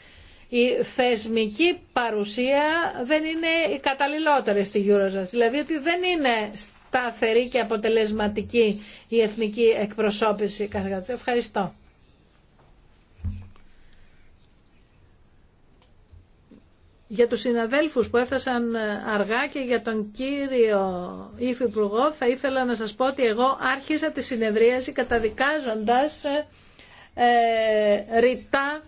Η θεσμική παρουσία δεν είναι η καταλληλότερη στη Eurozone, δηλαδή ότι δεν είναι σταθερή και αποτελεσματική η εθνική εκπροσώπηση. Ευχαριστώ. Για τους συναδέλφους που έφτασαν ε, αργά και για τον κύριο Υφυπουργό θα ήθελα να σας πω ότι εγώ άρχισα τη συνεδρίαση καταδικάζοντας ε, ε ρητά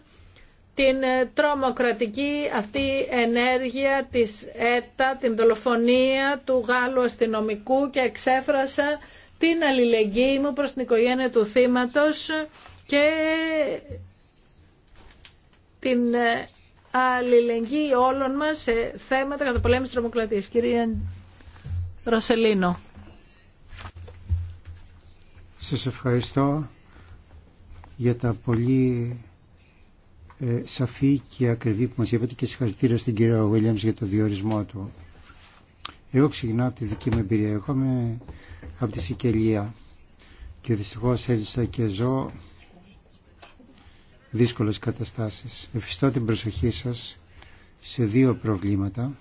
την ε, τρομοκρατική αυτή ενέργεια της ΕΤΑ, την δολοφονία του Γάλλου αστυνομικού και εξέφρασα την αλληλεγγύη μου προς την οικογένεια του θύματος και την αλληλεγγύη όλων μας σε θέματα κατά πολέμης τρομοκρατίας. Κυρία Ρωσελίνο. Σας ευχαριστώ για τα πολύ ε, σαφή και ακριβή που μας είπατε και συγχαρητήρια στην κυρία Βίλιαμς για το διορισμό του. Εγώ ξεκινάω από τη δική μου εμπειρία. Εγώ με από τη Σικελία και δυστυχώς έζησα και ζω δύσκολες καταστάσεις. Ευχαριστώ την προσοχή σας σε δύο προβλήματα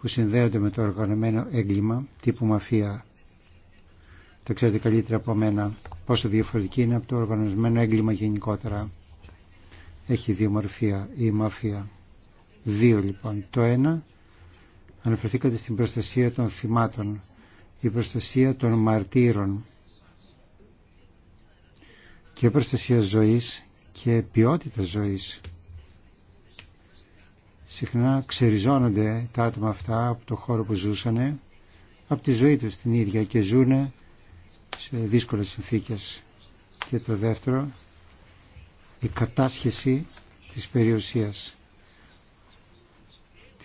που συνδέονται με το οργανωμένο έγκλημα τύπου μαφία. Το ξέρετε καλύτερα από μένα πόσο διαφορετική είναι από το οργανωμένο έγκλημα γενικότερα. Έχει δύο μορφία η μαφία. Δύο λοιπόν. Το ένα αναφερθήκατε στην προστασία των θυμάτων, η προστασία των μαρτύρων και προστασία ζωής και ποιότητα ζωής. Συχνά ξεριζώνονται τα άτομα αυτά από το χώρο που ζούσανε, από τη ζωή τους την ίδια και ζούνε σε δύσκολες συνθήκες. Και το δεύτερο, η κατάσχεση της περιουσίας,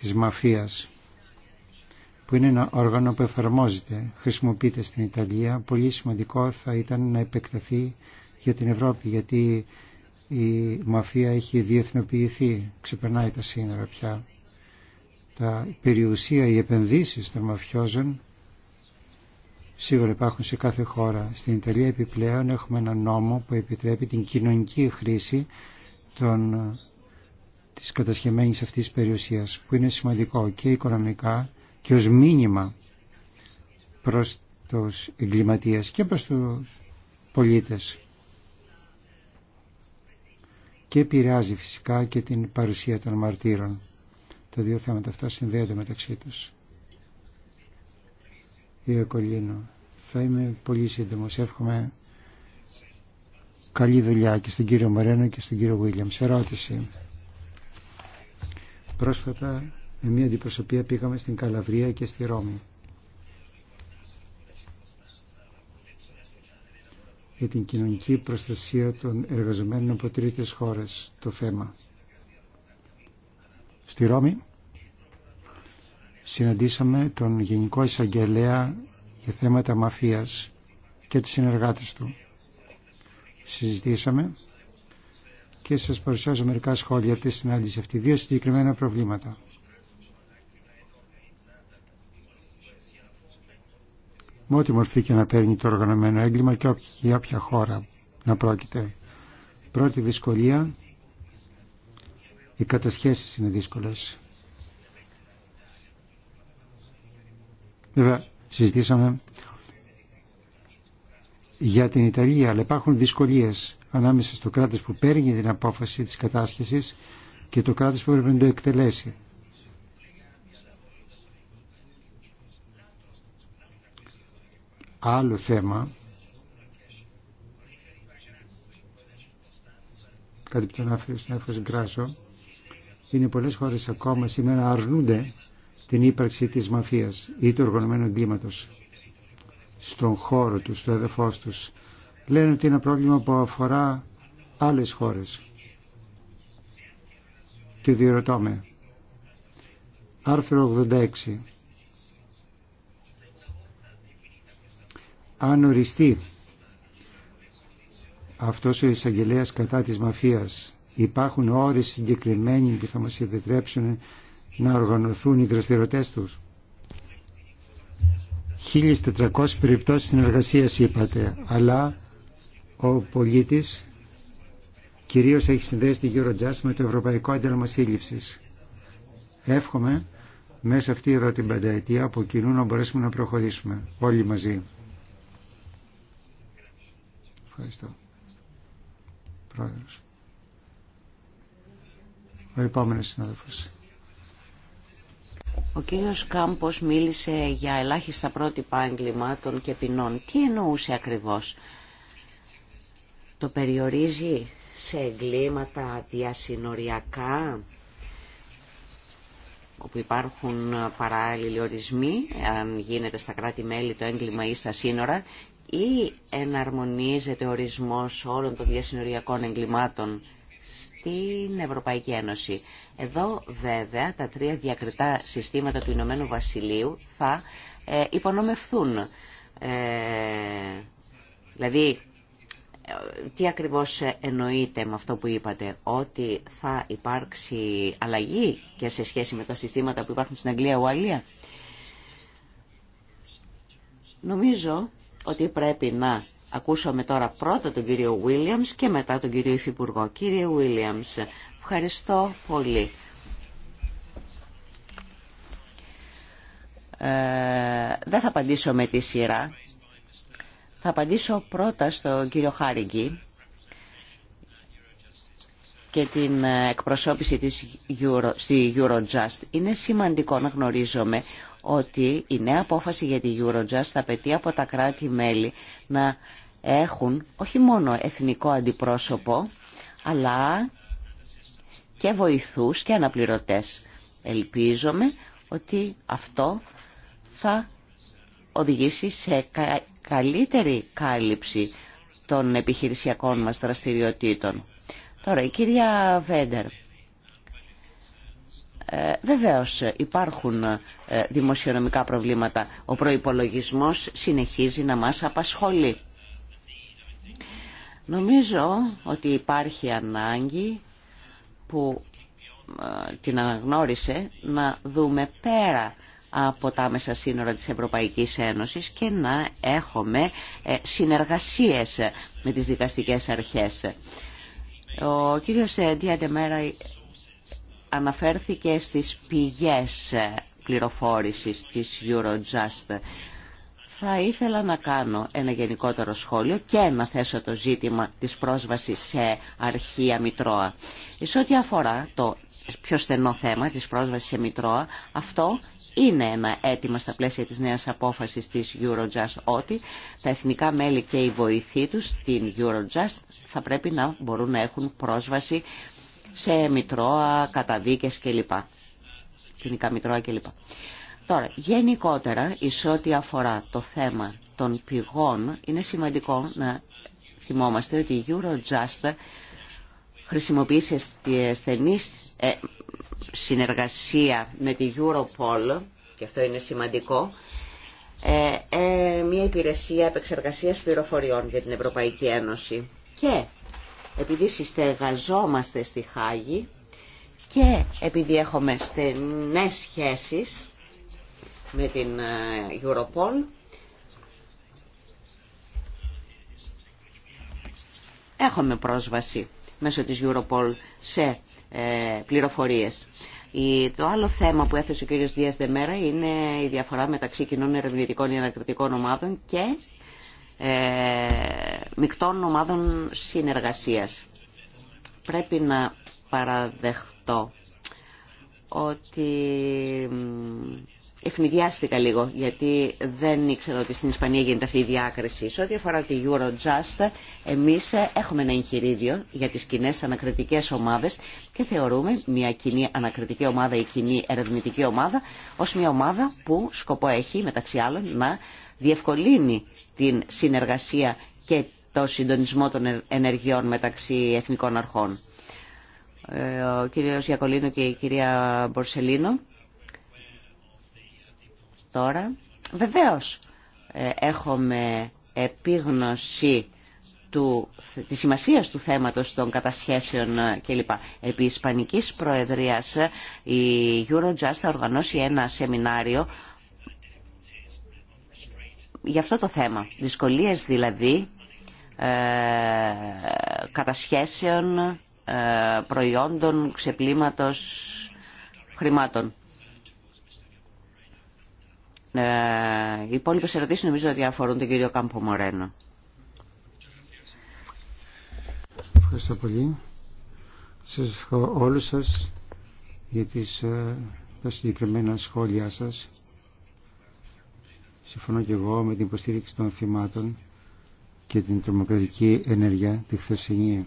της μαφίας, που είναι ένα όργανο που εφαρμόζεται, χρησιμοποιείται στην Ιταλία. Πολύ σημαντικό θα ήταν να επεκταθεί για την Ευρώπη, γιατί η μαφία έχει διεθνοποιηθεί, ξεπερνάει τα σύνορα πια. Τα περιουσία, οι επενδύσεις των μαφιόζων σίγουρα υπάρχουν σε κάθε χώρα. Στην Ιταλία επιπλέον έχουμε ένα νόμο που επιτρέπει την κοινωνική χρήση των, της κατασχεμένης αυτής περιουσίας που είναι σημαντικό και οικονομικά και ως μήνυμα προς τους εγκληματίες και προς τους πολίτες και επηρεάζει φυσικά και την παρουσία των μαρτύρων. Τα δύο θέματα αυτά συνδέονται μεταξύ τους. Κύριε Κολίνο. θα είμαι πολύ σύντομος. Εύχομαι καλή δουλειά και στον κύριο Μαρένο και στον κύριο Βίλιαμ. Σε ερώτηση. Πρόσφατα με μια αντιπροσωπεία πήγαμε στην Καλαβρία και στη Ρώμη. για την κοινωνική προστασία των εργαζομένων από τρίτες χώρες το θέμα. Στη Ρώμη συναντήσαμε τον Γενικό Εισαγγελέα για θέματα μαφίας και τους συνεργάτες του. Συζητήσαμε και σας παρουσιάζω μερικά σχόλια από τη συνάντηση αυτή. Δύο συγκεκριμένα προβλήματα. με ό,τι μορφή και να παίρνει το οργανωμένο έγκλημα και για όποια χώρα να πρόκειται. Πρώτη δυσκολία, οι κατασχέσεις είναι δύσκολες. Βέβαια, συζητήσαμε για την Ιταλία, αλλά υπάρχουν δυσκολίες ανάμεσα στο κράτος που παίρνει την απόφαση της κατάσχεσης και το κράτος που πρέπει να το εκτελέσει. άλλο θέμα κάτι που τον άφησε στον Γκράσο είναι πολλές χώρες ακόμα σήμερα αρνούνται την ύπαρξη της μαφίας ή του οργανωμένου εγκλήματος στον χώρο τους, στο εδεφός τους. Λένε ότι είναι ένα πρόβλημα που αφορά άλλες χώρες. Και διερωτώ με. Άρθρο 86 αν οριστεί αυτός ο εισαγγελέα κατά της μαφίας υπάρχουν όρες συγκεκριμένοι που θα μας επιτρέψουν να οργανωθούν οι δραστηριότητες τους 1400 περιπτώσεις συνεργασίας είπατε αλλά ο πολίτης κυρίως έχει συνδέσει τη Eurojust με το Ευρωπαϊκό Ένταλμα Σύλληψης εύχομαι μέσα αυτή εδώ την πενταετία από κοινού να μπορέσουμε να προχωρήσουμε όλοι μαζί Ευχαριστώ. Πρόεδρος. Ο επόμενος συνάδελφος. Ο κύριος Κάμπος μίλησε για ελάχιστα πρότυπα εγκλημάτων και ποινών. Τι εννοούσε ακριβώς. Το περιορίζει σε εγκλήματα διασυνοριακά όπου υπάρχουν παράλληλοι ορισμοί, αν γίνεται στα κράτη-μέλη το έγκλημα ή στα σύνορα ή εναρμονίζεται ο ορισμός όλων των διασυνοριακών εγκλημάτων στην Ευρωπαϊκή Ένωση. Εδώ βέβαια τα τρία διακριτά συστήματα του Ηνωμένου Βασιλείου θα ε, υπονομευθούν. Ε, δηλαδή, ε, τι ακριβώς εννοείται με αυτό που είπατε, ότι θα υπάρξει αλλαγή και σε σχέση με τα συστήματα που υπάρχουν στην Αγγλία-Ουαλία. Νομίζω ότι πρέπει να ακούσουμε τώρα πρώτα τον κύριο Βίλιαμς και μετά τον κύριο Υφυπουργό. Κύριε Βίλιαμς, ευχαριστώ πολύ. Ε, δεν θα απαντήσω με τη σειρά. Θα απαντήσω πρώτα στον κύριο Χάριγκη και την εκπροσώπηση της στη Eurojust. Είναι σημαντικό να γνωρίζουμε ότι η νέα απόφαση για τη Eurojust θα απαιτεί από τα κράτη-μέλη να έχουν όχι μόνο εθνικό αντιπρόσωπο, αλλά και βοηθούς και αναπληρωτές. Ελπίζομαι ότι αυτό θα οδηγήσει σε καλύτερη κάλυψη των επιχειρησιακών μας δραστηριοτήτων. Τώρα, η κυρία Βέντερ ε, Βεβαίω, υπάρχουν ε, δημοσιονομικά προβλήματα. Ο προπολογισμό συνεχίζει να μας απασχολεί. Νομίζω ότι υπάρχει ανάγκη που ε, την αναγνώρισε να δούμε πέρα από τα μέσα σύνορα της Ευρωπαϊκής Ένωσης και να έχουμε συνεργασίες με τις δικαστικές αρχές. Ο κύριος αναφέρθηκε στις πηγές πληροφόρησης της Eurojust. Θα ήθελα να κάνω ένα γενικότερο σχόλιο και να θέσω το ζήτημα της πρόσβασης σε αρχεία Μητρώα. Σε ό,τι αφορά το πιο στενό θέμα της πρόσβασης σε Μητρώα, αυτό είναι ένα αίτημα στα πλαίσια της νέας απόφασης της Eurojust ότι τα εθνικά μέλη και οι βοηθοί τους στην Eurojust θα πρέπει να μπορούν να έχουν πρόσβαση σε μητρώα, καταδίκες κλπ. κοινικά μητρώα κλπ. Τώρα, γενικότερα, εις ό,τι αφορά το θέμα των πηγών, είναι σημαντικό να θυμόμαστε ότι η Eurojust χρησιμοποίησε σε στενή ε, συνεργασία με τη Europol, και αυτό είναι σημαντικό, ε, ε, μια υπηρεσία επεξεργασίας πληροφοριών για την Ευρωπαϊκή Ένωση. Και επειδή συστεγαζόμαστε στη Χάγη και επειδή έχουμε στενές σχέσεις με την ε, Europol, έχουμε πρόσβαση μέσω της Europol σε ε, πληροφορίες. Το άλλο θέμα που έθεσε ο κ. Δίας Δεμέρα είναι η διαφορά μεταξύ κοινών ερευνητικών ή ανακριτικών ομάδων και ε, μεικτών ομάδων συνεργασίας. Πρέπει να παραδεχτώ ότι ευνηδιάστηκα λίγο γιατί δεν ήξερα ότι στην Ισπανία γίνεται αυτή η διάκριση. Σε ό,τι αφορά τη Eurojust, εμείς έχουμε ένα εγχειρίδιο για τις κοινέ ανακριτικές ομάδες και θεωρούμε μια κοινή ανακριτική ομάδα ή κοινή ερευνητική ομάδα ως μια ομάδα που σκοπό έχει μεταξύ άλλων να διευκολύνει την συνεργασία και το συντονισμό των ενεργειών μεταξύ εθνικών αρχών. Ε, ο κύριος Γιακολίνο και η κυρία Μπορσελίνο. Τώρα, βεβαίως, ε, έχουμε επίγνωση του, της σημασίας του θέματος των κατασχέσεων ε, κλπ. Επί Ισπανικής Προεδρίας η Eurojust θα οργανώσει ένα σεμινάριο για αυτό το θέμα. Δυσκολίες δηλαδή ε, κατασχέσεων ε, προϊόντων ξεπλήματος χρημάτων. Ε, οι υπόλοιπες ερωτήσεις νομίζω ότι αφορούν τον κύριο Κάμπο Μορένο. Ευχαριστώ πολύ. Σας ευχαριστώ όλους σας για τις, ε, τα συγκεκριμένα σχόλιά σας Συμφωνώ και εγώ με την υποστήριξη των θυμάτων και την τρομοκρατική ενέργεια τη χθεσινή.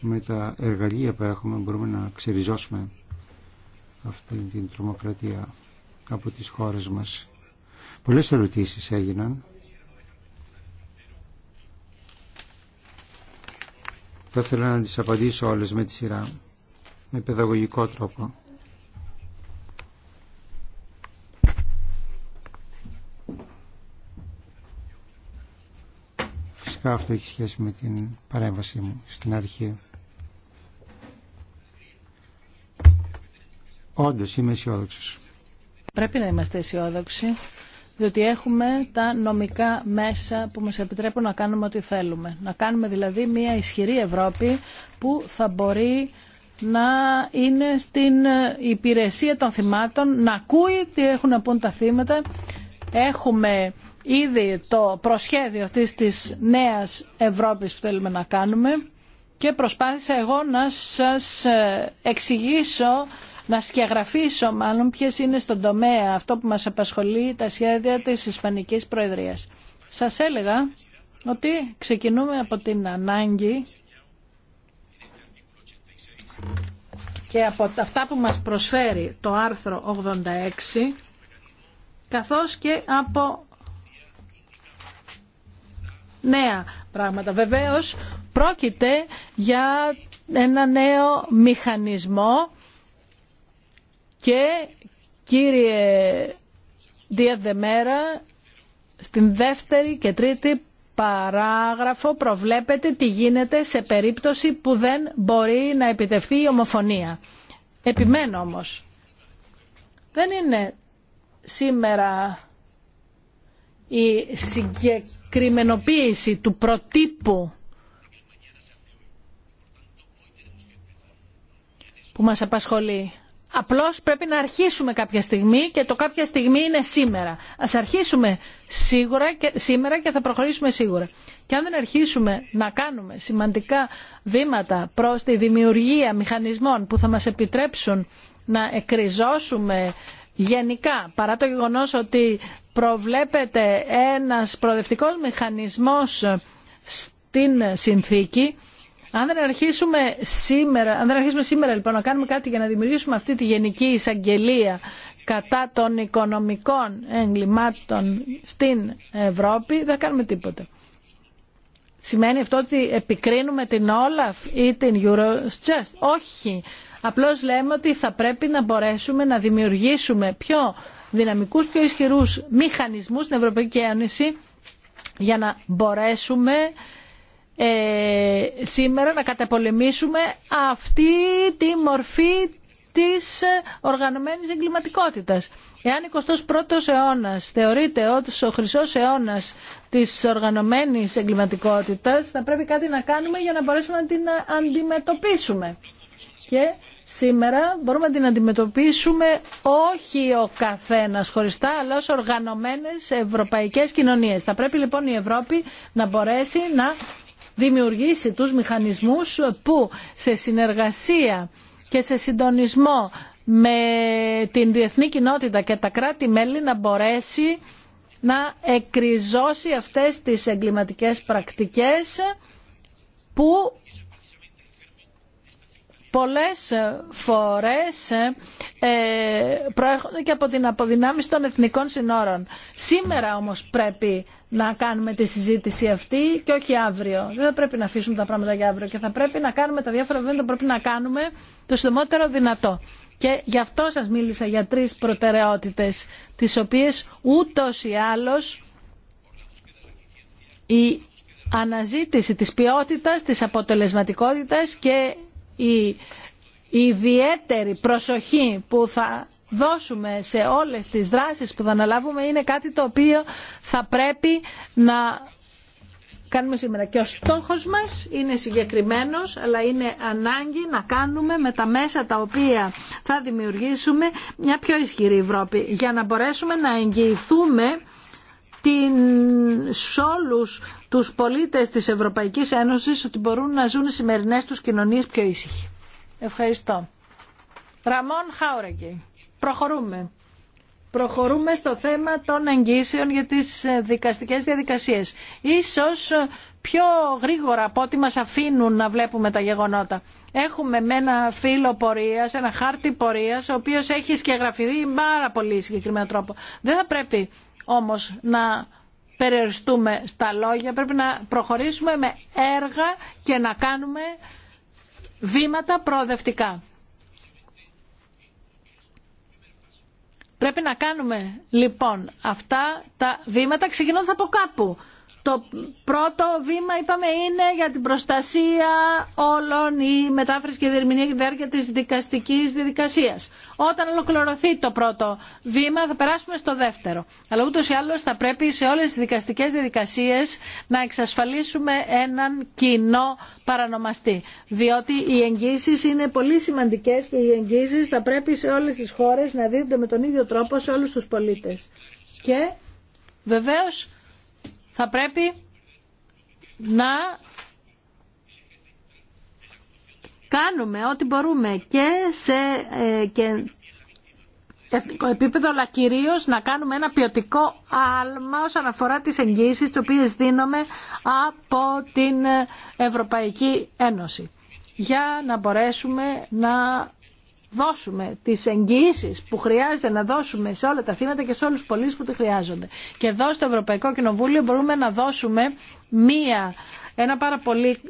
Με τα εργαλεία που έχουμε μπορούμε να ξεριζώσουμε αυτή την τρομοκρατία από τις χώρες μας. Πολλές ερωτήσεις έγιναν. Θα ήθελα να τις απαντήσω όλες με τη σειρά, με παιδαγωγικό τρόπο. Φυσικά αυτό έχει σχέση με την παρέμβασή μου στην αρχή. Όντως είμαι αισιόδοξο. Πρέπει να είμαστε αισιόδοξοι, διότι έχουμε τα νομικά μέσα που μας επιτρέπουν να κάνουμε ό,τι θέλουμε. Να κάνουμε δηλαδή μια ισχυρή Ευρώπη που θα μπορεί να είναι στην υπηρεσία των θυμάτων, να ακούει τι έχουν να πούν τα θύματα. Έχουμε ήδη το προσχέδιο αυτής της νέας Ευρώπης που θέλουμε να κάνουμε και προσπάθησα εγώ να σας ε, εξηγήσω, να σκιαγραφίσω μάλλον ποιες είναι στον τομέα αυτό που μας απασχολεί τα σχέδια της Ισπανικής Προεδρίας. Σας έλεγα ότι ξεκινούμε από την ανάγκη και από αυτά που μας προσφέρει το άρθρο 86 καθώς και από νέα πράγματα. Βεβαίως πρόκειται για ένα νέο μηχανισμό και κύριε Διαδεμέρα στην δεύτερη και τρίτη παράγραφο προβλέπεται τι γίνεται σε περίπτωση που δεν μπορεί να επιτευχθεί η ομοφωνία. Επιμένω όμως. Δεν είναι σήμερα η συγκεκριμένη κρυμενοποίηση του προτύπου που μας απασχολεί. Απλώς πρέπει να αρχίσουμε κάποια στιγμή και το κάποια στιγμή είναι σήμερα. Ας αρχίσουμε σίγουρα και, σήμερα και θα προχωρήσουμε σίγουρα. Και αν δεν αρχίσουμε να κάνουμε σημαντικά βήματα προς τη δημιουργία μηχανισμών που θα μας επιτρέψουν να εκριζώσουμε γενικά, παρά το γεγονός ότι προβλέπεται ένας προοδευτικός μηχανισμός στην συνθήκη, αν δεν αρχίσουμε σήμερα, αν δεν αρχίσουμε σήμερα λοιπόν να κάνουμε κάτι για να δημιουργήσουμε αυτή τη γενική εισαγγελία κατά των οικονομικών εγκλημάτων στην Ευρώπη, δεν κάνουμε τίποτα. Σημαίνει αυτό ότι επικρίνουμε την Όλαφ ή την Eurojust. Όχι. Απλώς λέμε ότι θα πρέπει να μπορέσουμε να δημιουργήσουμε πιο δυναμικούς, πιο ισχυρούς μηχανισμούς στην Ευρωπαϊκή Ένωση για να μπορέσουμε ε, σήμερα να καταπολεμήσουμε αυτή τη μορφή της οργανωμένης εγκληματικότητας. Εάν 21ος αιώνας θεωρείται ότι ο χρυσός αιώνας της οργανωμένης εγκληματικότητας, θα πρέπει κάτι να κάνουμε για να μπορέσουμε να την αντιμετωπίσουμε. Και σήμερα μπορούμε να την αντιμετωπίσουμε όχι ο καθένας χωριστά, αλλά ως οργανωμένες ευρωπαϊκές κοινωνίες. Θα πρέπει λοιπόν η Ευρώπη να μπορέσει να δημιουργήσει τους μηχανισμούς που σε συνεργασία και σε συντονισμό με την διεθνή κοινότητα και τα κράτη-μέλη να μπορέσει να εκριζώσει αυτές τις εγκληματικές πρακτικές πολλές ε, φορές ε, ε, προέρχονται και από την αποδυνάμιση των εθνικών συνόρων. Σήμερα όμως πρέπει να κάνουμε τη συζήτηση αυτή και όχι αύριο. Δεν θα πρέπει να αφήσουμε τα πράγματα για αύριο και θα πρέπει να κάνουμε τα διάφορα βήματα που πρέπει να κάνουμε το συντομότερο δυνατό. Και γι' αυτό σας μίλησα για τρεις προτεραιότητες, τις οποίες ούτως ή άλλως η αναζήτηση της ποιότητας, της αποτελεσματικότητας και η ιδιαίτερη προσοχή που θα δώσουμε σε όλες τις δράσεις που θα αναλάβουμε είναι κάτι το οποίο θα πρέπει να κάνουμε σήμερα. Και ο στόχος μας είναι συγκεκριμένος, αλλά είναι ανάγκη να κάνουμε με τα μέσα τα οποία θα δημιουργήσουμε μια πιο ισχυρή Ευρώπη, για να μπορέσουμε να εγγυηθούμε την, σε όλους τους πολίτες της Ευρωπαϊκής Ένωσης ότι μπορούν να ζουν οι σημερινές τους κοινωνίες πιο ήσυχοι. Ευχαριστώ. Ραμόν Χάουραγγι. Προχωρούμε. Προχωρούμε στο θέμα των εγγύσεων για τις ε, δικαστικές διαδικασίες. Ίσως ε, πιο γρήγορα από ό,τι μας αφήνουν να βλέπουμε τα γεγονότα. Έχουμε με ένα φύλλο πορείας, ένα χάρτη πορείας, ο οποίος έχει σκεγγραφηθεί πάρα πολύ συγκεκριμένο τρόπο. Δεν θα πρέπει όμως να περιοριστούμε στα λόγια, πρέπει να προχωρήσουμε με έργα και να κάνουμε βήματα προοδευτικά. Πρέπει να κάνουμε λοιπόν αυτά τα βήματα ξεκινώντας από κάπου. Το πρώτο βήμα, είπαμε, είναι για την προστασία όλων η μετάφραση και διερμηνία και διάρκεια της δικαστικής διαδικασίας. Όταν ολοκληρωθεί το πρώτο βήμα θα περάσουμε στο δεύτερο. Αλλά ούτως ή άλλως θα πρέπει σε όλες τις δικαστικές διαδικασίες να εξασφαλίσουμε έναν κοινό παρανομαστή. Διότι οι εγγύσεις είναι πολύ σημαντικές και οι εγγύσεις θα πρέπει σε όλες τις χώρες να δίνονται με τον ίδιο τρόπο σε όλους τους πολίτες. Και βεβαίως θα πρέπει να κάνουμε ό,τι μπορούμε και σε ε, και εθνικό επίπεδο, αλλά κυρίω να κάνουμε ένα ποιοτικό άλμα όσον αφορά τις εγγύσεις τις οποίες δίνουμε από την Ευρωπαϊκή Ένωση για να μπορέσουμε να δώσουμε τις εγγυήσεις που χρειάζεται να δώσουμε σε όλα τα θύματα και σε όλους τους πολίτες που τη χρειάζονται. Και εδώ στο Ευρωπαϊκό Κοινοβούλιο μπορούμε να δώσουμε μία, ένα πάρα πολύ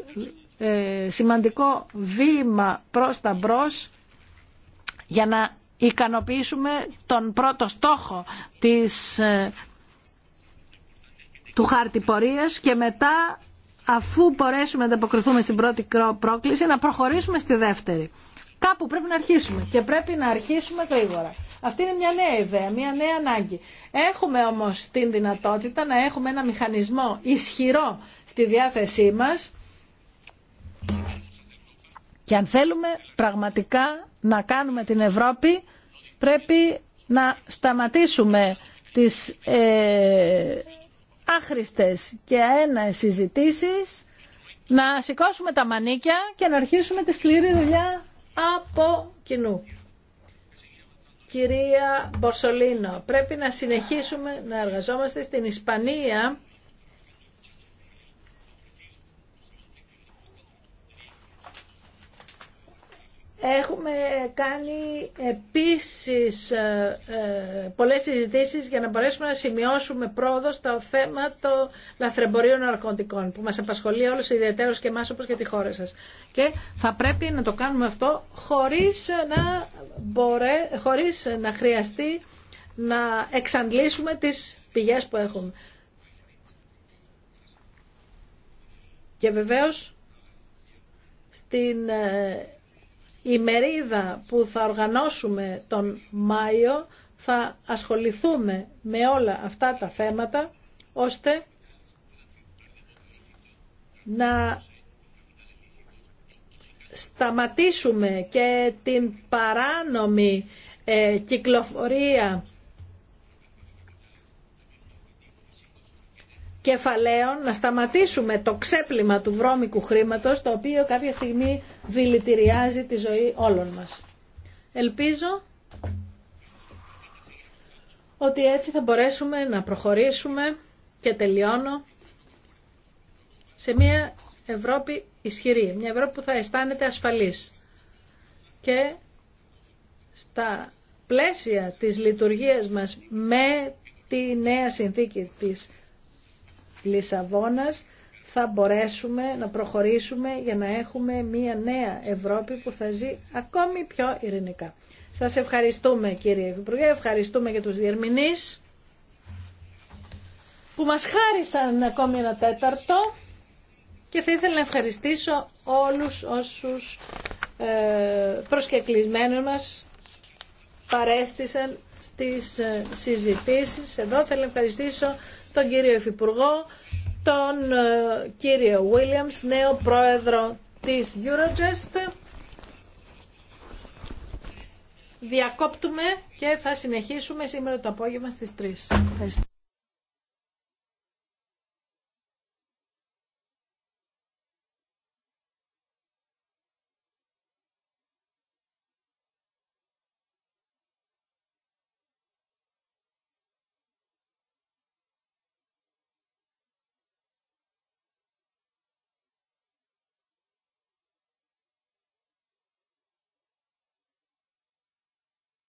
ε, σημαντικό βήμα προς τα μπρος για να ικανοποιήσουμε τον πρώτο στόχο της, ε, του χάρτη πορείας και μετά αφού μπορέσουμε να ανταποκριθούμε στην πρώτη πρόκληση να προχωρήσουμε στη δεύτερη. Κάπου πρέπει να αρχίσουμε και πρέπει να αρχίσουμε γρήγορα. Αυτή είναι μια νέα ιδέα, μια νέα ανάγκη. Έχουμε όμως την δυνατότητα να έχουμε ένα μηχανισμό ισχυρό στη διάθεσή μας και αν θέλουμε πραγματικά να κάνουμε την Ευρώπη πρέπει να σταματήσουμε τις ε, άχρηστες και αέναες συζητήσεις, να σηκώσουμε τα μανίκια και να αρχίσουμε τη σκληρή δουλειά από κοινού. Κυρία Μπορσολίνο, πρέπει να συνεχίσουμε να εργαζόμαστε στην Ισπανία. Έχουμε κάνει επίσης ε, ε, πολλές συζητήσεις για να μπορέσουμε να σημειώσουμε πρόοδο στο θέμα των λαθρεμπορίων ναρκωτικών που μας απασχολεί όλους ιδιαίτερως και εμάς όπως και τη χώρα σας. Και θα πρέπει να το κάνουμε αυτό χωρίς να, μπορέ, χωρίς να χρειαστεί να εξαντλήσουμε τις πηγές που έχουμε. Και βεβαίως στην ε, η μερίδα που θα οργανώσουμε τον Μάιο θα ασχοληθούμε με όλα αυτά τα θέματα ώστε να σταματήσουμε και την παράνομη ε, κυκλοφορία κεφαλαίων, να σταματήσουμε το ξέπλυμα του βρώμικου χρήματος, το οποίο κάποια στιγμή δηλητηριάζει τη ζωή όλων μας. Ελπίζω ότι έτσι θα μπορέσουμε να προχωρήσουμε και τελειώνω σε μια Ευρώπη ισχυρή, μια Ευρώπη που θα αισθάνεται ασφαλής και στα πλαίσια της λειτουργίας μας με τη νέα συνθήκη της Λισαβόνας θα μπορέσουμε να προχωρήσουμε για να έχουμε μια νέα Ευρώπη που θα ζει ακόμη πιο ειρηνικά. Σας ευχαριστούμε κύριε Υπουργέ, ευχαριστούμε για τους διερμηνείς που μας χάρισαν ακόμη ένα τέταρτο και θα ήθελα να ευχαριστήσω όλους όσους ε, προσκεκλισμένους μας παρέστησαν στις ε, συζητήσεις. Εδώ θέλω να ευχαριστήσω τον κύριο Υφυπουργό, τον ε, κύριο Williams, νέο πρόεδρο της Eurogest. Διακόπτουμε και θα συνεχίσουμε σήμερα το απόγευμα στις 3.